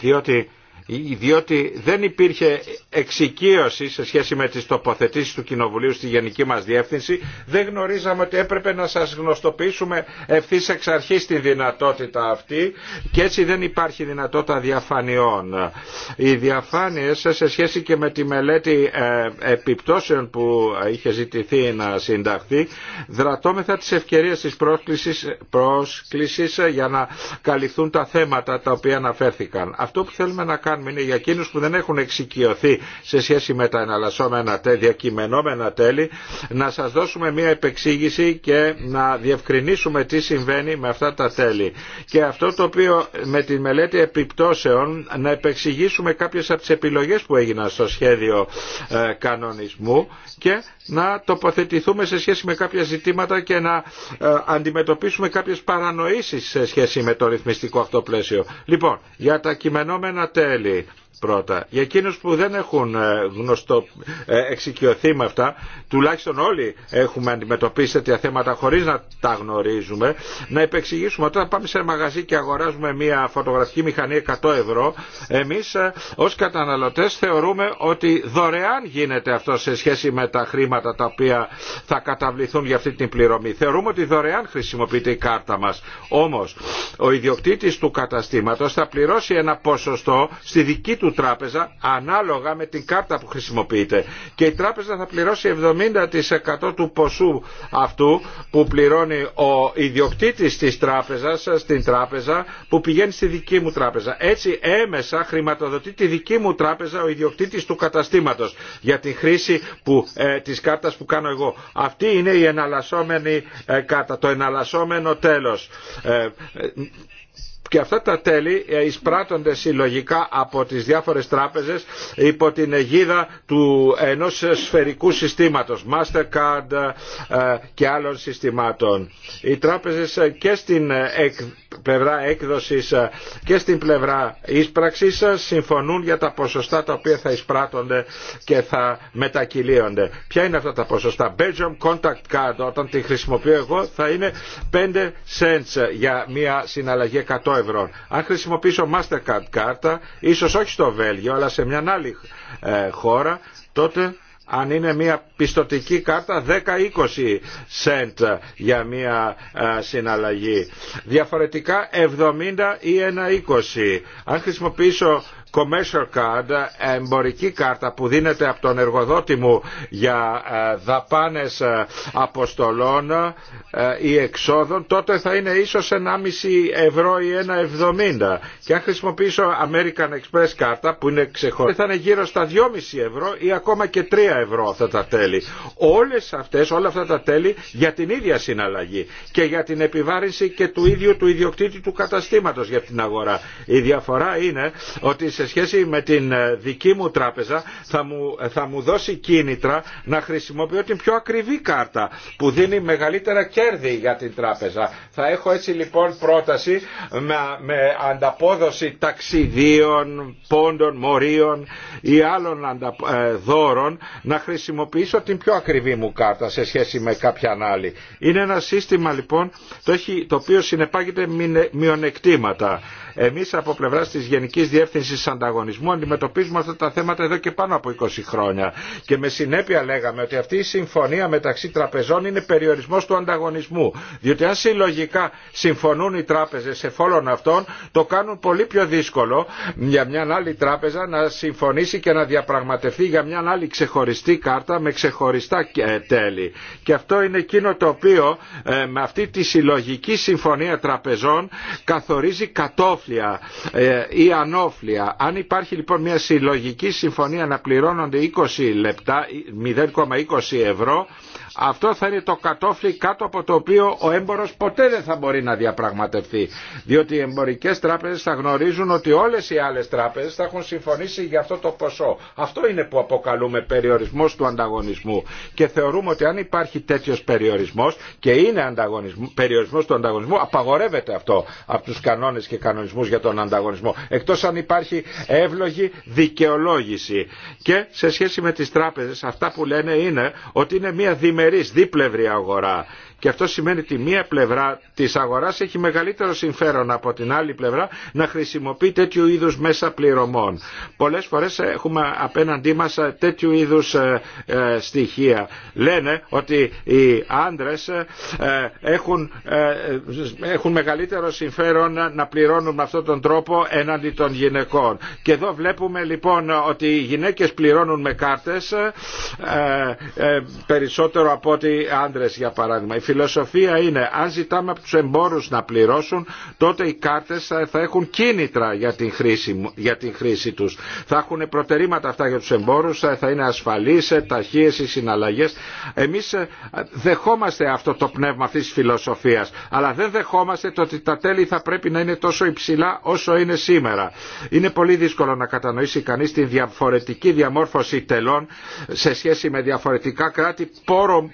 διότι διότι δεν υπήρχε εξοικείωση σε σχέση με τις τοποθετήσεις του Κοινοβουλίου στη γενική μας διεύθυνση, δεν γνωρίζαμε ότι έπρεπε να σας γνωστοποιήσουμε ευθύς εξ αρχής τη δυνατότητα αυτή και έτσι δεν υπάρχει δυνατότητα διαφανειών. Οι διαφάνειες σε σχέση και με τη μελέτη ε, επιπτώσεων που είχε ζητηθεί να συνταχθεί, δρατώμεθα τις ευκαιρίες της πρόσκλησης, πρόσκλησης ε, για να καλυφθούν τα θέματα τα οποία αναφέρθηκαν. Αυτό που θέλουμε να κάνουμε κάνουμε είναι για εκείνου που δεν έχουν εξοικειωθεί σε σχέση με τα εναλλασσόμενα τέλη, διακειμενόμενα τέλη, να σα δώσουμε μια επεξήγηση και να διευκρινίσουμε τι συμβαίνει με αυτά τα τέλη. Και αυτό το οποίο με τη μελέτη επιπτώσεων να επεξηγήσουμε κάποιε από τι επιλογέ που έγιναν στο σχέδιο ε, κανονισμού και να τοποθετηθούμε σε σχέση με κάποια ζητήματα και να ε, αντιμετωπίσουμε κάποιε παρανοήσει σε σχέση με το ρυθμιστικό αυτό πλαίσιο. Λοιπόν, για τα κειμενόμενα τέλη είναι πρώτα. Για εκείνους που δεν έχουν ε, γνωστό, ε, εξοικειωθεί με αυτά, τουλάχιστον όλοι έχουμε αντιμετωπίσει τέτοια θέματα χωρίς να τα γνωρίζουμε, να υπεξηγήσουμε όταν πάμε σε ένα μαγαζί και αγοράζουμε μια φωτογραφική μηχανή 100 ευρώ, εμείς ε, ως καταναλωτές θεωρούμε ότι δωρεάν γίνεται αυτό σε σχέση με τα χρήματα τα οποία θα καταβληθούν για αυτή την πληρωμή. Θεωρούμε ότι δωρεάν χρησιμοποιείται η κάρτα μας. Όμως, ο ιδιοκτήτης του καταστήματος θα πληρώσει ένα ποσοστό στη δική του τράπεζα ανάλογα με την κάρτα που χρησιμοποιείτε. Και η τράπεζα θα πληρώσει 70% του ποσού αυτού που πληρώνει ο ιδιοκτήτης της τράπεζας στην τράπεζα που πηγαίνει στη δική μου τράπεζα. Έτσι έμεσα χρηματοδοτεί τη δική μου τράπεζα ο ιδιοκτήτης του καταστήματος για τη χρήση που, ε, της κάρτας που κάνω εγώ. Αυτή είναι η εναλλασσόμενη ε, κάρτα, το εναλλασσόμενο τέλος. Ε, και αυτά τα τέλη ε, εισπράττονται συλλογικά από τις διάφορες τράπεζες υπό την αιγίδα του ενός σφαιρικού συστήματος Mastercard ε, και άλλων συστημάτων. Οι τράπεζες ε, και στην πλευρά έκδοσης ε, και στην πλευρά ίσπραξής σα ε, συμφωνούν για τα ποσοστά τα οποία θα εισπράττονται και θα μετακυλίονται. Ποια είναι αυτά τα ποσοστά. Belgium Contact Card όταν τη χρησιμοποιώ εγώ θα είναι 5 cents για μια συναλλαγή 100 ευρώ. Αν χρησιμοποιήσω Mastercard κάρτα, ίσως όχι στο Βέλγιο αλλά σε μια άλλη ε, χώρα, τότε αν είναι μια πιστοτική κάρτα 10-20 cent για μια συναλλαγή. Διαφορετικά 70 ή 1-20. Αν χρησιμοποιήσω commercial card, εμπορική κάρτα που δίνεται από τον εργοδότη μου για ε, δαπάνες ε, αποστολών ε, ή εξόδων, τότε θα είναι ίσως 1,5 ευρώ ή 1,70. Και αν χρησιμοποιήσω American Express κάρτα που είναι ξεχωριστή, θα είναι γύρω στα 2,5 ευρώ ή ακόμα και 3 ευρώ αυτά τα τέλη. Όλες αυτές, όλα αυτά τα τέλη για την ίδια συναλλαγή και για την επιβάρυνση και του ίδιου του ιδιοκτήτη του καταστήματος για την αγορά. Η διαφορά είναι ότι σε σχέση με την ε, δική μου τράπεζα θα μου, δώσει κίνητρα να χρησιμοποιώ την πιο ακριβή κάρτα που δίνει μεγαλύτερα κέρδη για την τράπεζα. Θα έχω έτσι λοιπόν πρόταση με, με ανταπόδοση ταξιδίων, πόντων, μορίων ή άλλων ε, δώρων να χρησιμοποιήσω την πιο ακριβή μου κάρτα σε σχέση με κάποια άλλη. Είναι ένα σύστημα λοιπόν το, έχει, το οποίο συνεπάγεται μειονεκτήματα. Εμεί από πλευρά τη Γενική διεύθυνση Ανταγωνισμού αντιμετωπίζουμε αυτά τα θέματα εδώ και πάνω από 20 χρόνια και με συνέπεια λέγαμε ότι αυτή η συμφωνία μεταξύ τραπεζών είναι περιορισμό του ανταγωνισμού διότι αν συλλογικά συμφωνούν οι τράπεζες φόλων αυτών το κάνουν πολύ πιο δύσκολο για μια άλλη τράπεζα να συμφωνήσει και να διαπραγματευτεί για μια άλλη ξεχωριστή κάρτα με ξεχωριστά ε, τέλη. Και αυτό είναι εκείνο το οποίο ε, με αυτή τη συλλογική συμφωνία τραπεζών καθορίζει κατόφλι ε, ή ανόφλια. Αν υπάρχει λοιπόν μια συλλογική συμφωνία να πληρώνονται 20 λεπτά, 0,20 ευρώ, αυτό θα είναι το κατόφλι κάτω από το οποίο ο έμπορος ποτέ δεν θα μπορεί να διαπραγματευτεί. Διότι οι εμπορικές τράπεζες θα γνωρίζουν ότι όλες οι άλλες τράπεζες θα έχουν συμφωνήσει για αυτό το ποσό. Αυτό είναι που αποκαλούμε περιορισμός του ανταγωνισμού. Και θεωρούμε ότι αν υπάρχει τέτοιος περιορισμός και είναι ανταγωνισμός, του ανταγωνισμού, απαγορεύεται αυτό από τους κανόνες και κανονισμούς για τον ανταγωνισμό. Εκτός αν υπάρχει εύλογη δικαιολόγηση. Και σε σχέση με τις τράπεζες αυτά που λένε είναι ότι είναι μια διμερή πολυμερής δίπλευρη αγορά και αυτό σημαίνει ότι μία πλευρά της αγοράς έχει μεγαλύτερο συμφέρον από την άλλη πλευρά να χρησιμοποιεί τέτοιου είδους μέσα πληρωμών. Πολλές φορές έχουμε απέναντί μας τέτοιου είδους ε, ε, στοιχεία. Λένε ότι οι άντρες ε, έχουν, έχουν μεγαλύτερο συμφέρον να πληρώνουν με αυτόν τον τρόπο έναντι των γυναικών. Και εδώ βλέπουμε λοιπόν ότι οι γυναίκες πληρώνουν με κάρτες περισσότερο από ότι άντρες για παράδειγμα φιλοσοφία είναι αν ζητάμε από τους εμπόρους να πληρώσουν τότε οι κάρτες θα έχουν κίνητρα για την χρήση, για την χρήση τους. Θα έχουν προτερήματα αυτά για τους εμπόρους, θα είναι ασφαλείς, ε, ταχείες οι συναλλαγές. Εμείς ε, δεχόμαστε αυτό το πνεύμα αυτής της φιλοσοφίας αλλά δεν δεχόμαστε το ότι τα τέλη θα πρέπει να είναι τόσο υψηλά όσο είναι σήμερα. Είναι πολύ δύσκολο να κατανοήσει κανείς την διαφορετική διαμόρφωση τελών σε σχέση με διαφορετικά κράτη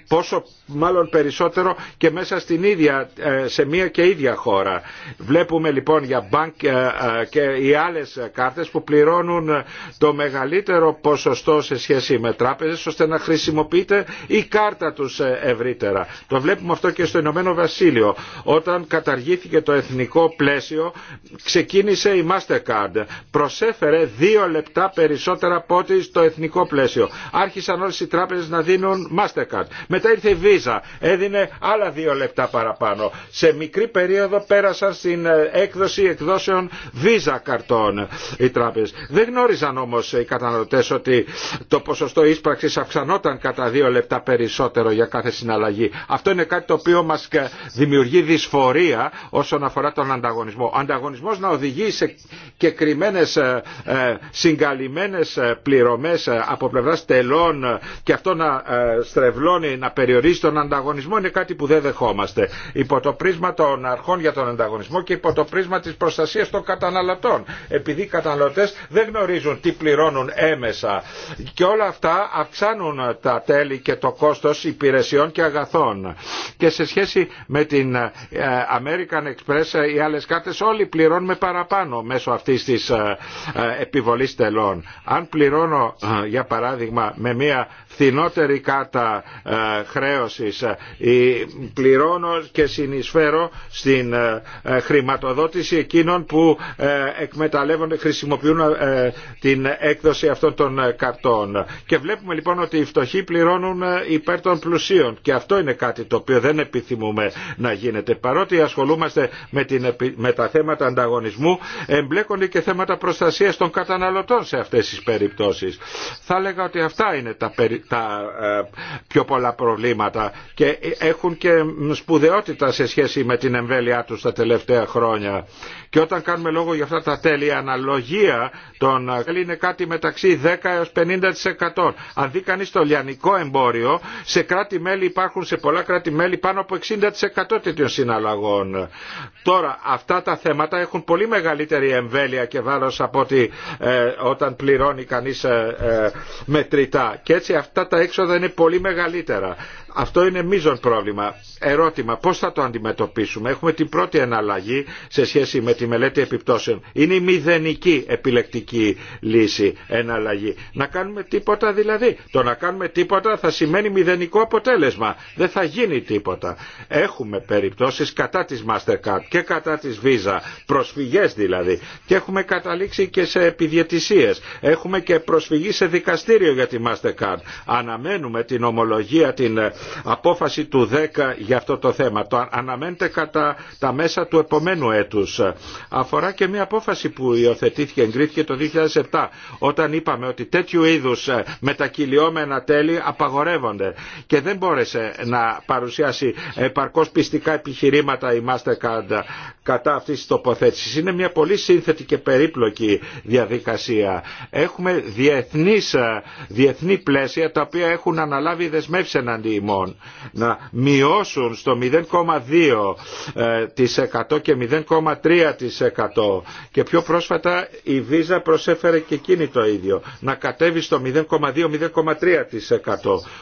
πόσο μάλλον περισσότερο και μέσα στην ίδια, ε, σε μία και ίδια χώρα. Βλέπουμε λοιπόν για bank ε, ε, και οι άλλες κάρτες που πληρώνουν το μεγαλύτερο ποσοστό σε σχέση με τράπεζες ώστε να χρησιμοποιείται η κάρτα τους ευρύτερα. Το βλέπουμε αυτό και στο Ηνωμένο Βασίλειο. Όταν καταργήθηκε το εθνικό πλαίσιο ξεκίνησε η Mastercard. Προσέφερε δύο λεπτά περισσότερα από ό,τι στο εθνικό πλαίσιο. Άρχισαν όλες οι τράπεζες να δίνουν Mastercard. Μετά ήρθε η Visa. Έδινε άλλα δύο λεπτά παραπάνω. Σε μικρή περίοδο πέρασαν στην ε, έκδοση εκδόσεων Visa καρτών οι τράπεζε. Δεν γνώριζαν όμω οι καταναλωτέ ότι το ποσοστό ίσπραξη αυξανόταν κατά δύο λεπτά περισσότερο για κάθε συναλλαγή. Αυτό είναι κάτι το οποίο μα ε, δημιουργεί δυσφορία όσον αφορά τον ανταγωνισμό. Ο ανταγωνισμό να οδηγεί σε κεκριμένες ε, συγκαλυμμένε πληρωμέ από πλευρά τελών και αυτό να στρεβλώνει, να περιορίζει τον ανταγωνισμό κάτι που δεν δεχόμαστε. Υπό το πρίσμα των αρχών για τον ανταγωνισμό και υπό το πρίσμα της προστασίας των καταναλωτών. Επειδή οι καταναλωτές δεν γνωρίζουν τι πληρώνουν έμεσα. Και όλα αυτά αυξάνουν τα τέλη και το κόστος υπηρεσιών και αγαθών. Και σε σχέση με την ε, American Express ε, οι άλλες κάρτες όλοι πληρώνουμε παραπάνω μέσω αυτής της ε, επιβολής τελών. Αν πληρώνω για παράδειγμα με μια φθηνότερη κάρτα ε, χρέωσης ε, πληρώνω και συνεισφέρω στην ε, χρηματοδότηση εκείνων που εκμεταλλεύονται, χρησιμοποιούν την έκδοση αυτών των καρτών. Και βλέπουμε λοιπόν ότι οι φτωχοί πληρώνουν υπέρ των πλουσίων και αυτό είναι κάτι το οποίο δεν επιθυμούμε να γίνεται. Παρότι ασχολούμαστε με, την, με τα θέματα ανταγωνισμού εμπλέκονται και θέματα προστασίας των καταναλωτών σε αυτές τις περιπτώσεις. Θα έλεγα ότι αυτά είναι τα, περι, τα ε, πιο πολλά προβλήματα και έχουν και σπουδαιότητα σε σχέση με την εμβέλειά τους τα τελευταία χρόνια. Και όταν κάνουμε λόγο για αυτά τα τέλη, η αναλογία των ε, τέλη είναι κάτι μεταξύ 10 έως 50%. Αν δει κανείς το λιανικό εμπόριο, σε κράτη-μέλη υπάρχουν σε πολλά κράτη-μέλη πάνω από 60% τέτοιων συναλλαγών. Τώρα, αυτά τα θέματα έχουν πολύ μεγαλύτερη εμβέλεια και βάρος από ότι ε, όταν πληρώνει κανείς ε, μετρητά. Και έτσι αυτά τα έξοδα είναι πολύ μεγαλύτερα. Αυτό είναι μείζον πρόβλημα. Ερώτημα, πώς θα το αντιμετωπίσουμε. Έχουμε την πρώτη εναλλαγή σε σχέση με τη μελέτη επιπτώσεων. Είναι η μηδενική επιλεκτική λύση εναλλαγή. Να κάνουμε τίποτα δηλαδή. Το να κάνουμε τίποτα θα σημαίνει μηδενικό αποτέλεσμα. Δεν θα γίνει τίποτα. Έχουμε περιπτώσεις κατά της Mastercard και κατά της Visa. Προσφυγές δηλαδή. Και έχουμε καταλήξει και σε επιδιαιτησίες. Έχουμε και προσφυγή σε δικαστήριο για τη Mastercard αναμένουμε την ομολογία, την ε, απόφαση του 10 για αυτό το θέμα. Το αναμένεται κατά τα μέσα του επομένου έτους. Αφορά και μια απόφαση που υιοθετήθηκε, εγκρίθηκε το 2007, όταν είπαμε ότι τέτοιου είδους ε, μετακυλιόμενα τέλη απαγορεύονται και δεν μπόρεσε να παρουσιάσει επαρκώς πιστικά επιχειρήματα η Mastercard κατά αυτής της τοποθέτησης. Είναι μια πολύ σύνθετη και περίπλοκη διαδικασία. Έχουμε ε, διεθνή πλαίσια τα οποία έχουν αναλάβει δεσμεύσει εναντί ημών να μειώσουν στο 0,2% ε, και 0,3% και πιο πρόσφατα η Βίζα προσέφερε και εκείνη το ίδιο να κατέβει στο 0,2-0,3%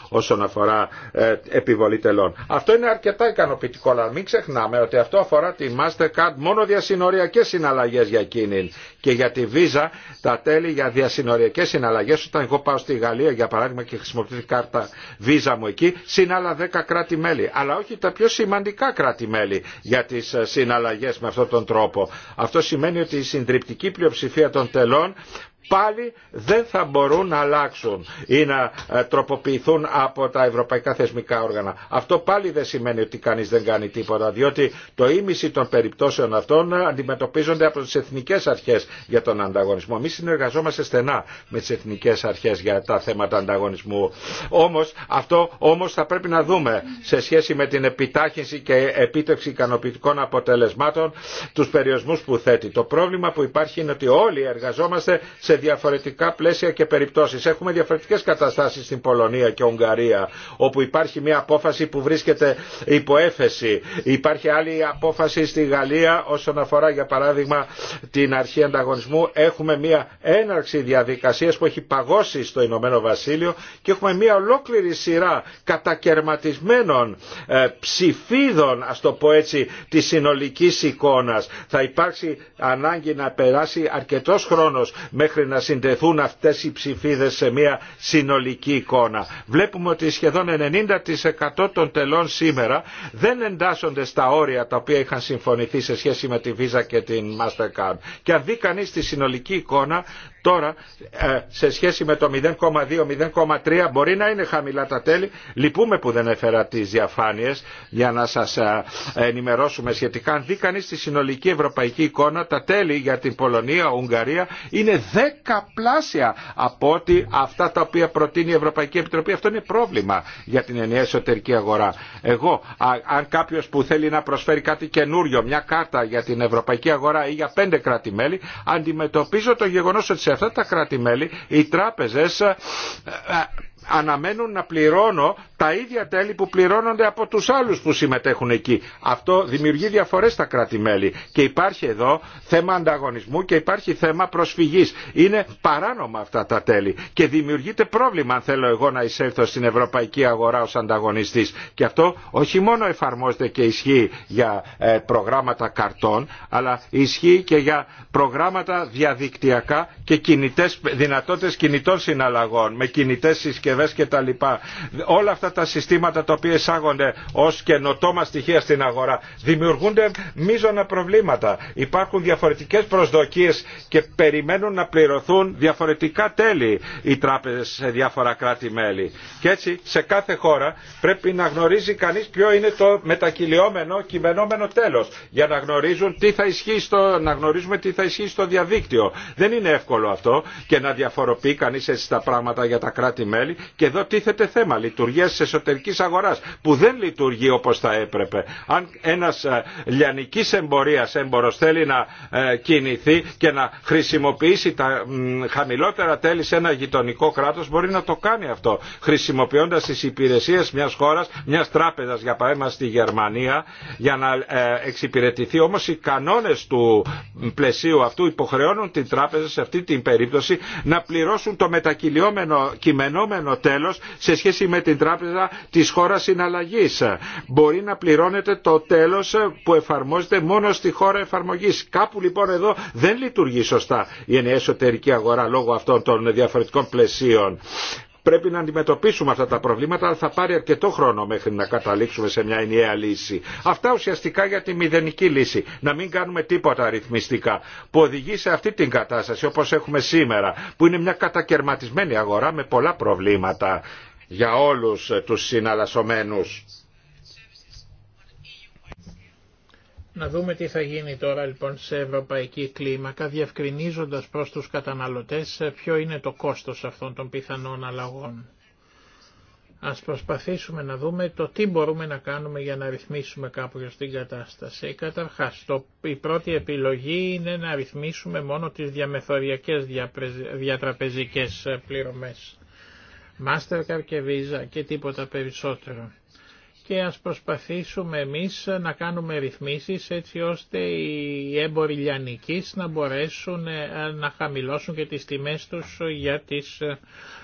όσον αφορά ε, επιβολή τελών. Αυτό είναι αρκετά ικανοποιητικό αλλά μην ξεχνάμε ότι αυτό αφορά τη Mastercard μόνο διασυνοριακές συναλλαγές για εκείνη και για τη βίζα τα τέλη για διασυνοριακές συναλλαγές. Όταν εγώ πάω στη Γαλλία για παράδειγμα και χρησιμοποιώ κάρτα βίζα μου εκεί, συν άλλα 10 κράτη-μέλη. Αλλά όχι τα πιο σημαντικά κράτη-μέλη για τις ε, συναλλαγές με αυτόν τον τρόπο. Αυτό σημαίνει ότι η συντριπτική πλειοψηφία των τελών πάλι δεν θα μπορούν να αλλάξουν ή να ε, τροποποιηθούν από τα ευρωπαϊκά θεσμικά όργανα. Αυτό πάλι δεν σημαίνει ότι κανείς δεν κάνει τίποτα, διότι το ίμιση των περιπτώσεων αυτών ε, αντιμετωπίζονται από τις εθνικές αρχές για τον ανταγωνισμό. Εμείς συνεργαζόμαστε στενά με τις εθνικές αρχές για τα θέματα ανταγωνισμού. Όμως, αυτό όμως θα πρέπει να δούμε σε σχέση με την επιτάχυνση και επίτευξη ικανοποιητικών αποτελεσμάτων τους περιορισμούς που θέτει. Το πρόβλημα που υπάρχει είναι ότι όλοι εργαζόμαστε σε σε διαφορετικά πλαίσια και περιπτώσει. Έχουμε διαφορετικέ καταστάσει στην Πολωνία και Ουγγαρία όπου υπάρχει μια απόφαση που βρίσκεται υπό έφεση. Υπάρχει άλλη απόφαση στη Γαλλία όσον αφορά για παράδειγμα την αρχή ανταγωνισμού. Έχουμε μια έναρξη διαδικασία που έχει παγώσει στο Ηνωμένο Βασίλειο και έχουμε μια ολόκληρη σειρά κατακαιρματισμένων ε, ψηφίδων α το πω έτσι τη συνολική εικόνα. Θα υπάρξει ανάγκη να περάσει αρκετό χρόνο. μέχρι να συνδεθούν αυτές οι ψηφίδες σε μια συνολική εικόνα. Βλέπουμε ότι σχεδόν 90% των τελών σήμερα δεν εντάσσονται στα όρια τα οποία είχαν συμφωνηθεί σε σχέση με τη Visa και την Mastercard. Και αν δει κανείς τη συνολική εικόνα τώρα ε, σε σχέση με το 0,2-0,3 μπορεί να είναι χαμηλά τα τέλη. Λυπούμε που δεν έφερα τις διαφάνειες για να σας ε, ενημερώσουμε σχετικά. Αν δει κανείς τη συνολική ευρωπαϊκή εικόνα τα τέλη για την Πολωνία, Ουγγαρία είναι καπλάσια από ότι αυτά τα οποία προτείνει η Ευρωπαϊκή Επιτροπή. Αυτό είναι πρόβλημα για την ενιαία εσωτερική αγορά. Εγώ, αν κάποιο που θέλει να προσφέρει κάτι καινούριο, μια κάρτα για την ευρωπαϊκή αγορά ή για πέντε κράτη-μέλη, αντιμετωπίζω το γεγονό ότι σε αυτά τα κράτη-μέλη οι τράπεζε ε, ε, αναμένουν να πληρώνω τα ίδια τέλη που πληρώνονται από τους άλλους που συμμετέχουν εκεί. Αυτό δημιουργεί διαφορές στα κράτη-μέλη και υπάρχει εδώ θέμα ανταγωνισμού και υπάρχει θέμα προσφυγής. Είναι παράνομα αυτά τα τέλη και δημιουργείται πρόβλημα αν θέλω εγώ να εισέλθω στην ευρωπαϊκή αγορά ως ανταγωνιστής. Και αυτό όχι μόνο εφαρμόζεται και ισχύει για ε, προγράμματα καρτών αλλά ισχύει και για προγράμματα διαδικτυακά και κινητές, δυνατότητες κινητών συναλλαγών με κινητές συσκευές Όλα αυτά τα συστήματα τα οποία εισάγονται ως καινοτόμα στοιχεία στην αγορά δημιουργούνται μείζωνα προβλήματα. Υπάρχουν διαφορετικές προσδοκίες και περιμένουν να πληρωθούν διαφορετικά τέλη οι τράπεζες σε διάφορα κράτη-μέλη. Και έτσι σε κάθε χώρα πρέπει να γνωρίζει κανείς ποιο είναι το μετακυλιόμενο κειμενόμενο τέλος για να γνωρίζουν τι θα ισχύει στο, να γνωρίζουμε τι θα ισχύει στο διαδίκτυο. Δεν είναι εύκολο αυτό και να διαφοροποιεί κανείς έτσι τα πράγματα για τα κράτη-μέλη και εδώ τίθεται θέμα λειτουργία τη εσωτερική αγορά που δεν λειτουργεί όπω θα έπρεπε. Αν ένα ε, λιανική εμπορία έμπορο θέλει να ε, κινηθεί και να χρησιμοποιήσει τα χαμηλότερα τέλη σε ένα γειτονικό κράτο μπορεί να το κάνει αυτό χρησιμοποιώντα τι υπηρεσίε μια χώρα, μια τράπεζα για παράδειγμα στη Γερμανία για να ε, εξυπηρετηθεί. Όμω οι κανόνε του πλαισίου αυτού υποχρεώνουν την τράπεζα σε αυτή την περίπτωση να πληρώσουν το μετακυλιόμενο κειμενόμενο το τέλος σε σχέση με την τράπεζα της χώρας συναλλαγής. Μπορεί να πληρώνεται το τέλος που εφαρμόζεται μόνο στη χώρα εφαρμογής. Κάπου λοιπόν εδώ δεν λειτουργεί σωστά η ενιαία εσωτερική αγορά λόγω αυτών των διαφορετικών πλαισίων. Πρέπει να αντιμετωπίσουμε αυτά τα προβλήματα, αλλά θα πάρει αρκετό χρόνο μέχρι να καταλήξουμε σε μια ενιαία λύση. Αυτά ουσιαστικά για τη μηδενική λύση. Να μην κάνουμε τίποτα αριθμιστικά που οδηγεί σε αυτή την κατάσταση όπως έχουμε σήμερα, που είναι μια κατακαιρματισμένη αγορά με πολλά προβλήματα για όλους τους συναλλασσομένους. Να δούμε τι θα γίνει τώρα λοιπόν σε ευρωπαϊκή κλίμακα, διευκρινίζοντας προς τους καταναλωτές ποιο είναι το κόστος αυτών των πιθανών αλλαγών. Ας προσπαθήσουμε να δούμε το τι μπορούμε να κάνουμε για να ρυθμίσουμε κάποιο την κατάσταση. Καταρχάς, το, η πρώτη επιλογή είναι να ρυθμίσουμε μόνο τις διαμεθοριακές διατραπεζικές πληρωμές. Mastercard και Visa και τίποτα περισσότερο και ας προσπαθήσουμε εμείς να κάνουμε ρυθμίσεις έτσι ώστε οι έμποροι να μπορέσουν ε, να χαμηλώσουν και τις τιμές τους για τις ε,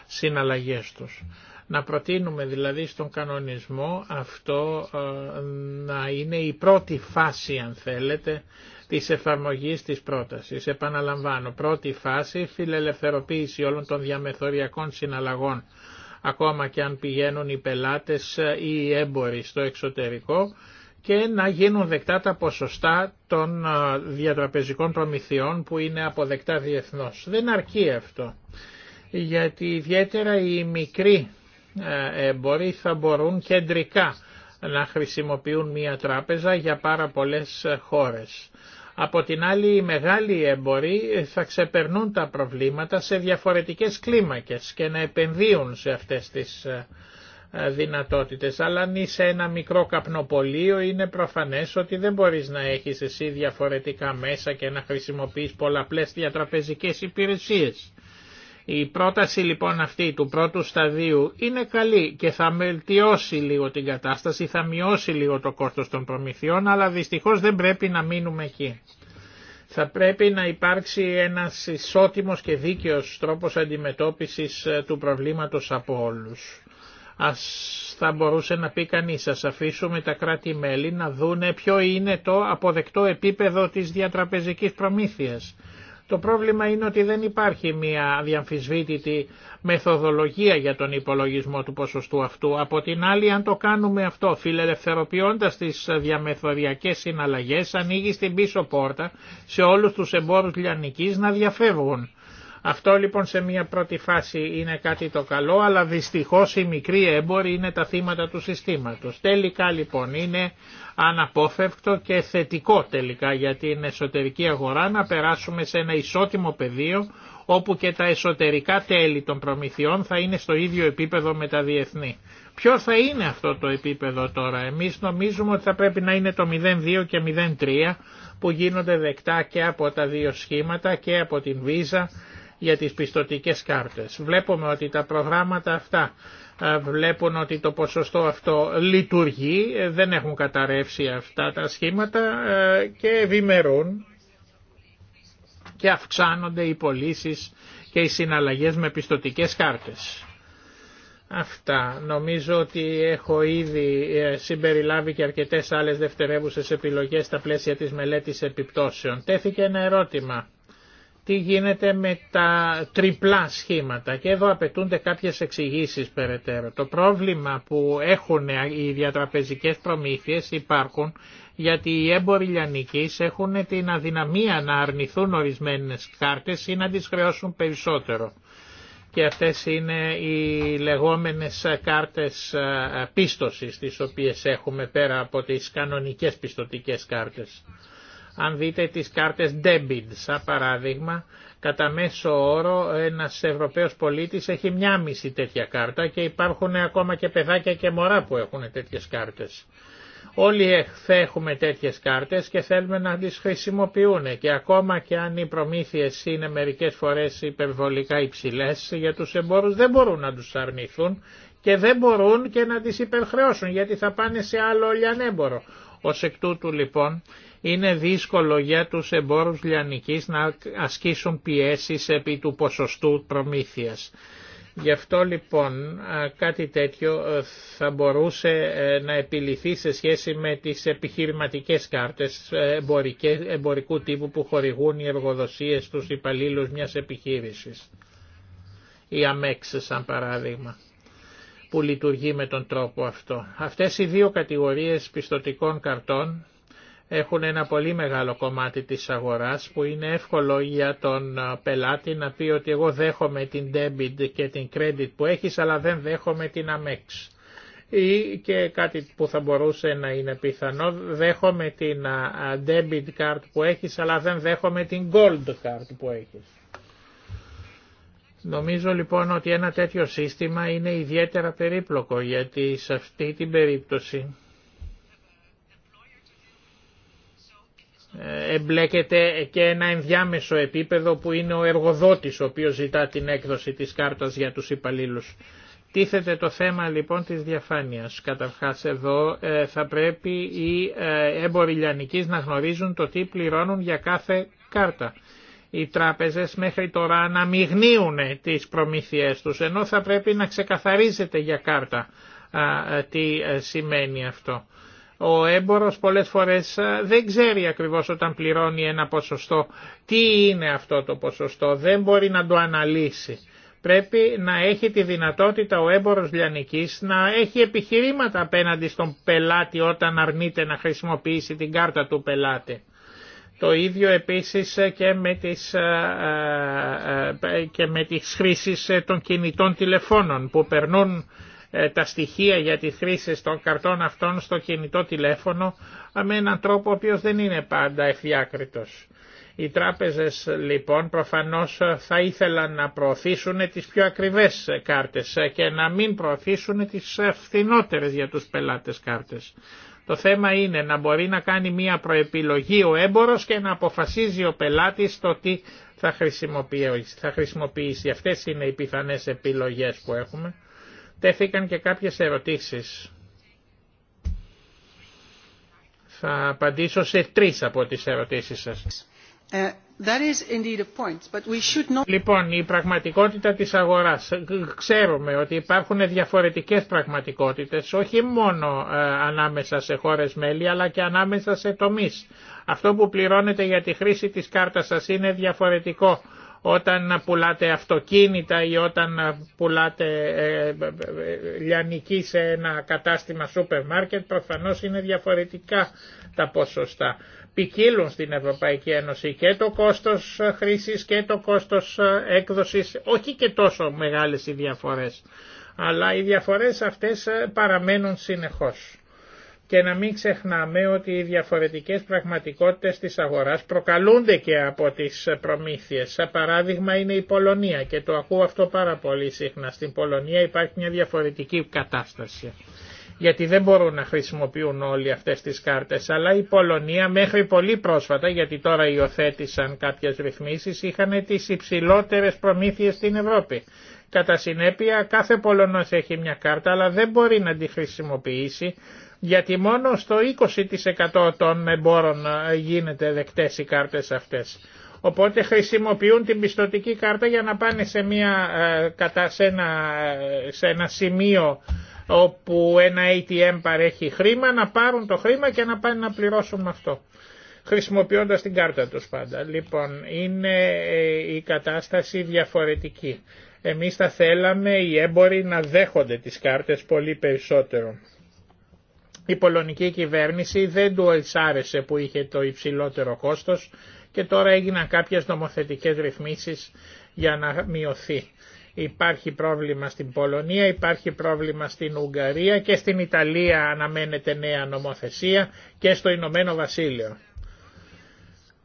συναλλαγές τους. Να προτείνουμε δηλαδή στον κανονισμό αυτό ε, να είναι η πρώτη φάση αν θέλετε της εφαρμογής της πρότασης. Επαναλαμβάνω, πρώτη φάση φιλελευθερωποίηση όλων των διαμεθοριακών συναλλαγών ακόμα και αν πηγαίνουν οι πελάτες ε, ή οι έμποροι στο εξωτερικό και να γίνουν δεκτά τα ποσοστά των ε, διατραπεζικών προμηθειών που είναι αποδεκτά διεθνώς. Δεν αρκεί αυτό, γιατί ιδιαίτερα οι μικροί εμποροί θα μπορούν κεντρικά να χρησιμοποιούν μια τράπεζα για πάρα πολλές ε, χώρες. Από την άλλη οι μεγάλοι έμποροι θα ξεπερνούν τα προβλήματα σε διαφορετικές κλίμακες και να επενδύουν σε αυτές τις ε, ε, δυνατότητες. Αλλά αν είσαι ένα μικρό καπνοπολείο είναι προφανές ότι δεν μπορείς να έχεις εσύ διαφορετικά μέσα και να χρησιμοποιείς πολλαπλές διατραπεζικές υπηρεσίες. Η πρόταση λοιπόν αυτή του πρώτου σταδίου είναι καλή και θα μελτιώσει λίγο την κατάσταση, θα μειώσει λίγο το κόστος των προμηθειών, αλλά δυστυχώς δεν πρέπει να μείνουμε εκεί. Θα πρέπει να υπάρξει ένας ισότιμος και δίκαιος τρόπος αντιμετώπισης ε, του προβλήματος από όλους. Ας θα μπορούσε να πει κανείς, ας αφήσουμε τα κράτη-μέλη να δούνε ποιο είναι το αποδεκτό επίπεδο της διατραπεζικής προμήθειας το πρόβλημα είναι ότι δεν υπάρχει μια διαμφισβήτητη μεθοδολογία για τον υπολογισμό του ποσοστού αυτού. Από την άλλη, αν το κάνουμε αυτό, φιλελευθερωποιώντας τις διαμεθοδιακές συναλλαγές, ανοίγει στην πίσω πόρτα σε όλους τους εμπόρους λιανικής να διαφεύγουν. Αυτό λοιπόν σε μια πρώτη φάση είναι κάτι το καλό, αλλά δυστυχώς οι μικροί έμποροι είναι τα θύματα του συστήματος. Τελικά λοιπόν είναι αναπόφευκτο και θετικό τελικά για την εσωτερική αγορά να περάσουμε σε ένα ισότιμο πεδίο όπου και τα εσωτερικά τέλη των προμηθειών θα είναι στο ίδιο επίπεδο με τα διεθνή. Ποιο θα είναι αυτό το επίπεδο τώρα. Εμείς νομίζουμε ότι θα πρέπει να είναι το 0,2 και 0,3 που γίνονται δεκτά και από τα δύο σχήματα και από την ΒΙΖΑ για τις πιστοτικές κάρτες. Βλέπουμε ότι τα προγράμματα αυτά ε, βλέπουν ότι το ποσοστό αυτό λειτουργεί, ε, δεν έχουν καταρρεύσει αυτά τα σχήματα ε, και ευημερούν και αυξάνονται οι πωλήσει και οι συναλλαγές με πιστοτικές κάρτες. Αυτά. Νομίζω ότι έχω ήδη συμπεριλάβει και αρκετές άλλες δευτερεύουσες επιλογές στα πλαίσια της μελέτης επιπτώσεων. Τέθηκε ένα ερώτημα τι γίνεται με τα τριπλά σχήματα και εδώ απαιτούνται κάποιες εξηγήσει περαιτέρω. Το πρόβλημα που έχουν οι διατραπεζικές προμήθειες υπάρχουν γιατί οι έμποροι λιανικής έχουν την αδυναμία να αρνηθούν ορισμένες κάρτες ή να τις χρεώσουν περισσότερο. Και αυτές είναι οι λεγόμενες κάρτες ε, πίστοσης τις οποίες έχουμε πέρα από τις κανονικές πιστοτικές κάρτες. Αν δείτε τις κάρτες debit, σαν παράδειγμα, κατά μέσο όρο ένας Ευρωπαίος πολίτης έχει μια μισή τέτοια κάρτα και υπάρχουν ακόμα και παιδάκια και μωρά που έχουν τέτοιες κάρτες. Όλοι θα έχουμε τέτοιες κάρτες και θέλουμε να τις χρησιμοποιούν και ακόμα και αν οι προμήθειες είναι μερικές φορές υπερβολικά υψηλές για τους εμπόρους δεν μπορούν να τους αρνηθούν και δεν μπορούν και να τις υπερχρεώσουν γιατί θα πάνε σε άλλο λιανέμπορο. Ως εκ τούτου λοιπόν είναι δύσκολο για τους εμπόρους λιανικής να ασκήσουν πιέσεις επί του ποσοστού προμήθειας. Γι' αυτό λοιπόν κάτι τέτοιο ε, θα μπορούσε ε, να επιληθεί σε σχέση με τις επιχειρηματικές κάρτες ε, εμπορικού τύπου που χορηγούν οι εργοδοσίες τους υπαλλήλους μιας επιχείρησης. Η αμέξες σαν παράδειγμα που λειτουργεί με τον τρόπο αυτό. Αυτές οι δύο κατηγορίες πιστοτικών καρτών έχουν ένα πολύ μεγάλο κομμάτι της αγοράς που είναι εύκολο για τον ε, πελάτη να πει ότι εγώ δέχομαι την debit και την credit που έχεις αλλά δεν δέχομαι την Amex. Ή και κάτι που θα μπορούσε να είναι πιθανό, δέχομαι την ε, ε, debit card που έχεις αλλά δεν δέχομαι την gold card που έχεις. Νομίζω λοιπόν ότι ένα τέτοιο σύστημα είναι ιδιαίτερα περίπλοκο γιατί σε αυτή την περίπτωση ε, εμπλέκεται και ένα ενδιάμεσο επίπεδο που είναι ο εργοδότης ο οποίος ζητά την έκδοση της κάρτας για τους υπαλλήλους. Τίθεται το θέμα λοιπόν της διαφάνειας. Καταρχάς εδώ ε, θα πρέπει οι ε, έμποροι να γνωρίζουν το τι πληρώνουν για κάθε κάρτα οι τράπεζες μέχρι τώρα αναμειγνύουν τις προμήθειές τους, ενώ θα πρέπει να ξεκαθαρίζεται για κάρτα τι ε, σημαίνει αυτό. Ο έμπορος πολλές φορές δεν ξέρει ακριβώς όταν πληρώνει ένα ποσοστό τι είναι αυτό το ποσοστό, δεν μπορεί να το αναλύσει. Πρέπει να έχει τη δυνατότητα ο έμπορος λιανικής να έχει επιχειρήματα απέναντι στον πελάτη όταν αρνείται να χρησιμοποιήσει την κάρτα του πελάτη. Το ίδιο επίσης και με τις, ε, ε, ε, και με τις χρήσεις των κινητών τηλεφώνων που περνούν τα στοιχεία για τη χρήση των καρτών αυτών στο κινητό τηλέφωνο με έναν τρόπο ο οποίος δεν είναι πάντα ευδιάκριτος. Οι τράπεζες λοιπόν προφανώς θα ήθελαν να προωθήσουν τις πιο ακριβές κάρτες και να μην προωθήσουν τις φθηνότερες για τους πελάτες κάρτες. Το θέμα είναι να μπορεί να κάνει μία προεπιλογή ο έμπορος και να αποφασίζει ο πελάτης το τι θα χρησιμοποιήσει. Θα χρησιμοποιήσει. Αυτές είναι οι πιθανές επιλογές που έχουμε. Τέθηκαν και κάποιες ερωτήσεις. Θα απαντήσω σε τρεις από τις ερωτήσεις σας. Uh, λοιπόν, η πραγματικότητα της αγοράς. Ξέρουμε ότι υπάρχουν διαφορετικές πραγματικότητες, όχι μόνο ε, ανάμεσα σε χώρες μέλη, αλλά και ανάμεσα σε τομείς. Αυτό που πληρώνετε για τη χρήση της κάρτας σας είναι διαφορετικό όταν πουλάτε αυτοκίνητα ή όταν ε, πουλάτε ε, ε, λιανική σε ένα κατάστημα σούπερ μάρκετ, προφανώς είναι διαφορετικά τα ποσοστά ποικίλουν στην Ευρωπαϊκή Ένωση και το κόστος χρήσης και το κόστος ε, έκδοσης, όχι και τόσο μεγάλες οι διαφορές, αλλά οι διαφορές αυτές ε, παραμένουν συνεχώς. Και να μην ξεχνάμε ότι οι διαφορετικές πραγματικότητες της αγοράς προκαλούνται και από τις προμήθειες. Σαν παράδειγμα είναι η Πολωνία και το ακούω αυτό πάρα πολύ συχνά. Στην Πολωνία υπάρχει μια διαφορετική κατάσταση γιατί δεν μπορούν να χρησιμοποιούν όλοι αυτές τις κάρτες, αλλά η Πολωνία μέχρι πολύ πρόσφατα, γιατί τώρα υιοθέτησαν κάποιες ρυθμίσεις, είχαν τις υψηλότερες προμήθειες στην Ευρώπη. Κατά συνέπεια κάθε Πολωνός έχει μια κάρτα, αλλά δεν μπορεί να τη χρησιμοποιήσει, γιατί μόνο στο 20% των εμπόρων ε, γίνεται δεκτές οι κάρτες αυτές. Οπότε χρησιμοποιούν την πιστοτική κάρτα για να πάνε σε, μια, ε, σε ένα, ε, σε ένα σημείο όπου ένα ATM παρέχει χρήμα να πάρουν το χρήμα και να πάνε να πληρώσουν με αυτό χρησιμοποιώντας την κάρτα τους πάντα. Λοιπόν, είναι ε, η κατάσταση διαφορετική. Εμείς θα θέλαμε οι έμποροι να δέχονται τις κάρτες πολύ περισσότερο. Η πολωνική κυβέρνηση δεν του εισάρεσε που είχε το υψηλότερο κόστος και τώρα έγιναν κάποιες νομοθετικές ρυθμίσεις για να μειωθεί. Υπάρχει πρόβλημα στην Πολωνία, υπάρχει πρόβλημα στην Ουγγαρία και στην Ιταλία αναμένεται νέα νομοθεσία και στο Ηνωμένο Βασίλειο.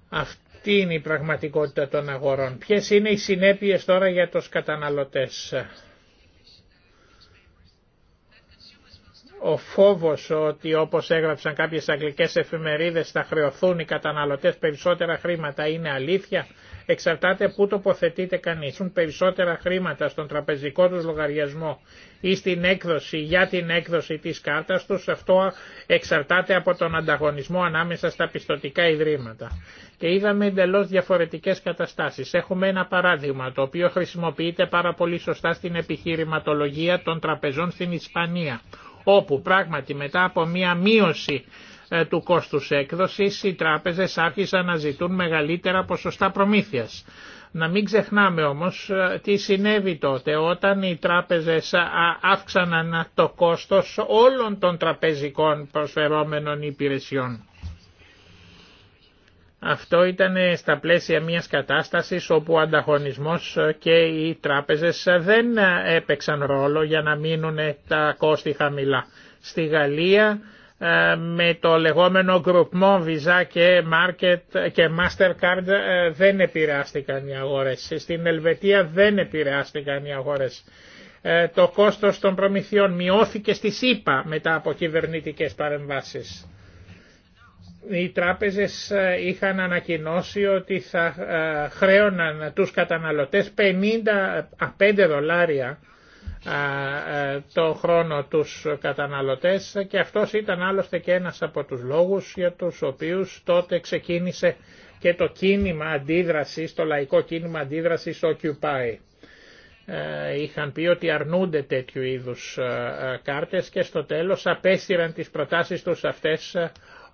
Αυτή είναι η πραγματικότητα των αγορών. Ποιες είναι οι συνέπειες τώρα για τους καταναλωτές. ο φόβος ότι όπως έγραψαν κάποιες αγγλικές εφημερίδες θα χρεωθούν οι καταναλωτές περισσότερα χρήματα είναι αλήθεια Εξαρτάται πού τοποθετείται κανείς. Έχουν περισσότερα χρήματα στον τραπεζικό του λογαριασμό ή στην έκδοση για την έκδοση τη κάρτα του, Αυτό εξαρτάται από τον ανταγωνισμό ανάμεσα στα πιστοτικά ιδρύματα. Και είδαμε εντελώ διαφορετικέ καταστάσει. Έχουμε ένα παράδειγμα το οποίο χρησιμοποιείται πάρα πολύ σωστά στην επιχειρηματολογία των τραπεζών στην Ισπανία όπου πράγματι μετά από μία μείωση ε, του κόστους έκδοσης οι τράπεζες άρχισαν να ζητούν μεγαλύτερα ποσοστά προμήθειας. Να μην ξεχνάμε όμως ε, τι συνέβη τότε όταν οι τράπεζες αύξαναν το κόστος όλων των τραπεζικών προσφερόμενων υπηρεσιών. Αυτό ήταν στα πλαίσια μιας κατάστασης όπου ο ανταγωνισμός ε, και οι τράπεζες δεν έπαιξαν ρόλο για να μείνουν τα κόστη χαμηλά. Στη Γαλλία ε, με το λεγόμενο Groupon, Visa και Market και Mastercard ε, δεν επηρεάστηκαν οι αγορές. Στην Ελβετία δεν επηρεάστηκαν οι αγορές. Ε, το κόστος των προμηθειών μειώθηκε στη ΣΥΠΑ μετά από κυβερνητικές παρεμβάσεις. Οι τράπεζες είχαν ανακοινώσει ότι θα χρέωναν τους καταναλωτές 55 δολάρια το χρόνο τους καταναλωτές και αυτός ήταν άλλωστε και ένας από τους λόγους για τους οποίους τότε ξεκίνησε και το κίνημα αντίδρασης, το λαϊκό κίνημα αντίδρασης Occupy. Ε, είχαν πει ότι αρνούνται τέτοιου είδους ε, ε, κάρτες και στο τέλος απέσυραν τις προτάσεις τους αυτές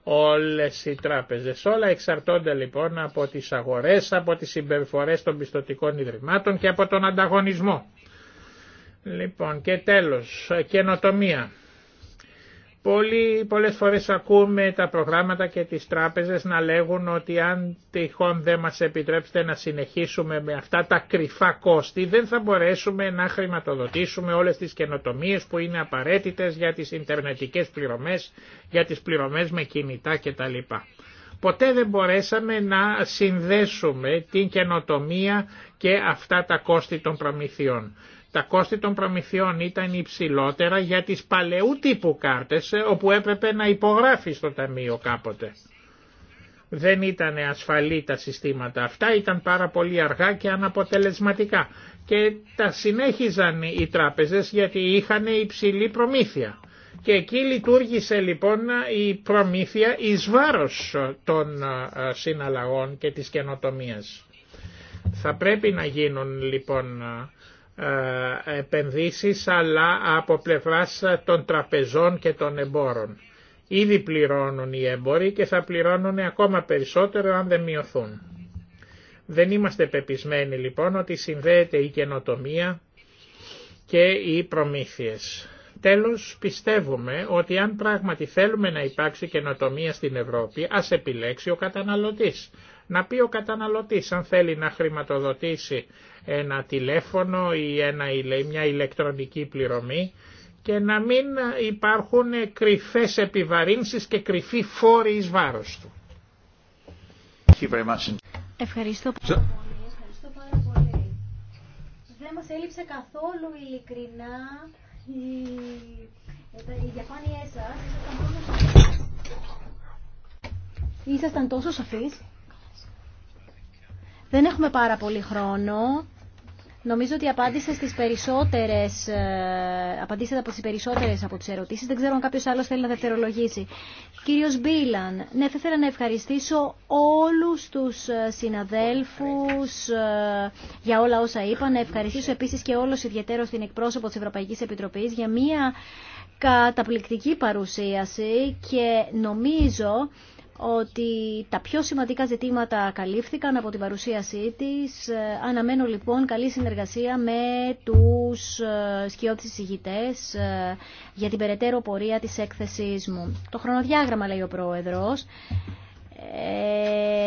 όλες οι τράπεζες. Όλα εξαρτώνται λοιπόν από τις αγορές, από τις συμπεριφορές των πιστοτικών ιδρυμάτων και από τον ανταγωνισμό. Λοιπόν και τέλος, καινοτομία. Πολύ, πολλές φορές ακούμε τα προγράμματα και τις τράπεζες να λέγουν ότι αν τυχόν δεν μας επιτρέψετε να συνεχίσουμε με αυτά τα κρυφά κόστη δεν θα μπορέσουμε να χρηματοδοτήσουμε όλες τις καινοτομίες που είναι απαραίτητες για τις ιντερνετικές πληρωμές, για τις πληρωμές με κινητά κτλ. Ποτέ δεν μπορέσαμε να συνδέσουμε την καινοτομία και αυτά τα κόστη των προμηθειών. Τα κόστη των προμηθειών ήταν υψηλότερα για τις παλαιού τύπου κάρτες ε, όπου έπρεπε να υπογράφει στο ταμείο κάποτε. Δεν ήταν ασφαλή τα συστήματα αυτά, ήταν πάρα πολύ αργά και αναποτελεσματικά και τα συνέχιζαν οι τράπεζες γιατί είχαν υψηλή προμήθεια. Και εκεί λειτουργήσε λοιπόν η προμήθεια εις βάρος των ε, συναλλαγών και της καινοτομίας. Θα πρέπει να γίνουν λοιπόν ε, ε, επενδύσεις αλλά από πλευράς των τραπεζών και των εμπόρων. Ήδη πληρώνουν οι έμποροι και θα πληρώνουν ακόμα περισσότερο αν δεν μειωθούν. Δεν είμαστε πεπισμένοι λοιπόν ότι συνδέεται η καινοτομία και οι προμήθειες. Τέλος, πιστεύουμε ότι αν πράγματι θέλουμε να υπάρξει καινοτομία στην Ευρώπη, ας επιλέξει ο καταναλωτής. Να πει ο καταναλωτής αν θέλει να χρηματοδοτήσει ένα τηλέφωνο ή ένα, μια ηλεκτρονική πληρωμή και να μην υπάρχουν κρυφές επιβαρύνσεις και κρυφή φόροι εις βάρος του. Ευχαριστώ πολύ. Δεν μας έλειψε καθόλου ειλικρινά η, ε, η διαφάνειά σας. Ήσασταν τόσο σαφείς. Δεν έχουμε πάρα πολύ χρόνο. Νομίζω ότι απάντησα στις περισσότερες, ε, απαντήσατε από τις περισσότερες από τις ερωτήσεις. Δεν ξέρω αν κάποιος άλλος θέλει να δευτερολογήσει. Κύριος Μπίλαν, ναι, θα ήθελα να ευχαριστήσω όλους τους ε, συναδέλφους ε, για όλα όσα είπαν. Να ευχαριστήσω επίσης και όλους ιδιαίτερο την εκπρόσωπο της Ευρωπαϊκής Επιτροπής για μια καταπληκτική παρουσίαση και νομίζω ότι τα πιο σημαντικά ζητήματα καλύφθηκαν από την παρουσίασή της. Ε, αναμένω λοιπόν καλή συνεργασία με τους ε, σκιώδεις ηγητές ε, για την περαιτέρω πορεία της έκθεσής μου. Το χρονοδιάγραμμα λέει ο Πρόεδρος.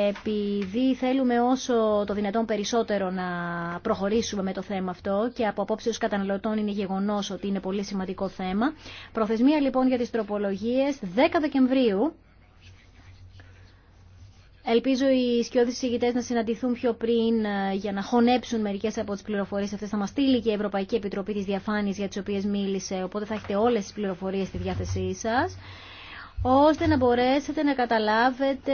Επειδή θέλουμε όσο το δυνατόν περισσότερο να προχωρήσουμε με το θέμα αυτό και από απόψε τους καταναλωτών είναι γεγονός ότι είναι πολύ σημαντικό θέμα. Προθεσμία λοιπόν για τις τροπολογίες 10 Δεκεμβρίου Ελπίζω οι σκιώδεις συζητητές να συναντηθούν πιο πριν ε, για να χωνέψουν μερικές από τις πληροφορίες αυτές. Θα μας στείλει και η Ευρωπαϊκή Επιτροπή της Διαφάνειας για τις οποίες μίλησε, οπότε θα έχετε όλες τις πληροφορίες στη διάθεσή σας ώστε να μπορέσετε να καταλάβετε,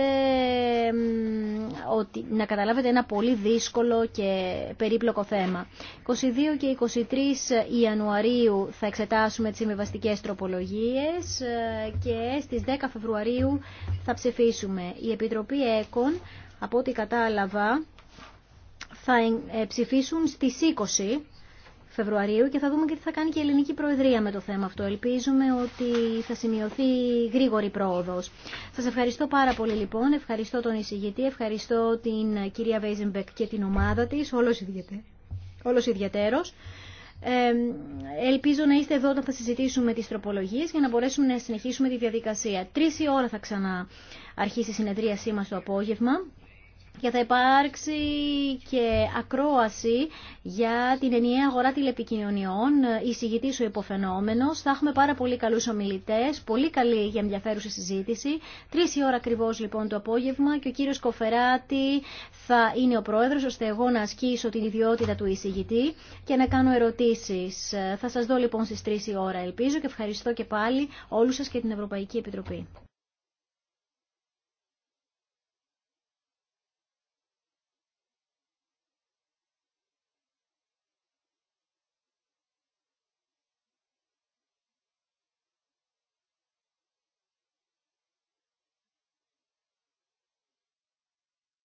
ότι, να καταλάβετε ένα πολύ δύσκολο και περίπλοκο θέμα. 22 και 23 Ιανουαρίου θα εξετάσουμε τις συμβιβαστικέ τροπολογίες ε, και στις 10 Φεβρουαρίου θα ψηφίσουμε. Η Επιτροπή ΕΚΟΝ, από ό,τι κατάλαβα, θα ε, ψηφίσουν στις 20 Φεβρουαρίου και θα δούμε και τι θα κάνει και η Ελληνική Προεδρία με το θέμα αυτό. Ελπίζουμε ότι θα σημειωθεί γρήγορη πρόοδο. Σα ευχαριστώ πάρα πολύ λοιπόν, ευχαριστώ τον εισηγητή, ευχαριστώ την κυρία Βέιζενμπεκ και την ομάδα τη, όλο ιδιαίτερο. Ε, ελπίζω να είστε εδώ όταν θα συζητήσουμε τις τροπολογίες για να μπορέσουμε να συνεχίσουμε τη διαδικασία. Τρεις η ώρα θα ξανααρχίσει η συνεδρίασή μας το απόγευμα και θα υπάρξει και ακρόαση για την ενιαία αγορά τηλεπικοινωνιών. εισηγητή ο υποφαινόμενο. Θα έχουμε πάρα πολύ καλού ομιλητέ, πολύ καλή για ενδιαφέρουσα συζήτηση. Τρει η ώρα ακριβώ λοιπόν το απόγευμα και ο κύριο Κοφεράτη θα είναι ο πρόεδρο ώστε εγώ να ασκήσω την ιδιότητα του εισηγητή και να κάνω ερωτήσει. Θα σα δω λοιπόν στι τρει η ώρα ελπίζω και ευχαριστώ και πάλι όλου σα και την Ευρωπαϊκή Επιτροπή.